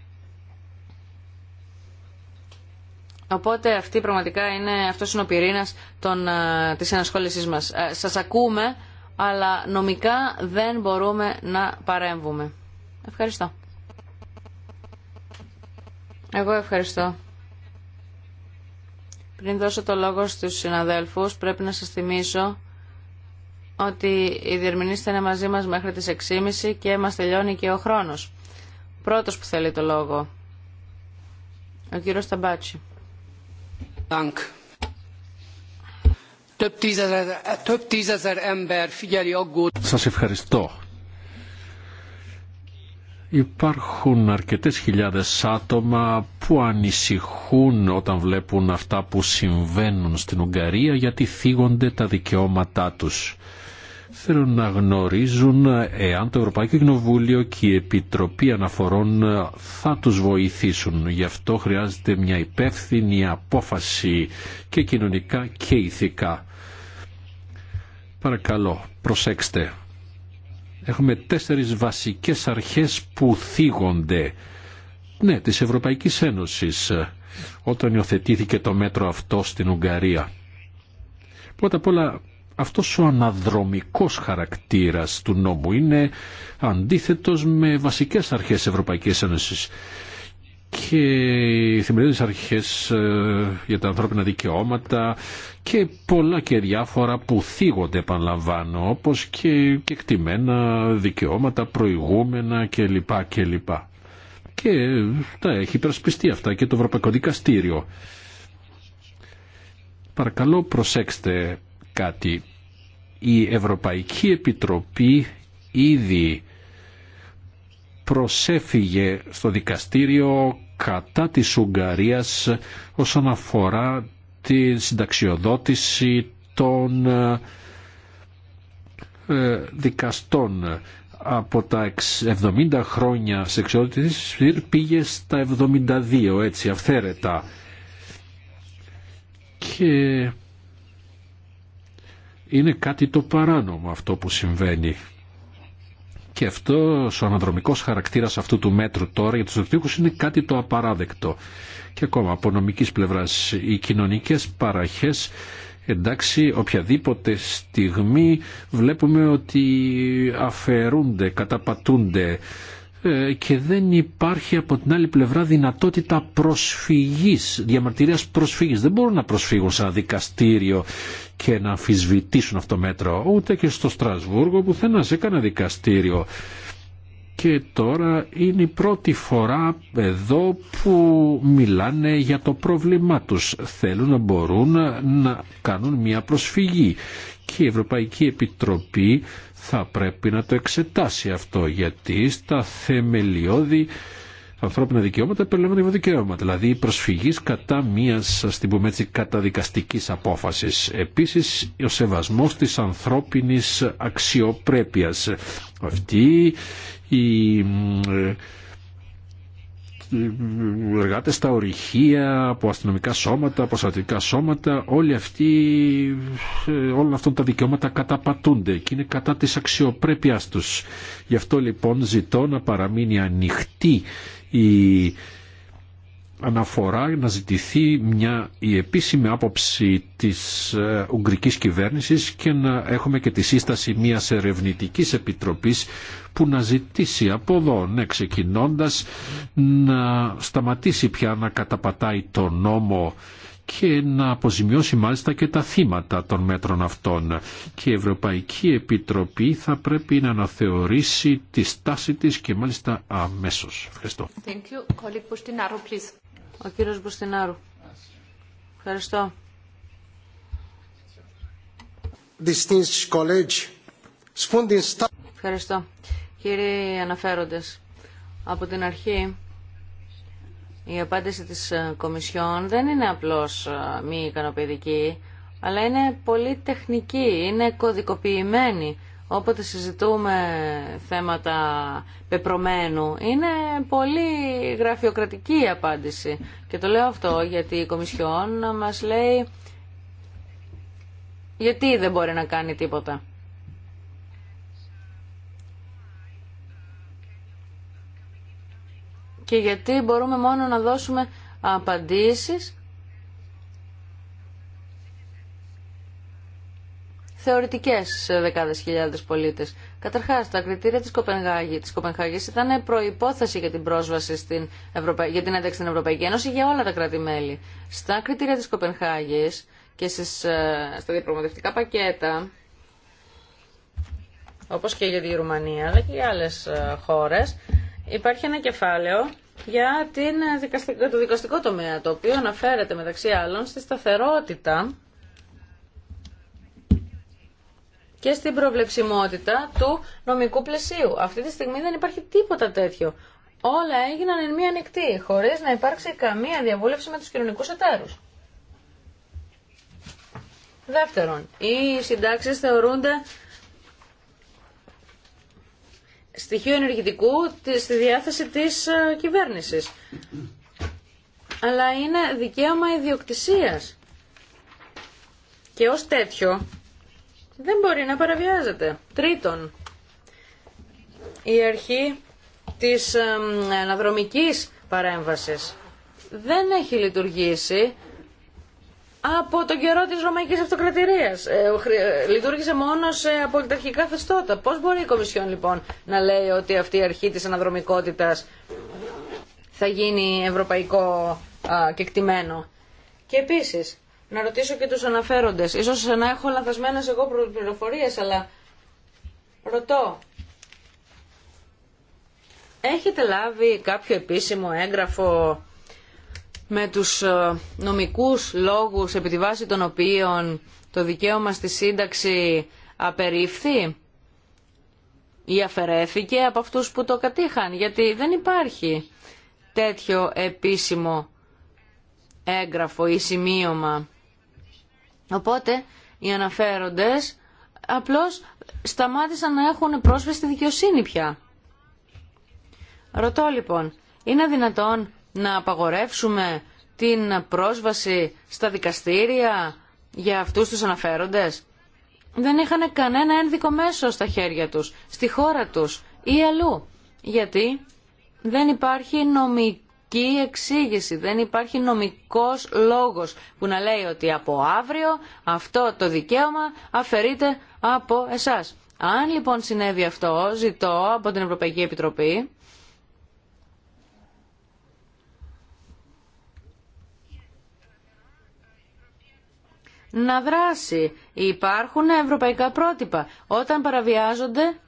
B: Οπότε αυτή πραγματικά είναι, αυτός είναι ο πυρήνας των, ε, της ενασχόλησής μας. Ε, σας ακούμε, αλλά νομικά δεν μπορούμε να παρέμβουμε. Ευχαριστώ. Εγώ ευχαριστώ. Πριν δώσω το λόγο στους συναδέλφους, πρέπει να σας θυμίσω ότι η διερμηνείς θα είναι μαζί μας μέχρι τις 6.30 και μας τελειώνει και ο χρόνος. Πρώτος που θέλει το λόγο, ο κύριος Ταμπάτσι.
A: Σας ευχαριστώ. Υπάρχουν αρκετές χιλιάδες άτομα που ανησυχούν όταν βλέπουν αυτά που συμβαίνουν στην Ουγγαρία γιατί θίγονται τα δικαιώματά τους θέλουν να γνωρίζουν εάν το Ευρωπαϊκό Κοινοβούλιο και η Επιτροπή Αναφορών θα τους βοηθήσουν. Γι' αυτό χρειάζεται μια υπεύθυνη απόφαση και κοινωνικά και ηθικά. Παρακαλώ, προσέξτε. Έχουμε τέσσερις βασικές αρχές που θίγονται. Ναι, της Ευρωπαϊκής Ένωσης όταν υιοθετήθηκε το μέτρο αυτό στην Ουγγαρία. Πρώτα απ' όλα αυτός ο αναδρομικός χαρακτήρας του νόμου είναι αντίθετος με βασικές αρχές Ευρωπαϊκής Ένωσης και οι θεμελιώδεις αρχές ε, για τα ανθρώπινα δικαιώματα και πολλά και διάφορα που θίγονται επαναλαμβάνω όπως και κεκτημένα δικαιώματα προηγούμενα κλπ. κλπ. Και τα έχει υπερασπιστεί αυτά και το Ευρωπαϊκό Δικαστήριο. Παρακαλώ προσέξτε κάτι η Ευρωπαϊκή Επιτροπή ήδη προσέφυγε στο δικαστήριο κατά της Ουγγαρίας όσον αφορά τη συνταξιοδότηση των ε, δικαστών από τα 70 χρόνια σεξιότητας πήγε στα 72 έτσι αυθαίρετα και είναι κάτι το παράνομο αυτό που συμβαίνει. Και αυτό ο αναδρομικός χαρακτήρας αυτού του μέτρου τώρα για τους Τουρκικούς είναι κάτι το απαράδεκτο. Και ακόμα από νομική πλευράς οι κοινωνικές παραχέ, εντάξει οποιαδήποτε στιγμή βλέπουμε ότι αφαιρούνται, καταπατούνται ε, και δεν υπάρχει από την άλλη πλευρά δυνατότητα προσφυγής, διαμαρτυρίας προσφυγής. Δεν μπορούν να προσφύγουν σε δικαστήριο και να αμφισβητήσουν αυτό το μέτρο. Ούτε και στο Στρασβούργο πουθενά σε κανένα δικαστήριο. Και τώρα είναι η πρώτη φορά εδώ που μιλάνε για το πρόβλημά τους. Θέλουν να μπορούν να κάνουν μια προσφυγή. Και η Ευρωπαϊκή Επιτροπή θα πρέπει να το εξετάσει αυτό γιατί στα θεμελιώδη ανθρώπινα δικαιώματα περιλαμβάνουν δικαιώματα, δηλαδή προσφυγή κατά μιας, καταδικαστική απόφαση. Επίση, καταδικαστικής απόφασης. Επίσης, ο σεβασμό τη ανθρώπινη αξιοπρέπειας. Αυτή η ε, εργάτες στα ορυχεία, από αστυνομικά σώματα, από στρατιωτικά σώματα, όλοι αυτοί, ε, όλα αυτά τα δικαιώματα καταπατούνται και είναι κατά της αξιοπρέπειάς τους. Γι' αυτό λοιπόν ζητώ να παραμείνει ανοιχτή η αναφορά να ζητηθεί μια, η επίσημη άποψη της ε, Ουγγρικής κυβέρνησης και να έχουμε και τη σύσταση μιας ερευνητικής επιτροπής που να ζητήσει από εδώ, ναι, ξεκινώντας να σταματήσει πια να καταπατάει το νόμο και να αποζημιώσει μάλιστα και τα θύματα των μέτρων αυτών. Και η Ευρωπαϊκή Επιτροπή θα πρέπει να αναθεωρήσει τη στάση της και μάλιστα αμέσως.
C: Ευχαριστώ.
B: Thank you. Colleague Ο κύριος Μπουστινάρου. Ευχαριστώ. Ευχαριστώ. Κύριοι αναφέροντες, από την αρχή η απάντηση της ε, Κομισιόν δεν είναι απλώς ε, μη ικανοποιητική, αλλά είναι πολύ τεχνική, είναι κωδικοποιημένη. Όποτε συζητούμε θέματα πεπρωμένου, είναι πολύ γραφειοκρατική η απάντηση. Και το λέω αυτό γιατί η Κομισιόν μας λέει γιατί δεν μπορεί να κάνει τίποτα. και γιατί μπορούμε μόνο να δώσουμε απαντήσεις θεωρητικές σε δεκάδες χιλιάδες πολίτες. Καταρχάς, τα κριτήρια της, Κοπενχάγη, της Κοπενχάγης ήταν προϋπόθεση για την πρόσβαση στην Ευρωπα... για την ένταξη στην Ευρωπαϊκή Ένωση για όλα τα κράτη-μέλη. Στα κριτήρια της Κοπενχάγης και ε, στα διαπραγματευτικά πακέτα, όπως και για τη Ρουμανία, αλλά και για άλλες ε, χώρες, υπάρχει ένα κεφάλαιο για την, ε, το δικαστικό τομέα, το οποίο αναφέρεται μεταξύ άλλων στη σταθερότητα και στην προβλεψιμότητα του νομικού πλαισίου. Αυτή τη στιγμή δεν υπάρχει τίποτα τέτοιο. Όλα έγιναν εν μία ανοιχτή, χωρίς να υπάρξει καμία διαβούλευση με τους κοινωνικούς εταίρους. Δεύτερον, οι συντάξεις θεωρούνται στοιχείο ενεργητικού στη διάθεση της ε, κυβέρνησης. Αλλά είναι δικαίωμα ιδιοκτησίας. Και ως τέτοιο δεν μπορεί να παραβιάζεται. Τρίτον, η αρχή της αναδρομικής παρέμβασης δεν έχει λειτουργήσει από τον καιρό της Ρωμαϊκής Αυτοκρατηρίας. Ε, λειτουργήσε μόνο σε απολυταρχικά θεστώτα. Πώς μπορεί η Κομισιόν λοιπόν να λέει ότι αυτή η αρχή της αναδρομικότητα θα γίνει ευρωπαϊκό α, κεκτημένο. Και επίση να ρωτήσω και τους αναφέροντες. Ίσως να έχω λανθασμένε εγώ πληροφορίε, αλλά ρωτώ. Έχετε λάβει κάποιο επίσημο έγγραφο με τους ε, νομικούς λόγους επί τη βάση των οποίων το δικαίωμα στη σύνταξη απερίφθη ή αφαιρέθηκε από αυτούς που το κατήχαν, γιατί δεν υπάρχει τέτοιο επίσημο έγγραφο ή σημείωμα. Οπότε οι αναφέροντες απλώς σταμάτησαν να έχουν πρόσβαση στη δικαιοσύνη πια. Ρωτώ λοιπόν, είναι δυνατόν να απαγορεύσουμε την πρόσβαση στα δικαστήρια για αυτούς τους αναφέροντες. Δεν είχαν κανένα ένδικο μέσο στα χέρια τους, στη χώρα τους ή αλλού. Γιατί δεν υπάρχει νομική εξήγηση, δεν υπάρχει νομικός λόγος που να λέει ότι από αύριο αυτό το δικαίωμα αφαιρείται από εσάς. Αν λοιπόν συνέβη αυτό, ζητώ από την Ευρωπαϊκή Επιτροπή να δράσει. Υπάρχουν ευρωπαϊκά πρότυπα. Όταν παραβιάζονται,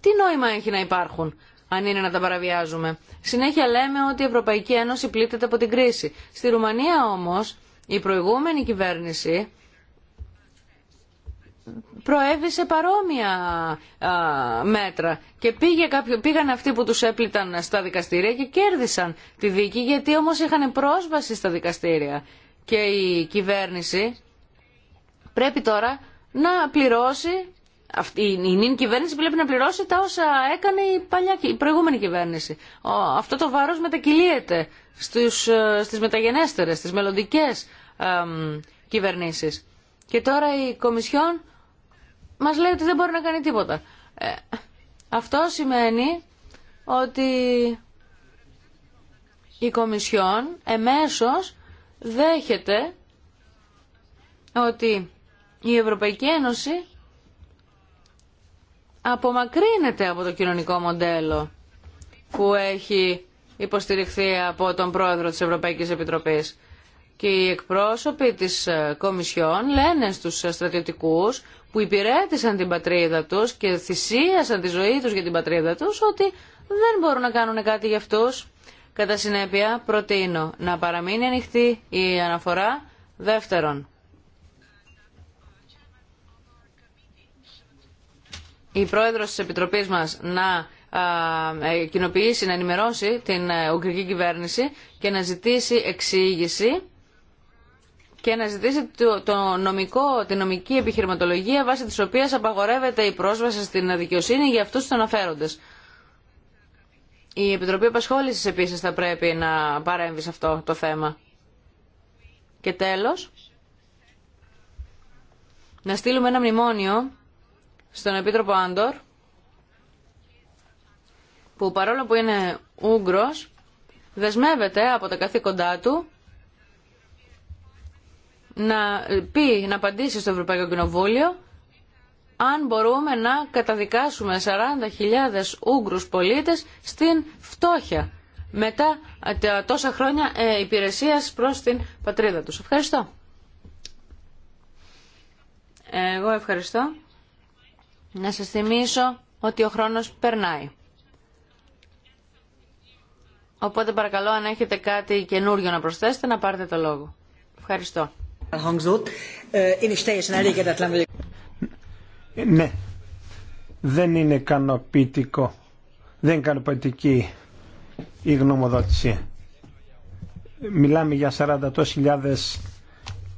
B: τι νόημα έχει να υπάρχουν αν είναι να τα παραβιάζουμε. Συνέχεια λέμε ότι η Ευρωπαϊκή Ένωση πλήττεται από την κρίση. Στη Ρουμανία όμως η προηγούμενη κυβέρνηση προέβησε παρόμοια μέτρα και πήγε κάποιο, πήγαν αυτοί που τους έπληταν στα δικαστήρια και κέρδισαν τη δίκη γιατί όμως είχαν πρόσβαση στα δικαστήρια και η κυβέρνηση πρέπει τώρα να πληρώσει αυτή, η νυν κυβέρνηση πρέπει να πληρώσει τα όσα έκανε η, παλιά, προηγούμενη κυβέρνηση. αυτό το βάρος μετακυλίεται στους, ε, στις μεταγενέστερες, στις μελλοντικές κυβερνήσεις. Και τώρα η Κομισιόν μας λέει ότι δεν μπορεί να κάνει τίποτα. Ε, αυτό σημαίνει ότι η Κομισιόν εμέσως δέχεται ότι η Ευρωπαϊκή Ένωση απομακρύνεται από το κοινωνικό μοντέλο που έχει υποστηριχθεί από τον πρόεδρο της Ευρωπαϊκής Επιτροπής. Και οι εκπρόσωποι της Κομισιόν λένε στους στρατιωτικούς που υπηρέτησαν την πατρίδα τους και θυσίασαν τη ζωή τους για την πατρίδα τους ότι δεν μπορούν να κάνουν κάτι για αυτούς. Κατά συνέπεια προτείνω να παραμείνει ανοιχτή η αναφορά δεύτερον. Η πρόεδρος της Επιτροπής μας να ε, κοινοποιήσει, να ενημερώσει την ε, Ουγγρική κυβέρνηση και να ζητήσει εξήγηση και να ζητήσει το, νομικό, την νομική επιχειρηματολογία βάσει της οποίας απαγορεύεται η πρόσβαση στην δικαιοσύνη για αυτούς τους αναφέροντες. Η Επιτροπή Επασχόλησης επίσης θα πρέπει να παρέμβει σε αυτό το θέμα. Και τέλος, να στείλουμε ένα μνημόνιο στον Επίτροπο Άντορ, που παρόλο που είναι Ούγγρος, δεσμεύεται από τα καθήκοντά του να πει, να απαντήσει στο Ευρωπαϊκό Κοινοβούλιο αν μπορούμε να καταδικάσουμε 40.000 Ούγγρους πολίτες στην φτώχεια μετά τόσα χρόνια ε, υπηρεσίας προς την πατρίδα τους. Ευχαριστώ. Εγώ ευχαριστώ. Να σας θυμίσω ότι ο χρόνος περνάει. Οπότε παρακαλώ αν έχετε κάτι καινούριο να προσθέσετε να πάρετε το λόγο. Ευχαριστώ.
D: Ναι, δεν είναι ικανοποιητικό. Δεν ικανοποιητική η γνωμοδότηση. Μιλάμε για 40.000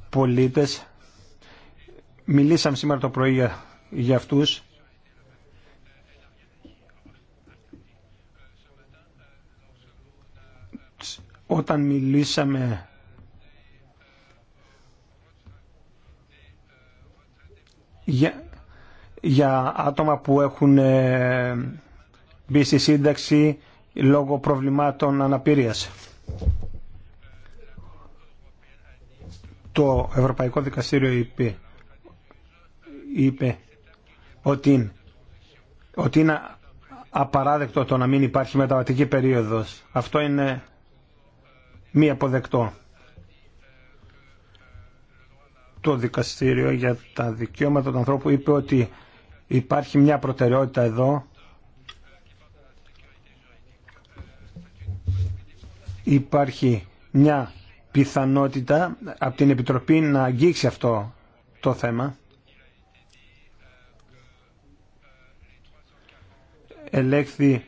D: πολίτες. Μιλήσαμε σήμερα το πρωί για, για αυτούς. Όταν μιλήσαμε για, για άτομα που έχουν ε, μπει στη σύνταξη λόγω προβλημάτων αναπηρίας. Το Ευρωπαϊκό Δικαστήριο είπε, είπε ότι, ότι είναι απαράδεκτο το να μην υπάρχει μεταβατική περίοδος. Αυτό είναι μη αποδεκτό το Δικαστήριο για τα Δικαιώματα του Ανθρώπου είπε ότι υπάρχει μια προτεραιότητα εδώ υπάρχει μια πιθανότητα από την Επιτροπή να αγγίξει αυτό το θέμα. Ελέγχθη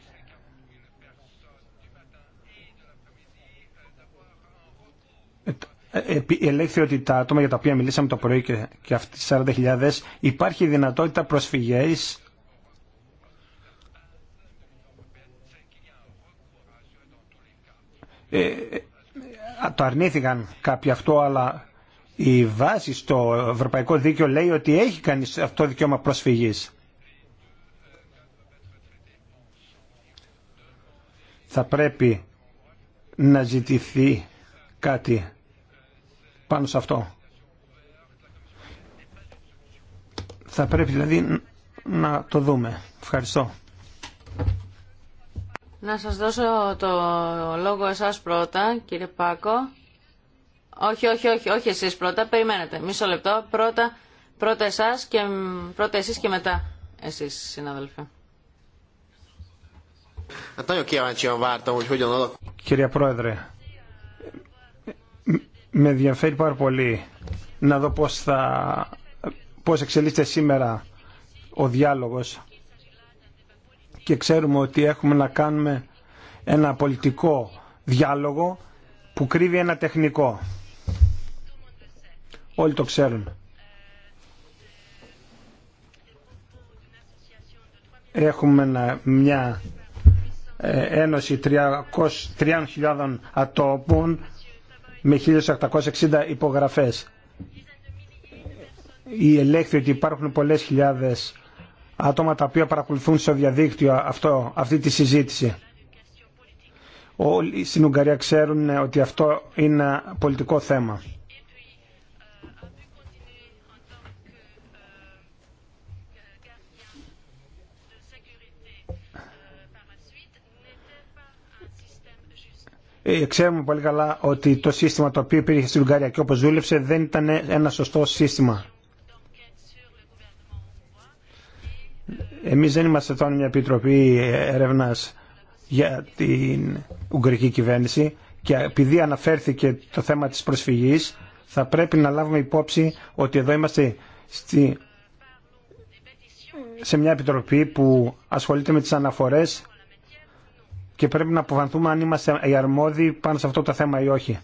D: ελέγχθη ότι τα άτομα για τα οποία μιλήσαμε το πρωί και, και αυτοί 40.000 υπάρχει δυνατότητα προσφυγές ε, ε το αρνήθηκαν κάποιοι αυτό αλλά η βάση στο ευρωπαϊκό δίκαιο λέει ότι έχει κάνει αυτό δικαίωμα προσφυγής. Θα πρέπει να ζητηθεί κάτι πάνω σε αυτό. Θα πρέπει δηλαδή να το δούμε. Ευχαριστώ.
B: Να σας δώσω το λόγο εσάς πρώτα, κύριε Πάκο. Όχι, όχι, όχι, όχι εσείς πρώτα, περιμένετε. Μισό λεπτό, πρώτα, πρώτα εσάς και πρώτα εσείς και μετά εσείς, συνάδελφε.
D: Κύριε Πρόεδρε, με ενδιαφέρει πάρα πολύ να δω πώς, θα, πώς εξελίσσεται σήμερα ο διάλογος και ξέρουμε ότι έχουμε να κάνουμε ένα πολιτικό διάλογο που κρύβει ένα τεχνικό. Όλοι το ξέρουν. Έχουμε μια ε, ένωση 3.000 ατόπων με 1860 υπογραφές. Η ελέγχθη ότι υπάρχουν πολλές χιλιάδες άτομα τα οποία παρακολουθούν στο διαδίκτυο αυτό, αυτή τη συζήτηση. Όλοι στην Ουγγαρία ξέρουν ότι αυτό είναι πολιτικό θέμα. Ε, ξέρουμε πολύ καλά ότι το σύστημα το οποίο υπήρχε στη Ουγγαρία και όπως δούλεψε δεν ήταν ένα σωστό σύστημα. Εμείς δεν είμαστε τώρα μια επιτροπή έρευνας για την Ουγγρική κυβέρνηση και επειδή αναφέρθηκε το θέμα της προσφυγής θα πρέπει να λάβουμε υπόψη ότι εδώ είμαστε στη, σε μια επιτροπή που ασχολείται με τις αναφορές και πρέπει να αποφανθούμε αν είμαστε οι αρμόδιοι πάνω σε αυτό το θέμα ή όχι.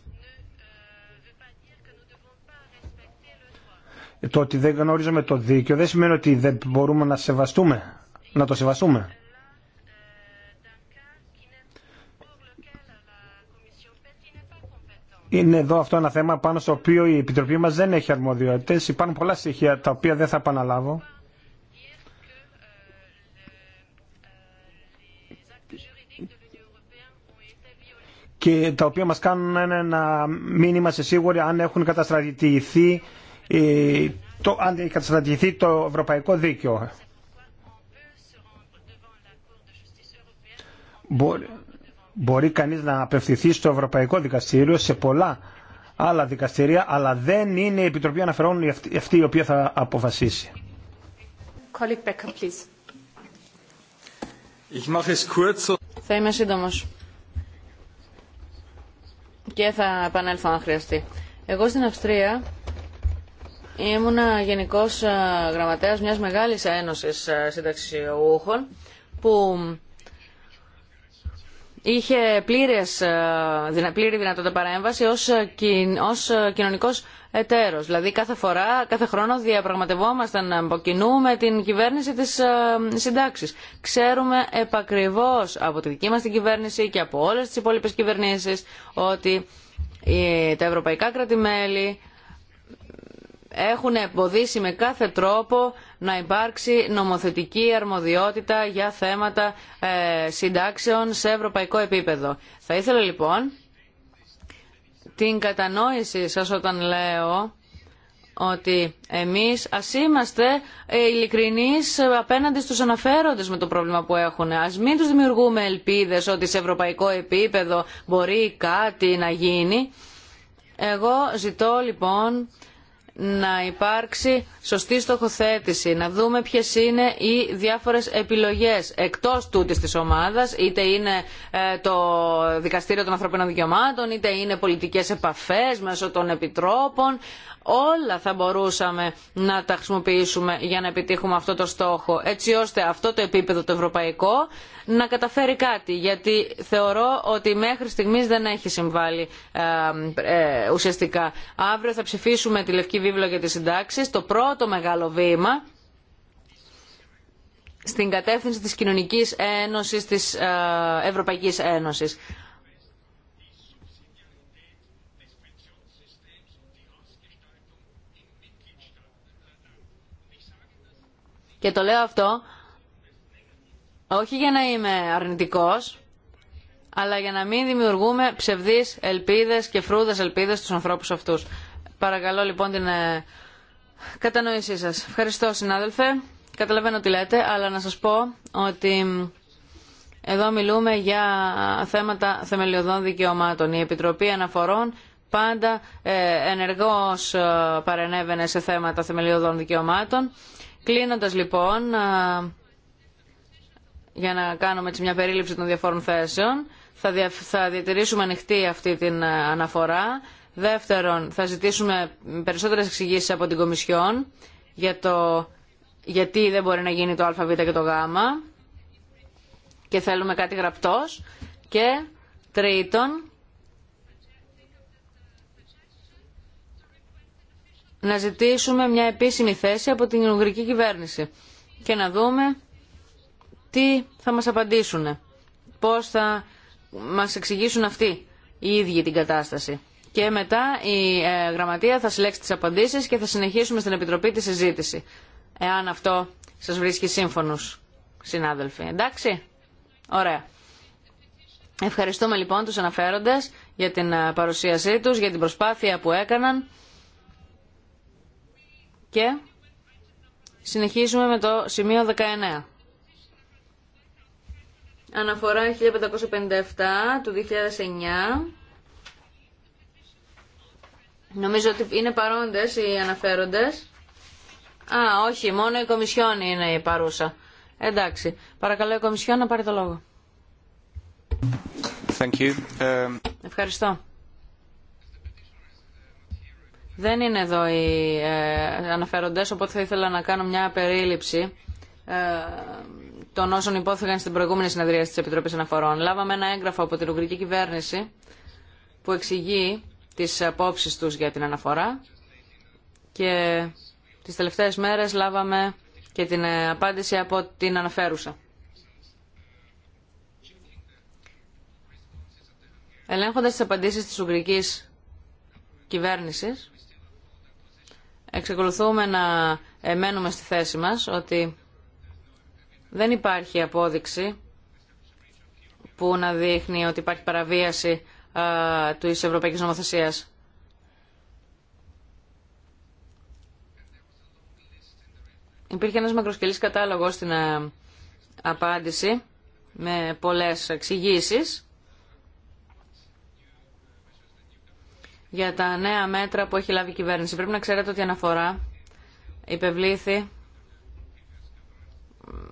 D: Το ότι δεν γνωρίζουμε το δίκαιο δεν σημαίνει ότι δεν μπορούμε να, σεβαστούμε, να το σεβαστούμε. Είναι εδώ αυτό ένα θέμα πάνω στο οποίο η Επιτροπή μας δεν έχει αρμοδιότητες. Υπάρχουν πολλά στοιχεία τα οποία δεν θα επαναλάβω. και τα οποία μας κάνουν ένα μήνυμα σε σίγουροι αν έχουν καταστρατηθεί ε, το, αν το ευρωπαϊκό δίκαιο. Μπορεί, μπορεί κανείς να απευθυνθεί στο Ευρωπαϊκό Δικαστήριο σε πολλά άλλα δικαστηρία, αλλά δεν είναι η Επιτροπή Αναφερών αυτή, αυτή η οποία θα αποφασίσει.
B: Θα είμαι σύντομος και θα επανέλθω αν χρειαστεί. Εγώ στην Αυστρία ήμουνα γενικός ε, γραμματέας μιας μεγάλης ένωσης ε, συνταξιούχων που είχε πλήρες, ε, πλήρη δυνατότητα παρέμβαση ως, ε, ως ε, κοινωνικός εταίρος. Δηλαδή κάθε φορά, κάθε χρόνο διαπραγματευόμασταν από κοινού με την κυβέρνηση της συντάξης. Ξέρουμε επακριβώς από τη δική μας την κυβέρνηση και από όλες τις υπόλοιπες κυβερνήσεις ότι τα ευρωπαϊκά κρατημέλη έχουν εμποδίσει με κάθε τρόπο να υπάρξει νομοθετική αρμοδιότητα για θέματα ε, συντάξεων σε ευρωπαϊκό επίπεδο. Θα ήθελα λοιπόν την κατανόηση σας όταν λέω ότι εμείς ας είμαστε ε, ειλικρινεί απέναντι στους αναφέροντες με το πρόβλημα που έχουν. Ας μην τους δημιουργούμε ελπίδες ότι σε ευρωπαϊκό επίπεδο μπορεί κάτι να γίνει. Εγώ ζητώ λοιπόν να υπάρξει σωστή στοχοθέτηση, να δούμε ποιες είναι οι διάφορες επιλογές εκτός τούτης της ομάδας, είτε είναι ε, το Δικαστήριο των Ανθρωπίνων Δικαιωμάτων, είτε είναι πολιτικές επαφές μέσω των επιτρόπων, όλα θα μπορούσαμε να τα χρησιμοποιήσουμε για να επιτύχουμε αυτό το στόχο έτσι ώστε αυτό το επίπεδο το ευρωπαϊκό να καταφέρει κάτι γιατί θεωρώ ότι μέχρι στιγμής δεν έχει συμβάλει ε, ε, ουσιαστικά. Αύριο θα ψηφίσουμε τη Λευκή Βίβλο για τις συντάξεις, το πρώτο μεγάλο βήμα στην κατεύθυνση της κοινωνικής ένωσης της ε, Ευρωπαϊκής Ένωσης. Και το λέω αυτό όχι για να είμαι αρνητικός, αλλά για να μην δημιουργούμε ψευδείς ελπίδες και φρούδες ελπίδες στους ανθρώπους αυτούς. Παρακαλώ λοιπόν την ε, κατανόησή σας. Ευχαριστώ συνάδελφε. Καταλαβαίνω τι λέτε, αλλά να σας πω ότι εδώ μιλούμε για θέματα θεμελιωδών δικαιωμάτων. Η Επιτροπή Αναφορών πάντα ε, ενεργώς ε, παρενέβαινε σε θέματα θεμελιωδών δικαιωμάτων. Κλείνοντας λοιπόν, για να κάνουμε έτσι μια περίληψη των διαφόρων θέσεων, θα, θα διατηρήσουμε ανοιχτή αυτή την αναφορά. Δεύτερον, θα ζητήσουμε περισσότερες εξηγήσεις από την Κομισιόν για το γιατί δεν μπορεί να γίνει το α, β και το γ και θέλουμε κάτι γραπτός. Και τρίτον, να ζητήσουμε μια επίσημη θέση από την Ουγγρική κυβέρνηση και να δούμε τι θα μας απαντήσουν, πώς θα μας εξηγήσουν αυτοί οι ίδιοι την κατάσταση. Και μετά η ε, Γραμματεία θα συλλέξει τις απαντήσεις και θα συνεχίσουμε στην Επιτροπή τη συζήτηση, εάν αυτό σας βρίσκει σύμφωνος, συνάδελφοι. Εντάξει, ωραία. Ευχαριστούμε λοιπόν τους αναφέροντες για την ε, παρουσίασή τους, για την προσπάθεια που έκαναν. Και συνεχίζουμε με το σημείο 19. Αναφορά 1557 του 2009. Νομίζω ότι είναι παρόντες οι αναφέροντες. Α, όχι, μόνο η Κομισιόν είναι η παρούσα. Εντάξει. Παρακαλώ η Κομισιόν να πάρει το λόγο.
C: Thank you. Um,
B: Ευχαριστώ. Δεν είναι εδώ οι ε, αναφέροντες, οπότε θα ήθελα να κάνω μια περίληψη ε, των όσων υπόθηκαν στην προηγούμενη συνεδρία της Επιτροπής Αναφορών. Λάβαμε ένα έγγραφο από την Ουγγρική Κυβέρνηση που εξηγεί τις απόψεις τους για την αναφορά και τις τελευταίες μέρες λάβαμε και την ε, απάντηση από την αναφέρουσα. Ελέγχοντας τις απαντήσεις της Ουγγρικής κυβέρνησης, εξεκολουθούμε να μένουμε στη θέση μας ότι δεν υπάρχει απόδειξη που να δείχνει ότι υπάρχει παραβίαση του της Ευρωπαϊκής Νομοθεσίας. Υπήρχε ένας μακροσκελής κατάλογος στην ε, απάντηση με πολλές εξηγήσει για τα νέα μέτρα που έχει λάβει η κυβέρνηση. Πρέπει να ξέρετε ότι η αναφορά υπευλήθη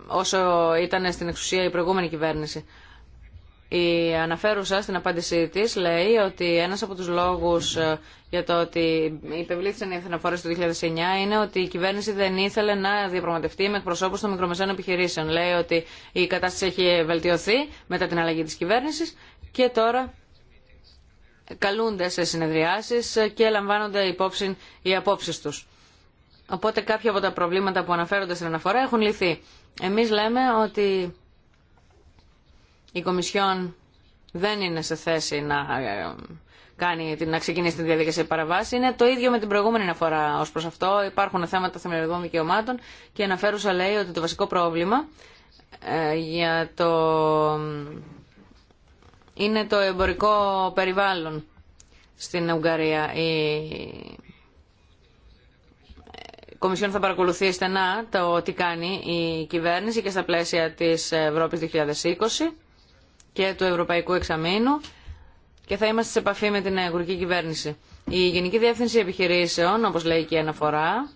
B: όσο ήταν στην εξουσία η προηγούμενη κυβέρνηση. Η αναφέρουσα στην απάντησή τη, λέει ότι ένα από του λόγου ε, για το ότι υπευλήθησαν οι αναφορά του 2009 είναι ότι η κυβέρνηση δεν ήθελε να διαπραγματευτεί με εκπροσώπου των μικρομεσαίων επιχειρήσεων. Λέει ότι η κατάσταση έχει βελτιωθεί μετά την αλλαγή τη κυβέρνηση και τώρα καλούνται σε συνεδριάσεις και λαμβάνονται υπόψη οι απόψει τους. Οπότε κάποια από τα προβλήματα που αναφέρονται στην αναφορά έχουν λυθεί. Εμείς λέμε ότι η Κομισιόν δεν είναι σε θέση να, ε, κάνει, να ξεκινήσει τη διαδικασία παραβάση. Είναι το ίδιο με την προηγούμενη αναφορά ως προς αυτό. Υπάρχουν θέματα θεμελιωδών δικαιωμάτων και αναφέρουσα λέει ότι το βασικό πρόβλημα ε, για το είναι το εμπορικό περιβάλλον στην Ουγγαρία. Η Κομισιόν θα παρακολουθεί στενά το τι κάνει η κυβέρνηση και στα πλαίσια της Ευρώπης 2020 και του Ευρωπαϊκού Εξαμήνου και θα είμαστε σε επαφή με την Ουγγρική Κυβέρνηση. Η Γενική Διεύθυνση Επιχειρήσεων, όπως λέει και η αναφορά,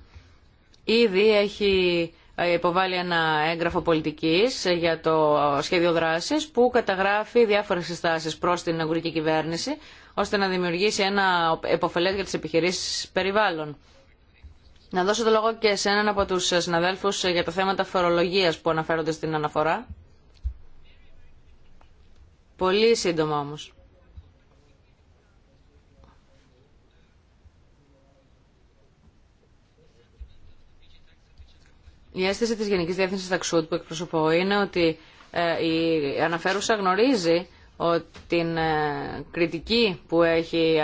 B: ήδη έχει ε, υποβάλει ένα έγγραφο πολιτικής για το σχέδιο δράσης που καταγράφει διάφορες συστάσεις προς την αγγλική κυβέρνηση ώστε να δημιουργήσει ένα επωφελές για τις επιχειρήσεις περιβάλλον. Να δώσω το λόγο και σε έναν από τους συναδέλφους για τα θέματα φορολογίας που αναφέρονται στην αναφορά. Πολύ σύντομα όμως. Η αίσθηση της Γενικής Διεύθυνσης Ταξούτ που εκπροσωπώ είναι ότι ε, η αναφέρουσα γνωρίζει ότι την ε, κριτική που έχει ε,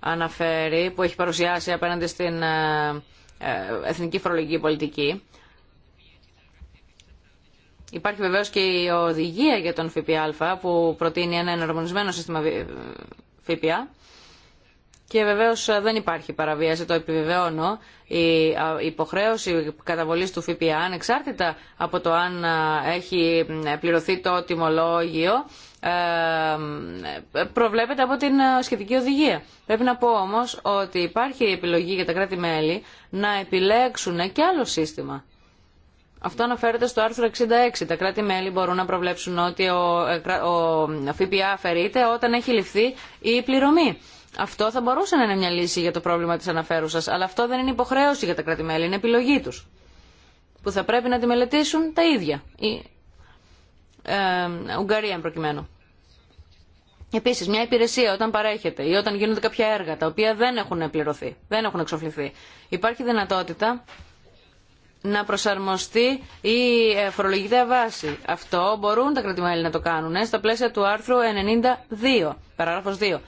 B: αναφέρει, που έχει παρουσιάσει απέναντι στην εθνική φορολογική πολιτική. Υπάρχει βεβαίως και η οδηγία για τον ΦΠΑ που προτείνει ένα εναρμονισμένο σύστημα ΦΠΑ και βεβαίω ε, δεν υπάρχει παραβίαση, το επιβεβαιώνω. Η υποχρέωση καταβολή του ΦΠΑ, ανεξάρτητα από το αν έχει πληρωθεί το τιμολόγιο, ε, ε, προβλέπεται από την σχετική οδηγία. Πρέπει να πω όμω ότι υπάρχει επιλογή για τα κράτη-μέλη να επιλέξουν και άλλο σύστημα. Αυτό αναφέρεται στο άρθρο 66. Τα κράτη-μέλη μπορούν να προβλέψουν ότι ο ΦΠΑ αφαιρείται όταν έχει ληφθεί η πληρωμή. Αυτό θα μπορούσε να είναι μια λύση για το πρόβλημα της αναφέρουσας, αλλά αυτό δεν είναι υποχρέωση για τα κράτη-μέλη, είναι επιλογή τους, που θα πρέπει να τη μελετήσουν τα ίδια, η ε, Ουγγαρία προκειμένου. Επίση, μια υπηρεσία όταν παρέχεται ή όταν γίνονται κάποια έργα τα οποία δεν έχουν πληρωθεί, δεν έχουν εξοφληθεί, υπάρχει δυνατότητα να προσαρμοστεί η ε, φορολογική βάση. Αυτό μπορούν τα οποια δεν εχουν πληρωθει δεν εχουν εξοφληθει υπαρχει δυνατοτητα να προσαρμοστει η φορολογικη βαση αυτο μπορουν τα μελη να το κάνουν στα πλαίσια του άρθρου 92, παράγραφος 2.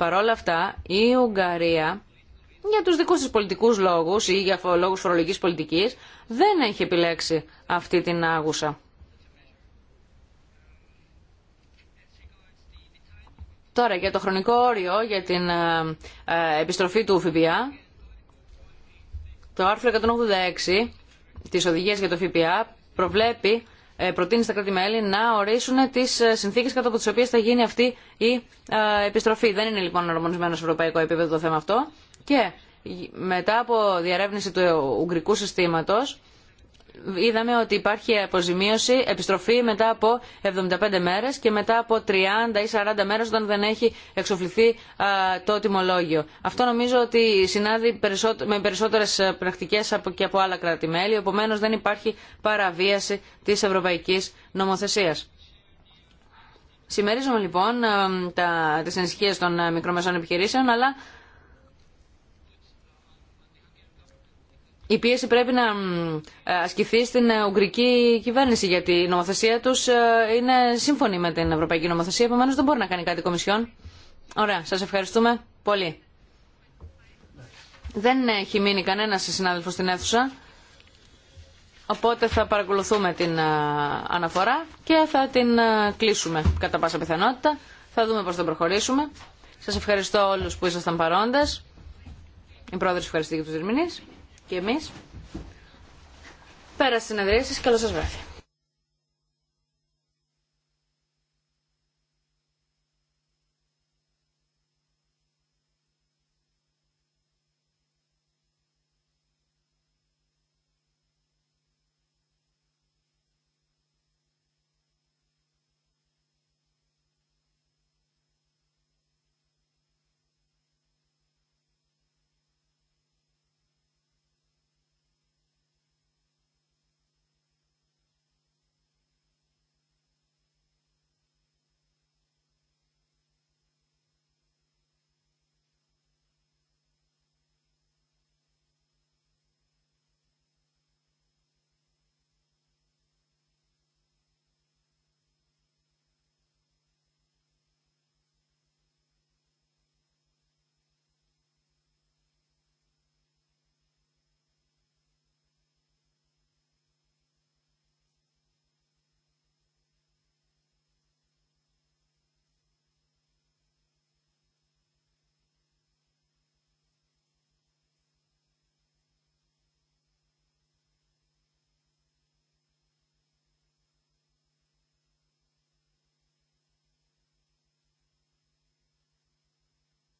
B: Παρόλα αυτά, η Ουγγαρία για τους δικούς της πολιτικούς λόγους ή για λόγους φορολογικής πολιτικής δεν έχει επιλέξει αυτή την άγουσα. Τώρα για το χρονικό όριο για την ε, ε, επιστροφή του ΦΠΑ, το άρθρο 186 της οδηγίας για το ΦΠΑ προβλέπει ε, προτείνει στα κράτη-μέλη να ορίσουν τι ε, συνθήκε κατά από τι οποίε θα γίνει αυτή η ε, επιστροφή. Δεν είναι λοιπόν ορμονισμένο σε ευρωπαϊκό επίπεδο το θέμα αυτό. Και μετά από διαρεύνηση του ουγγρικού συστήματος είδαμε ότι υπάρχει αποζημίωση, επιστροφή μετά από 75 μέρες και μετά από 30 ή 40 μέρες όταν δεν έχει εξοφληθεί το τιμολόγιο. Αυτό νομίζω ότι συνάδει με περισσότερες πρακτικές και από άλλα κράτη-μέλη, επομένως δεν υπάρχει παραβίαση της ευρωπαϊκής νομοθεσίας. Σημερίζουμε λοιπόν τα, τις των ε, μικρομεσών επιχειρήσεων, αλλά η πίεση πρέπει να ασκηθεί στην ε, Ουγγρική κυβέρνηση, γιατί η νομοθεσία του ε, είναι σύμφωνη με την Ευρωπαϊκή Νομοθεσία, επομένω δεν μπορεί να κάνει κάτι η Κομισιόν. Ωραία, σα ευχαριστούμε πολύ. Δεν έχει μείνει κανένα συνάδελφο στην αίθουσα, οπότε θα παρακολουθούμε την ε, αναφορά και θα την κλείσουμε κατά πάσα πιθανότητα. Θα δούμε πώ θα προχωρήσουμε. Σα ευχαριστώ όλου που ήσασταν παρόντε. Η πρόεδρο ευχαριστεί και του και εμείς. Πέρα συνεδρίασης. Καλό σας βράδυ.